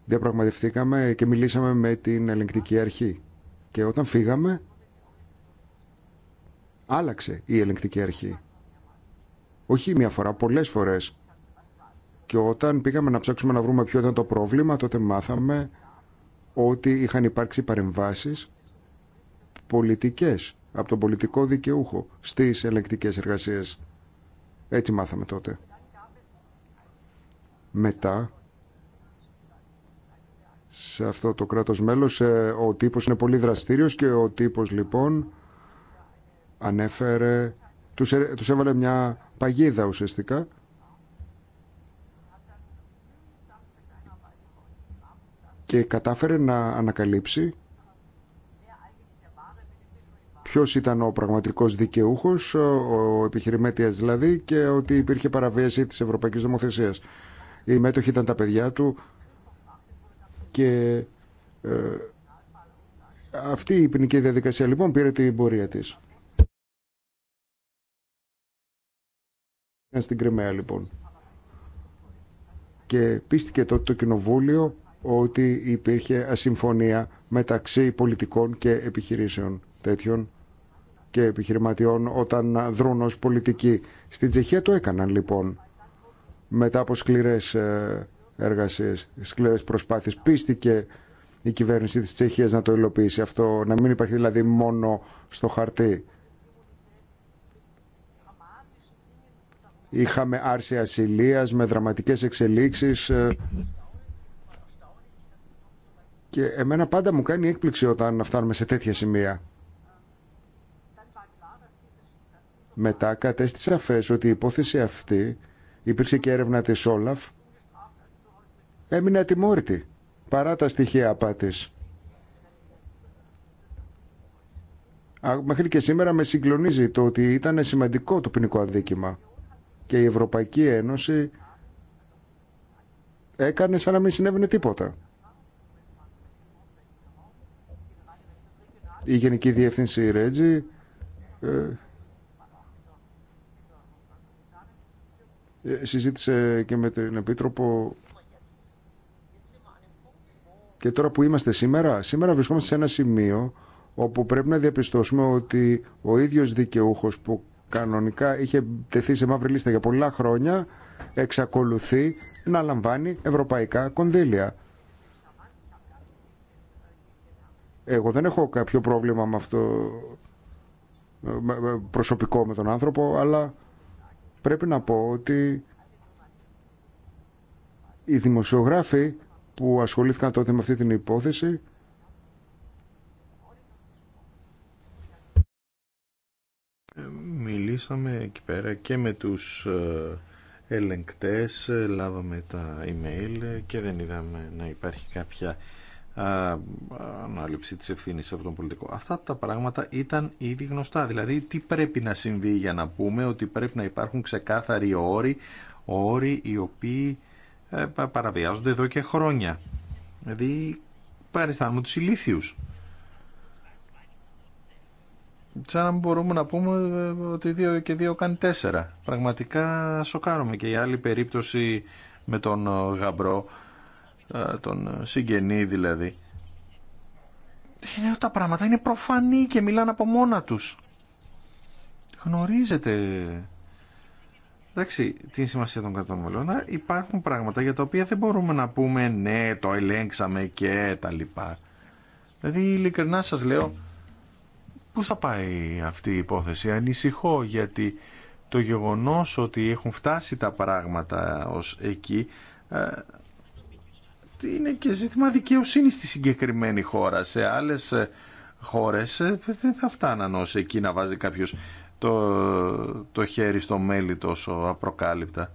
[SPEAKER 3] διαπραγματευτήκαμε και μιλήσαμε με την ελεγκτική αρχή. Και όταν φύγαμε, άλλαξε η ελεγκτική αρχή. Όχι μία φορά, πολλές φορές. Και όταν πήγαμε να ψάξουμε να βρούμε ποιο ήταν το πρόβλημα, τότε μάθαμε ότι είχαν υπάρξει παρεμβάσεις πολιτικές από τον πολιτικό δικαιούχο στις ελεκτικέ εργασίες. Έτσι μάθαμε τότε. Μετά, σε αυτό το κράτος μέλος, ε, ο τύπος είναι πολύ δραστήριος και ο τύπος λοιπόν ανέφερε τους, ε, τους έβαλε μια παγίδα ουσιαστικά. Και κατάφερε να ανακαλύψει ποιος ήταν ο πραγματικός δικαιούχος, ο επιχειρηματίας δηλαδή, και ότι υπήρχε παραβίαση της Ευρωπαϊκής Δομοθεσίας. Οι μέτοχοι ήταν τα παιδιά του και ε, αυτή η ποινική διαδικασία λοιπόν πήρε την πορεία της. στην Κρυμαία λοιπόν. Και πίστηκε τότε το κοινοβούλιο ότι υπήρχε ασυμφωνία μεταξύ πολιτικών και επιχειρήσεων τέτοιων και επιχειρηματιών όταν δρούν ως πολιτικοί. Στην Τσεχία το έκαναν λοιπόν μετά από σκληρές ε, εργασίες, σκληρές προσπάθειες. Πίστηκε η κυβέρνηση της Τσεχίας να το υλοποιήσει αυτό, να μην υπάρχει δηλαδή μόνο στο χαρτί. Είχαμε άρση ασυλίας με δραματικές εξελίξεις ε, και εμένα πάντα μου κάνει έκπληξη όταν φτάνουμε σε τέτοια σημεία. Μετά κατέστησε αφές ότι η υπόθεση αυτή υπήρξε και έρευνα της Όλαφ έμεινε ατιμόρυτη παρά τα στοιχεία απάτης. Μέχρι και σήμερα με συγκλονίζει το ότι ήταν σημαντικό το ποινικό αδίκημα και η Ευρωπαϊκή Ένωση έκανε σαν να μην συνέβαινε τίποτα. Η Γενική Διεύθυνση Ρέτζη ε, ε, συζήτησε και με τον Επίτροπο και τώρα που είμαστε σήμερα, σήμερα βρισκόμαστε σε ένα σημείο όπου πρέπει να διαπιστώσουμε ότι ο ίδιος δικαιούχος που κανονικά είχε τεθεί σε μαύρη λίστα για πολλά χρόνια, εξακολουθεί να λαμβάνει ευρωπαϊκά κονδύλια. Εγώ δεν έχω κάποιο πρόβλημα με αυτό προσωπικό με τον άνθρωπο, αλλά πρέπει να πω ότι οι δημοσιογράφοι που ασχολήθηκαν τότε με αυτή την υπόθεση
[SPEAKER 4] μιλήσαμε εκεί πέρα και με τους ε, ελεγκτές, ε, λάβαμε τα email και δεν είδαμε να υπάρχει κάποια ανάληψη της ευθύνη από τον πολιτικό. Αυτά τα πράγματα ήταν ήδη γνωστά. Δηλαδή τι πρέπει να συμβεί για να πούμε ότι πρέπει να υπάρχουν ξεκάθαροι όροι, όροι οι οποίοι ε, παραβιάζονται εδώ και χρόνια. Δηλαδή παριστάνουμε τους ηλίθιους σαν να μπορούμε να πούμε ε, ότι 2 και δύο κάνει 4. Πραγματικά σοκάρομαι και η άλλη περίπτωση με τον ε, γαμπρό, ε, τον συγγενή δηλαδή. Είναι τα πράγματα, είναι προφανή και μιλάνε από μόνα τους. Γνωρίζετε Εντάξει, τι είναι σημασία των κρατών μελών. Υπάρχουν πράγματα για τα οποία δεν μπορούμε να πούμε ναι, το ελέγξαμε και τα λοιπά. Δηλαδή, ειλικρινά σας λέω, Πού θα πάει αυτή η υπόθεση. Ανησυχώ γιατί το γεγονός ότι έχουν φτάσει τα πράγματα ως εκεί ε, είναι και ζήτημα δικαιοσύνη στη συγκεκριμένη χώρα. Σε άλλες ε, χώρες ε, δεν θα φτάναν ως εκεί να βάζει κάποιος το, το χέρι στο μέλι τόσο απροκάλυπτα.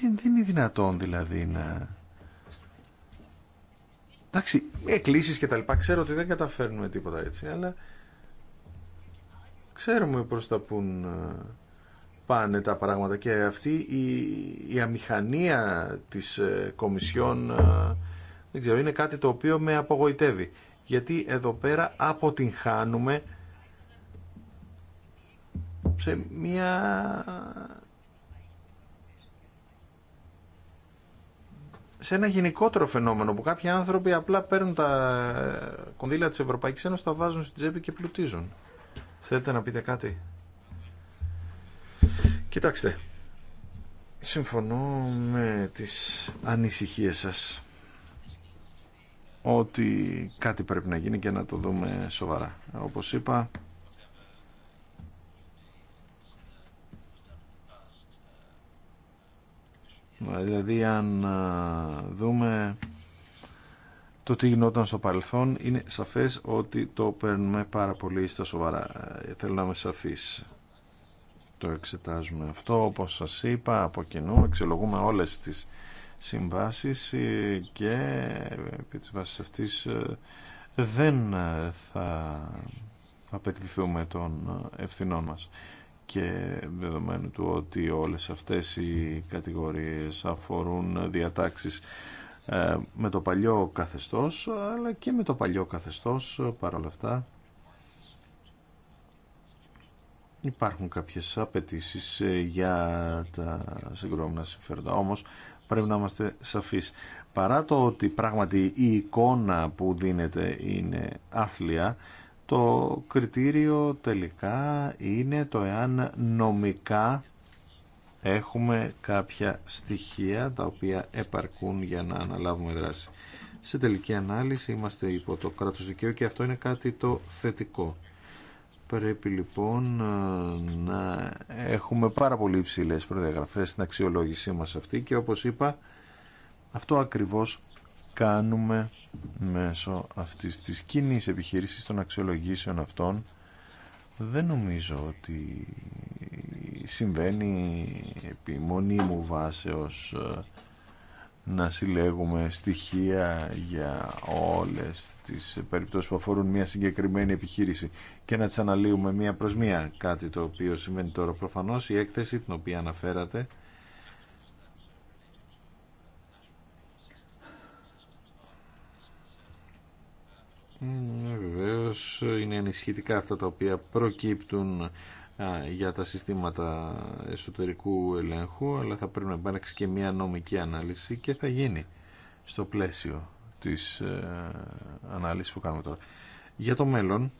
[SPEAKER 4] δεν είναι δυνατόν δηλαδή να Εντάξει, εκκλήσει και τα λοιπά, ξέρω ότι δεν καταφέρνουμε τίποτα έτσι, αλλά ξέρουμε προ τα πουν ε, πάνε τα πράγματα και αυτή η, η αμηχανία της ε, Κομισιόν ε, δεν ξέρω, είναι κάτι το οποίο με απογοητεύει. Γιατί εδώ πέρα αποτυγχάνουμε σε μια σε ένα γενικότερο φαινόμενο που κάποιοι άνθρωποι απλά παίρνουν τα ε, κονδύλια της Ευρωπαϊκής Ένωσης, τα βάζουν στην τσέπη και πλουτίζουν. Θέλετε να πείτε κάτι. Κοιτάξτε, συμφωνώ με τις ανησυχίες σας ότι κάτι πρέπει να γίνει και να το δούμε σοβαρά. Όπως είπα, Δηλαδή αν δούμε το τι γινόταν στο παρελθόν είναι σαφές ότι το παίρνουμε πάρα πολύ στα σοβαρά. Ε, θέλω να είμαι σαφής. Το εξετάζουμε αυτό όπως σας είπα από κοινού. Εξελογούμε όλες τις συμβάσεις ε, και επί της βάσης αυτής ε, δεν θα απαιτηθούμε των ευθυνών μας και δεδομένου του ότι όλες αυτές οι κατηγορίες αφορούν διατάξεις ε, με το παλιό καθεστώς αλλά και με το παλιό καθεστώς παρόλα αυτά υπάρχουν κάποιες απαιτήσει ε, για τα συγκρόμενα συμφέροντα όμως πρέπει να είμαστε σαφείς παρά το ότι πράγματι η εικόνα που δίνεται είναι άθλια το κριτήριο τελικά είναι το εάν νομικά έχουμε κάποια στοιχεία τα οποία επαρκούν για να αναλάβουμε δράση. Σε τελική ανάλυση είμαστε υπό το κράτος δικαίου και αυτό είναι κάτι το θετικό. Πρέπει λοιπόν ε, να έχουμε πάρα πολύ υψηλέ προδιαγραφές στην αξιολόγησή μας αυτή και όπως είπα αυτό ακριβώς κάνουμε μέσω αυτής της κοινή επιχείρησης των αξιολογήσεων αυτών δεν νομίζω ότι συμβαίνει επί μου βάσεως ε, να συλλέγουμε στοιχεία για όλες τις περιπτώσεις που αφορούν μια συγκεκριμένη επιχείρηση και να τις αναλύουμε μία προς μία κάτι το οποίο συμβαίνει τώρα προφανώς η έκθεση την οποία αναφέρατε Ναι, Βεβαίω είναι ενισχυτικά αυτά τα οποία προκύπτουν για τα συστήματα εσωτερικού ελέγχου, αλλά θα πρέπει να υπάρξει και μια νομική ανάλυση και θα γίνει στο πλαίσιο της ε, ανάλυσης που κάνουμε τώρα. Για το μέλλον,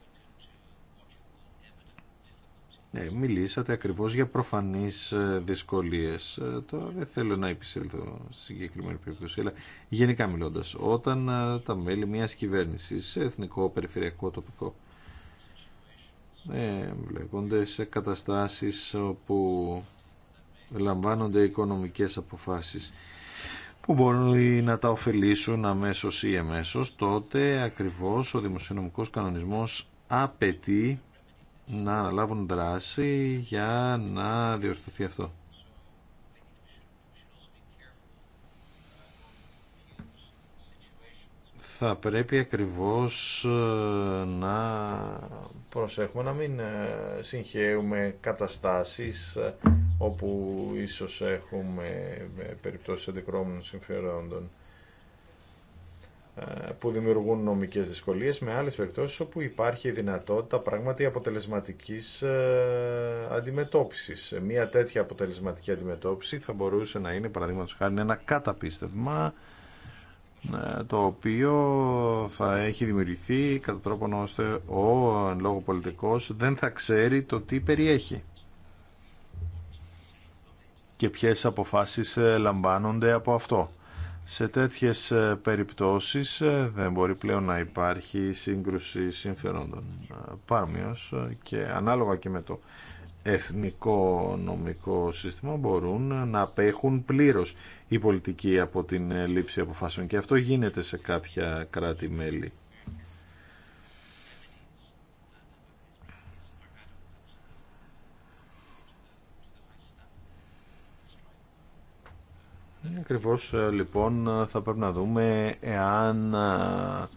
[SPEAKER 4] ε, μιλήσατε ακριβώς για προφανείς ε, δυσκολίες. Ε, το δεν θέλω να επισέλθω σε συγκεκριμένη περίπτωση, αλλά γενικά μιλώντας, όταν τα μέλη μια κυβέρνησης, εθνικό, περιφερειακό, τοπικό, βλέπονται σε καταστάσεις όπου λαμβάνονται οικονομικές αποφάσεις που μπορούν να τα ωφελήσουν αμέσως ή εμέσως, τότε ακριβώς ο δημοσιονομικός κανονισμός απαιτεί να λάβουν δράση για να διορθωθεί αυτό. θα πρέπει ακριβώς ε, να προσέχουμε να μην ε, συγχαίουμε καταστάσεις ε, όπου ίσως έχουμε περιπτώσεις αντικρώμενων συμφερόντων. Ε, που δημιουργούν νομικές δυσκολίες με άλλες περιπτώσεις όπου υπάρχει δυνατότητα πράγματι αποτελεσματικής ε, αντιμετώπισης. Ε, μία τέτοια αποτελεσματική αντιμετώπιση θα μπορούσε να είναι παραδείγματος χάρη ένα καταπίστευμα το οποίο θα έχει δημιουργηθεί κατά τρόπον ώστε ο λόγο λόγω δεν θα ξέρει το τι περιέχει και ποιες αποφάσεις λαμβάνονται από αυτό. Σε τέτοιες ε, περιπτώσεις ε, δεν μπορεί πλέον να υπάρχει σύγκρουση συμφερόντων ε, πάρμιος και ανάλογα και με το εθνικό νομικό σύστημα μπορούν να απέχουν πλήρως η πολιτική από την λήψη αποφάσεων και αυτό γίνεται σε κάποια κράτη-μέλη. Ακριβώς ε, λοιπόν ε, θα πρέπει να δούμε εάν ε,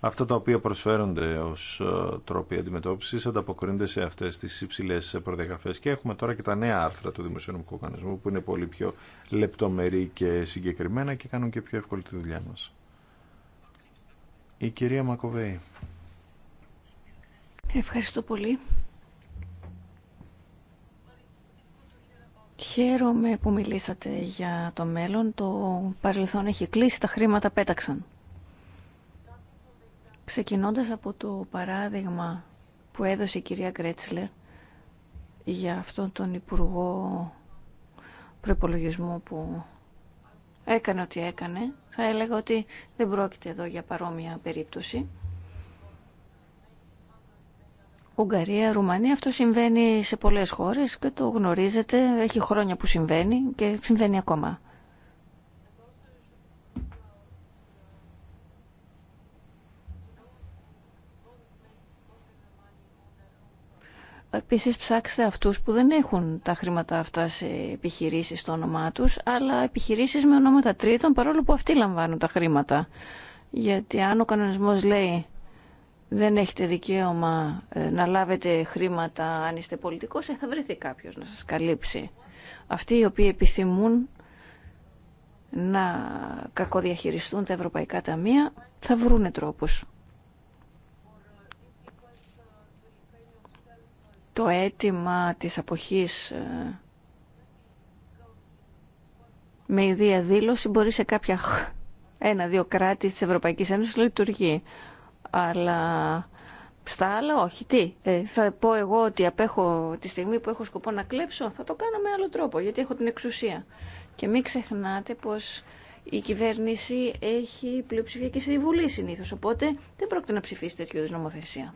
[SPEAKER 4] αυτά τα οποία προσφέρονται ως τρόποι αντιμετώπισης ανταποκρίνονται σε αυτές τις υψηλές προδιαγραφές και έχουμε τώρα και τα νέα άρθρα του Δημοσιονομικού Οργανισμού που είναι πολύ πιο λεπτομερή και συγκεκριμένα και κάνουν και πιο εύκολη τη δουλειά μας. Η κυρία Μακοβέη.
[SPEAKER 2] Ευχαριστώ πολύ. Χαίρομαι που μιλήσατε για το μέλλον. Το παρελθόν έχει κλείσει, τα χρήματα πέταξαν. Ξεκινώντας από το παράδειγμα που έδωσε η κυρία Γκρέτσλερ για αυτόν τον Υπουργό προϋπολογισμού που έκανε ό,τι έκανε, θα έλεγα ότι δεν πρόκειται εδώ για παρόμοια περίπτωση. Ουγγαρία, Ρουμανία. Αυτό συμβαίνει σε πολλές χώρες και το γνωρίζετε. Έχει χρόνια που συμβαίνει και συμβαίνει ακόμα. Επίση, ψάξτε αυτούς που δεν έχουν τα χρήματα αυτά σε επιχειρήσεις στο όνομά τους, αλλά επιχειρήσεις με ονόματα τρίτων, παρόλο που αυτοί λαμβάνουν τα χρήματα. Γιατί αν ο κανονισμός λέει δεν έχετε δικαίωμα ε, να λάβετε χρήματα αν είστε πολιτικός, ε, θα βρεθεί κάποιος να σας καλύψει. Αυτοί οι οποίοι επιθυμούν να κακοδιαχειριστούν τα ευρωπαϊκά ταμεία θα βρούνε τρόπους. Το αίτημα της αποχής ε, με ιδία δήλωση μπορεί σε κάποια ένα-δύο κράτη της Ευρωπαϊκής Ένωσης λειτουργεί αλλά στα άλλα όχι. Τι, ε, θα πω εγώ ότι απέχω τη στιγμή που έχω σκοπό να κλέψω, θα το κάνω με άλλο τρόπο, γιατί έχω την εξουσία. Και μην ξεχνάτε πως η κυβέρνηση έχει πλειοψηφία και στη Βουλή συνήθως, οπότε δεν πρόκειται να ψηφίσει τέτοιου είδους νομοθεσία.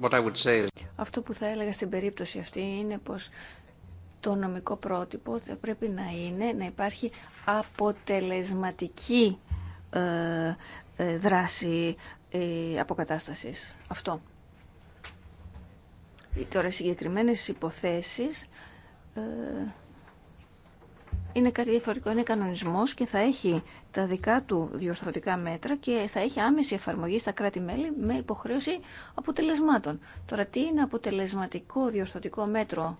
[SPEAKER 1] What I would say is...
[SPEAKER 2] Αυτό που θα έλεγα στην περίπτωση αυτή είναι πως το νομικό πρότυπο θα πρέπει να είναι να υπάρχει αποτελεσματική ε, ε, δράση ε, αποκατάστασης. Αυτό. Τώρα, συγκεκριμένες υποθέσεις είναι κάτι διαφορετικό. Είναι κανονισμός και θα έχει τα δικά του διορθωτικά μέτρα και θα έχει άμεση εφαρμογή στα κράτη-μέλη με υποχρέωση αποτελεσμάτων. Τώρα, τι είναι αποτελεσματικό διορθωτικό μέτρο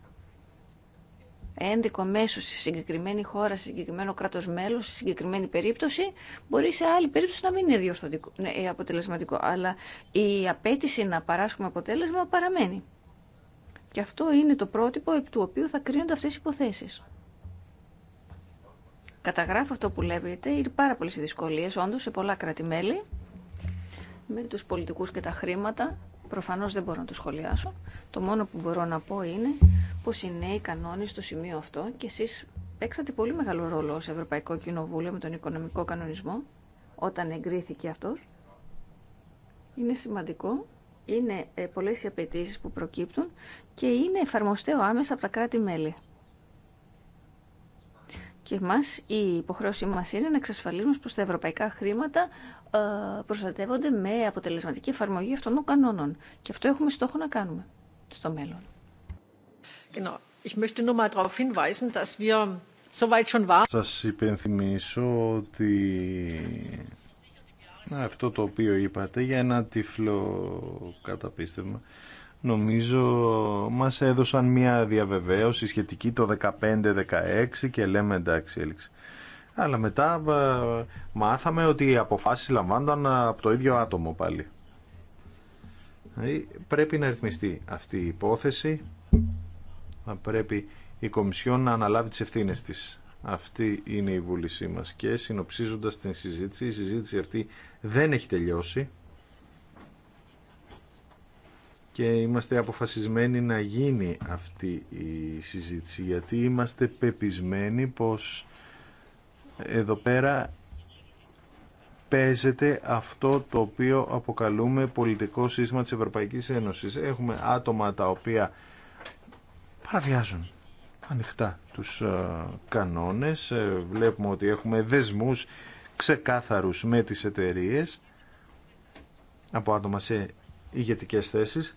[SPEAKER 2] ένδικο μέσο σε συγκεκριμένη χώρα, σε συγκεκριμένο κράτο μέλο, σε συγκεκριμένη περίπτωση, μπορεί σε άλλη περίπτωση να μην είναι διορθωτικό, ναι, ε, αποτελεσματικό. Αλλά η απέτηση να παράσχουμε αποτέλεσμα παραμένει. Και αυτό είναι το πρότυπο επί του οποίου θα κρίνονται αυτέ οι υποθέσει. Καταγράφω αυτό που λέγεται, είναι πάρα πολλέ οι δυσκολίε όντω σε πολλά κράτη-μέλη. Με του πολιτικού και τα χρήματα, προφανώ δεν μπορώ να το σχολιάσω. Το μόνο που μπορώ να πω είναι πως οι νέοι κανόνες στο σημείο αυτό και εσείς παίξατε πολύ μεγάλο ρόλο ως Ευρωπαϊκό Κοινοβούλιο με τον οικονομικό κανονισμό όταν εγκρίθηκε αυτός. Είναι σημαντικό, είναι ε, πολλές οι απαιτήσει που προκύπτουν και είναι εφαρμοστέο άμεσα από τα κράτη-μέλη. Και εμάς η υποχρέωσή μας είναι να εξασφαλίσουμε πως τα ευρωπαϊκά χρήματα ε, προστατεύονται με αποτελεσματική εφαρμογή αυτών των κανόνων. Και αυτό έχουμε στόχο να κάνουμε στο μέλλον.
[SPEAKER 4] Σα υπενθυμίσω ότι ναι, αυτό το οποίο είπατε για ένα τυφλό καταπίστευμα νομίζω μας έδωσαν μια διαβεβαίωση σχετική το 15-16 και λέμε εντάξει έληξε. Αλλά μετά μάθαμε ότι οι αποφάσεις λαμβάνονταν από το ίδιο άτομο πάλι. Ε, πρέπει να ρυθμιστεί αυτή η υπόθεση θα πρέπει η Κομισιόν να αναλάβει τις ευθύνες της. Αυτή είναι η βούλησή μας και συνοψίζοντας την συζήτηση, η συζήτηση αυτή δεν έχει τελειώσει και είμαστε αποφασισμένοι να γίνει αυτή η συζήτηση γιατί είμαστε πεπισμένοι πως εδώ πέρα παίζεται αυτό το οποίο αποκαλούμε πολιτικό σύστημα της Ευρωπαϊκής Ένωσης. Έχουμε άτομα τα οποία παραβιάζουν ανοιχτά τους ε, κανόνες. Ε, βλέπουμε ότι έχουμε δεσμούς ξεκάθαρους με τις εταιρείε από άτομα σε ηγετικές θέσεις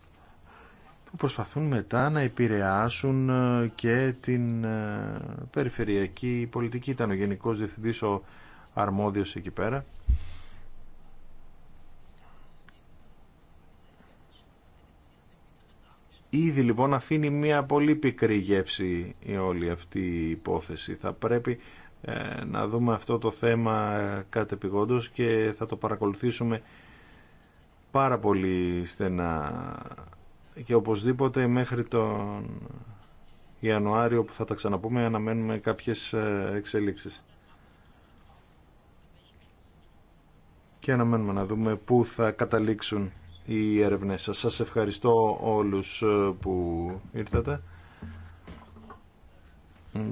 [SPEAKER 4] που προσπαθούν μετά να επηρεάσουν ε, και την περιφερειακή πολιτική. Ήταν ο Γενικός Διευθυντής ο Αρμόδιος εκεί πέρα Ήδη λοιπόν αφήνει μια πολύ πικρή γεύση η όλη αυτή η υπόθεση. Θα πρέπει ε, να δούμε αυτό το θέμα κατεπηγόντως και θα το παρακολουθήσουμε πάρα πολύ στενά και οπωσδήποτε μέχρι τον Ιανουάριο που θα τα ξαναπούμε αναμένουμε κάποιες ε, εξελίξεις. Και αναμένουμε να δούμε πού θα καταλήξουν οι έρευνές σας. ευχαριστώ όλους ε, που ήρθατε.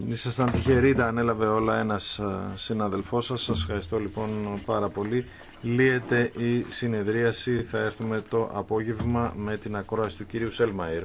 [SPEAKER 4] Ήσασταν τυχεροί, τα ανέλαβε όλα ένας ε, συναδελφός σας. Σας ευχαριστώ λοιπόν πάρα πολύ. Λύεται η συνεδρίαση. Θα έρθουμε το απόγευμα με την ακρόαση του κύριου Σέλμαϊρ.